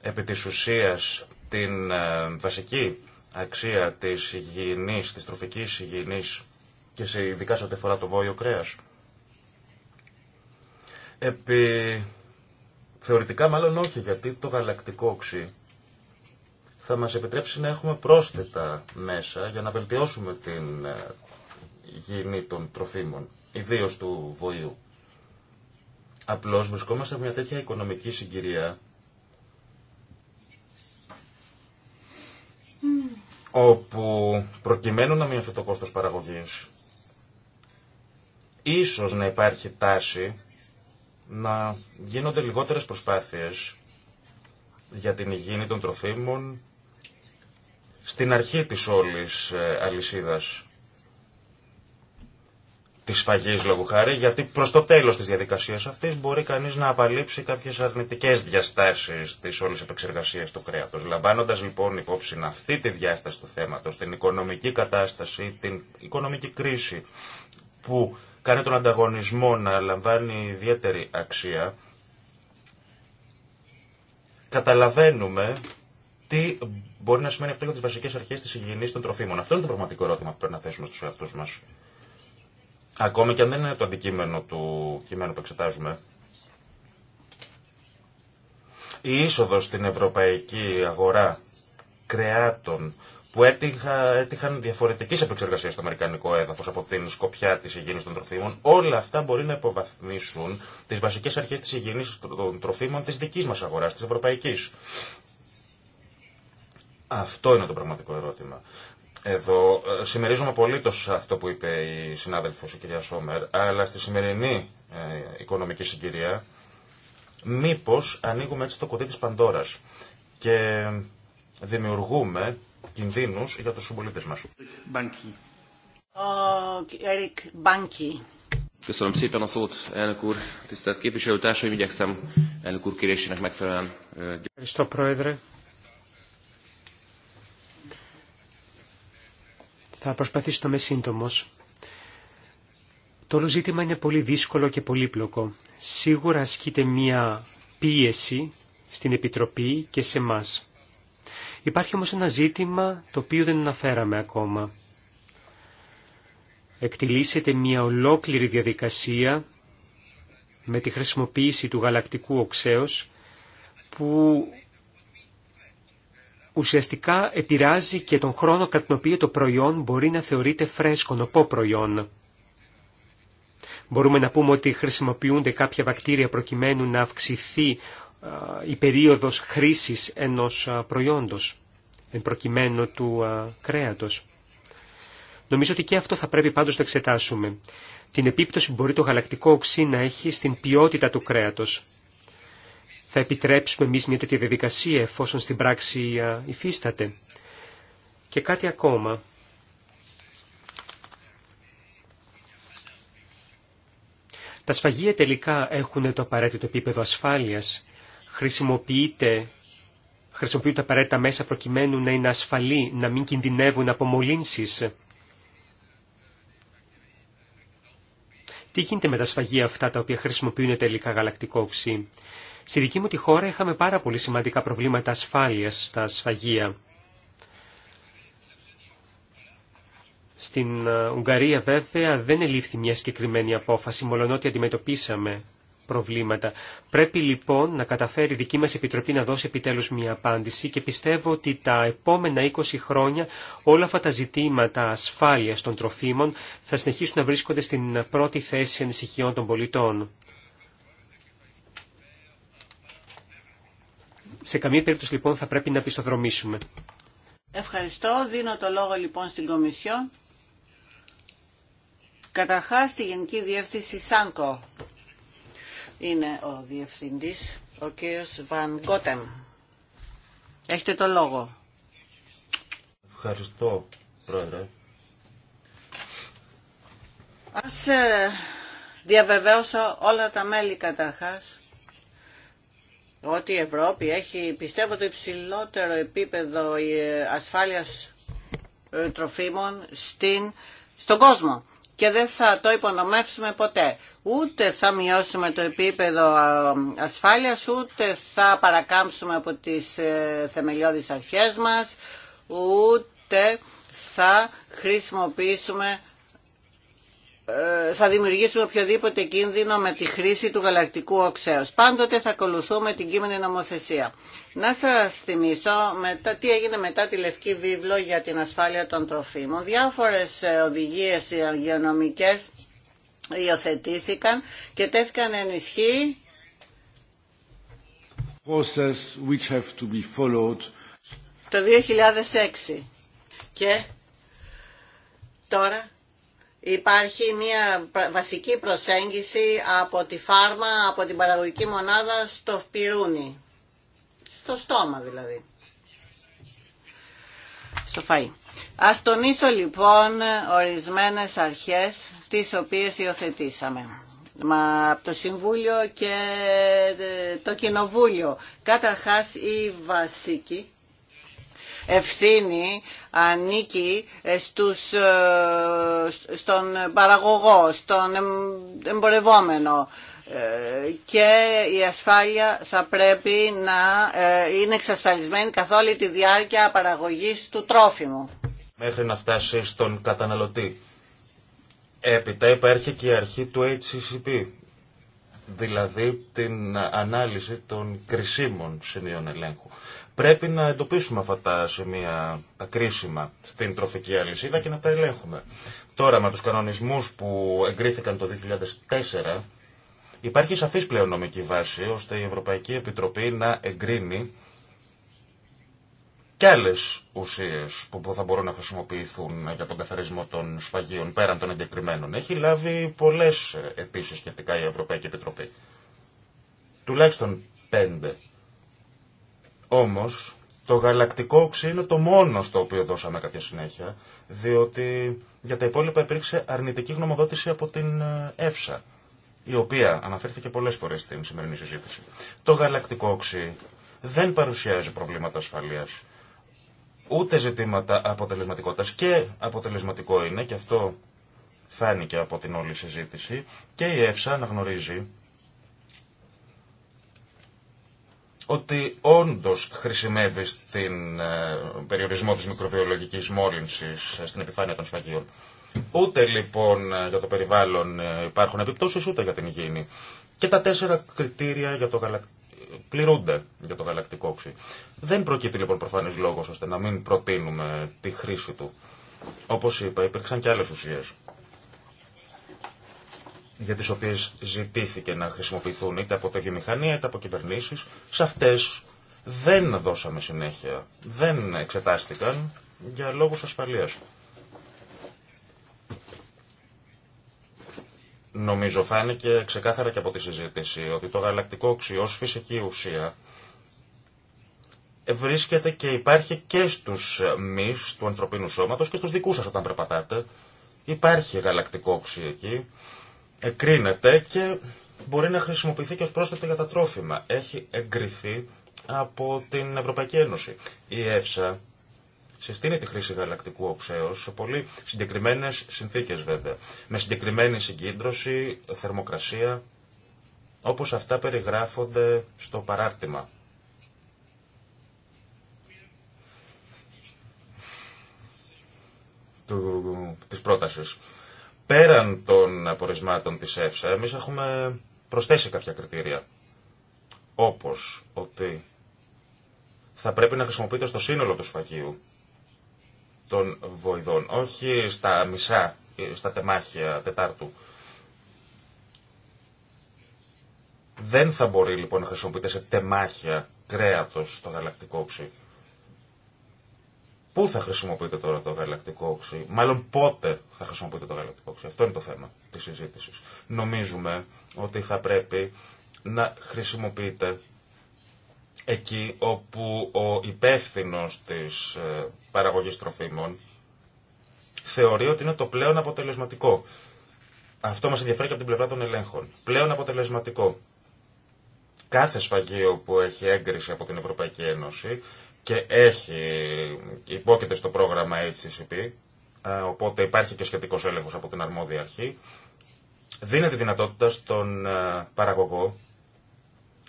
επί της ουσίας την ε, βασική αξία της υγιεινής, της τροφικής υγιεινής και σε ειδικά σε ό,τι αφορά το βόλιο κρέας. Επί... Θεωρητικά μάλλον όχι, γιατί το γαλακτικό οξύ θα μας επιτρέψει να έχουμε πρόσθετα μέσα για να βελτιώσουμε την ε, γηνή των τροφίμων, ιδίω του βοηού. Απλώς βρισκόμαστε σε μια τέτοια οικονομική συγκυρία όπου προκειμένου να μειωθεί το κόστος παραγωγής ίσως να υπάρχει τάση να γίνονται λιγότερες προσπάθειες για την υγιεινή των τροφίμων στην αρχή της όλης ε, αλυσίδας της φαγής, λόγου χάρη, γιατί προς το τέλος της διαδικασίας αυτής μπορεί κανείς να απαλείψει κάποιες αρνητικές διαστάσεις της όλης επεξεργασίας του κρέατος. Λαμβάνοντας λοιπόν υπόψη αυτή τη διάσταση του θέματος, την οικονομική κατάσταση, την οικονομική κρίση που κάνει τον ανταγωνισμό να λαμβάνει ιδιαίτερη αξία, καταλαβαίνουμε τι μπορεί να σημαίνει αυτό για τι βασικέ αρχέ τη υγιεινή των τροφίμων. Αυτό είναι το πραγματικό ερώτημα που πρέπει να θέσουμε στου εαυτού μα. Ακόμη και αν δεν είναι το αντικείμενο του κειμένου που εξετάζουμε. Η είσοδο στην ευρωπαϊκή αγορά κρεάτων που έτυχαν διαφορετικέ επεξεργασία στο αμερικανικό έδαφο από την σκοπιά τη υγιεινή των τροφίμων, όλα αυτά μπορεί να υποβαθμίσουν τι βασικέ αρχέ τη υγιεινή των τροφίμων τη δική μα αγορά, τη ευρωπαϊκή. Αυτό είναι το πραγματικό ερώτημα. Εδώ ε, συμμερίζομαι το αυτό που είπε η συνάδελφο η κυρία Σόμερ, αλλά στη σημερινή ε, οικονομική συγκυρία, μήπω ανοίγουμε έτσι το κουτί τη Πανδώρα και δημιουργούμε κινδύνους για τους συμπολίτε μας. Ερικ Μπάνκι. Köszönöm szépen a szót, elnök úr, tisztelt képviselőtársaim, igyekszem elnök úr kérésének megfelelően. Ευχαριστώ, Πρόεδρε. Θα προσπαθήσω να είμαι σύντομο. Το όλο ζήτημα είναι πολύ δύσκολο και πολύπλοκο. Σίγουρα ασκείται μία πίεση στην Επιτροπή και σε εμάς. Υπάρχει όμως ένα ζήτημα το οποίο δεν αναφέραμε ακόμα. Εκτιλήσεται μια ολόκληρη διαδικασία με τη χρησιμοποίηση του γαλακτικού οξέως που ουσιαστικά επηρεάζει και τον χρόνο κατά τον οποίο το προϊόν μπορεί να θεωρείται φρέσκο, νοπό προϊόν. Μπορούμε να πούμε ότι χρησιμοποιούνται κάποια βακτήρια προκειμένου να αυξηθεί η περίοδος χρήσης ενός προϊόντος, εν προκειμένου του κρέατος. Νομίζω ότι και αυτό θα πρέπει πάντως να εξετάσουμε. Την επίπτωση που μπορεί το γαλακτικό οξύ να έχει στην ποιότητα του κρέατος. Θα επιτρέψουμε εμείς μια τέτοια διαδικασία εφόσον στην πράξη υφίσταται. Και κάτι ακόμα. Τα σφαγεία τελικά έχουν το απαραίτητο επίπεδο ασφάλειας χρησιμοποιείται χρησιμοποιούνται απαραίτητα μέσα προκειμένου να είναι ασφαλή, να μην κινδυνεύουν από μολύνσεις. Τι γίνεται με τα σφαγεία αυτά τα οποία χρησιμοποιούν τελικά γαλακτικό γαλακτικόψη. Στη δική μου τη χώρα είχαμε πάρα πολύ σημαντικά προβλήματα ασφάλειας στα σφαγεία. Στην ε, Ουγγαρία βέβαια δεν ελήφθη μια συγκεκριμένη απόφαση, μολονότι αντιμετωπίσαμε προβλήματα. Πρέπει λοιπόν να καταφέρει η δική μας Επιτροπή να δώσει επιτέλους μια απάντηση και πιστεύω ότι τα επόμενα 20 χρόνια όλα αυτά τα ζητήματα ασφάλειας των τροφίμων θα συνεχίσουν να βρίσκονται στην πρώτη θέση ανησυχιών των πολιτών. Σε καμία περίπτωση λοιπόν θα πρέπει να πιστοδρομήσουμε. Ευχαριστώ. Δίνω το λόγο λοιπόν στην Κομισιόν. Καταρχάς τη Γενική Διεύθυνση ΣΑΝΚΟ είναι ο διευθυντής, ο κύριος Βαν Γκότεμ. Έχετε το λόγο. Ευχαριστώ, πρόεδρε. Ας ε, διαβεβαίωσω όλα τα μέλη καταρχάς ότι η Ευρώπη έχει πιστεύω το υψηλότερο επίπεδο ε, ασφάλειας ε, τροφίμων στην, στον κόσμο και δεν θα το υπονομεύσουμε ποτέ ούτε θα μειώσουμε το επίπεδο ασφάλειας, ούτε θα παρακάμψουμε από τις ε, θεμελιώδεις αρχές μας, ούτε θα χρησιμοποιήσουμε ε, θα δημιουργήσουμε οποιοδήποτε κίνδυνο με τη χρήση του γαλακτικού οξέως. Πάντοτε θα ακολουθούμε την κείμενη νομοθεσία. Να σας θυμίσω μετά, τι έγινε μετά τη Λευκή Βίβλο για την ασφάλεια των τροφίμων. Διάφορες ε, οδηγίες υγειονομικές υιοθετήθηκαν και τέθηκαν ενισχύ which το 2006 και τώρα υπάρχει μια βασική προσέγγιση από τη φάρμα, από την παραγωγική μονάδα στο πυρούνι, στο στόμα δηλαδή, στο φαΐ. Ας τονίσω λοιπόν ορισμένες αρχές τις οποίες υιοθετήσαμε μα από το Συμβούλιο και ε, το Κοινοβούλιο. Καταρχάς η βασική ευθύνη ανήκει ε, στους, ε, στον παραγωγό, στον εμπορευόμενο και η ασφάλεια θα πρέπει να είναι εξασφαλισμένη καθ' όλη τη διάρκεια παραγωγής του τρόφιμου μέχρι να φτάσει στον καταναλωτή. Έπειτα υπάρχει και η αρχή του HCCP, δηλαδή την ανάλυση των κρισίμων σημείων ελέγχου. Πρέπει να εντοπίσουμε αυτά τα σημεία, τα κρίσιμα, στην τροφική αλυσίδα και να τα ελέγχουμε. Τώρα με τους κανονισμούς που εγκρίθηκαν το 2004, υπάρχει σαφής πλέον νομική βάση, ώστε η Ευρωπαϊκή Επιτροπή να εγκρίνει και άλλε ουσίε που θα μπορούν να χρησιμοποιηθούν για τον καθαρισμό των σφαγείων πέραν των εγκεκριμένων. Έχει λάβει πολλέ αιτήσει σχετικά η Ευρωπαϊκή Επιτροπή. Τουλάχιστον πέντε. Όμω, το γαλακτικό οξύ είναι το μόνο στο οποίο δώσαμε κάποια συνέχεια, διότι για τα υπόλοιπα υπήρξε αρνητική γνωμοδότηση από την ΕΦΣΑ, η οποία αναφέρθηκε πολλέ φορέ στην σημερινή συζήτηση. Το γαλακτικό οξύ δεν παρουσιάζει προβλήματα ασφαλείας ούτε ζητήματα αποτελεσματικότητας και αποτελεσματικό είναι και αυτό φάνηκε από την όλη συζήτηση και η ΕΦΣΑ αναγνωρίζει ότι όντως χρησιμεύει στην ε, περιορισμό της μικροβιολογικής μόλυνσης ε, στην επιφάνεια των σφαγείων. Ούτε λοιπόν ε, για το περιβάλλον υπάρχουν επιπτώσεις, ούτε για την υγιεινή. Και τα τέσσερα κριτήρια για το πληρούνται για το γαλακτικό οξύ. Δεν προκύπτει λοιπόν προφανή λόγο ώστε να μην προτείνουμε τη χρήση του. Όπω είπα, υπήρξαν και άλλε ουσίε για τι οποίε ζητήθηκε να χρησιμοποιηθούν είτε από τα βιομηχανία είτε από κυβερνήσει. σε αυτές δεν δώσαμε συνέχεια, δεν εξετάστηκαν για λόγους ασφαλείας. Νομίζω φάνηκε ξεκάθαρα και από τη συζήτηση ότι το γαλακτικό οξύ ως φυσική ουσία βρίσκεται και υπάρχει και στους μυς του ανθρωπίνου σώματος και στους δικούς σας όταν περπατάτε. Υπάρχει γαλακτικό οξύ εκεί, εκρίνεται και μπορεί να χρησιμοποιηθεί και ως πρόσθετο για τα τρόφιμα. Έχει εγκριθεί από την Ευρωπαϊκή Ένωση. Η ΕΦΣΑ συστήνει τη χρήση γαλακτικού οξέω σε πολύ συγκεκριμένε συνθήκε βέβαια. Με συγκεκριμένη συγκέντρωση, θερμοκρασία, όπω αυτά περιγράφονται στο παράρτημα. Του, της πρότασης. Πέραν των απορισμάτων της ΕΦΣΑ, εμείς έχουμε προσθέσει κάποια κριτήρια. Όπως ότι θα πρέπει να χρησιμοποιείται στο σύνολο του σφαγίου των βοηδών, όχι στα μισά, στα τεμάχια Τετάρτου. Δεν θα μπορεί λοιπόν να χρησιμοποιείται σε τεμάχια κρέατος το γαλακτικό οξύ. Πού θα χρησιμοποιείται τώρα το γαλακτικό οξύ, μάλλον πότε θα χρησιμοποιείται το γαλακτικό οξύ. Αυτό είναι το θέμα της συζήτησης. Νομίζουμε ότι θα πρέπει να χρησιμοποιείται εκεί όπου ο υπεύθυνο της ε, παραγωγής τροφίμων θεωρεί ότι είναι το πλέον αποτελεσματικό. Αυτό μας ενδιαφέρει και από την πλευρά των ελέγχων. Πλέον αποτελεσματικό. Κάθε σφαγείο που έχει έγκριση από την Ευρωπαϊκή Ένωση και έχει υπόκειται στο πρόγραμμα HCCP, ε, οπότε υπάρχει και σχετικός έλεγχος από την αρμόδια αρχή, δίνει δυνατότητα στον ε, παραγωγό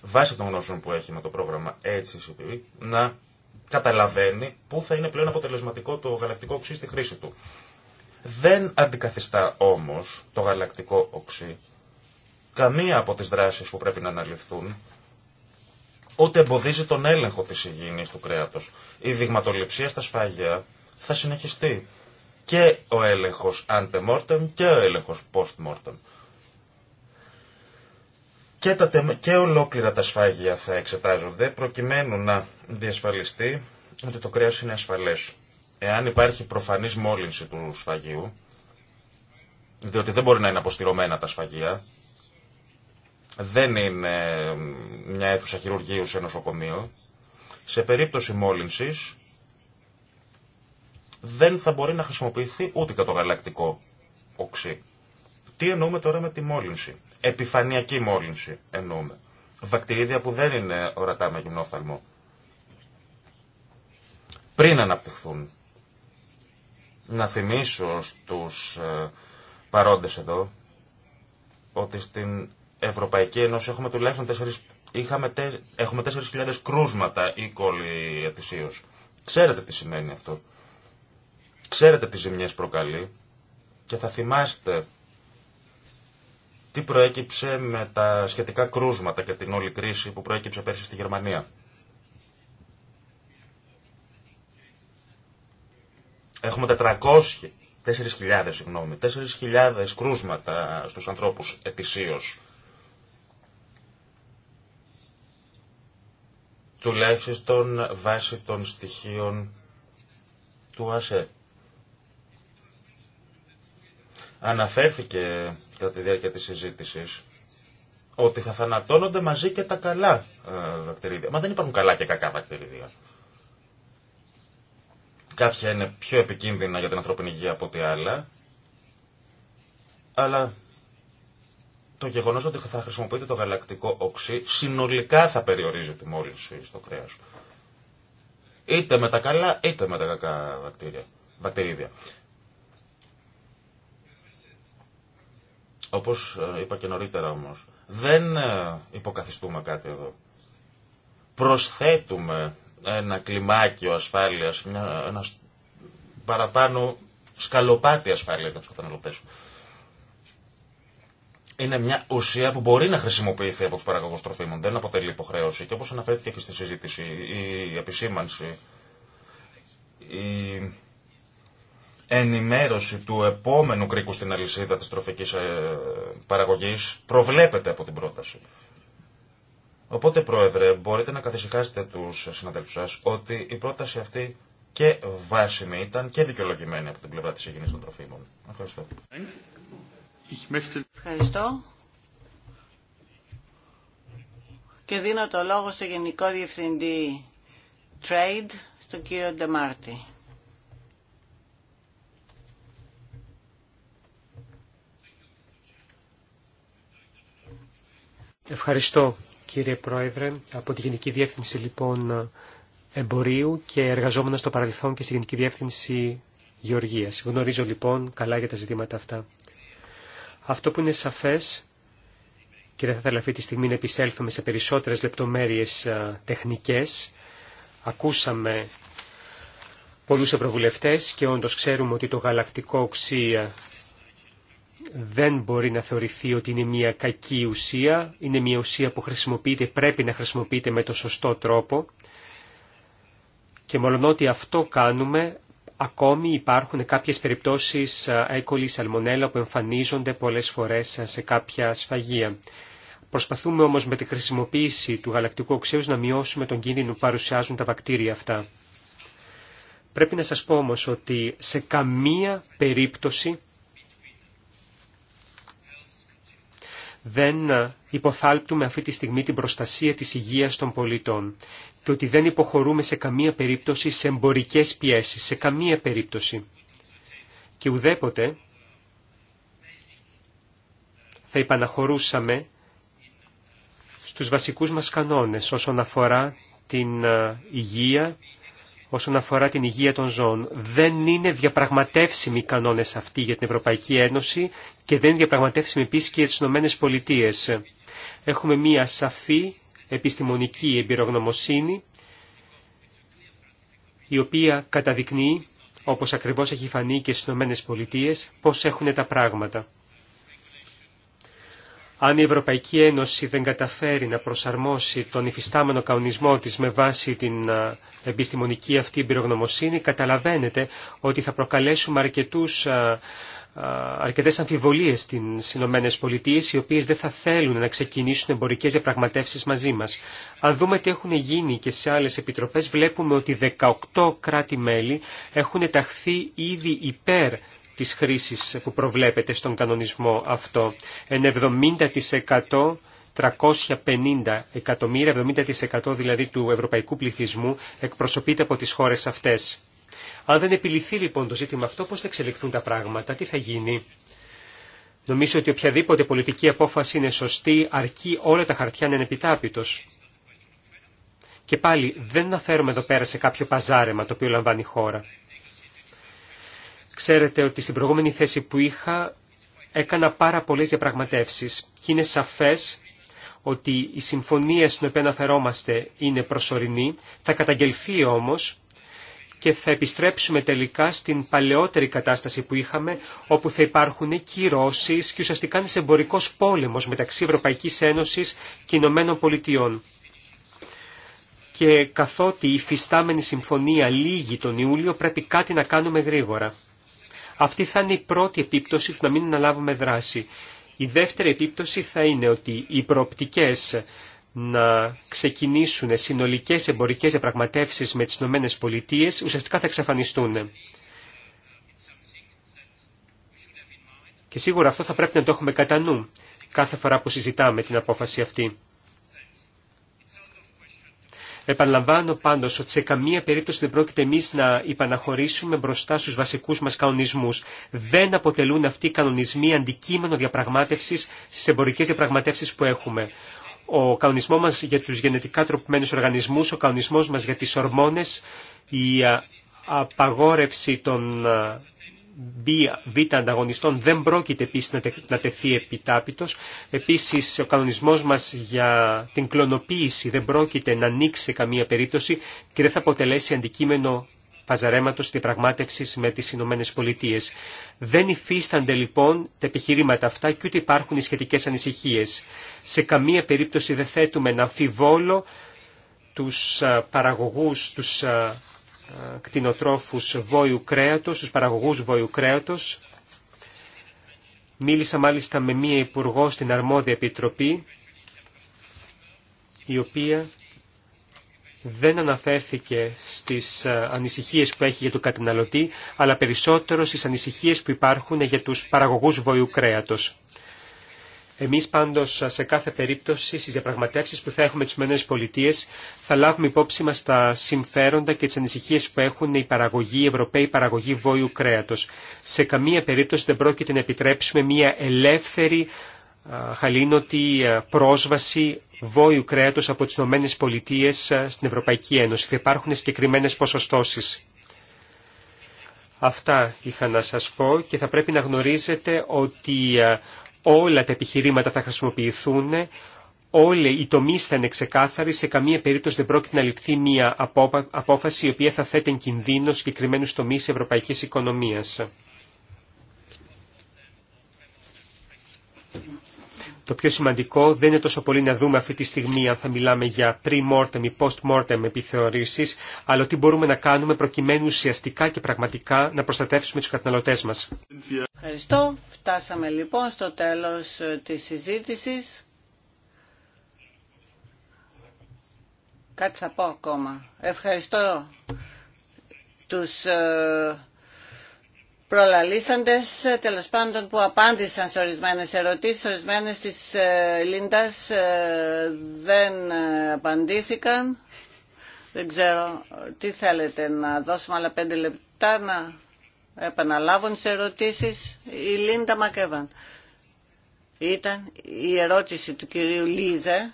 βάσει των γνώσεων που έχει με το πρόγραμμα HCCP, να καταλαβαίνει πού θα είναι πλέον αποτελεσματικό το γαλακτικό οξύ στη χρήση του. Δεν αντικαθιστά όμως το γαλακτικό οξύ καμία από τις δράσεις που πρέπει να αναλυθούν ούτε εμποδίζει τον έλεγχο της υγιεινής του κρέατος. Η δειγματοληψία στα σφάγια θα συνεχιστεί. Και ο έλεγχος ante και ο έλεγχος post mortem και, τα, και ολόκληρα τα σφάγια θα εξετάζονται προκειμένου να διασφαλιστεί ότι το κρέας είναι ασφαλές. Εάν υπάρχει προφανής μόλυνση του σφαγίου, διότι δεν μπορεί να είναι αποστηρωμένα τα σφαγεία, δεν είναι μια αίθουσα χειρουργείου σε νοσοκομείο, σε περίπτωση μόλυνσης δεν θα μπορεί να χρησιμοποιηθεί ούτε κατογαλακτικό οξύ. Τι εννοούμε τώρα με τη μόλυνση επιφανειακή μόλυνση εννοούμε. Βακτηρίδια που δεν είναι ορατά με γυμνόφθαλμο. Πριν αναπτυχθούν. Να θυμίσω στους ε, παρόντες εδώ ότι στην Ευρωπαϊκή Ένωση έχουμε τουλάχιστον 4, είχαμε, έχουμε 4.000 κρούσματα ή κόλλη ετησίω. Ξέρετε τι σημαίνει αυτό. Ξέρετε τι ζημιές προκαλεί και θα θυμάστε τι προέκυψε με τα σχετικά κρούσματα και την όλη κρίση που προέκυψε πέρσι στη Γερμανία. Έχουμε 400, 4.000 συγγνώμη, 4.000 κρούσματα στους ανθρώπους ετησίως. Τουλάχιστον βάσει των στοιχείων του ΑΣΕ. Αναφέρθηκε κατά τη διάρκεια της συζήτησης ότι θα θανατώνονται μαζί και τα καλά ε, βακτηρίδια. Μα δεν υπάρχουν καλά και κακά βακτηρίδια. Κάποια είναι πιο επικίνδυνα για την ανθρώπινη υγεία από ό,τι άλλα. Αλλά το γεγονό ότι θα χρησιμοποιείται το γαλακτικό οξύ συνολικά θα περιορίζει τη μόλυνση στο κρέα. Είτε με τα καλά είτε με τα κακά βακτήρια, βακτηρίδια. Όπως ε, είπα και νωρίτερα όμως, δεν ε, υποκαθιστούμε κάτι εδώ. Προσθέτουμε ένα κλιμάκιο ασφάλειας, μια, ένα παραπάνω σκαλοπάτι ασφάλεια για τους καταναλωτές. Είναι μια ουσία που μπορεί να χρησιμοποιηθεί από τους παραγωγούς τροφίμων, δεν αποτελεί υποχρέωση. Και όπως αναφέρθηκε και στη συζήτηση, η επισήμανση, η ενημέρωση του επόμενου κρίκου στην αλυσίδα της τροφικής ε, παραγωγής προβλέπεται από την πρόταση. Οπότε, Πρόεδρε, μπορείτε να καθησυχάσετε τους συναδέλφους σας ότι η πρόταση αυτή και βάσιμη ήταν και δικαιολογημένη από την πλευρά της υγιεινής των τροφίμων. Ευχαριστώ. Ευχαριστώ. Και δίνω το λόγο στο Γενικό Διευθυντή Trade, στον κύριο Ντεμάρτη. Ευχαριστώ κύριε Πρόεδρε. Από τη Γενική Διεύθυνση λοιπόν Εμπορίου και εργαζόμενα στο παρελθόν και στη Γενική Διεύθυνση Γεωργίας. Γνωρίζω λοιπόν καλά για τα ζητήματα αυτά. Αυτό που είναι σαφές και δεν θα ήθελα αυτή τη στιγμή να επισέλθουμε σε περισσότερες λεπτομέρειες τεχνικές. Ακούσαμε πολλούς ευρωβουλευτές και όντως ξέρουμε ότι το γαλακτικό οξύ δεν μπορεί να θεωρηθεί ότι είναι μια κακή ουσία, είναι μια ουσία που χρησιμοποιείται, πρέπει να χρησιμοποιείται με το σωστό τρόπο και ότι αυτό κάνουμε, ακόμη υπάρχουν κάποιες περιπτώσεις έκολη σαλμονέλα που εμφανίζονται πολλές φορές σε κάποια σφαγεία. Προσπαθούμε όμως με τη χρησιμοποίηση του γαλακτικού οξέους να μειώσουμε τον κίνδυνο που παρουσιάζουν τα βακτήρια αυτά. Πρέπει να σας πω όμως ότι σε καμία περίπτωση δεν υποθάλπτουμε αυτή τη στιγμή την προστασία της υγείας των πολιτών και ότι δεν υποχωρούμε σε καμία περίπτωση σε εμπορικές πιέσεις, σε καμία περίπτωση. Και ουδέποτε θα υπαναχωρούσαμε στους βασικούς μας κανόνες όσον αφορά την ε, υγεία όσον αφορά την υγεία των ζώων. Δεν είναι διαπραγματεύσιμοι οι κανόνες αυτοί για την Ευρωπαϊκή Ένωση και δεν είναι διαπραγματεύσιμοι επίσης και για τις Ηνωμένες Πολιτείες. Έχουμε μία σαφή επιστημονική εμπειρογνωμοσύνη η οποία καταδεικνύει, όπως ακριβώς έχει φανεί και στις Ηνωμένες Πολιτείες, πώς έχουν τα πράγματα αν η Ευρωπαϊκή Ένωση δεν καταφέρει να προσαρμόσει τον υφιστάμενο καονισμό της με βάση την επιστημονική αυτή εμπειρογνωμοσύνη, καταλαβαίνετε ότι θα προκαλέσουμε αρκετούς αρκετέ αμφιβολίε στι Ηνωμένε Πολιτείε, οι οποίες δεν θα θέλουν να ξεκινήσουν εμπορικές διαπραγματεύσει μαζί μας. Αν δούμε τι έχουν γίνει και σε άλλες επιτροπέ, βλέπουμε ότι 18 κράτη-μέλη έχουν ταχθεί ήδη υπέρ της χρήσης που προβλέπεται στον κανονισμό αυτό. Εν 70% 350 εκατομμύρια, 70% δηλαδή του ευρωπαϊκού πληθυσμού εκπροσωπείται από τις χώρες αυτές. Αν δεν επιληθεί λοιπόν το ζήτημα αυτό, πώς θα εξελιχθούν τα πράγματα, τι θα γίνει. Νομίζω ότι οποιαδήποτε πολιτική απόφαση είναι σωστή, αρκεί όλα τα χαρτιά να είναι επιτάπητος. Και πάλι δεν αναφέρομαι εδώ πέρα σε κάποιο παζάρεμα το οποίο λαμβάνει η χώρα. Ξέρετε ότι στην προηγούμενη θέση που είχα έκανα πάρα πολλές διαπραγματεύσεις και είναι σαφές ότι η συμφωνία στην οποία αναφερόμαστε είναι προσωρινή, θα καταγγελθεί όμως και θα επιστρέψουμε τελικά στην παλαιότερη κατάσταση που είχαμε, όπου θα υπάρχουν κυρώσει και ουσιαστικά είναι εμπορικό πόλεμο μεταξύ Ευρωπαϊκής Ένωση και Ηνωμένων Πολιτειών. Και καθότι η φυστάμενη συμφωνία λύγει τον Ιούλιο, πρέπει κάτι να κάνουμε γρήγορα. Αυτή θα είναι η πρώτη επίπτωση του να μην αναλάβουμε δράση. Η δεύτερη επίπτωση θα είναι ότι οι προοπτικές να ξεκινήσουν συνολικές εμπορικές διαπραγματεύσεις με τις Ηνωμένες Πολιτείες ουσιαστικά θα εξαφανιστούν. Και σίγουρα αυτό θα πρέπει να το έχουμε κατά νου κάθε φορά που συζητάμε την απόφαση αυτή. Επαναλαμβάνω πάντω ότι σε καμία περίπτωση δεν πρόκειται εμεί να υπαναχωρήσουμε μπροστά στου βασικού μα κανονισμού. Δεν αποτελούν αυτοί οι κανονισμοί αντικείμενο διαπραγμάτευση στι εμπορικέ διαπραγματεύσει που έχουμε. Ο κανονισμό μα για του γενετικά τροπημένου οργανισμού, ο κανονισμό μα για τι ορμόνε, η απαγόρευση των β ανταγωνιστών δεν πρόκειται επίσης να τεθεί επιτάπητος. Επίσης ο κανονισμός μας για την κλωνοποίηση δεν πρόκειται να ανοίξει σε καμία περίπτωση και δεν θα αποτελέσει αντικείμενο παζαρέματο πραγμάτευσης με τις Ηνωμένε Πολιτείε. Δεν υφίστανται λοιπόν τα επιχειρήματα αυτά και ούτε υπάρχουν οι σχετικέ ανησυχίε. Σε καμία περίπτωση δεν θέτουμε να αμφιβόλο του παραγωγού, του κτηνοτρόφους βόηου κρέατος, τους παραγωγούς βόηου κρέατος. Μίλησα μάλιστα με μία υπουργό στην αρμόδια επιτροπή, η οποία δεν αναφέρθηκε στις ε, ανησυχίες που έχει για τον καταναλωτή, αλλά περισσότερο στις ανησυχίες που υπάρχουν για τους παραγωγούς βοηού κρέατος. Εμείς πάντως σε κάθε περίπτωση στις διαπραγματεύσεις που θα έχουμε τις ΗΠΑ θα λάβουμε υπόψη μας τα συμφέροντα και τις ανησυχίες που έχουν οι παραγωγοί, οι Ευρωπαίοι παραγωγοί βόηου κρέατος. Σε καμία περίπτωση δεν πρόκειται να επιτρέψουμε μια ελεύθερη χαλήνοτη πρόσβαση βόηου κρέατος από τις ΗΠΑ στην Ευρωπαϊκή Ένωση. Θα υπάρχουν συγκεκριμένε ποσοστώσεις. Αυτά είχα να σας πω και θα πρέπει να γνωρίζετε ότι όλα τα επιχειρήματα θα χρησιμοποιηθούν, όλοι οι τομεί θα είναι ξεκάθαροι, σε καμία περίπτωση δεν πρόκειται να ληφθεί μια απόφαση η οποία θα θέτει εν κινδύνο συγκεκριμένους τομείς Ευρωπαϊκή οικονομία. Το πιο σημαντικό δεν είναι τόσο πολύ να δούμε αυτή τη στιγμή αν θα μιλάμε για pre-mortem ή post-mortem επιθεωρήσεις, αλλά τι μπορούμε να κάνουμε προκειμένου ουσιαστικά και πραγματικά να προστατεύσουμε τους καταναλωτές μας. Ευχαριστώ. Φτάσαμε λοιπόν στο τέλος ε, της συζήτησης. Κάτι θα πω ακόμα. Ευχαριστώ τους ε, προλαλήσαντες, ε, τέλος πάντων που απάντησαν σε ορισμένες ερωτήσεις, σε ορισμένες της Λίντας δεν απαντήθηκαν. Δεν ξέρω τι θέλετε να δώσουμε άλλα πέντε λεπτά να... Επαναλάβω τις ερωτήσεις. Η Λίντα Μακέβαν. Ήταν η ερώτηση του κυρίου Λίζε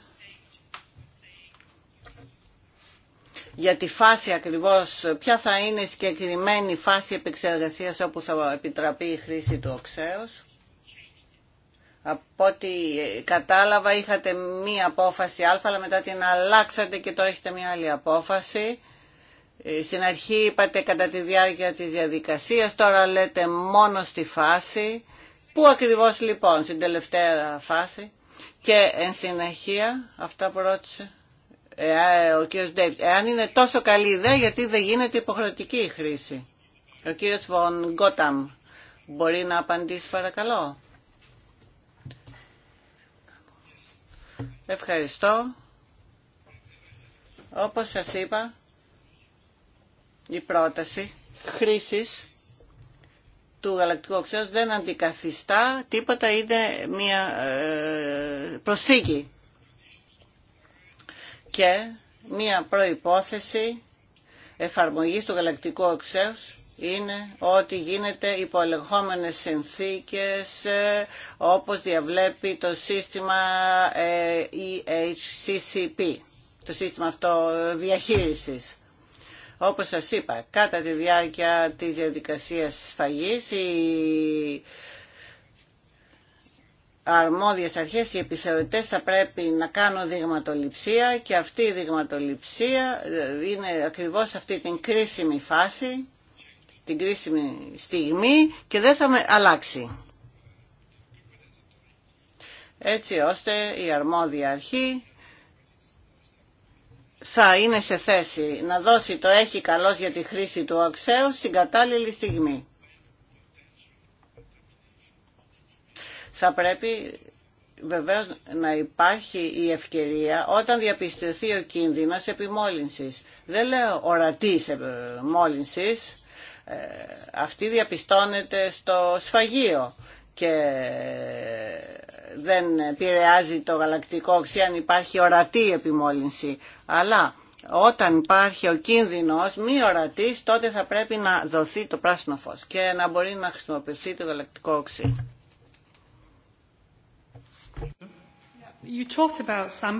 για τη φάση ακριβώς, ποια θα είναι η συγκεκριμένη φάση επεξεργασίας όπου θα επιτραπεί η χρήση του οξέως. Από ό,τι κατάλαβα είχατε μία απόφαση α, αλλά μετά την αλλάξατε και τώρα έχετε μία άλλη απόφαση. Ε, στην αρχή είπατε κατά τη διάρκεια της διαδικασίας, τώρα λέτε μόνο στη φάση. Πού ακριβώς λοιπόν, στην τελευταία φάση. Και εν συνεχεία, αυτά που ρώτησε ε, ο κύριος Ντέιβιτ, εάν είναι τόσο καλή ιδέα, γιατί δεν γίνεται υποχρεωτική η χρήση. Ο κύριος Βον Γκόταμ μπορεί να απαντήσει παρακαλώ. Ευχαριστώ. Όπως σας είπα, η πρόταση χρήσης του γαλακτικού οξέως δεν αντικαθιστά τίποτα, είναι μία ε, προσθήκη και μία προϋπόθεση εφαρμογής του γαλακτικού οξέως είναι ότι γίνεται υπολεγόμενες ελεγχόμενες συνθήκες ε, όπως διαβλέπει το σύστημα ε, EHCCP, το σύστημα αυτό διαχείρισης. Όπως σας είπα, κατά τη διάρκεια της διαδικασίας σφαγής, οι αρμόδιες αρχές, οι επισερωτές θα πρέπει να κάνουν δειγματοληψία και αυτή η δειγματοληψία ε, είναι ακριβώς αυτή την κρίσιμη φάση, την κρίσιμη στιγμή και δεν θα με αλλάξει. Έτσι ώστε η αρμόδια αρχή θα είναι σε θέση να δώσει το έχει καλός για τη χρήση του αξέως στην κατάλληλη στιγμή. Θα πρέπει βεβαίως να υπάρχει η ευκαιρία όταν διαπιστωθεί ο κίνδυνος επιμόλυνσης. Δεν λέω ορατής μόλυνσης, ε, αυτή διαπιστώνεται στο σφαγείο και δεν επηρεάζει το γαλακτικό οξύ αν υπάρχει ορατή επιμόλυνση. Αλλά όταν υπάρχει ο κίνδυνος μη ορατής, τότε θα πρέπει να δοθεί το πράσινο φως και να μπορεί να χρησιμοποιηθεί το γαλακτικό οξύ. You talked about some...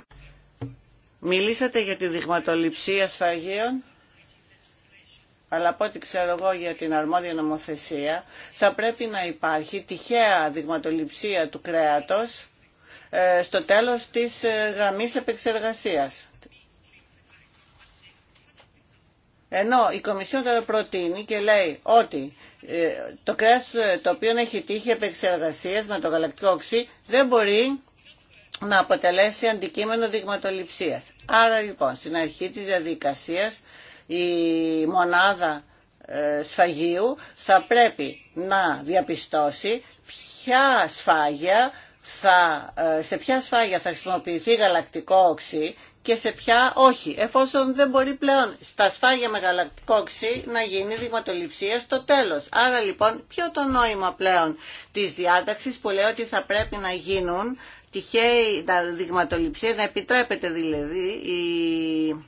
Μιλήσατε για τη δειγματοληψία σφαγίων αλλά από ό,τι ξέρω εγώ για την αρμόδια νομοθεσία, θα πρέπει να υπάρχει τυχαία δειγματοληψία του κρέατος ε, στο τέλος της ε, γραμμής επεξεργασίας. Ενώ η Κομισιόν τώρα προτείνει και λέει ότι ε, το κρέας το οποίο έχει τύχει επεξεργασίας με το γαλακτικό οξύ δεν μπορεί να αποτελέσει αντικείμενο δειγματοληψίας. Άρα λοιπόν στην αρχή της διαδικασίας η μονάδα ε, σφαγίου θα πρέπει να διαπιστώσει ποια σφάγια ε, σε ποια σφάγια θα χρησιμοποιηθεί γαλακτικό οξύ και σε ποια όχι, εφόσον δεν μπορεί πλέον στα σφάγια με γαλακτικό οξύ να γίνει δειγματοληψία στο τέλος. Άρα λοιπόν ποιο το νόημα πλέον της διάταξης που λέει ότι θα πρέπει να γίνουν τυχαίοι δειγματοληψίες, να επιτρέπεται δηλαδή η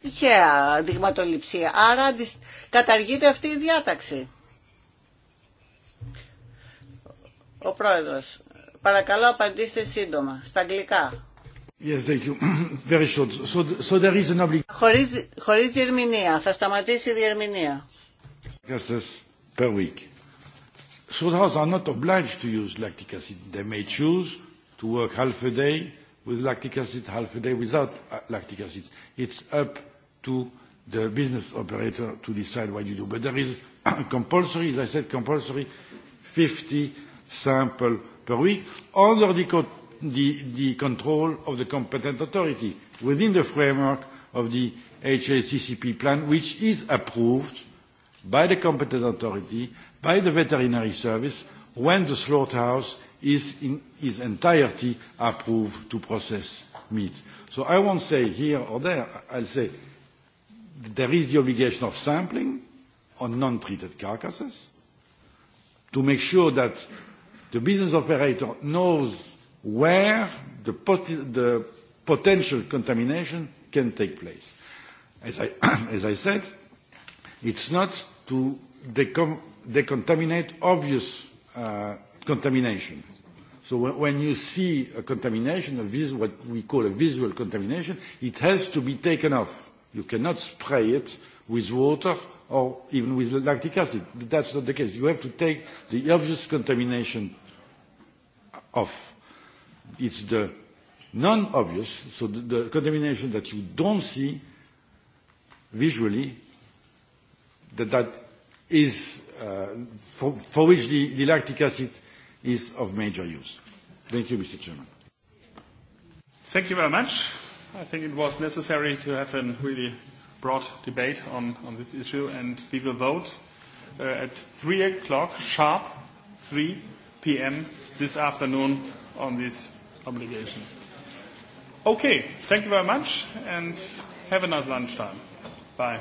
Τυχαία δειγματοληψία. Άρα καταργείται αυτή η διάταξη. Ο πρόεδρος. Παρακαλώ απαντήστε σύντομα, στα αγγλικά. Yes, thank you. Very short. So, so there is an χωρίς, χωρίς διερμηνία. Θα σταματήσει η διερμηνία. per week. Soldiers are not obliged to use lactic acid. They may choose to work half a day with lactic acid, half a day without lactic acid. It's up to the business operator to decide what you do. But there is compulsory, as I said, compulsory 50 samples per week under the control of the competent authority within the framework of the HACCP plan, which is approved by the competent authority, by the veterinary service, when the slaughterhouse is in its entirety approved to process meat. So I won't say here or there. I'll say there is the obligation of sampling on non-treated carcasses to make sure that the business operator knows where the potential contamination can take place. As I said, it's not to decontaminate obvious contamination. So when you see a contamination, what we call a visual contamination, it has to be taken off. You cannot spray it with water or even with lactic acid. That's not the case. You have to take the obvious contamination off. It's the non-obvious, so the contamination that you don't see visually, that is for which the lactic acid is of major use. Thank you, Mr. Chairman. Thank you very much. I think it was necessary to have a really broad debate on, on this issue, and we will vote at 3 o'clock sharp, 3 p.m. this afternoon on this obligation. Okay, thank you very much, and have a nice lunchtime. Bye.